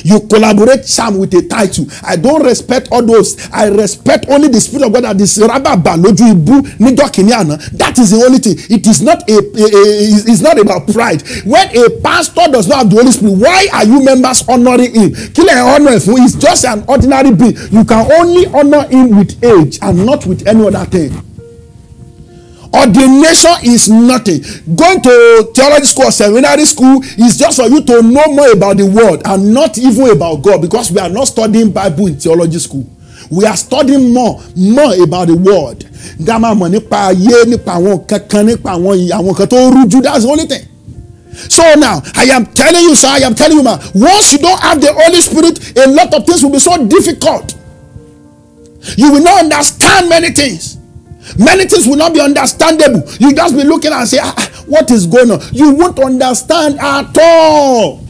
You collaborate charm with a title. I don't respect all those. I respect only the spirit of God that is rababa lójú ibú That is the only thing. It is not a, a, a it's not about pride. When a pastor does not have the Holy Spirit, why are you members honoring him? Killing honor ẹ̀ fún just an ordinary being. You can only honor him with age and not with any other thing ordination is nothing going to theology school or seminary school is just for you to know more about the world and not even about god because we are not studying bible in theology school we are studying more more about the world dá máa mọ̀ nípa ayé nípa àwọn nǹkan kan nípa àwọn àwọn nǹkan tó rújú that's the only thing so now i am telling you sir i am telling you ma once you don have the holy spirit a lot of things will be so difficult you will not understand many things Many things will not be understandable. You just be looking and say, ah, ah What is going on? You won't understand at all.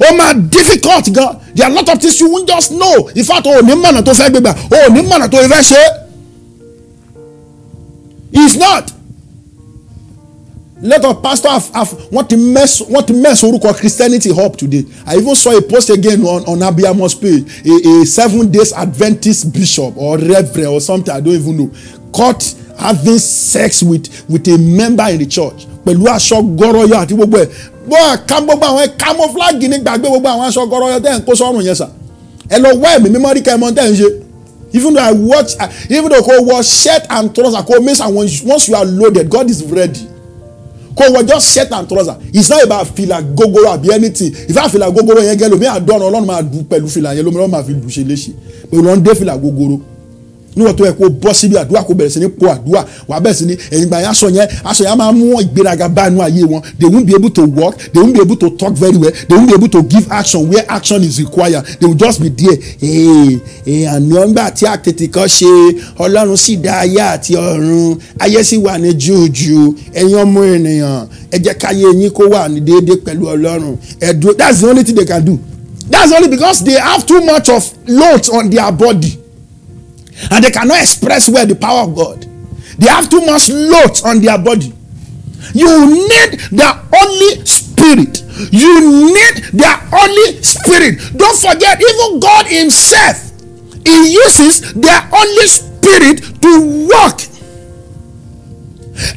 Oh my difficult God. There are a lot of things you won't just know. In fact, oh nimana to fe Oh nimana to It's not, lot of pastors have, have wọ́n ti mess wọ́n ti mess orúkọ christianity up today i even saw a post again on on abiyamo's page a a seven days adventist bishop or reverend or something i don't even know caught having sex with with a member in the church pẹ̀lú aṣọ gọ́rọ́yọ̀ àti gbogbo ẹ̀ bó àká gbogbo àwọn camouflage ní gbàgbé gbogbo àwọn aṣọ gọ́rọ́yọ̀ tẹ̀ ń kó sọ́run yẹn sà ẹ lọ wá ẹ̀mí mímọ́ rí kẹ́mọ́ tẹ̀ ń ṣe even though i watch even though kò wọ shirt and trouser kò miss and once you are loaded god is ready kó wọ just shirt and trouser it's not about fìlà gogoro àbí anything If ìfẹ́ àfìlà gogoro yẹn gẹ́lò mi àdọ́run ọlọ́run máa dùn pẹ̀lú fìlà yẹn lómi ọlọ́run máa fi dùn ṣe léṣe pẹ̀lú ọ̀n dé fìlà gogoro níwọ̀n tó yẹ kó bọ́ síbi àdúrà kó bẹ̀rẹ̀ sí ní po àdúrà wà bẹ̀rẹ̀ sí ní ẹ̀yìngbà yẹn aṣọ yẹn aṣọ yẹn á máa mú ìgbéraga bá inú ayé wọn they won't be able to work they won't be able to talk very well they won't be able to give action where action is required they will just be there ànàngbà tí àtètè kan ṣe ọlọ́run sì dá ayé àti ọ̀run ayé sì wà ní jùjù ẹ̀yin ọmọ ènìyàn ẹ jẹ́ káyé yín kó wà ní déédéé pẹ̀lú ọlọ́run ẹ̀dùn that's the only thing they can do that's only because they have too much of load on their body And they cannot express well the power of God. They have too much load on their body. You need their only Spirit. You need their only Spirit. Don't forget, even God Himself, He uses their only Spirit to work.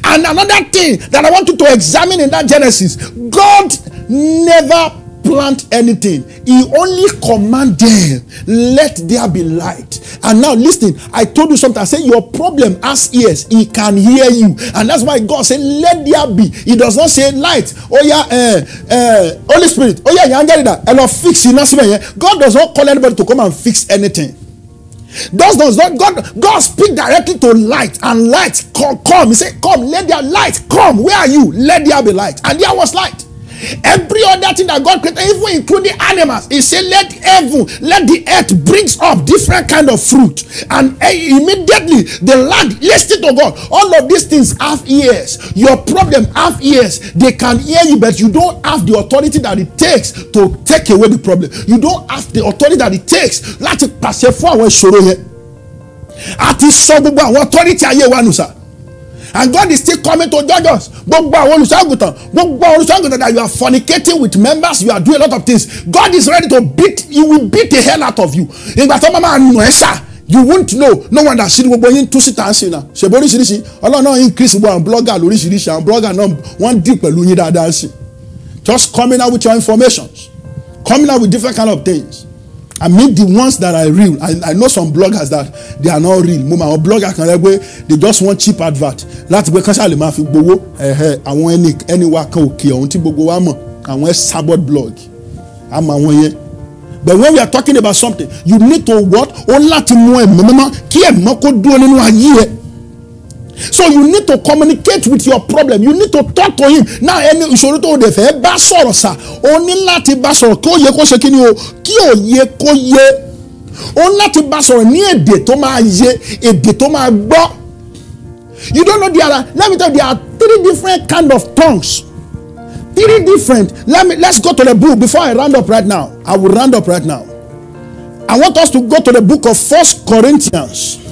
And another thing that I want you to examine in that Genesis God never plant anything. He only commanded, let there be light. And now listen, I told you something. I said your problem has ears. He can hear you. And that's why God said, let there be. He does not say light. Oh yeah, uh, uh, Holy Spirit. Oh yeah, you get that. And I'll fix it. God does not call anybody to come and fix anything. God does not God God speak directly to light, and light come. come. He said, Come, let there light come. Where are you? Let there be light. And there was light. Every other thing that God created, even including animals, He said, "Let heaven, let the earth brings up different kind of fruit." And eh, immediately the land listen to God. All of these things have ears. Your problem have ears. They can hear you, but you don't have the authority that it takes to take away the problem. You don't have the authority that it takes. it pass fún forward, ìṣòro yẹn. Àti sọ gbogbo àwọn authority ayé wa nù and God is still coming to judge us gbogbo àwọn olùṣọ́àgùtàn gbogbo àwọn olùṣọ́àgùtàn that you are fornicating with members you are doing a lot of things God is ready to beat He will beat the hell out of you ìgbà tó máa nù ẹ́ ṣá you won't know no one wonder ṣíri gbogbo yín tú síta ń sìn náà ṣèbó oríṣiríṣi ọlọ́run náà increase gbogbo àwọn blogger lóríṣiríṣi àwọn blogger náà wọ́n dì pẹ̀lú yín dáadáa sí just coming out with your information coming out with different kind of things I mean the ones that are real. I, I know some bloggers that they are not real. Mo ma àwọn blogger kan rẹ pé they just want cheap advert láti pé kánṣá lè máa fi gbowó ẹ̀hẹ̀ àwọn ẹni ẹni wa kan òkè ọ̀hún tí gbogbo wa mọ̀ àwọn sabot blog àmọ́ àwọn yẹn. But when we are talking about something you need to what? Ó láti mú ẹ̀mọ́ mọ́ kí ẹ̀mọ́ kó dúró nínú ayé ẹ̀. so you need to communicate with your problem you need to talk to him now ẹni ìṣòro tó the dẹ̀ fẹ́ bá sọ̀rọ̀ sà o ní láti bá sọ̀rọ̀ kí òye kó ṣe kí ni o kí òye kó yé o ní láti bá sọ̀rọ̀ ní èdè tó máa yé èdè tó máa gbọ́ you don't know there are let me tell you there are three different kind of tongues three different let me let's go to the book before I round up right now I will round up right now I want us to go to the book of First Corinthians.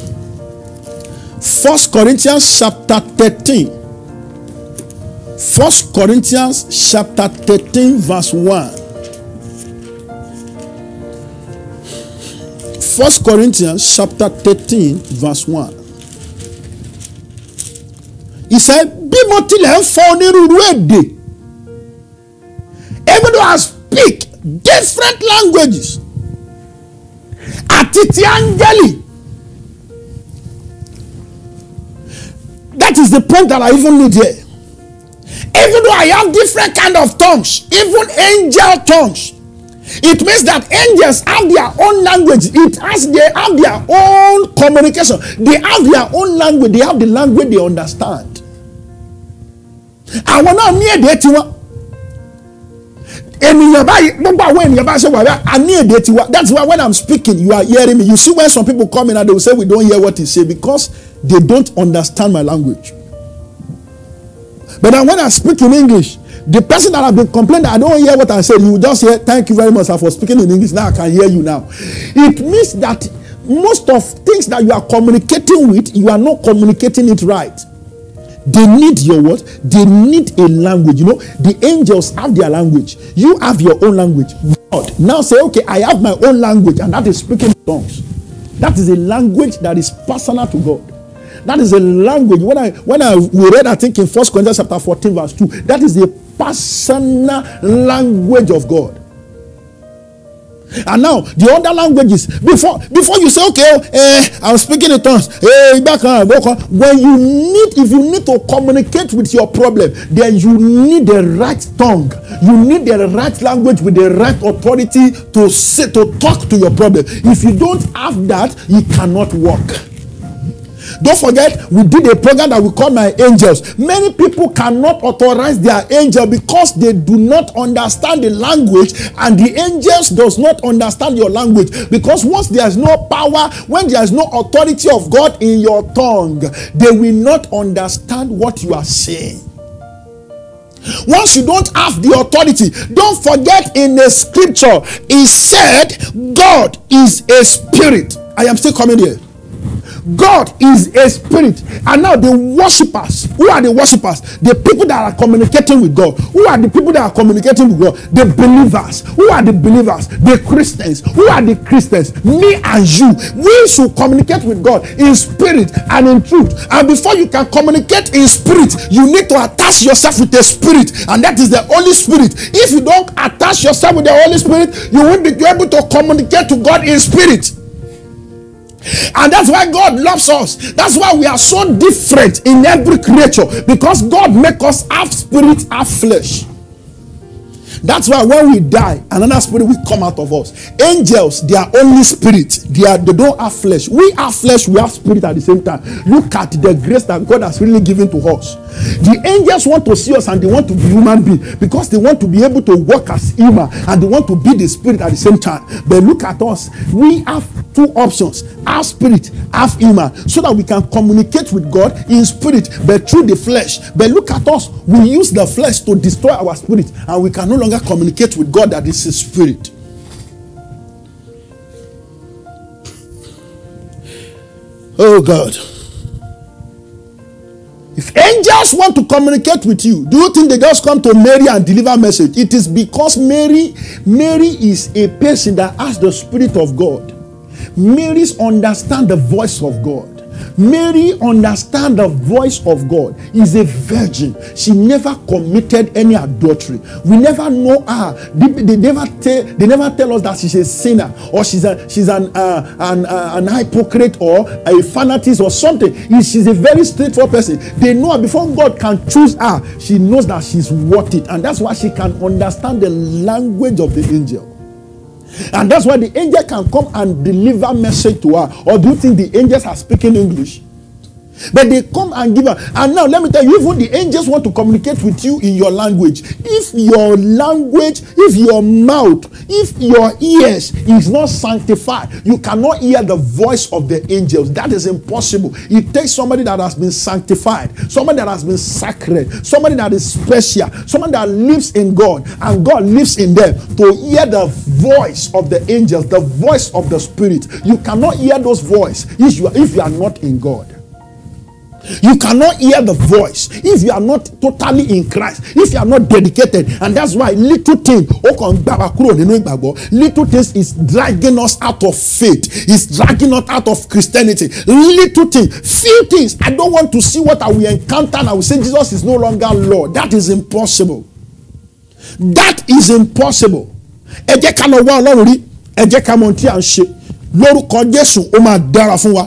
First Corinthians chapter 13. First Corinthians chapter 13 verse 1. First Corinthians chapter 13 verse 1. Ìṣe bí mo tilẹ̀ ń fọ̀ onírúurú èdè even though I speak different languages àti ti áńgẹ́lì That is the point that I even need here. Even though I have different kind of tongues, even angel tongues, it means that angels have their own language. It has they have their own communication. They have their own language. They have the language they understand. Àwọn náà ní èdè tiwọn. And when gbogbo àwọn that's why when i'm speaking you are hearing me you see when some people come in and they will say we don't hear what he say because they don't understand my language but then when i speak in english the person that have been complaining i don't hear what i said, you just hear thank you very much sir for speaking in english now i can hear you now it means that most of things that you are communicating with you are not communicating it right they need your what? They need a language. You know, the angels have their language. You have your own language. God now say, okay, I have my own language, and that is speaking tongues. That is a language that is personal to God. That is a language. When I when I we read, I think in First Corinthians chapter 14, verse 2, that is the personal language of God. And now the other languages, before before you say, okay, oh, eh, I'm speaking in tongues, eh, when you need, if you need to communicate with your problem, then you need the right tongue. You need the right language with the right authority to say, to talk to your problem. If you don't have that, you cannot work. Don't forget, we did a program that we call My Angels. Many people cannot authorize their angel because they do not understand the language, and the angels does not understand your language. Because once there is no power, when there is no authority of God in your tongue, they will not understand what you are saying. Once you don't have the authority, don't forget in the scripture, it said, God is a spirit. I am still coming here. God is a spirit. And now the worshippers, who are the worshippers? The people that are communicating with God. Who are the people that are communicating with God? The believers. Who are the believers? The Christians. Who are the Christians? Me and you. We should communicate with God in spirit and in truth. And before you can communicate in spirit, you need to attach yourself with the spirit, and that is the Holy Spirit. If you don't attach yourself with the Holy Spirit, you won't be able to communicate to God in spirit. And that's why God loves us. That's why we are so different in every creature because God make us half spirit, half flesh. That's why when we die, another spirit will come out of us. Angels, they are only spirit. They are they don't have flesh. We have flesh, we have spirit at the same time. Look at the grace that God has really given to us. The angels want to see us and they want to be human beings because they want to be able to walk as human and they want to be the spirit at the same time. But look at us. We have two options: our spirit, our human, so that we can communicate with God in spirit, but through the flesh. But look at us. We use the flesh to destroy our spirit, and we cannot longer communicate with God that is His Spirit. Oh God. If angels want to communicate with you, do you think they just come to Mary and deliver message? It is because Mary, Mary is a person that has the Spirit of God. Marys understand the voice of God. Mary understand the voice of God. Is a virgin. She never committed any adultery. We never know her. They, they never tell. They never tell us that she's a sinner or she's a, she's an uh, an uh, an hypocrite or a fanatic or something. She's a very straightforward person. They know her before God can choose her. She knows that she's worth it, and that's why she can understand the language of the angel. And that's why the angel can come and deliver message to her. Or do you think the angels are speaking English? But they come and give up. And now let me tell you, even the angels want to communicate with you in your language. If your language, if your mouth, if your ears is not sanctified, you cannot hear the voice of the angels. That is impossible. It takes somebody that has been sanctified, somebody that has been sacred, somebody that is special, someone that lives in God and God lives in them to hear the voice of the angels, the voice of the spirit. You cannot hear those voices if you are, if you are not in God. You cannot hear the voice if you are not totally in Christ, if you are not dedicated. And that's why little things, little things is dragging us out of faith, is dragging us out of Christianity. Little things, few things. I don't want to see what I will encounter and I will say Jesus is no longer Lord. That is impossible. That is impossible. Ẹ jẹ́ ká lọ wá mọ tí à ń ṣe. Lórúkọ Jésù ó máa dára fún wa.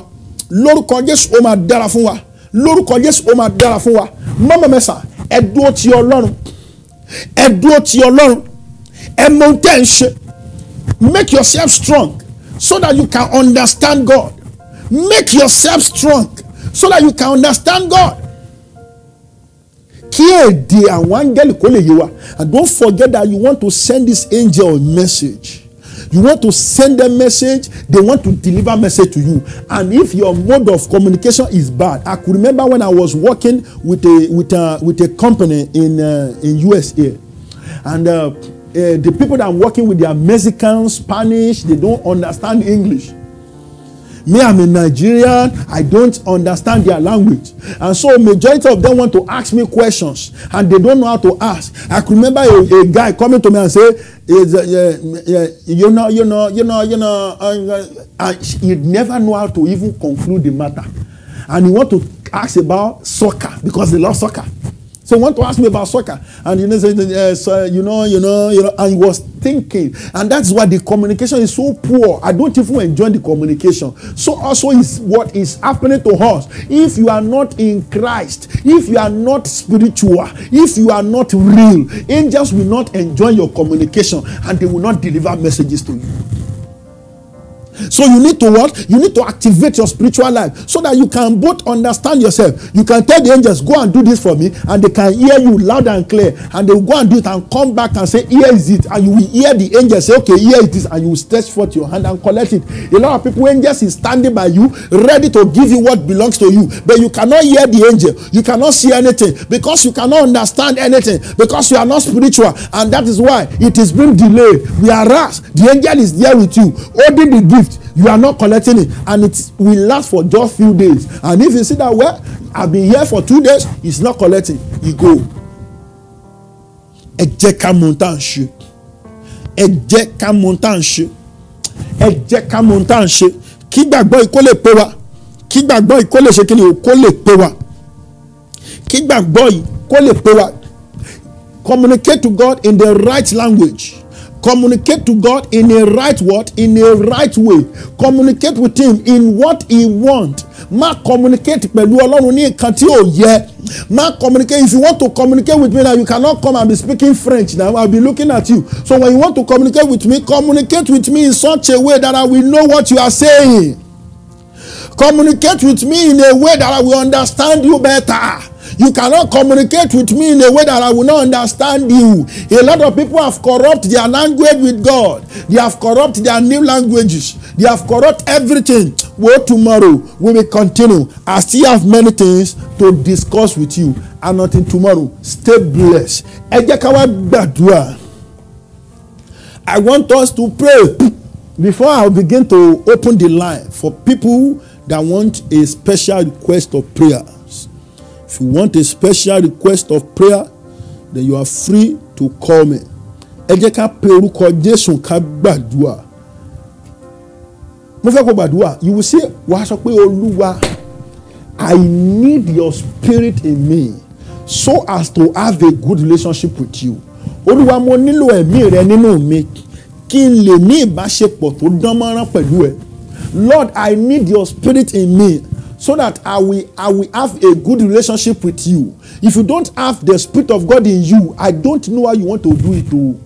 Lórúkọ ka ó máa dára fún wa. lórúkọ Jésù ó máa dára fún wa mọ́mọ́ mẹ́sàn ẹ dúró ti Ọlọ́run ẹ dúró ti Ọlọ́run ẹ mọ ohun tẹ́ ń ṣe make yourself strong so that you can understand God make yourself strong so that you can understand God kí èdè àwọn áńgẹ́lì kó lè yé wa and don't forget that you want to send this angel a message You want to send them message, they want to deliver message to you. And if your mode of communication is bad, I could remember when I was working with a with a with a company in uh, in USA, and uh, uh, the people that I'm working with, they are Mexican, Spanish, they don't understand English. me i'm a nigerian i don't understand their language and so majority of them want to ask me questions and they don't know how to ask i can remember a, a guy coming to me and say is uh, yeah, yeah, you know you know you know you know and uh, uh, he never know how to even conclude the matter and he want to ask about soccer because they love soccer So want to ask me about soccer, and you know, uh, you know, you know, you know, and he was thinking, and that's why the communication is so poor. I don't even enjoy the communication. So also is what is happening to us. If you are not in Christ, if you are not spiritual, if you are not real, angels will not enjoy your communication, and they will not deliver messages to you. So you need to what? You need to activate your spiritual life so that you can both understand yourself. You can tell the angels, go and do this for me, and they can hear you loud and clear. And they will go and do it and come back and say, here is it. And you will hear the angels say, okay, here it is. And you will stretch forth your hand and collect it. A lot of people, angels is standing by you, ready to give you what belongs to you. But you cannot hear the angel. You cannot see anything because you cannot understand anything because you are not spiritual. And that is why it is being delayed. We are rushed. The angel is there with you, holding the gift you are not collecting it and it will last for just few days and if you see that well i been here for two days it's not collecting e go ẹ jẹ́ ká mọ̀ tá à ń ṣe ẹ jẹ́ ká mọ̀ tá à ń ṣe ẹ jẹ́ ká mọ̀ tá ń ṣe kí gbàgbọ́ yìí lè pé wa kí gbàgbọ́ yìí lè ṣe kí ni o lè pé wa kí gbàgbọ́ yìí lè pé wa communicate to God in the right language Communicate to God in a right word, in a right way. Communicate with Him in what He want. Ma, communicate pẹ̀lú Ọlọ́run ní nǹkan tí ò yẹ. Ma, communicate if you want to communicate with me now you cannot come and be speaking French now I'll be looking at you. So when you want to communicate with me, communicate with me in such a way that I will know what you are saying. Communicate with me in a way that I will understand you better. You cannot communicate with me in a way that I will not understand you. A lot of people have corrupt their language with God. They have corrupt their new languages. They have corrupt everything. Well, tomorrow we will continue. I still have many things to discuss with you. And until tomorrow, stay blessed. Ẹ jẹ́ ká wá gbàdúrà. I want us to pray before I begin to open the line for people that want a special request of prayer. If you want a special request of prayer, then you are free to call me. Ẹ jẹ́ ká pe orúkọ Jésù ká gbàdúrà. Mo fẹ́ kó gbàdúrà. You will say wàá sọ pé Olúwa I need your spirit in me so as to have a good relationship with you. Olúwa mo nílò ẹ̀mí rẹ nínú mi kí n lè ní ìbáṣepọ̀ tó dán mọ́rán pẹ̀lú ẹ. Lord I need your spirit in me. so that I will, I will have a good relationship with you. If you don't have the Spirit of God in you, I don't know how you want to do it. To,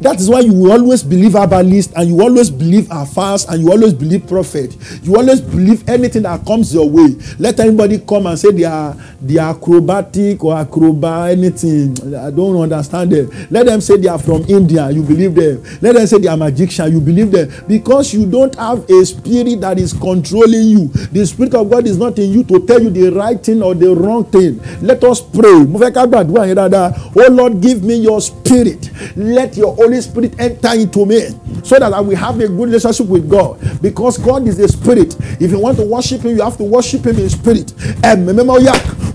that is why you always believe herbalist and you always believe afars and you always believe prophet you always believe anything that comes your way let anybody come and say they are they are acrobatic or acrobat anything i don't understand them let them say they are from india you believe them let them say they are magician you believe them because you don't have a spirit that is controlling you the spirit of god is not in you to tell you the right thing or the wrong thing let us pray mo fẹ́ ká gbàdúrà oh lord give me your spirit let your the Holy Spirit enter into me so that I will have a good relationship with God. Because God is a spirit. If you want to worship Him, you have to worship Him in spirit.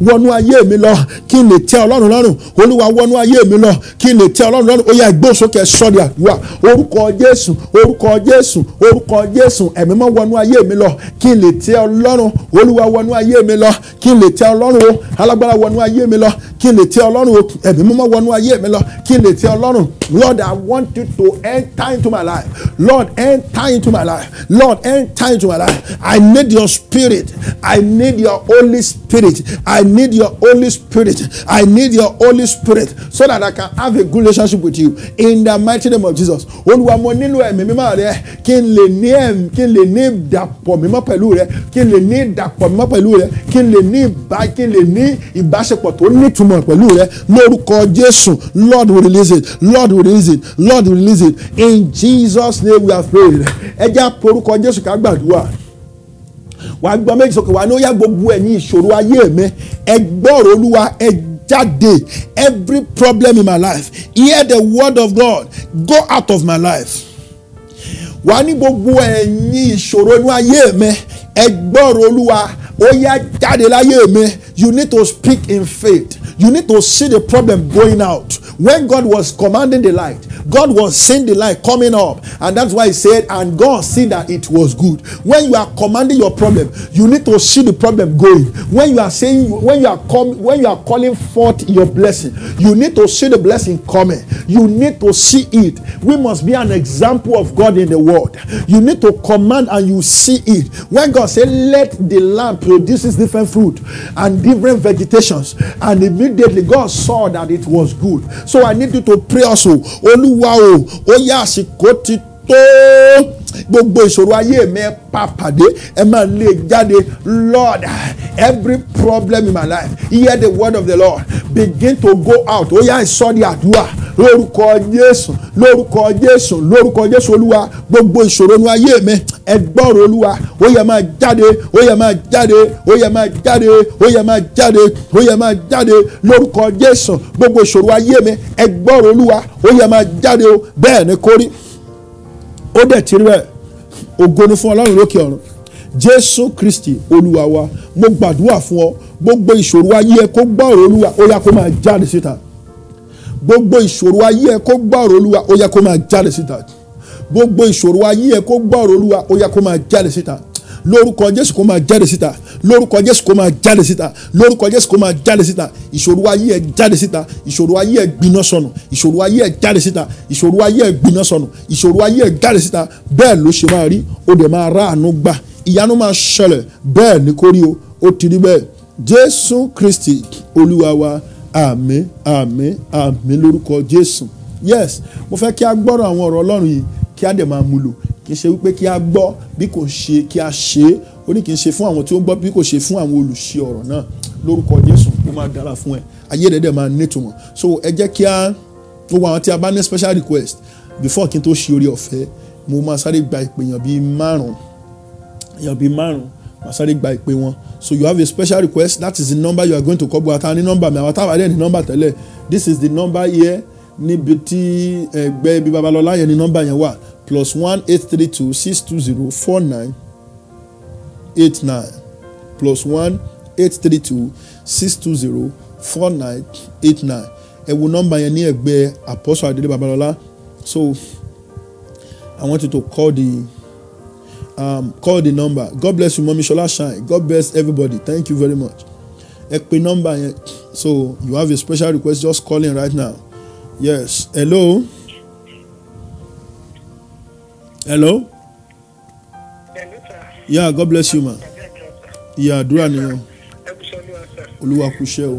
wọnú ayé mi lọ kí n lè tẹ́ Ọlọ́run lọ́rùn. Olúwa wọnú ayé mi lọ kí n lè tẹ́ Ọlọ́run lọ́rùn. Ó yá sọ́ọ̀dì àdúrà. Orúkọ Jésù, orúkọ Jésù, orúkọ Jésù. Ẹ̀mí mímọ́ wọnú ayé mi lọ kí n lè tẹ́ Ọlọ́run. Olúwa wọnú ayé mi lọ kí n lè tẹ́ Ọlọ́run o. Alágbára wọnú ayé mi lọ kí n lè tẹ́ Ọlọ́run o. Ẹ̀mí mímọ́ wọnú ayé mi lọ kí n lè tẹ́ Ọlọ́run. Lord I want you to enter into my life. Lord, enter into my life. Lord, enter into my life. I need your spirit. I need your Holy Spirit. I need your Holy Spirit. I need your Holy Spirit so that I can have a good relationship with you in the mighty name of Jesus. Olúwa mo ẹ̀mí mímọ́ rẹ kí n lè ní ẹ̀mí kí n lè ní ìdàpọ̀ mímọ́ pẹ̀lú rẹ kí n lè ní ìdàpọ̀ mímọ́ pẹ̀lú rẹ kí n lè ní ìbá kí n lè ní ìbáṣepọ̀ tó nítumọ̀ pẹ̀lú rẹ lórúkọ Jésù Lord will release it Lord will release it release it Lord release it in Jesus name we are praying ẹ jẹ́ àporúkọ Jésù ká gbàdúrà wàá gbọ́ méjì sókè wàá ní ó yá gbogbo ẹ̀yin ìṣòro ayé mi ẹ Olúwa ẹ every problem in my life hear the word of God go out of my life wàá ní gbogbo ẹ̀yin ìṣòro inú ayé mi ẹ gbọ́rọ̀ Olúwa ó yá jáde láyé mi You need to speak in faith. You need to see the problem going out. When God was commanding the light, God was seeing the light coming up. And that's why He said, and God see that it was good. When you are commanding your problem, you need to see the problem going. When you are saying, when you are com- when you are calling forth your blessing, you need to see the blessing coming. You need to see it. We must be an example of God in the world. You need to command and you see it. When God said, Let the land produces different fruit, and different vegetations. And immediately God saw that it was good. So I need you to pray also. Oluwa o, oya got it. pé gbogbo ìṣòro ayé mi ẹ pa pàdé ẹ máa lè jáde Lord every problem in my life hear the word of the Lord begin to go out ó yá ìsọdí àdúrà lórúkọ Jésù lórúkọ Jésù lórúkọ Jésù Olúwa gbogbo ìṣòro inú ayé mi ẹ gbọ́rọ̀ Olúwa ó yẹ máa jáde ó yẹ máa jáde ó yẹ máa jáde ó yẹ máa jáde ó yẹ máa jáde lórúkọ Jésù gbogbo ìṣòro ayé mi ẹ gbọ́rọ̀ Olúwa ó yẹ máa jáde o bẹ́ẹ̀ ni kórí ó dẹ̀ ti rí bẹ́ẹ̀ ògo ni fún ọlọ́run lókè ọ̀run jésù kristi olúwa wa mo gbàdúrà fún ọ gbogbo ìṣòro ayé ẹ kó gbọ́ ọ̀rọ̀ olúwa ó yá kó máa jáde síta gbogbo ìṣòro ayé ẹ kó gbọ́ ọ̀rọ̀ olúwa ó yá kó máa jáde síta gbogbo ìṣòro ayé ẹ kó gbọ́ ọ̀rọ̀ olúwa ó yá kó máa jáde síta lórúkọ jésù kó máa jáde síta lórúkọ jésù kó máa jáde síta lórúkọ jésù kó máa jáde síta ìṣòro ayé ẹ jáde síta ìṣòro ayé ẹ gbiná sọnù ìṣòro ayé ẹ jáde síta ìṣòro ayé ẹ gbiná sọnù ìṣòro ayé ẹ jáde síta bẹ́ẹ̀ ló ṣe máa rí ó dẹ̀ máa rá àánú gbà ìyanu máa ṣẹlẹ̀ bẹ́ẹ̀ ni kó o ó ti rí bẹ́ẹ̀ jésù kristi olúwa wa àmín àmín àmín lórúkọ jésù yes mo fẹ́ kí a gbọ́rọ̀ àwọn ọ̀rọ̀ ọlọ́run yìí kí a dẹ̀ máa mú lò kì í ṣe wípé kí a gbọ́ bí kò ṣe kí a ṣe é ó ní kì í ṣe fún àwọn tí ó ń gbọ́ bí kò ṣe fún àwọn olùṣe ọ̀rọ̀ náà lórúkọ Jésù ó máa dára fún ẹ ayé rẹ̀ dẹ̀ máa nítumọ̀ so ẹ jẹ́ kí a gbogbo àwọn tí a bá ní special request before kí n tó ṣe orí ọ̀fẹ́ mo máa sáré gba ìpè èèyàn bíi márùn-ún èèyàn bíi márùn-ún máa sáré gba ìpè wọn so you have a special request that is the number you are going to call gbogbo àtàwọn ní nọ́mbà mi àwọn táwọn àdé ní nọ́mbà tẹ́lẹ̀ this is the number here níbi tí ẹgbẹ́ ibi babalọ́lá yẹn ní nọ́mbà yẹn wà plus one eight three two six two zero four nine eight nine plus one eight three two six two zero four nine eight nine ẹ wo nọ́mbà yẹn ní ẹ̀gbẹ́ apọsọ adele babalọla so i want you to call the um, call the number god bless you mummy shola shine god bless everybody thank you very much ẹ pe nọ́mbà yẹn so you have a special request just calling right now yes hello hello. yeah god bless you ma. ìyá àdúrà nìyẹn Oluwa kú iṣẹ́ o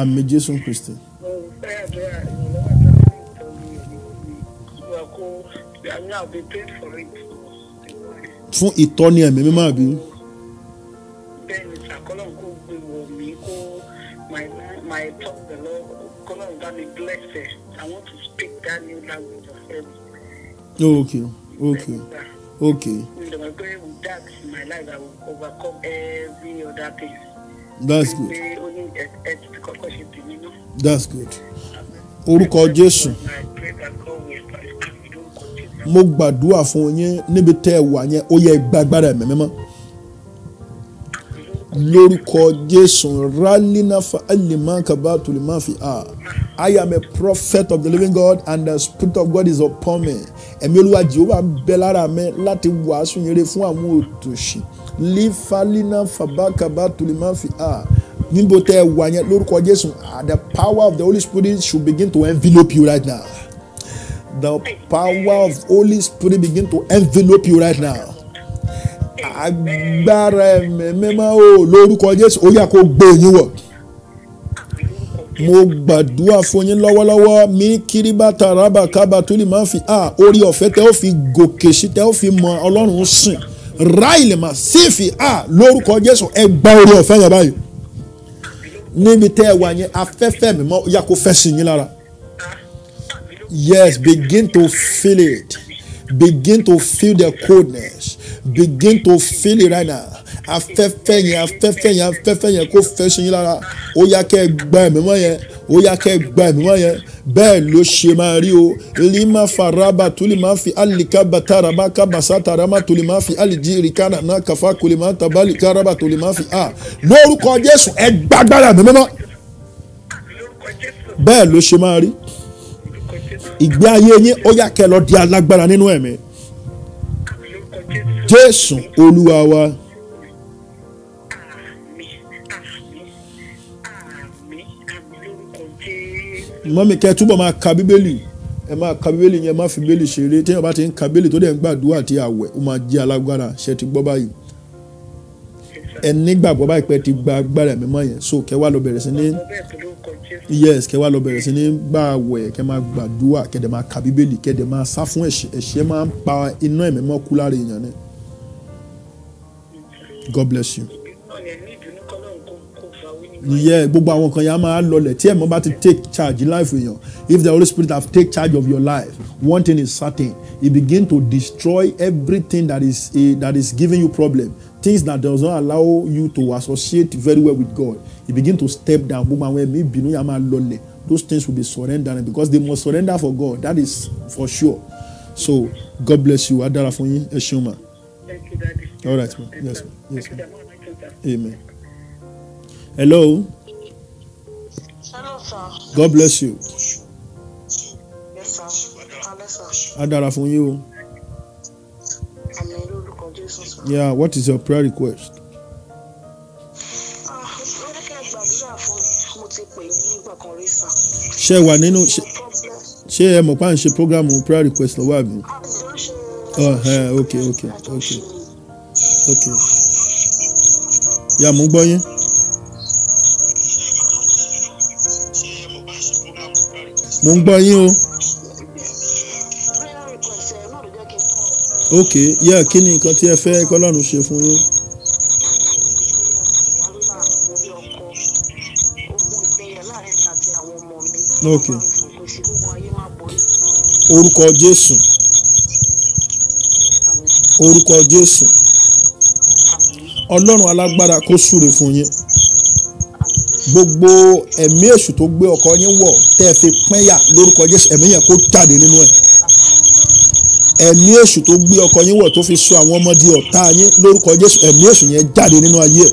àmì jésù kristi. fún ìtọ́ni ẹ̀mí mímọ́ àbí. bẹ́ẹ̀ni sàkọ́lọ́ i want to dá new language of service. okay okay okay. that's good. that's good. orúkọ Jésù mo gbàdúrà fún yín níbi tẹ́ ẹ wà yẹn ó yẹ gbàgbára ẹ̀mí mímọ́ lórúkọ jésù ralinafa alimakaba tulimafi a i am a prophet of the living god and the spirit of god is upon me ẹ̀mí olúwa jehova ń bẹ lára mi láti wàásù yẹrẹ fún àwọn òtòṣì lifalinafabakaba tulimafi a níbo tẹ ẹ wà yẹn lórúkọ jésù ah, the power of the holy spirit should begin to envelope you right now the power of holy spirit begin to envelope you right now agbára ẹ̀mí mímọ́ o lórúkọ Jésù ó yá kó gbé yín wọ̀ mo gbàdúrà fún yín lọ́wọ́lọ́wọ́ mi kíríbà tàràbà kábà tó máa fi a orí ọ̀fẹ́ tẹ́ ó fi gòkè sí tẹ́ ó fi mọ ọlọ́run sìn ráìlì mà sífì a lórúkọ Jésù ẹ gba orí ọ̀fẹ́ yẹn báyìí níbi tẹ́ ẹ wà yẹn afẹ́fẹ́ mi mọ́ yá kó fẹ́ sí yín lára yes begin to feel it begin to feel the coldness begin to feel it right now afẹ́fẹ́ yẹn afẹ́fẹ́ yẹn afẹ́fẹ́ yẹn kó fẹ́ sí yín lára ó yá kẹ́ ẹ gba ẹ̀mí mọ́ yẹn ó yá kẹ́ ẹ gba ẹ̀mí mọ́ yẹn bẹ́ẹ̀ ló ṣe máa rí o lima faraba tuli ma fi alika bataraba kabasa tarama tuli ma fi alijiri kana na kafa kuli ma tabali karaba tuli ma fi a lórúkọ jésù ẹ gbàgbára ẹ̀mí mọ́ bẹ́ẹ̀ ló ṣe máa rí ìgbé ayé yín ó yá kẹ́ lọ di alágbára nínú ẹ̀mí jésù olúwa wa. mọ́mí kẹ́ túbọ̀ máa ka bíbélì ẹ máa ka bíbélì yẹn má fi bíbélì ṣeré téèyàn bá ti ń ka bíbélì tó dẹ̀ ń gbàdúrà àti àwẹ̀ ó máa jẹ́ alágbára ṣe ti gbọ́ báyìí ẹ nígbàgbọ́ báyìí pé ti gba agbára mímọ́ yẹn so kẹ́ wá lọ bẹ̀rẹ̀ sí ní yes kẹ́ wá lọ bẹ̀rẹ̀ sí ní gba àwẹ̀ kẹ́ máa gbàdúrà kẹ́ dẹ̀ máa ka bíbélì kẹ́ dẹ̀ máa sá fún ẹ̀ṣẹ̀ ẹ̀ṣẹ̀ máa ń pa iná ẹ̀mí mọ́ kú lára èèyàn náà God bless you. Yeah, gbogbo àwọn kan yẹn máa lọlẹ̀ tí ẹ̀mọ́ bá ti take charge in life with you. if the Holy Spirit have take charge of your life one thing is certain he begin to destroy everything that is uh, that is giving you problem things that does not allow you to associate very well with God he begin to step down gbogbo àwọn ẹ̀mí ìbínú yẹn á máa lọlẹ̀ those things will be surrendering because they must surrender for God that is for sure so God bless you adara fún yín ẹ ṣeun Thank you, Daddy. All right, ma. Yes, ma. Yes, ma. Amen. Hello. Hello, sir. God bless you. Yes, sir. Hello, sir. Adara fún yín o. Àmì Yeah, what is your prayer request? Ah, ṣé wà nínú ṣé ẹ mọ̀ pa ń ṣe program prayer request lọ́wọ́ àbí? Ah, ọ̀hẹ́ ah, eh, ok ok ok ok ya mo gbọ́ yín. mo ń gbọ́ yín o. ok yẹ kí ni nǹkan tí ẹ fẹ́ kọ́lọ́run ṣe fún yín. ok orúkọ Jésù orúkọ jésù ọlọ́run alágbára kó súre fún yín gbogbo ẹ̀mí èṣù tó gbé ọkọ yín wọ̀ tẹ́ ẹ fi pínyà lórúkọ jésù ẹ̀mí yẹn kó jáde nínú ẹ̀ ẹ̀mí èṣù tó gbé ọkọ yín wọ̀ tó fi so àwọn ọmọ di ọ̀tá yín lórúkọ jésù ẹ̀mí èṣù yẹn jáde nínú ayé ẹ̀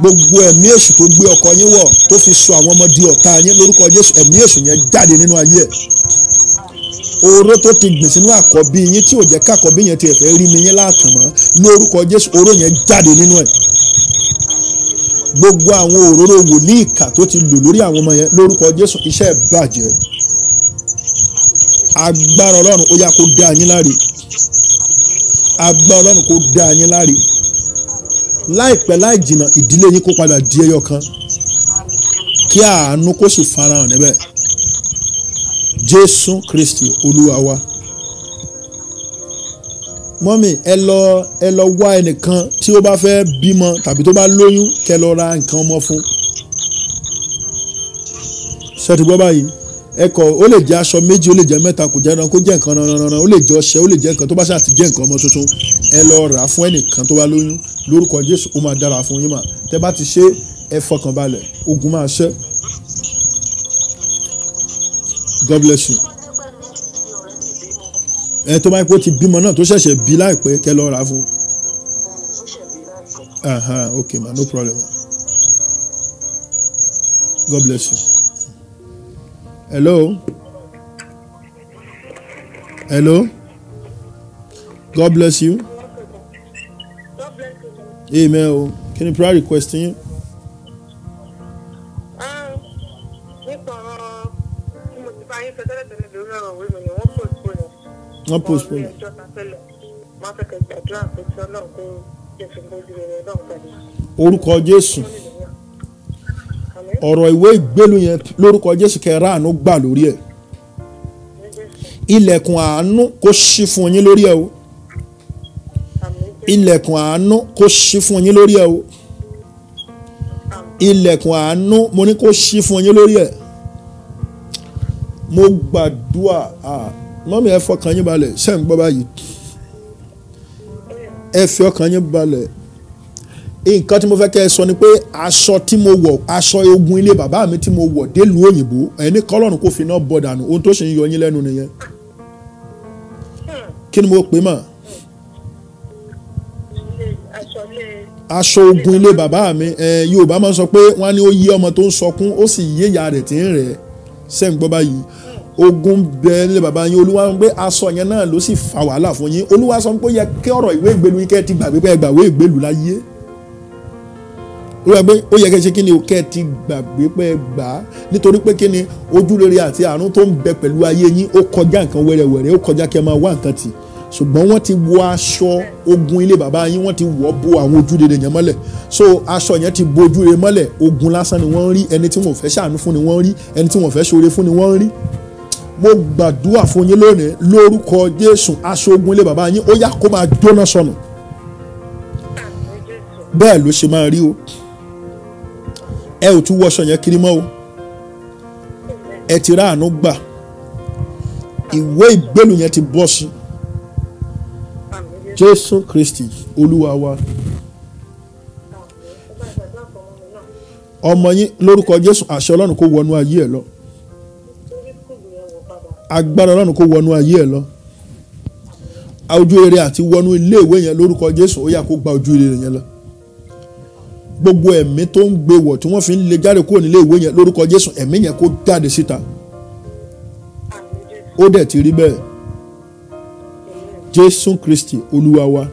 gbogbo ẹ̀mí èṣù tó gbé ọkọ yín wọ̀ tó fi so àwọn ọmọ ọ̀tá yín lórúkọ jésù ẹ̀mí èṣù yẹn jáde nínú ayé ẹ̀ oró tó ti gbìn sínú àkọ́bí yín tí ò jẹ́ kákọ́bí yẹn ti ẹ̀fẹ́ rí mi yín láàkàn mọ́ lórúkọ jésù oró yẹn jáde nínú ẹ̀ gbogbo àwọn òróró wòlíì ìkà tó ti lò lórí àwọn ọmọ yẹn lórúkọ jésù iṣẹ́ bàjẹ́ agbára ọlọ́run ó yá kó dá yín láre agbára ọlọ́run kó dá yín láre láìpẹ́ láì jìnnà ìdílé yín kó padà di ẹyọ kan kí àánú kó sì farahàn níbẹ̀ jésù kristi olúwa wa mọ́mì ẹ lọ ẹ lọ wá ẹnìkan tí ó bá fẹ́ bímọ tàbí tó bá lóyún kẹ lọ ra nǹkan ọmọ fún ṣètì gbọ́ báyìí ẹ kọ ó lè jẹ́ aṣọ méjì ó lè jẹ́ mẹ́ta kò jẹ́ ẹran kó jẹ́ nǹkan ranranran ó lè jẹ́ ọṣẹ ó lè jẹ́ nǹkan tó bá ṣáà ti jẹ́ nǹkan ọmọ tuntun ẹ lọ rà á fún ẹnìkan tó bá lóyún lórúkọ jésù ó máa dára fún yín mà tẹ bá ti ṣe ẹ fọkànbalẹ̀ ogun máa ṣẹ́ God bless you. ẹ tó máa ń pẹ́ ti bímọ náà tó ṣẹ̀ṣẹ̀ bí láìpẹ́ kẹ́ lọ́ọ́ ra fún. Aha, okay ma no problem God bless you. Hello. Hello. God bless you. Amen o. Can you pray requesting you? wọ́n postpone. ọ̀rẹ́ ìjọba pẹ̀lẹ́ wọ́n fẹ́ kẹ́ gbàdúrà pé tí ọlọ́run kó jẹ̀sùn bójú rẹ̀ ọlọ́run pẹ̀lú. orúkọ jésù ọ̀rọ̀ ìwé ìgbélu yẹn lórúkọ jésù kẹrà àánú gbà lórí ẹ̀ ilẹ̀kùn àánú kó ṣí fún yín lórí ẹ̀ o ilẹ̀kùn àánú kó ṣí fún yín lórí ẹ̀ o ilẹ̀kùn àánú mo ní kó ṣí fún yín lórí ẹ̀ mo gbàdúrà ah, mọ́mí ẹ fọkàn yín balẹ̀ ṣe ń gbọ́ báyìí ẹ fi ọkàn yín balẹ̀ nǹkan tí mo fẹ́ kẹ́ ẹ sọ ni pé aṣọ tí mo wọ̀ aṣọ ogun ilé bàbá mi tí mo wọ̀ délùú òyìnbó ẹni kọ́lọ́run kò fi iná bọ̀ dànù ohun tó ṣe ń yọ yín lẹ́nu nìyẹn kí ni mo pè mọ́ aṣọ ogun ilé bàbá mi Yorùbá máa ń sọ pé wọ́n á ní ó yí ọmọ tó ń sọkún ó sì yé ìyá rẹ̀ tí ń rẹ̀ ṣe ń gbọ́ báyìí ogun bẹ nílé bàbá yín olúwa ń pé aṣọ yẹn náà ló sì fa wàhálà fún yín olúwa sọ pé ó yẹ kí ọ̀rọ̀ ìwé ìgbélu yín kẹ́ ti gbàgbé pé ẹgbàwé ìgbélu láyé olùwà pé ó yẹ kẹ́ ṣe kí ni o kẹ́ ti gbàgbé pé ẹgbà nítorí pé kí ni ojúrere àti àrùn tó ń bẹ pẹ̀lú ayé yín ó kọjá nǹkan wẹ́rẹ́wẹ́rẹ́ ó kọjá kẹ́ máa wá nǹkan tì ṣùgbọ́n wọ́n ti wọ aṣọ ogun ilé bàbá yín wọ́n ti wọ́ bo àwọn ojúrere yẹn mọ́lẹ̀ so aṣọ yẹn ti bo ojúrere mọ́lẹ̀ ogun lásán ni wọ́n ń rí ẹni tí wọ́n fẹ́ ṣàánú fún ni wọ́n ń rí ẹni tí wọ́n fẹ́ ṣoore fún ni wọ́n ń rí mo gbàdúrà fún yín lónìí lórúkọ jésù aṣogun ilé bàbá yín ó yá kó máa jóná sọnù bẹ́ẹ̀ ló ṣe máa rí o ẹ ò tún wọṣọ yẹn kiri mọ́ o ẹ ti ráàánú gbà ìwé ìgbélù yẹn ti bọ́ sí jésù kristi olúwa wa ọmọ yín lórúkọ jésù àṣẹ ọlọ́run kó wọnú ayé ẹ lọ agbára ọlọ́run kó wọnú ayé ẹ lọ ojú rere àti wọnú iléèwé yẹn lórúkọ jésù ó yà kó gba ojú rere yẹn lọ gbogbo ẹ̀mí tó ń gbé wọ̀ tí wọ́n fi ń lé jáde kúrò nílé ìwé yẹn lórúkọ jésù ẹ̀mí yẹn kó jáde síta ó dẹ̀ ti rí bẹ́ẹ̀ jésù kristi olúwa wa.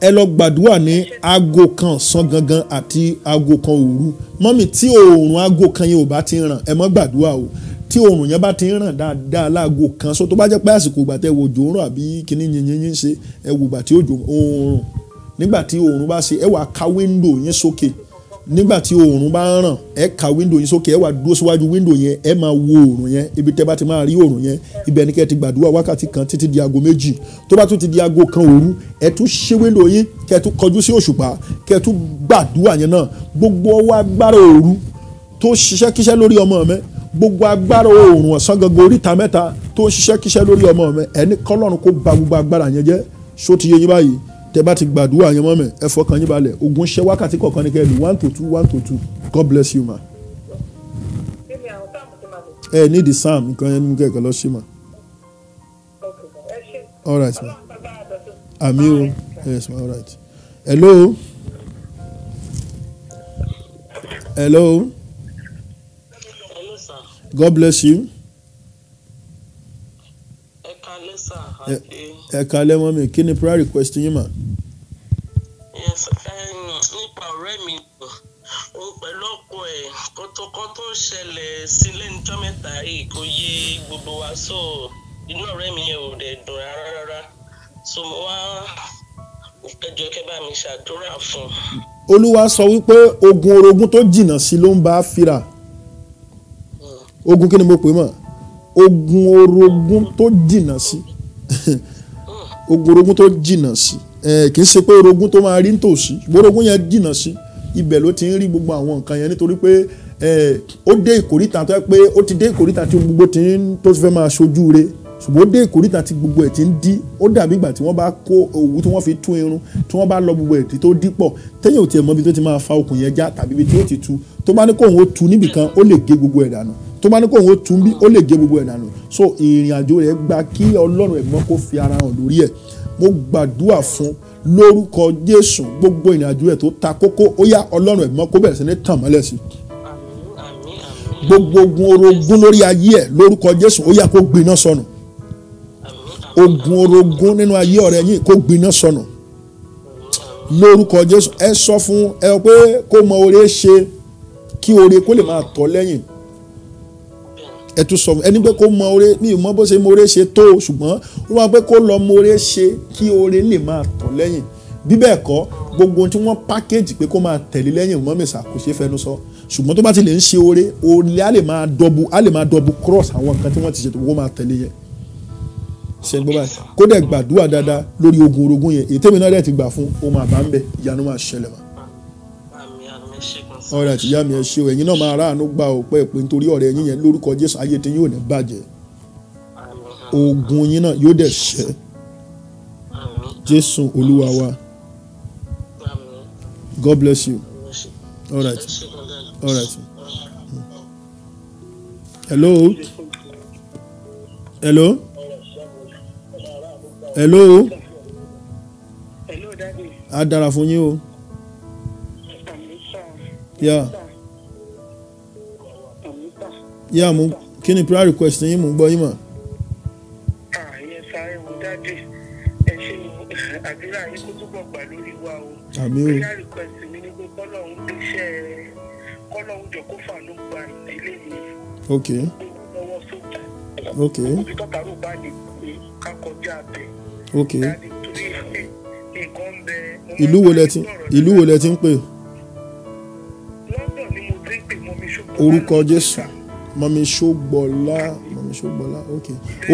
ẹ lọ gbàdúrà ní aago kan sán gangan àti aago kan òru mọ́mì tí oòrùn aago kan yẹn ò bá ti ràn ẹ mọ́ gbàdúrà o tí oòrùn yẹn bá ti ràn dáadáa láago kan so tó bá jẹ́ pé àsìkò ìgbà tẹ wòjò ń rọ̀ àbí kíní yìnyín yín ṣe ẹ wò ìgbà tí òjò oòrùn nígbà tí oòrùn bá ṣe ẹ wà ká wíńdò yín sókè. So nígbà tí oòrùn bá ń ràn ẹ ka window yín sókè ẹ wà dúró síwájú window yẹn ẹ máa wo oòrùn yẹn ibi tẹ́ bá ti máa rí oòrùn yẹn ibẹ̀ ni kẹ́ ti gbàdúrà wákàtí kan títí di aago méjì tó bá tún ti di aago kan òru ẹ tún ṣí window yín kẹ́ tún kọjú sí òṣùpá kẹ́ tún gbàdúrà yẹn náà gbogbo ọwọ́ agbára òru tó ṣiṣẹ́ kíṣẹ́ lórí ọmọ mi gbogbo agbára oòrùn ọ̀sán gangan oríta mẹ́ta tó ṣiṣẹ́ kíṣẹ́ lórí ọmọ mi ẹni kọ́lọ́run kó ba gbogbo agbára yẹn jẹ́ ṣó ti yé yín báyìí tẹ bá ti gbàdúrà yẹn mọ́mẹ́ ẹ fọkàn yín balẹ̀ ogun ṣẹ́ wákàtí kọ̀ọ̀kan ní kẹ́lù one to two one to two God bless you ma. ẹ ní di sam nǹkan yẹn ní kẹ́kẹ́ lọ sí ma. all right ma àmì o yes ma all right hello hello God bless you. ẹ kalẹ́ sà àti ẹ kalẹ́ mọ́ mi kí ni prayer request yín mà. yes nípa ọ̀rẹ́ mi òun pẹ̀lú ọkọ ẹ̀ kọ́tọ́kọ́ ṣẹlẹ̀ sí lẹ́nu jọ́ mẹ́ta yìí kò yé gbogbo wa so inú ọ̀rẹ́ mi yẹn ò dẹ̀ dùn rárá rárá so mo wá ẹjọ́ kẹ́ mi ṣàdúrà fún. olúwa sọ wípé ogun orogún tó jìnnà sí ló ń bá a fira hmm. ogun kí ni mo pè mọ́ ogun orogún tó jìnnà sí ogorogún tó jìnnà sí kì í ṣe pé orogún tó máa rí nítòsí orogún yẹn jìnnà sí ibẹ̀ ló ti ń rí gbogbo àwọn nǹkan yẹn nítorí pé ó dé ìkórìtà tó yẹ pé ó ti dé ìkórìtà tí gbogbo ti ń tó fẹ́ máa ṣojú re ṣùgbọ́n ó dé ìkórìtà tí gbogbo ẹ̀ ti ń dí ó dàbí ìgbà tí wọ́n bá kó òwú tí wọ́n fi tún irun tí wọ́n bá lọ gbogbo ẹ̀ tí tó dí pọ̀ tẹ́yìn ò tiẹ̀ mọ́bi tó ti máa fa okùn yẹn já tàbí ibi tí ó ti tu tó bá ní kóun ó tu níbìkan ó lè gé gbogbo ẹ̀ dànù tó bá ní kó ó tún bí ó lè gé gbogbo ẹ̀ dànù so ìrìn àjò rẹ̀ gba kí ọlọ́run ẹ̀gbọ́n kó fi ara hàn lórí ẹ̀ mo gbàdúrà fún lórúkọ jésù gbogbo ìrìn àjò rẹ̀ tó ta kókó ó yá ọlọ́run ẹ̀gbọ́n kó bẹ̀rẹ̀ sí ní tàn mọ́lẹ̀ sí gbogbo ogun orogún lórí ayé ẹ̀ lórúkọ jésù ó yá kó gbiná sọnù ogun orogún nínú ayé ọ̀rẹ́ yìí kó gbiná sọnù lórúkọ jésù ẹ sọ fún ẹ pé kó mọ oore ṣe kí oore kó lè máa tọ́ lẹ́yìn ẹ tún sọ ẹni pé kó mọ oore mi ò mọ bó ṣe mọ oore ṣe tó ṣùgbọ́n ó wá pé kó lọ mọ oore ṣe kí oore lè máa tọ̀ lẹ́yìn bí bẹ́ẹ̀ kọ́ gbogbo ohun tí wọ́n pákéjì pé kó máa tẹ̀lé lẹ́yìn mọ́mísà kò ṣeé fẹnu sọ ṣùgbọ́n tó bá ti lè ń ṣe oore oore á lè máa dọ́bu á lè máa dọ́bu cross àwọn nǹkan tí wọ́n ti ṣètò kó máa tẹ̀lé yẹn ṣe gbọ́ báyìí kó dẹ̀ gbàdúrà dáadáa lórí ogun orogún yẹn ètèmínà dẹ̀ ti gbà fún ó máa bá ń bẹ̀ ìyanu máa ṣẹlẹ̀ máa ọ̀rẹ́ àtìyá mi ẹ ṣe o ẹ̀yin náà máa ráàánú gba ọ̀pẹ́ ìpè nítorí ọ̀rẹ́ yín yẹn lórúkọ Jésù ayé tí yóò ní bàjẹ́ ogun yín náà yóò dẹ̀ ṣẹ́ Jésù Olúwa wa God bless you all right all right hello hello hello a dára fún yín o. Yeah. Yeah, mo kí ni prayer request yín mo ń gbọ́ yín mọ̀. àyẹ̀ sáré wo dájú ẹ ṣe àdúrà àmì o ok. ok. ok. Eh, ìlú wo lẹ ti ń pè. orúkọ jésù mọ̀mí ṣógbọ́lá mọ̀mí ṣógbọ́lá ok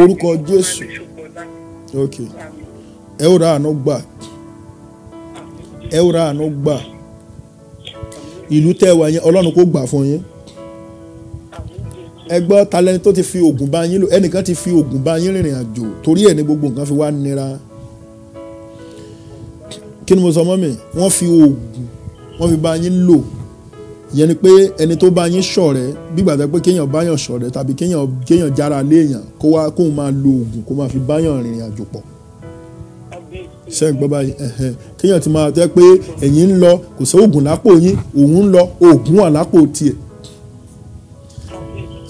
orúkọ jésù ok ẹ ó ra àánú gbà ẹ ó ra àánú gbà ìlú tẹ́ wà yẹn ọlọ́run kó gbà fún yín ẹ gbọ́ talẹ́ni tó ti fi oògùn bá yín lò ẹnìkan ti fi oògùn bá yín rìnrìn àjò torí ẹ̀ ní gbogbo nǹkan fi wá nira kí ni mo sọ mọ́ mi wọ́n fi oògùn wọ́n fi bá yín lò ìyẹn ni pé ẹni tó bá yín ṣọ̀rẹ́ bígbà tó pé kéèyàn báyàn ṣọ̀rẹ́ tàbí kéèyàn kéèyàn jára léèyàn kó wá kóun máa lo oògùn kó máa fi báyàn rìnrìn àjò pọ̀ ṣe ń gbọ́ báyìí kéèyàn ti máa tẹ́ pé ẹ̀yin ń lọ kò sí oògùn lápò yín òun ń lọ oògùn wà lápò tiẹ̀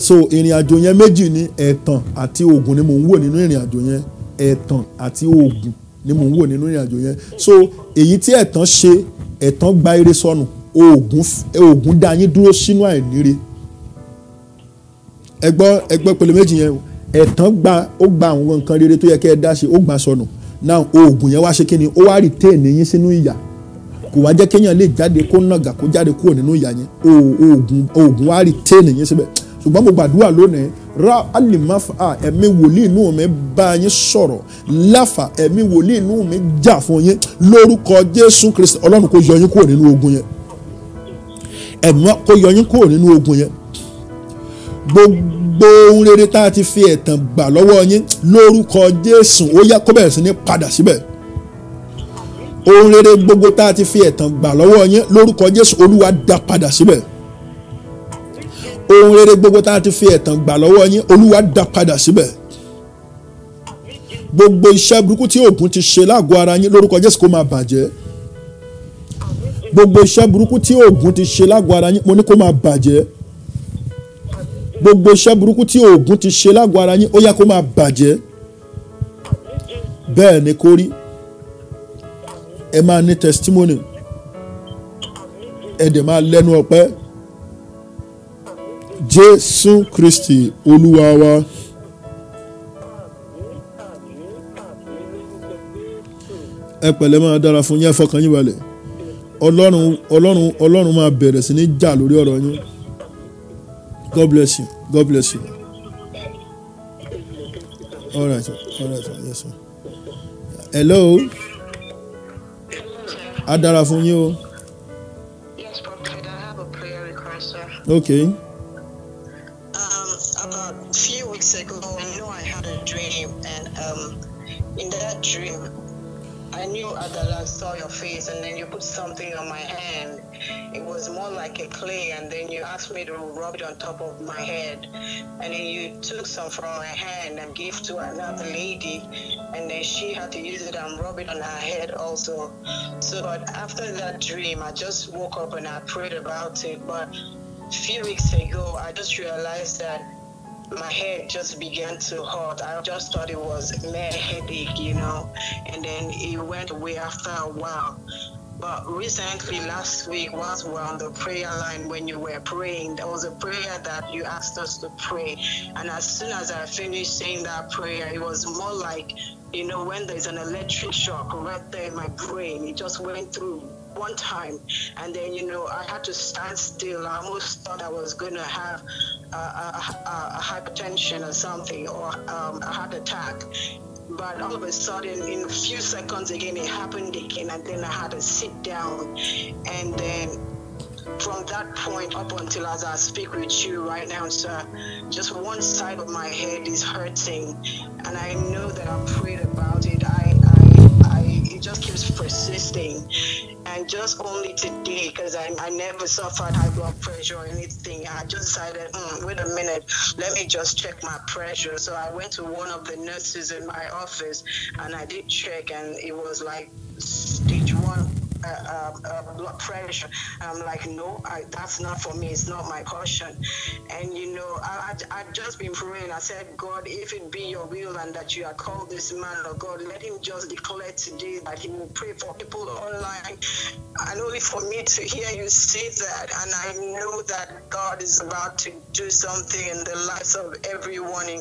so ìrìn àjò yẹn méjì ni ẹ̀tàn àti oògùn ni mò ń wò nínú ìrìn àjò yẹn ẹ̀tàn àti oògùn ni mò ń wò nínú ìrìn so èyí tí ẹ̀tàn ṣe ẹ̀tàn oògùn oògùn dá yín dúró sínú àìníire ẹgbọ́ ẹgbọ́ pẹ̀lú méjì yẹn ẹ̀tàn gba ó gba àwọn nǹkan rere tó yẹ kẹ́ ẹ dá ṣe ó gbà sọnù náà oògùn yẹn wá ṣe kí ni ó wá retain yín sínú ìyà kò wá jẹ́ kéèyàn lè jáde kó nàgà kó jáde kúrò nínú ìyà yẹn oògùn oògùn wá yín síbẹ̀ ṣùgbọ́n mo gbàdúrà lónìí ra alimafa ẹ̀mí wòlíì inú mi bá yín sọ̀rọ̀ láfa ẹ̀mí wòlíì inú mi jà ogun yẹn ẹ̀mọ́ kó yọ yín kúrò nínú ogun yẹn gbogbo ohun rere tá a ti fi ẹ̀tàn gbà lọ́wọ́ yín lórúkọ Jésù ó yá kó bẹ̀rẹ̀ sí ní padà síbẹ̀ ohun rere gbogbo tá a ti fi ẹ̀tàn gbà lọ́wọ́ yín lórúkọ Jésù Olúwa dá padà síbẹ̀ ohun rere gbogbo tá a ti fi ẹ̀tàn gbà lọ́wọ́ yín Olúwa dá padà síbẹ̀ gbogbo iṣẹ́ burúkú tí oògùn ti ṣe lágọ̀ọ́ ara yín lórúkọ Jésù kó máa bàjẹ́ gbogbo iṣẹ́ burúkú tí oògùn ti ṣe lágọ̀ọ́ ara yín mo ní kó máa bàjẹ́ gbogbo iṣẹ́ burúkú tí oògùn ti ṣe lágọ̀ọ́ ara yín ó yá kó máa bàjẹ́ bẹ́ẹ̀ ni kó rí ẹ máa ní testimony ẹ dẹ̀ máa lẹ́nu ọpẹ́ Jésù Kristi Olúwa wa. ẹ pẹ̀lẹ́ máa dára fún yín fọkàn yín balẹ̀ ọlọ́run ọlọ́run ọlọ́run máa bẹ̀rẹ̀ sí ní jà lórí ọ̀rọ̀ yín god bless you god bless you all right all right yes sir hello a dára fún yín o. Okay. bedroom, rubbed on top of my head. And then you took some from my hand and gave to another lady. And then she had to use it and rub it on her head also. So, but after that dream, I just woke up and I prayed about it. But a few weeks ago, I just realized that my head just began to hurt. I just thought it was a mere headache, you know. And then it went away after a while. But recently, last week, whilst we were on the prayer line, when you were praying, there was a prayer that you asked us to pray. And as soon as I finished saying that prayer, it was more like, you know, when there's an electric shock right there in my brain, it just went through one time and then you know i had to stand still i almost thought i was going to have a, a, a, hypertension or something or um, a heart attack but all of a sudden in a few seconds again it happened again and then i had to sit down and then from that point up until as I speak with you right now, sir, just one side of my head is hurting, and I know that I prayed about just keeps persisting. And just only today, because I, I never suffered high blood pressure or anything, I just decided, mm, wait a minute, let me just check my pressure. So I went to one of the nurses in my office and I did check, and it was like stage one uh, um, um, blood pressure. I'm like, no, I, that's not for me. It's not my portion. And you know, I, I, have just been praying. I said, God, if it be your will and that you are called this man, Lord God, let him just declare today that he will pray for people online. And only for me to hear you say that, and I know that God is about to do something in the lives of everyone in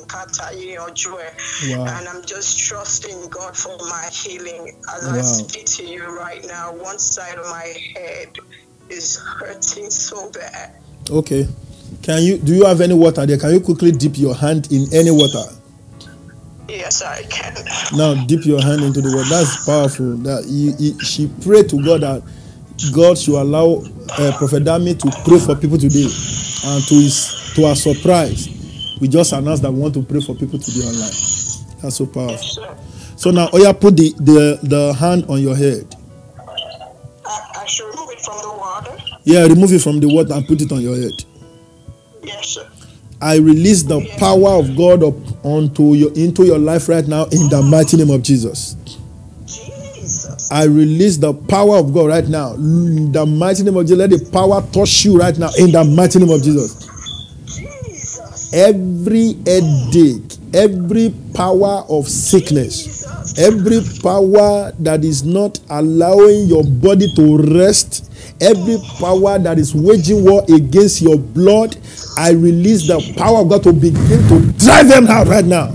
in your joy. Wow. And I'm just trusting God for my healing as wow. I speak to you right now one side of my head is hurting so bad. Okay. Can you do you have any water there? Can you quickly dip your hand in any water? Yes, I can. Now dip your hand into the water. That's powerful. That you, you, she prayed to God that God should allow uh, Prophet Dami to pray for people today, and to his to our surprise, we just announced that we want to pray for people today online. That's so powerful. Yes, so now, Oya, put the, the the hand on your head. Yeah, remove it from the water and put it on your head. Yes, sir. I release the power of God up onto your into your life right now in the mighty name of Jesus. Jesus. I release the power of God right now. In the mighty name of Jesus. Let the power touch you right now in the mighty name of Jesus. Jesus. Every headache, every power of sickness, every power that is not allowing your body to rest, every power that is waging war against your blood, I release the power of God to begin to drive them out right now.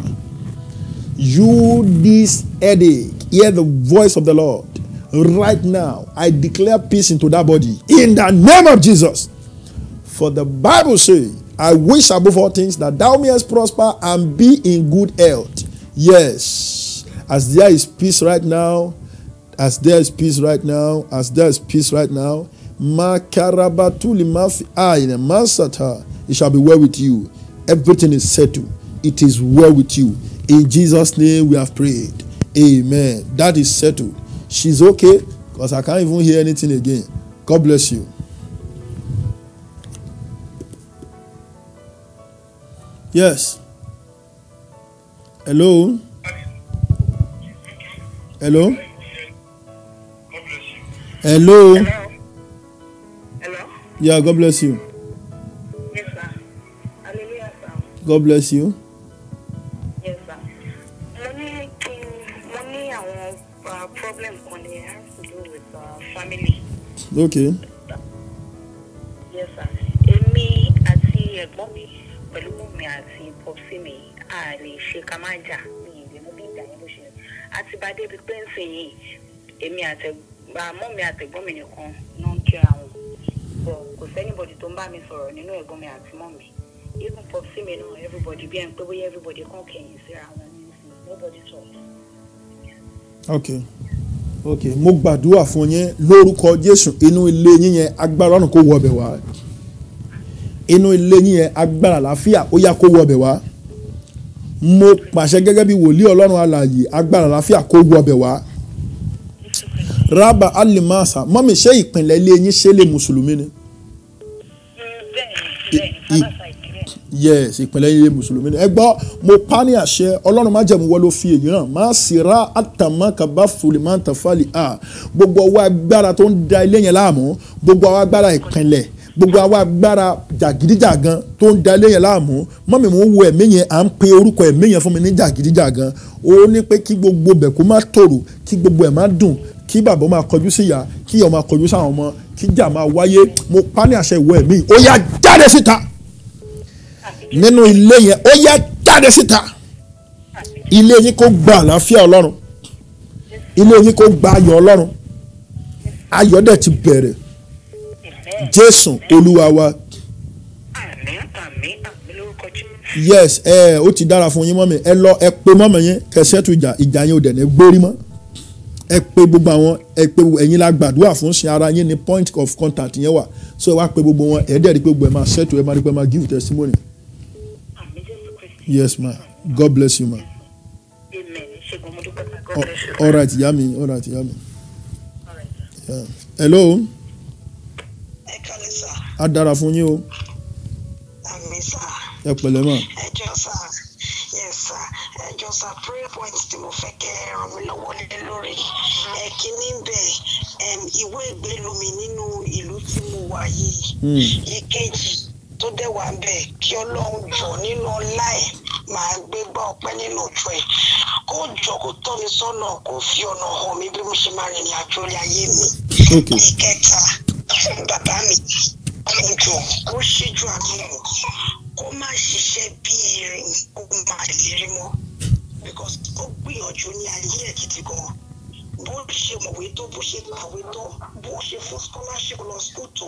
You, this headache, hear the voice of the Lord. Right now, I declare peace into that body in the name of Jesus. For the Bible says, I wish above all things that thou mayest prosper and be in good health. Yes, as there is peace right now, as there is peace right now, as there is peace right now, makarabatuli mafi aina masata. It shall be well with you. Everything is settled. It is well with you. In Jesus' name we have prayed. Amen. That is settled. She's okay because I can't even hear anything again. God bless you. Yes. Hello. Hello. Hello. Hello. Yeah, God bless you. God bless you. Yes, sir. Mo ní kí mo ní uh, problem kan ní to do with uh, family. Okay. a lè ṣe ká má jà ní ìlú mú bí ìgbà yẹn bó ṣe lọ àti bá débi pé ń sìn yìí èmi àtẹgbà mọ́ mi àtẹ̀gbọ́n mi nìkan ló ń kí àwọn bọ̀ kò sẹ́nìbọ̀dì tó ń bá mi sọ̀rọ̀ nínú ẹ̀gbọ́n mi àti mọ́ mi even for sí náà everybody bí ẹn pé bóyá everybody kàn kẹ̀yìn síra wọn nobody talk. ok ok mo gbàdúrà fún yín lórúkọ Jésù inú ilé yín yẹn agbára ọ̀nà kó wọ ọbẹ̀ wá inú ilé yín yẹn agbára àlàáfíà ó yá kó wọ ọbẹ̀ wá mo pàṣẹ gẹ́gẹ́ bí wòlíì ọlọ́run alààyè agbára àlàáfíà kó wọ ọbẹ̀ wá. rábà alimasa mọ́mí ṣé ìpínlẹ̀ ilé yín ṣe lè mùsùlùmí ni. yes ìpínlẹ̀ ilé mùsùlùmí ni. ẹ gbọ́ mo pa ní àṣẹ ọlọ́run má jẹ̀mú wọ́n ló fi èyí hàn má sì ra àtàmọ́kàbá fòlìmọ́ntàfàlì à gbogbo ọwọ́ agbára tó ń da ilé yẹn láàmú gbogbo ọwọ́ agbára ìpínlẹ̀ gbogbo àwa agbára jàgídíjàgan tó ń da ilé yẹn láàmú mọ́mí mò ń wo ẹ̀mí yẹn à ń pe orúkọ ẹ̀mí yẹn fún mi ní jàgídíjàgan ó ní pé kí gbogbo bẹ̀ kó má tòrò kí gbogbo ẹ̀ má dùn kí bàbá máa kọjú sí ìyá kí ìyá máa kọjú sáwọn ọmọ kí jà máa wáyé mo pa ní àṣẹ ìwọ ẹ̀mí ó yá jáde síta nínú ilé yẹn ó yá jáde síta ilé yín kó gba àlàáfíà ọlọ́run ilé yín kó gba ayọ̀ ọlọ́run ayọ̀ dẹ̀ ti bẹ̀rẹ̀ jésù olúwa yes ẹ ó ti dára fún yín mọ́mi ẹ lọ ẹ pe mọ́mọ yẹn kẹsẹ́tù ìjà ìjà yẹn o dẹ̀ ní gbórí mọ́ ẹ pe gbogbo àwọn ẹ pe ẹ̀yin la gbàdúrà fún sin ara yín ní point of contact yẹn wà so ẹ pe gbogbo wọn ẹ dẹ̀ rí pé gbogbo ẹ máa ṣètò ẹ máa rí pé ẹ máa give testimony. yes ma god bless you ma. all right ìyá mi all right ìyá mi. hello á dára fún yín o. àmì sá. ẹ pẹ̀lẹ́ mọ̀. ẹ jọ yes sá ẹ jọ sá prayer point tí mo fẹ́ kẹ́ ẹ ràn mí lọ́wọ́ lé lórí ẹ kíní bẹ́ẹ̀ ìwé ìgbélú mi nínú ìlú tí mo wà yìí hmm. ìkejì tó dẹ̀ wà bẹ́ẹ̀ kí ọlọ́run jọ nínú ọlá ẹ̀ máa gbé gbá ọpẹ́ nínú òjò ẹ̀ kó jọ kó tọ́ mi sọ́nà kó fi ọ̀nà hàn mí bí mo ṣe máa rìnrìn àjò orí ayé mi. ìkẹta bàbá mi àlejò kó ṣíjú àmúhùn kó má ṣiṣẹ́ bí irin kó má lérí mọ́ because ó gbìyànjú ní ayé ẹ̀ gidi gan bó ṣe mọ̀wé tó bó ṣe kàwé tó bó ṣe fún scholarship lọ school tó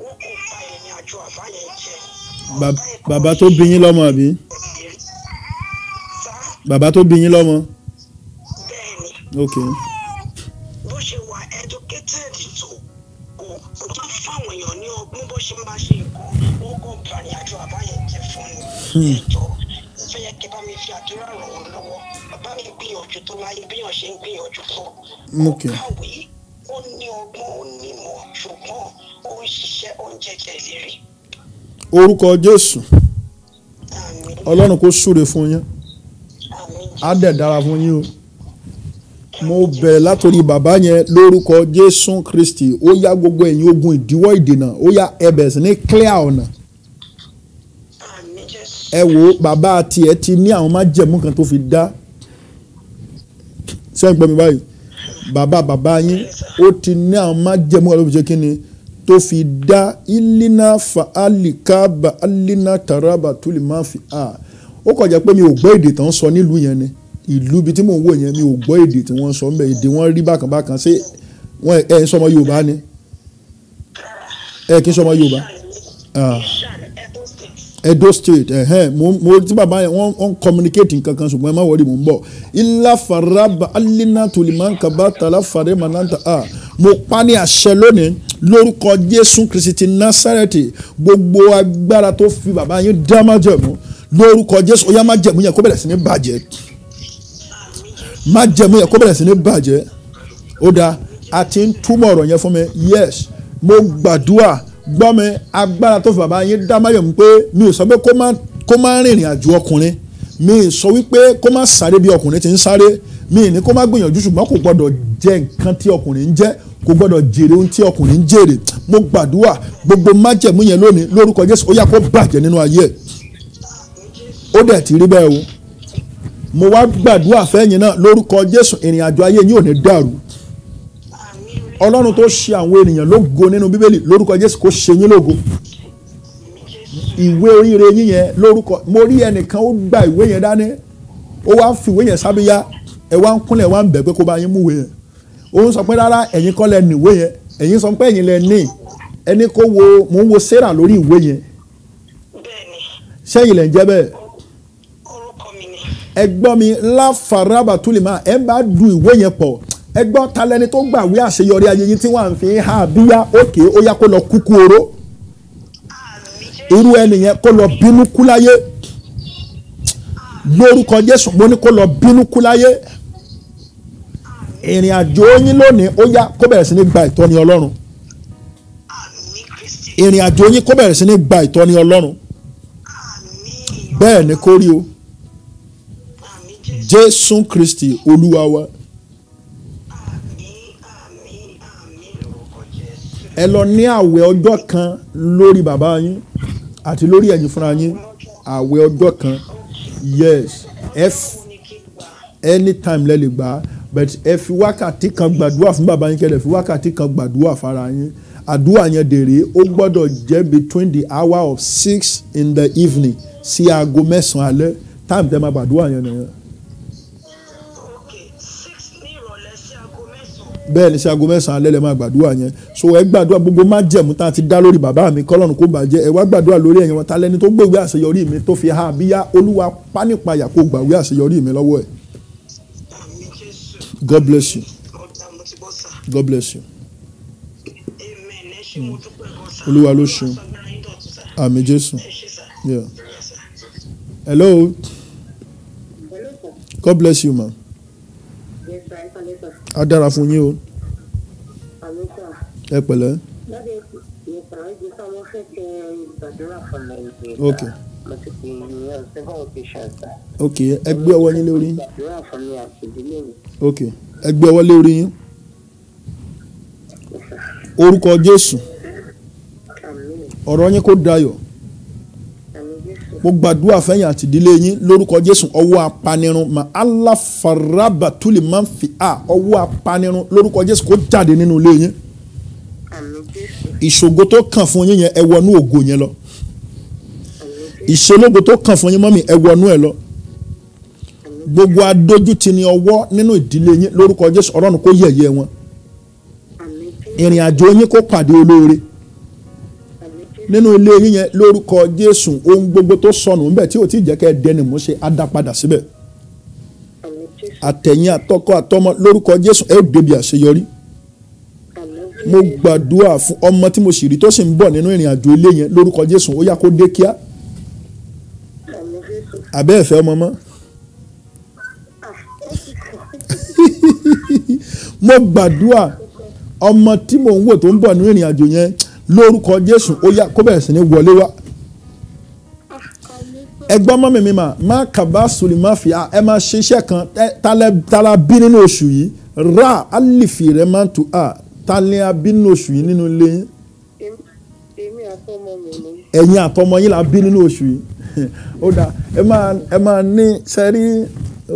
wọn kò bá ìrìn àjò àbáyẹ jẹ. bàbá tó bí yín lọ́mọ àbí. bàbá tó bí yín lọ́mọ. bẹ́ẹ̀ni. okay. ẹjọ hmm. mo fẹ́ yẹ kí bá mi fi àdúrà ràn wọ́n lọ́wọ́ bàbá mi gbìyànjú tó láyé béèyàn ṣe ń gbìyànjú fún ọ kàwé ó ní ọgbọ́n ó ní ìmọ̀ ṣùgbọ́n ó ń ṣiṣẹ́ oúnjẹ jẹ lérí. orúkọ jésù ọlọ́run kò súre fún yín á dẹ̀ dára fún yín o mo bẹ̀rẹ̀ látòrí bàbá yẹn lórúkọ jésù kristi ó yá gbogbo ẹ̀yin ogun ìdíwọ́ ìdènà ó yá ẹ̀bẹ̀ sí ní clear ọ̀nà ẹ wo bàbá tiẹ̀ ti ní àwọn májẹ̀mú kan tó fi dá ṣé ń gbọ́ mi báyìí bàbá bàbá yín ó ti ní àwọn májẹ̀mú kan tó fi ṣe kí tó fi dá ilina fa alikaba alina taraba tuli ma fi a ó kàn jẹ́ pé mi ò gbọ́ èdè tán sọ nílùú yẹn ni ìlú ibi tí mò ń wò yẹn mi ò gbọ́ èdè tí wọ́n sọ ń bẹ̀ èdè wọn rí bákan bákan ṣé ẹ ń sọmọ Yorùbá ni ẹ kì í sọmọ Yorùbá. Ah. Edo State mo ti bàbá yẹn wọ́n communicate nkankan ṣùgbọ́n ẹ má wọrí mò ń bọ̀ ilá faraba alina tolimankaba tala farema nanta a ah, mo pa ní àṣẹ lónìí lórúkọ Jésù Kristi Násárẹ́tì gbogbo agbára tó fi bàbá yẹn dá má jẹ̀mú lórúkọ Jésù ó yá má jẹ̀mú yẹn kó bẹ̀rẹ̀ sí ní bàjẹ́ má jẹ̀mú yẹn kó bẹ̀rẹ̀ sí ní bàjẹ́ ó dáa a ti túmọ̀ ọ̀rọ̀ yẹn fún mi yes mo gbàdúrà gbọ́ mi agbára tó fi bàbá yín dá Mariam pé mi ò sọ pé kó má rìnrìn àjò ọkùnrin mi ì sọ wípé kó má sáré bí ọkùnrin ti ń sáré mi ì ní kó má gbìyànjú ṣùgbọ́n kò gbọ́dọ̀ jẹ nǹkan tí ọkùnrin ń jẹ kò gbọ́dọ̀ jèrè ohun tí ọkùnrin ń jèrè mo gbàdúrà gbogbo májẹ̀mú yẹn lónìí lórúkọ Jésù ó yà kó bàjẹ́ nínú ayé ẹ̀ ó dẹ̀ ti rí bẹ́ẹ̀ o mo wá gbàdúrà fẹ́yìn náà lórúkọ Jésù ìrìn àjò ayé yín ò ní dàrú ọlọ́run tó ṣe àwọn ènìyàn lógo nínú bíbélì lórúkọ jésù kó ṣe yín lógo ìwé oríire yín yẹn lórúkọ mo rí ẹnìkan ó gba ìwé yẹn dání ó wá ń fi ìwé yẹn sábíyá ẹ wá ń kúnlẹ̀ wá ń bẹ̀ pé kó bá yín mú ìwé yẹn òun sọ pé rárá ẹ̀yin kọ́ lẹ níwé yẹn ẹ̀yin sọ pé ẹ̀yin lẹ ní ẹni kó wo mò ń wo sarah lórí ìwé yẹn sẹ́yìn lẹ̀ ń jẹ́ bẹ́ẹ̀ ẹ gbọ́ mi láfarabàtúlìmá ẹ bá du ìwé yẹn pọ̀ ẹ gbọ́ ta lẹni tó gbàwé àṣeyọrí ayé yín tí wọ́n à ń fi há àbíyá òkè ó yá kó lọ kúkú oró irú ẹnìyẹn kó lọ bínú kú láyé lórúkọ Jésù mo ní kó lọ bínú kú láyé ìrìn àjò yín lónìí ó yá kó bẹ̀rẹ̀ sí ní gba ìtọ́ni Ọlọ́run ìrìn àjò yín kó bẹ̀rẹ̀ sí ní gba ìtọ́ni Ọlọ́run bẹ́ẹ̀ ni kó rí o Jésù Kristi Olúwa wa. ẹ lọ ní àwẹ̀ ọjọ́ kan lórí bàbá yín àti lórí ẹ̀yin fúnra yín àwẹ̀ ọjọ́ kan yes f anytime lẹ lè gbà á but ẹ fi wákàtí kan gbàdúrà fún bàbá yín kẹlẹ̀ fi wákàtí kan gbàdúrà fara yín àdúrà yẹn dèrè ó gbọ́dọ̀ jẹ́ between the hour of six in the evening sí aago mẹ́sàn-án alẹ́ time tẹ́ máa gbàdúrà yẹn nìyẹn bẹ́ẹ̀ ni ṣe aago mẹ́sàn-án alẹ́ lẹ́ máa gbàdúrà yẹn so ẹ gbàdúrà gbogbo má jẹ̀mú tá a ti dá lórí bàbá mi kọ́lọ́run kó bàjẹ́ ẹ wá gbàdúrà lórí ẹ̀yìn wọn ta lẹ́ni tó gbèwé àṣeyọrí mi tó fi ha bíyá olúwa pánìpayà kó gbàwé àṣeyọrí mi lọ́wọ́ ẹ̀. God bless you. God bless you. olúwa ló ṣeun àmì jésù. hello. God bless you ma á dára fún yín o. ẹ pẹ̀lẹ́. ok ok ẹ gbé ọwọ́ yín lórí. ok ẹ gbé ọwọ́ lórí yín. orúkọ Jésù ọ̀rọ̀ yín kó dayọ̀ mo gbàdúrà fẹ́yìn àti ìdílé yín lórúkọ jésù ọwọ́ apanirun mà aláfaraba túlẹ̀ máa ń fi à ọwọ́ apanirun lórúkọ jésù kó jáde nínú ilé yín ìṣògo tó kàn fún yín yẹn ẹ wọnú ògo yẹn lọ ìṣelógo tó kàn fún yín mọ́mì ẹ wọnú ẹ lọ gbogbo adójútì ni ọwọ́ nínú ìdílé yín lórúkọ jésù ọlọ́run kó yẹ̀yẹ́ wọn ìrìn àjò yín kó pàdé olóore nínú ilé yín yẹn lórúkọ Jésù ohun gbogbo tó sọnù ńbẹ̀ tí ò tí ì jẹ́ kẹ́ ẹ dẹni mú ṣe á dá padà síbẹ̀ àtẹ̀yìn àtọkọ àtọmọ lórúkọ Jésù ẹ débi àṣeyọrí mo gbàdúrà fún ọmọ tí mo sì rí tó sì ń bọ̀ nínú ìrìn àjò ilé yẹn lórúkọ Jésù ó yá kó dé kíá àbẹ́ ẹ̀fẹ́ ọmọ mọ́ mo gbàdúrà ọmọ tí mò ń wò tó ń bọ̀ nínú ìrìn àjò yẹn lórúkọ jésù ó yá kó bẹ̀rẹ̀ sí ní wọlé wá ẹgbọ́n mọ́mí mi mà má kàbá sùlìmáfì ẹ máa ṣiṣẹ́ kan tálá bí nínú oṣù yìí ra alifi rẹ máa tu a tálá bí nínú oṣù yìí nínú ilé yín. ni. ẹ̀yin àtọmọ yín la bí nínú oṣù yìí ó dáa ẹ máa ní sẹ́rí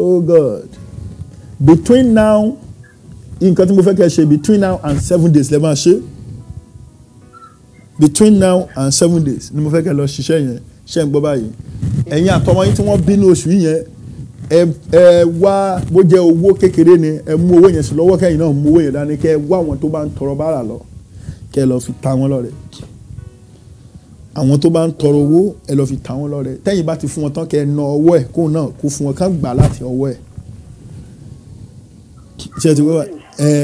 oh god between now nǹkan tí mo fẹ́ kẹ́ ṣe between now and seven days lẹ́ máa ṣe between now and seven days ni mo fẹ́ kẹ́ lọ ṣiṣẹ́ yẹn ṣe ń gbọ́ báyìí ẹ̀yin àtọmọ yín tí wọ́n bí ní oṣù yìí yẹn ẹ ẹ wá bó jẹ́ owó kékeré ni ẹ mú owó yẹn sí lọ́wọ́ kẹ́yìn náà mú owó yẹn dání kẹ́ ẹ wá àwọn tó bá ń tọrọ báárà lọ kẹ́ ẹ lọ fi ta wọn lọ́rẹ àwọn tó bá ń tọrọ owó ẹ lọ fi ta wọn lọ́rẹ tẹ́yìn bá ti fún wọn tán kẹ́ ẹ na ọwọ́ ẹ̀ kó náà kó fún wọn kán gbà láti ọwọ́ ẹ̀ ṣe é ti wẹ́wà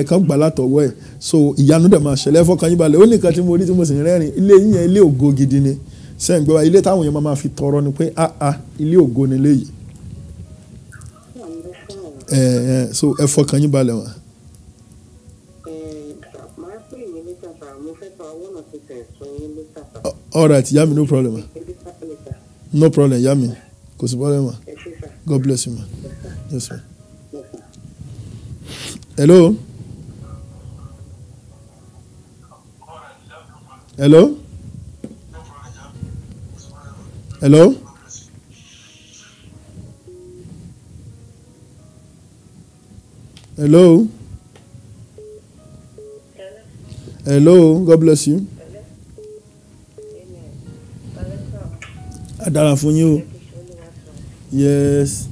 kan gbà látọwọ́ ẹ̀ so ìyanu dẹ̀ máa ṣẹlẹ̀ fọkàn yín balẹ̀ ó nìkan tí mo rí tí mo sì rẹ́rìn ilé yín ilé ògo gidi ni sẹ́ǹgbẹ́ wa ilé táwọn yẹn máa fi tọrọ ni pé ah, ah ilé ògo ni léyìí ẹ so ẹ fọkàn yín balẹ̀ wọn. all right yami no problem no problem yami kò sí problem god bless you ma yes ma hello hello hello. Hello. Hello. God bless you. Adara fún yín o. Yes.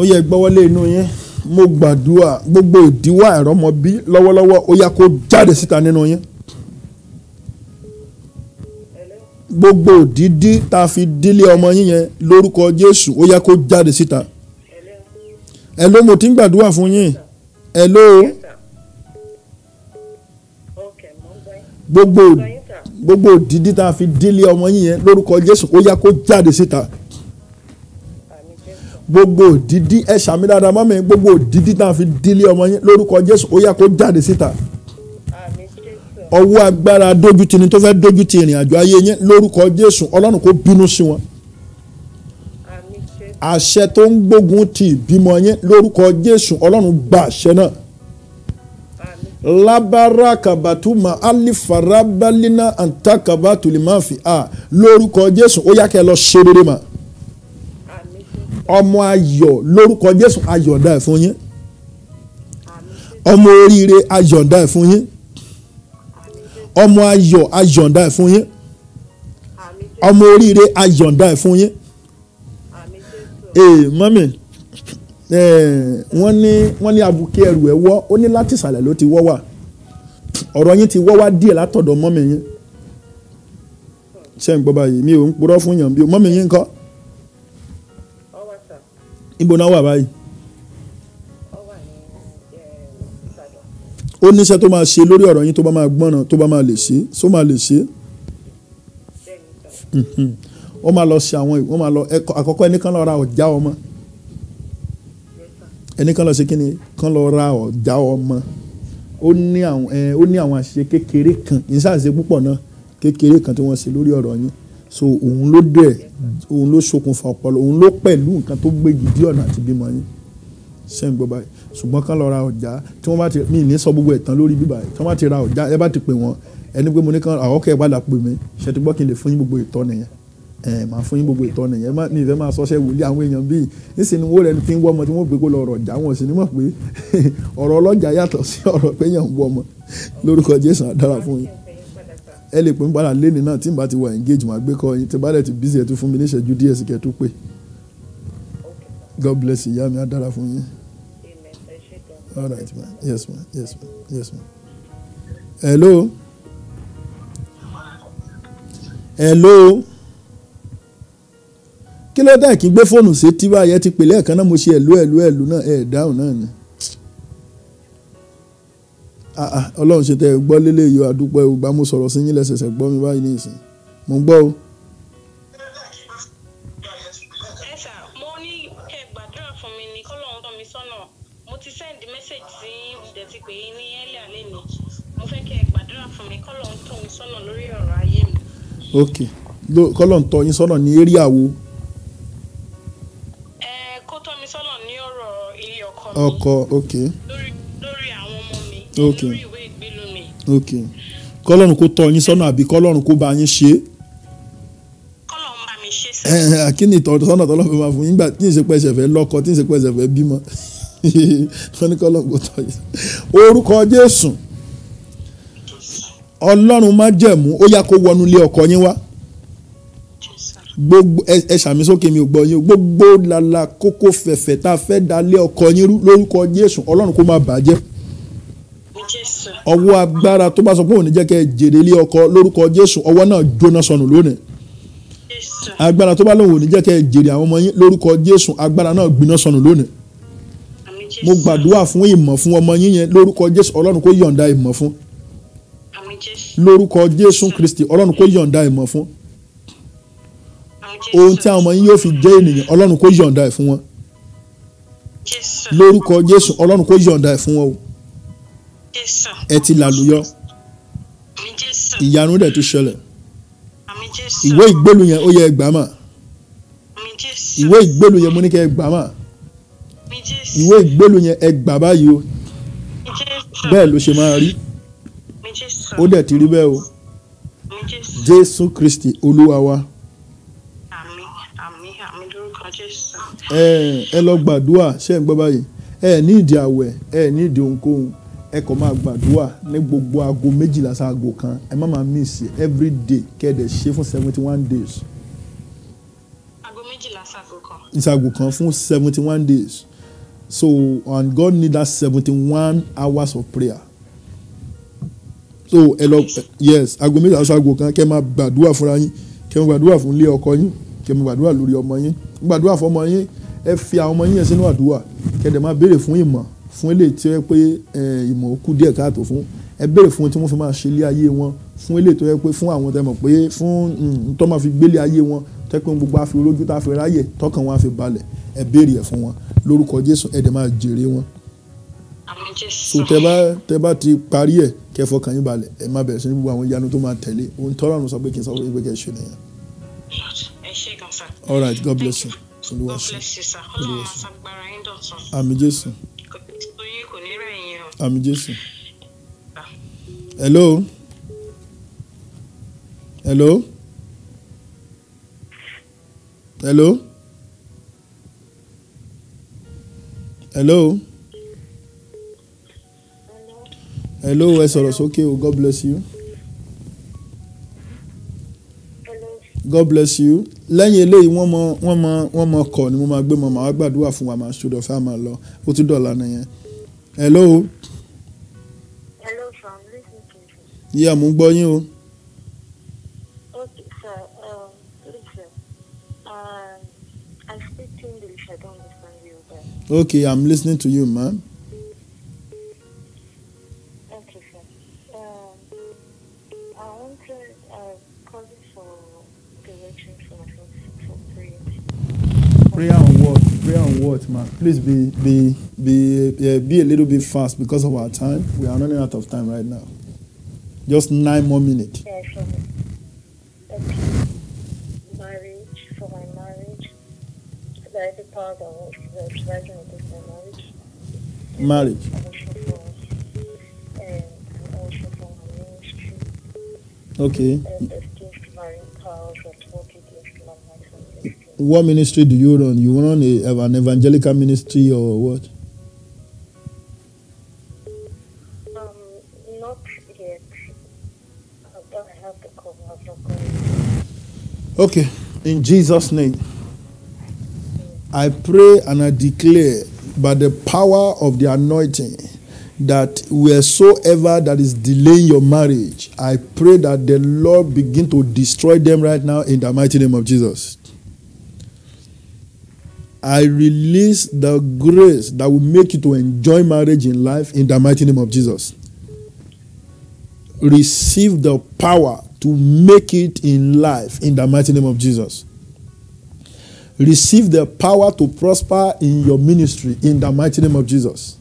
ó yẹ gbọ́wọ́lé inú yín mo gbàdúrà gbogbo ìdíwọ́ àìrọ́mọbí lọ́wọ́lọ́wọ́ ó yá kó jáde síta nínú yín gbogbo òdídí tá a fi dílé ọmọ yín yẹn lórúkọ Jésù ó yá kó jáde síta ẹ ló mo ti ń gbàdúrà fún yín ẹ ló gbogbo òdí gbogbo òdìdí tá a fi dílé ọmọ yín yẹn lórúkọ Jésù ó yá kó jáde síta gbogbo òdìdí ẹ ṣàmì dáadáa mọ́mí gbogbo òdìdí tá a fi dílé ọmọ yín lórúkọ Jésù ó yá kó jáde síta ọwọ́ agbára dójútì ni tó fẹ́ dójútì ìrìn àjò ayé yẹn lórúkọ Jésù Ọlọ́run kó bínú sí wọn àṣẹ tó ń gbógun ti ìbímọ yẹn lórúkọ Jésù Ọlọ́run gba àṣẹ náà labarakabatu ma alifarabalina antakabatu a lórúkọ jésù ó yá kẹ́ lọ ṣe ma ọmọ ayọ̀ lórúkọ jésù ayọ̀dá ẹ̀ fún yín ọmọ oríire ayọ̀dá ẹ̀ fún yín ọmọ ayọ̀ ayọ̀dá ẹ̀ fún yín ọmọ oríire ayọ̀dá ẹ̀ fún yín ee mọ́mì. Eh, wọ́n ní wọ́n ní abuké ẹrù ẹ̀ wọ́ ó ní láti ìsàlẹ̀ ló ti wọ́ wà ọ̀rọ̀ yín ti wọ́ wá díẹ̀ látọ̀dọ̀ mọ́mì yín ṣé ń gbọ́ báyìí mi ò ń purọ́ fún yàn bí mọ́mì yín ńkọ́ ibo náà wà báyìí ó níṣẹ́ eh, tó máa ṣe lórí ọ̀rọ̀ yín tó bá máa gbọ́nràn tó bá máa lè ṣe tó máa lè ṣe ó máa lọ ṣe àwọn ìwé ó máa lọ ẹ̀kọ́ àkọ́kọ́ ẹnìkan lọ ra ọ̀já ọmọ ẹni kan lọ ṣe kíni kan lọ ra ọ̀dà ọmọ ó ní àwọn ẹ ó ní àwọn àṣìṣe kékeré kan ìṣàṣe púpọ̀ náà kékeré kan tí wọ́n ṣe lórí ọ̀rọ̀ yín so òun ló dẹ̀ òun ló ṣokùnfà ọpọlọ òun ló pẹ̀lú nǹkan tó gbégi dí ọ̀nà àti bímọ yín ṣe ń gbọ́ báyìí ṣùgbọ́n kán lọ ra ọ̀já tí wọ́n bá ti mí ní sọ gbogbo ẹ̀tàn lórí bíbá yìí tí wọ́n bá ti ra ọ̀já ẹ bá ti pè wọ́n ẹni pé mo ní kán àwọ̀kẹ́ padà pè mí ṣètìgbọ́ kí n lè fún yín gbogbo ìtọ́ nìyẹn ẹ máa fún yín gbogbo ìtọ́nà yẹn ní ìfẹ́ máa sọ́ṣẹ́ wòlíì àwọn èèyàn bíi nísìnyí wọ́n rẹ̀ ti ń wọ́ ọmọ tí wọ́n gbé kó lọ ọ̀rọ̀ ọjà wọn sì ní mọ̀ pé ọ̀rọ̀ ọlọ́jà yàtọ̀ sí ọ̀rọ̀ pé yàn wọ́ ọmọ lórúkọ Jésù àdára fún yín ẹ lè pè mí padà lẹ́ni náà tí n bá ti wà engage máa gbé kọ́ yín tí bá dẹ̀ ti busy ẹ̀ tún fún mi níṣẹ́jú díẹ̀ sí kẹ́ẹ́ tó pé hello hello kí ló dá kí n gbé fóònù sí tíwá yẹn ti pèlè ẹ̀kan náà mo ṣe ẹ̀lú ẹ̀lú ẹ̀lú náà ẹ̀ dáhùn náà ni. ọlọ́run ṣe tẹ́ gbọ́ lélẹ̀ yìí àdúpọ̀ ẹ̀ mo sọ̀rọ̀ sí yín lẹ́sẹ̀sẹ̀ gbọ́ mi báyìí nísìn mo gbọ́ o. ok kọ́lọ̀ ń tọ́ yín ní eré àwo. ọkọ ok. lórí àwọn ọmọ mi lórí ìwé ìgbélú mi. ok kọ́lọ́run kó tọ́ yín sọ́nà àbí kọ́lọ́run kó bá yín ṣe. kọ́lọ́run bá mi ṣe sẹ́yìn. kí ni ìtọ́sọ́nà tọ́lọ́ fi máa fún yín gbà tí ìṣepẹ́ ẹ̀ṣẹ̀ fẹ́ lọ́kọ tí ìṣepẹ́ ẹ̀ṣẹ̀ fẹ́ bímọ wọ́n ní kọ́lọ́run kó yín. orúkọ Jésù ọlọ́run má jẹ̀mú ó yá kó wọnú ilé ọkọ yín wá gbogbo ẹ ṣàmì sókè mi ò gbọ́ yín gbogbo lala kókó fẹ̀fẹ̀ tá a fẹ́ dalẹ̀ ọkọ yín rú lórúkọ Jésù Ọlọ́run kó máa bàjẹ́ ọwọ́ agbára tó bá sọ pé òun ní jẹ́ kẹ́ jèrè ilé ọkọ lórúkọ Jésù ọwọ́ náà jóná sọnù lónìí agbára tó bá lóun ò ní jẹ́ kẹ́ jèrè àwọn ọmọ yín lórúkọ Jésù agbára náà gbiná sọnù lónìí mo gbàdúrà fún ìmọ̀ fún ọmọ yín yẹn lórúkọ Jésù Ọlọ́run kó yọ̀ǹda ìmọ̀ fún lórúkọ Jésù Kristi Ọlọ́run kó yọ̀ǹda ìmọ̀ fún ohun tí àwọn ọmọ yín yóò fi jẹ́ ènìyàn ọlọ́run kó yọ̀ǹda ẹ̀ fún wọn lórúkọ jésù ọlọ́run kó yọ̀ǹda ẹ̀ fún wọn o ẹ ti làlùyọ ìyanu dẹ̀ tó ṣẹlẹ̀ ìwé ìgbélu yẹn ó yẹ ẹ gbà mà ìwé ìgbélu yẹn mo ní kẹ́ ẹ gbà mà ìwé ìgbélu yẹn ẹ gbà báyìí o bẹ́ẹ̀ ló ṣe máa rí ó dẹ̀ ti rí bẹ́ẹ̀ o jésù kristi olúwa wa. ẹ lọ gbàdúrà ṣé ń gbọ́ báyìí ẹ ní ìdí àwẹ̀ ẹ ní ìdí ohunkóhun ẹ kàn máa gbàdúrà ní gbogbo aago méjìlá sáago kan ẹ má máa miss every day kẹ́ẹ̀dẹ̀ ṣe fún seventy one days. aago méjìlá sáago kan. ìsaago kan fún seventy one days so and God need that seventy one hours of prayer so ẹ lọ yes aago méjìlá sáago kan kẹ́ máa gbàdúrà fúnra yín kẹ́ máa gbàdúrà fún ilé ọkọ yín kí mo gbàdúrà lórí ọmọ yín mo gbàdúrà fọmọ yín ẹ fi àwọn ọmọ yín yẹn sínú àdúrà kẹdẹ máa béèrè fún ìmọ̀ fún eléyìí tí ó yẹ pé ìmọ̀ ó kú díẹ̀ káàtó fún ẹ béèrè fún tí wọ́n fi máa ṣe ilé ayé wọn fún eléyìí tó yẹ pé fún àwọn tẹmọ̀ pé fún mm, tó máa fi gbélé ayé wọn tẹ́pẹ́ gbogbo àfi olójú tá a fi ráyè tọkàn wọn á fi balẹ̀ ẹ béèrè ẹ̀ fún wọn lórúkọ Jésù ẹ̀ dẹ̀ máa jèrè wọn so tẹ bá tẹ bá ti parí ẹ kẹfọ kàn yín balẹ̀ ẹ má bẹ̀rẹ̀ sí ní gbogbo àwọn ìyanu tó máa tẹ̀lé ohun tọ́lọ́run sọ pé kí n sọ pé kí n ṣe nìyẹn sir. all right god bless you. olúwa ṣe olúwa ah, ṣe àmì jésù àmì jésù ah. hello hello hello hello hello ẹ sọ̀rọ̀ sókè o god bless you. God bless you lẹ́yìn eléyìí wọ́n mọ wọ́n mọ wọ́n mọ kọ̀ ni mo máa gbé mọ màá gbàdúrà fún wa màá ṣòdò fẹ́ àmà lọ ó tún dọ̀la nìyẹn. hello. hello sir i'm listening to you. yíyá mo ń gbọ́ yín o. okay sir um, please um, i speak english i don't understand you. But... okay i'm listening to you ma'am. prayer and what prayer and what man please be be be uh, be a little bit fast because of our time we are running out of time right now just nine more minutes. Yeah, Marriage for my marriage, that is part of the expression of my marriage. Marriage. Okay. And what ministry do you run? You run a, an evangelical ministry or what? Um, not yet. I don't have the Okay, in Jesus' name, I pray and I declare by the power of the anointing that wheresoever that is delaying your marriage, I pray that the Lord begin to destroy them right now in the mighty name of Jesus. I release the grace that will make you to enjoy marriage in life in the mighty name of Jesus. Receive the power to make it in life in the mighty name of Jesus. Receive the power to prosper in your ministry in the mighty name of Jesus.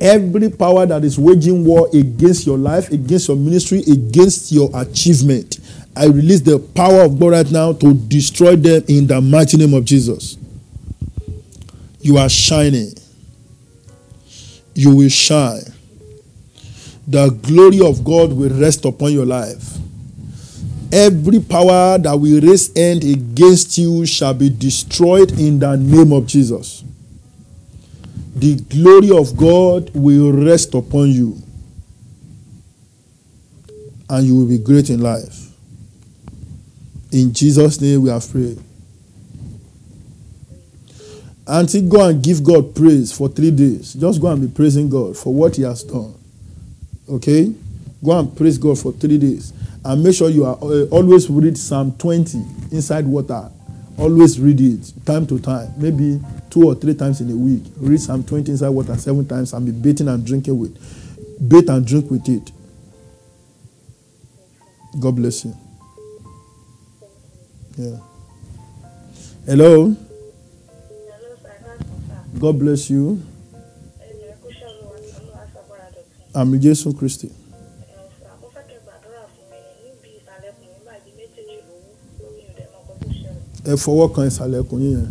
Every power that is waging war against your life, against your ministry, against your achievement, I release the power of God right now to destroy them in the mighty name of Jesus You are shining. You will shine. The glory of God will rest upon your life. Every power that will raise hand against you shall be destroyed in the name of Jesus. The glory of God will rest upon you. And you will be great in life. In Jesus' name we have prayed. Auntie, go and give God praise for three days. Just go and be praising God for what He has done. Okay? Go and praise God for three days. And make sure you are uh, always read Psalm 20 inside water. Always read it time to time. Maybe two or three times in a week. Read Psalm 20 inside water seven times and be bathing and drinking with. Bathe and drink with it. God bless you. Yeah. Hello? God bless you. I'm Jésù Kristi. Ẹ fọwọ́ kan ìsàlẹ̀kùn yín yẹn.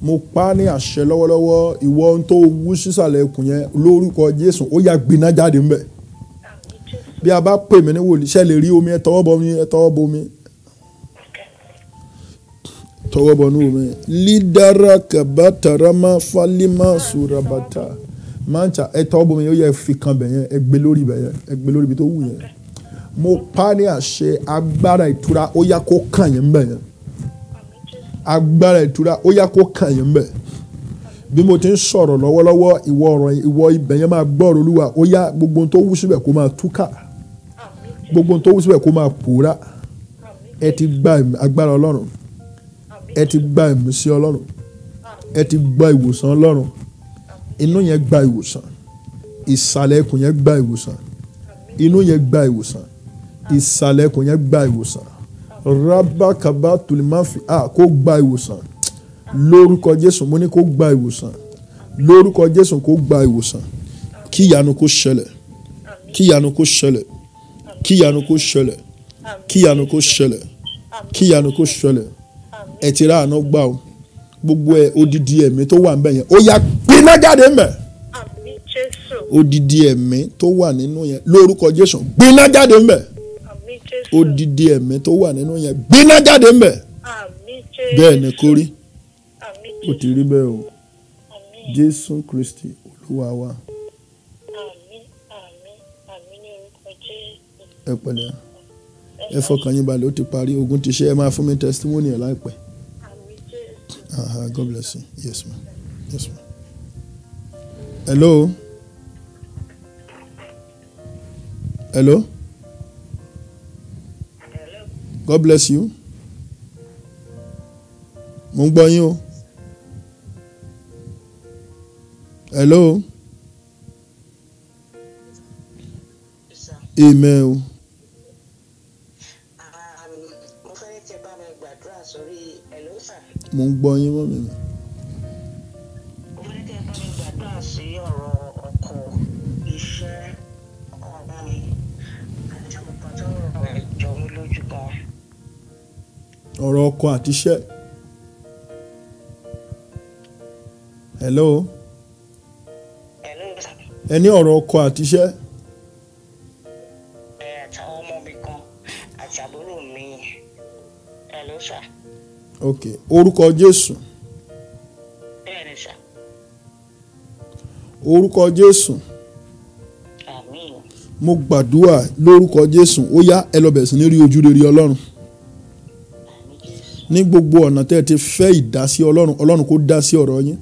Mo pa ní àṣẹ lọ́wọ́lọ́wọ́ ìwọ ohun tó wú sísàlẹ̀kùn yẹn lórúkọ Jésù ó yá gbiná jáde ńbẹ̀. Bí a bá pè mí ní wòlíṣẹ́ lè rí omi ẹ tọwọ́ bọ mi ẹ tọwọ́ bọ mi. bɔ bọ̀ núwò lidara kaba kàbátàrámá fálímà sùràbàtà mancha ẹ tọwọ́ bọ̀ mi ó yẹ fi kan bẹ̀ yẹn ẹ gbé lórí bẹ̀ yẹn ẹ lórí ibi tó wù yẹn mo pa ní agbara agbára ìtura ó yá kó kàn yẹn bẹ̀ yẹn agbára ìtura ó yá kó kàn yẹn bẹ̀ bí mo ti ń sọ̀rọ̀ lọ́wọ́lọ́wọ́ ìwọ ọ̀rọ̀ ìwọ ibẹ̀ yẹn máa gbọ́ ọ̀rọ̀ olúwa ó yá gbogbo tó wú síbẹ̀ kó máa túkà gbogbo tó wú síbẹ̀ kó máa pòórá ẹ ti gba agbára ọlọ́run ẹ ti gba ìmísí ọlọ́run ẹ ti gba ìwòsàn ọlọ́run inú yẹn gba ìwòsàn ìsàlẹ̀ ikùn yẹn gba ìwòsàn inú yẹn gba ìwòsàn ìsàlẹ̀ ikùn yẹn gba ìwòsàn rábàkàbà tòlímáfì à kó gba ìwòsàn lórúkọ jésù mo ní kó gba ìwòsàn lórúkọ jésù kó gba ìwòsàn kí kó ṣẹlẹ̀ kí kó ṣẹlẹ̀ kí kó ṣẹlẹ̀ kí kó ṣẹlẹ̀ kí kó ṣẹlẹ̀ ẹ ti rà àánú gbà o gbogbo ẹ odidi ẹ̀mí tó wà nbẹ yẹn ó yá gbiná jáde mbẹ odidi ẹ̀mí tó wà nínú yẹn lórúkọ Jésù gbiná jáde mbẹ odidi ẹ̀mí tó wà nínú yẹn gbiná jáde mbẹ bẹ́ẹ̀ ni kò rí ti rí bẹ́ẹ̀ o Jésù Kristi Olúwa wa. ẹ pẹ̀lẹ́ ẹ fọkàn yín balẹ̀ ó ti parí ogun ti ṣe ẹ máa fún mi testimony ẹ̀ láìpẹ́. Uh-huh. God bless you. Yes, ma'am. Yes, ma'am. Hello. Hello. Hello. God bless you. Mo ń gbọ́ yín o. Hello. Yes, Amen mo ń gbọ́ yín mọ́ mi. ọ̀rọ̀ ọkọ àti iṣẹ́. hello. hello. ẹ ní ọ̀rọ̀ ọkọ àti iṣẹ́. ok orúkọ jésù. bẹ́ẹ̀ni sà. orúkọ jésù. àmín. mo gbàdúrà lórúkọ jésù ó yá ẹ lọ bẹ̀rẹ̀ sí ní rí ojú rere ọlọ́run ní gbogbo ọ̀nà tẹ́ ẹ ti fẹ́ ìdásí ọlọ́run ọlọ́run kó dá sí ọ̀rọ̀ yín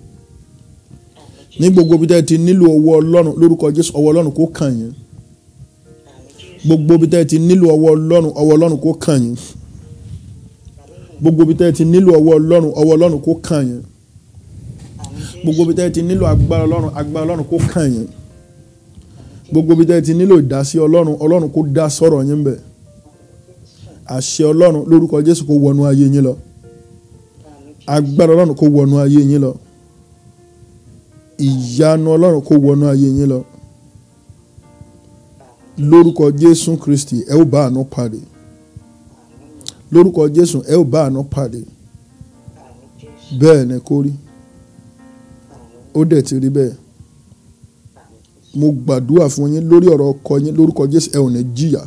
ní gbogbo bí tẹ́ ẹ ti nílò ọwọ́ ọlọ́run lórúkọ jésù ọwọ́ ọlọ́run kó kàn yín gbogbo bí tẹ́ ẹ ti nílò ọwọ́ ọlọ́run ọwọ́ ọlọ́run kó kàn yín gbogbo bí tẹ́ ti nílò ọwọ́ ọlọ́run ọwọ́ ọlọ́run kó kàn yín gbogbo bí tẹ́ ti nílò agbára ọlọ́run agbára ọlọ́run kó kàn yín gbogbo bí tẹ́ ti nílò ìdásí ọlọ́run ọlọ́run kó dá sọ̀rọ̀ yín bẹ̀ àṣẹ ọlọ́run lórúkọ jésù kó wọnú ayé yín lọ agbára ọlọ́run kó wọnú ayé yín lọ ìyanu ọlọ́run kó wọnú ayé yín lọ lórúkọ jésù kristi ẹ ó bá àánú pàdé lórúkọ Jésù ẹ ò bá àánú pàdé bẹ́ẹ̀ ni kó rí ó dẹ̀ ti rí bẹ́ẹ̀ mo gbàdúrà fún yín lórí ọ̀rọ̀ ọkọ yín lórúkọ Jésù ẹ ò ní jìyà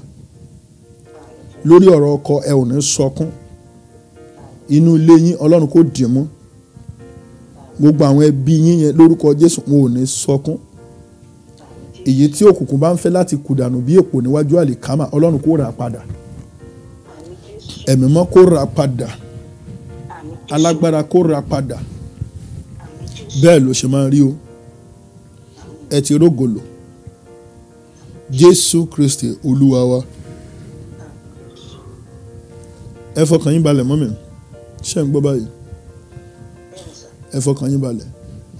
lórí ọ̀rọ̀ ọkọ ẹ ò ní sọkún inú ilé yín Ọlọ́run kò dì mú gbogbo àwọn ẹbí yín yẹn lórúkọ Jésù wọn ò ní sọkún èyí tí òkùnkùn bá ń fẹ́ láti kùdànù bí èpò níwájú àlìkámà Ọlọ́run kò rà padà ẹ̀mí mọ́ kó ra padà alágbára kó ra padà bẹ́ẹ̀ ló ṣe máa rí o ẹ ti rógòlò Jésù Kristi Olúwa wa ẹ fọkàn yín balẹ̀ mọ́mì ṣe ń gbọ́ báyìí ẹ fọkàn yín balẹ̀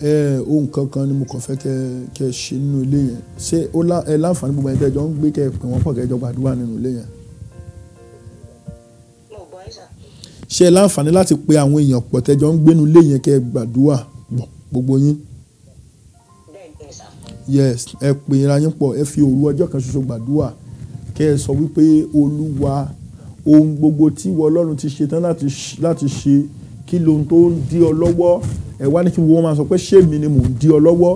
ẹ ohun kankan ni mo kàn fẹ́ kẹ kẹ ṣe nínú ilé yẹn ṣé ẹ láǹfààní gbogbo ẹ̀dẹ́jọ́ ń gbé kẹ pè wọ́n pọ̀ kẹjọ gbàdúrà nínú ilé yẹn. ṣe láǹfààní láti pe àwọn èèyàn pọ̀ tẹ́jọ́ ń gbénu lé yẹn kẹ́ ẹ gbàdúrà pọ̀ gbogbo yín. yes ẹ pè ra yín pọ̀ ẹ fi òru ọjọ́ kan ṣoṣo gbàdúrà kẹ́ ẹ sọ wípé olúwa ohun gbogbo tí ìwọ ọlọ́run ti ṣe tán láti ṣe kí lohun tó ń dí ọ lọ́wọ́ ẹ wá ní kí wọ́n máa sọ pé ṣé mi ni mò ń dí ọ lọ́wọ́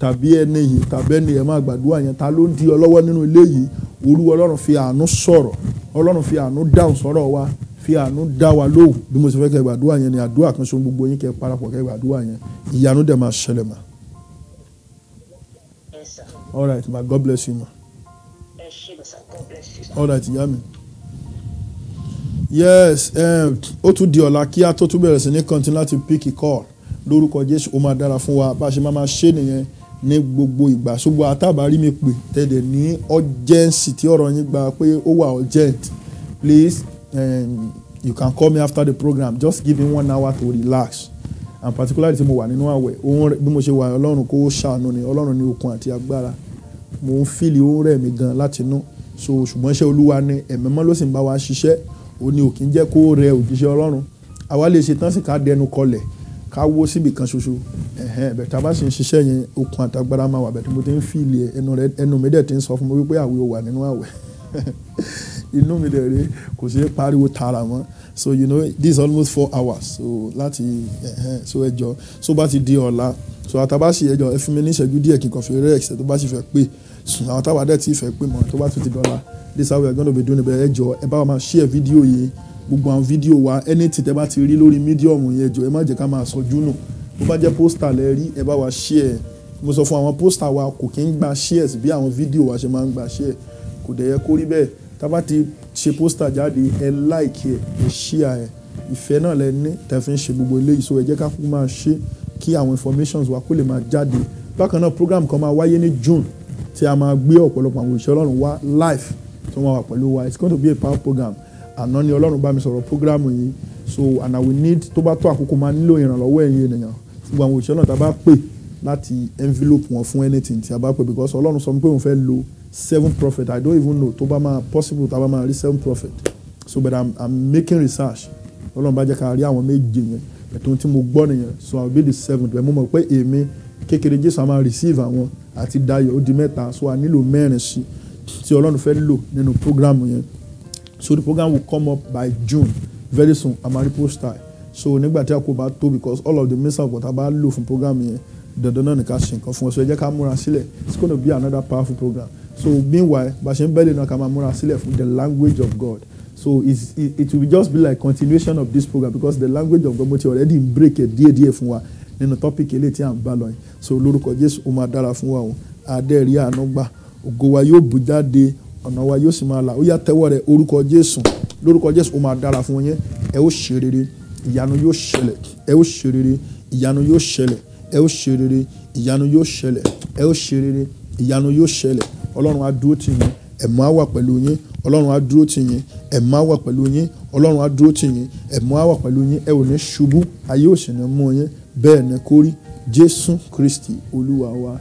tàbí ẹni yìí tàbí ẹni ẹ máa gbàdúrà yẹn ta ló ń dí ọ lọ́wọ́ nínú ilé yìí olúwa ọlọ́run fi àánú sọ̀rọ̀ ọlọ́run fi àánú dáhùn sọ̀rọ̀ wa fi àánú dá wa lóhùn bí mo ṣe fẹ́ kẹ́ gbàdúrà yẹn ni àdúrà kan ṣo gbogbo yín kẹ́ parapọ̀ kẹ́ gbàdúrà yẹn ìyanu dẹ̀ máa ṣẹlẹ̀ mà. all right ma God bless you ma. all right ìyá mi. yes um, ó tún di ọ̀la kí a tó tún bẹ̀rẹ̀ sí ní kọ́ńtínú láti pick a call lórúkọ jésù ó máa dára fún wa bá a ṣe máa máa ṣe nìyẹn ní gbogbo ìgbà ṣùgbọ́n àtàbárí mi pè tẹ̀lé ní urgency tí ọ̀rọ̀ yín gba pé ó wà urgent please um, you can call me after the program just give him one hour to relax and particularly tí mo wà nínú àwẹ̀ òun bí mo ṣe wà ọlọ́run kó ṣàánú ni ọlọ́run ni okun àti agbára mo ń fìlì ó rẹ̀ mí gan láti inú so ṣùgbọ́n iṣẹ́ olúwa ni ẹ̀mẹ́mọ́ ló sì ń bá wa ṣiṣẹ́ òun ni òkín jẹ́ kó rẹ òjíṣẹ́ ọlọ́run àwa lè ṣe tán sì ká dẹnu kọlẹ̀ ká wó síbì kan ṣoṣo ẹ̀hẹ́n bẹ̀tẹ̀ a bá sì ń ṣiṣẹ́ yẹn okun àti agbára máa wà bẹ̀tẹ̀ mo ti ń fìlì ẹnu mi dẹ̀ ti ń sọ fún mi wípé àwẹ̀ wà nínú àwẹ̀ inú mi dẹ̀ rè kò ṣeé pariwo tààrà mọ́ so you know this is almost four hours so láti so ẹjọ́ so bá ti di ọ̀la so àtàbáṣe ẹjọ́ ẹ fún mi ní ìṣẹ́jú díẹ̀ kí n kàn fi rẹ́ ẹ̀ṣẹ̀ tó bá sì fẹ́ pé sùn àwọn táwa dẹ̀ ti fẹ́ pé mọ̀ tó bá tún ti dọ́là this is how we are gonna be doing ẹ jọ̀ọ́ ẹ bá wa máa share video yìí gbogbo àwọn video wa anything tẹ bá ti rí lórí medium yẹn jọ̀ọ́ ẹ má jẹ́ ká máa sọjú nù tó bá jẹ́ poster lẹ rí ẹ bá wa share mo sọ fún àwọn poster wa kò kí ń gba shares bí àwọn video. wa ṣe máa ń gba share kò dẹ̀ yẹ kó bẹ́ẹ̀ tá a bá ti ṣe pósítà jáde ẹ láìkí ẹ ẹ ṣíà ẹ ìfẹ́ náà lẹ ní tẹ̀fín ṣe gbogbo eléyìí so ẹ jẹ́ ká kú máa ṣe kí àwọn informations wa kó lè máa jáde bákan náà program kan máa wáyé ní June tí a máa gbé ọ̀pọ̀lọpọ̀ àwọn òṣìṣẹ́ Ọlọ́run wá live tó máa wà pẹ̀lú wa it's going to be a power program àná ni Ọlọ́run bá mi sọ̀rọ̀ program yìí so and we need tó bá tó àkókò máa nílò ìrànlọ́wọ́ ẹ̀yin ènìyàn gbogbo àwọn òṣìṣẹ́ náà tá a bá pè láti envelope wọn fún anything tí a bá pè because ọlọ́run sọ pé òun fẹ́ lo seven prophet i don't even know tó bá máa possible tá bá máa rí seven prophet so but i'm i'm making research ọlọ́run bá jẹ́ ká rí àwọn méje yẹn ẹ̀tọ́ tí mo gbọ́ nìyẹn so i will be the seventh but mo mọ̀ pé èmi kékeré jésù a máa receive àwọn àti dayọ̀ ó di mẹ́ta so a nílò mẹ́rin sí tí ọlọ́run fẹ́ lò nínú program yẹn so the program will come up by june very soon amari post style so nígbà tí a kò bá tó because all of the missile water bá lò fún program yẹn dandan náà nìkan ṣe nǹkan fún ọ so ẹ jẹ́ ká múra sílẹ̀ it's gonna be another powerful program so meanwhile bá ṣe ń bẹ́lẹ̀ náà ká máa múra sílẹ̀ fún the language of God so it's, it, it will just be like continuation of this program because the language of God mo ti already break ẹ̀ díẹ̀ díẹ̀ fún wa nínú tọ́pìkì eléyìí tí à ń bá lọ yìí so lórúkọ Jésù ó máa dára fún wa o adẹ́rìí àánú gbà ògo wa yóò bù jáde ọ̀nà wa yóò sì máa là ó yá tẹ́wọ́ rẹ̀ orúkọ Jésù lórúkọ Jésù ó máa dára fún yín ẹ ó ṣe rere ìyanu yóò ṣẹlẹ̀ ẹ ó ṣe rere ìyanu yóò ṣẹlẹ̀ ẹ ó ṣe rere ìyanu yóò ṣẹlẹ̀ ẹ ó ṣe rere ìyanu yóò ṣẹlẹ̀ ọlọ́run á dúró tì yín ẹ̀mọ́ á wà pẹ̀lú yín ọlọ́run á dúró tì yín ẹ̀mọ́ á wà pẹ̀lú yín ọlọ́run á dúró tì yín ẹ̀mọ́ á wà pẹ̀lú yín ẹ ò ní ṣubú ayé ò sì ní mú yín bẹ́ẹ̀ ni kó rí jésù kristi olúwa wa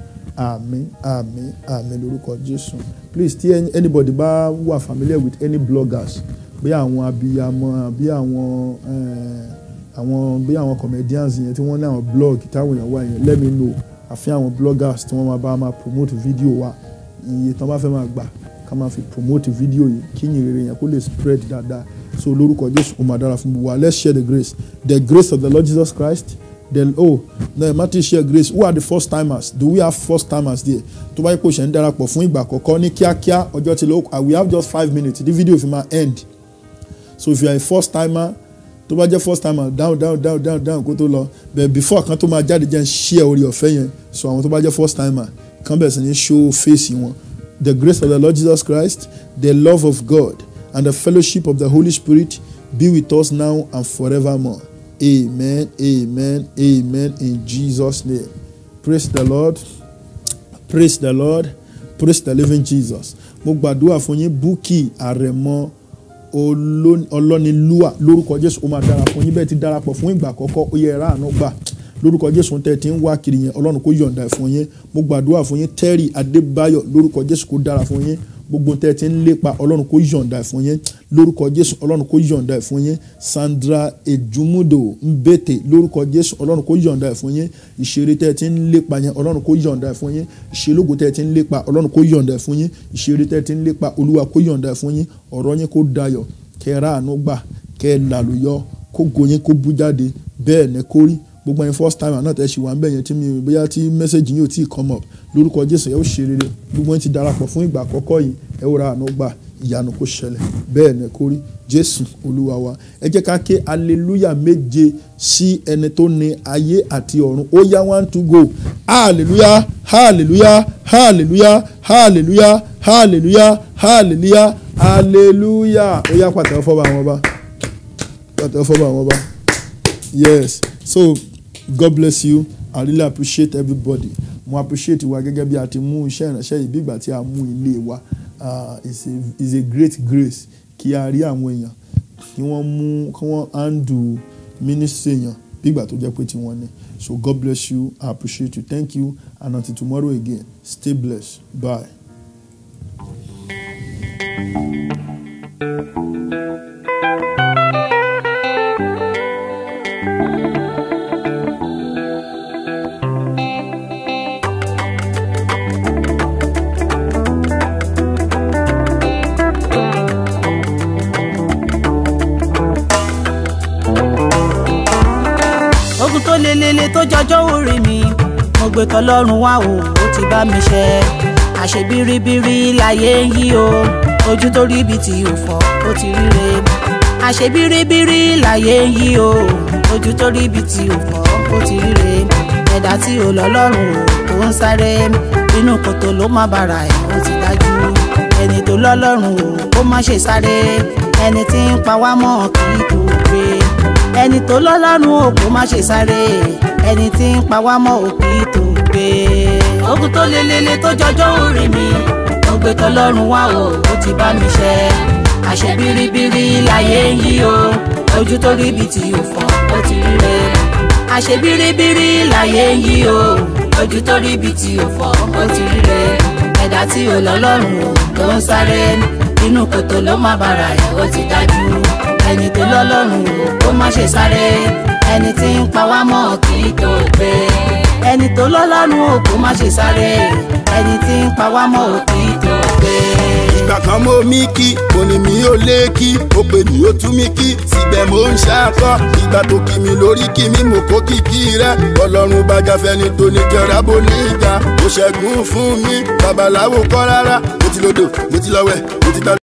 àmín àmín àmín lórúkọ jésù please tí anybody bá wà familiar with any bloggers bí àwọn abiyamọ àbí àwọn. Uh, àwọn bí àwọn comedians yẹn tí wọ́n ní àwọn blog táwọn èèyàn wà yẹn let me know àfi àwọn bloggers tí wọ́n máa bá máa promote video wa iye tán bá fẹ́ máa gbà ká máa fi promote video yìí kí yìn rere yẹn kó lè spread dáadáa so lórúkọ Jésù kò máa dára fún gbogbo wa let's share the grace the grace of the Lord Jesus Christ then oh then matthew share grace who are the first timers do we have first timers there tó bá yẹ kó ṣe ń darapọ̀ fún ìgbà àkọ́kọ́ ní kíákíá ọjọ́ tí ló we have just five minutes the video fi máa end so if you are a first timer tó bá jẹ́ first timer down down down down down kó tó lọ but before kan tó máa jáde jẹ́ ń share orí ọ̀fẹ́ yẹn so àwọn tó bá jẹ́ first timer kan bẹ̀rẹ̀ sí ní show face wọn the grace of the Lord Jesus Christ the love of God and the fellowship of the Holy Spirit be with us now and forevermore amen amen amen in Jesus name praise the Lord praise the Lord praise the living Jesus mo gbàdúrà fún yín búkì àrẹ̀mọ ọlọ́nilúwà lórúkọ jésù ó máa darapọ̀ yín bẹ́ẹ̀ ti darapọ̀ fún ìgbà àkọ́kọ́ ó yẹ ráàánú gbà lórúkọ jésù tẹ́ ti ń wá kiri yẹn ọlọ́run kó yọ̀ǹda fún yín mo gbàdúrà fún yín tẹ́rì adébáyọ̀ lórúkọ jésù kó dára fún yín gbogbo tẹ́ ti ń lépa ọlọ́run kó yọ̀ǹda fún yín lórúkọ jésù ọlọ́run kó yọ̀ǹda fún yín sandra ejumudo mbete lórúkọ jésù ọlọ́run kó yọ̀ǹda fún yín ìṣeré tẹ́ ti ń lépa yẹn ọlọ́run kó yọ̀ǹda fún yín ìṣelógo tẹ́ ti ń lépa ọlọ́run kó yọ̀ǹda fún yín ìṣeré tẹ́ ti ń lépa olúwa kó yọ̀ǹda fún yín ọ̀rọ̀ yín kó dayọ̀ kẹ́ ráàánú gbà kẹ́ làlùyọ kó goyin kó bú jáde bẹ́ẹ̀ ni kó gbogbo ẹni first time àná tẹ̀sí wà ń bẹ̀yẹn tí mi bóyá tí mẹ́sẹ̀gì yóò tí ì come up lórúkọ jésù ẹ ó ṣe rere gbogbo ẹni tí darapọ̀ fún ìgbà àkọ́kọ́ yìí ẹ ó ra àánú gbà ìyanu kó ṣẹlẹ̀ bẹ́ẹ̀ ni kó rí jésù olúwa wa ẹ jẹ́ ká ké hallelujah méje sí ẹni tó ní ayé àti ọ̀run ó yá one two go hallelujah hallelujah hallelujah hallelujah hallelujah hallelujah hallelujah ó yá pàtàkì fọ́ba àwọn ọba pàtàkì fọ́ba àwọn ọba yes so. God bless you. I really appreciate everybody. Mo appreciate wa gẹ́gẹ́ bí a ti mú iṣẹ́ ìránṣẹ́ yìí bí ìgbà tí a mú ilé wa. Ah, it's a, it's a great grace kí a rí àwọn èèyàn kí wọ́n mú kí wọ́n handle ministry èèyàn bí ìgbà tó jẹ́ pé tiwọn ni. So God bless you. I appreciate you. Thank you. And until tomorrow again, stay blessed. Bye. thank you lelele tó jọjọ́ orí mi mo gbé tọlọ́run wá o ó ti bá mi ṣe àṣẹ bíríbírí láyé ń yí o ojú tó rí ibi tí ò fọ́ ó ti ríre àṣẹ bíríbírí láyé yí o ojú tó rí ibi tí ò fọ́ ó ti ríre ẹ̀dá tí ò lọ́lọ́run o ò ń sáré inú kòtò ló má bàrà ẹ̀ ó ti dájú ẹni tó lọ́lọ́run o ó má ṣe sáré ẹni tí ń pa wá mọ́ kì í tó gbé ẹni tó lọ́lọ́run ò kó má ṣe sáré ẹni tí ń pa wá mọ́ òkì tó gbé. ogun tó lelele tó jọjọ́ orí mi ó gbé tọlọ́run wá o ó ti bá mi ṣe àṣẹ bíríbírí láyé ń yí o ojú tó rí ibi tí ò fọ́ ó ti rí àṣẹ bíríbírí láyé ń yí o ojú tó rí ibi tí ò fọ́ ó ti rí ẹ̀dá tí ò lọ́lọ́run ò tó ń sáré inú kòtò ló má bàrà ẹ̀ ó ti dájú ẹni tó lọ́lọ́run wò kó má ṣe sáré ẹni tí ń pa wá mọ́ kì tó gbé ẹni tó lọ́lọ́run wò kó má ṣe sáré ẹni tí ń pa wá mọ́ kì tó gbé. ìgbà kan mo mí kí mo ní mi ò lé kí ó pè mí ó tú mi kí síbẹ̀ mo ń ṣàkọ́ ìgbà tó kí mi lórí kí mi mo kó kìkì rẹ ọlọ́run bá gafẹ́ ni tó ní jọra bó ní ìjà ó ṣẹ́gun fún mi babaláwo kọ́ rárá mo ti lodò mo ti lọ́wẹ̀ mo ti gbàgbé.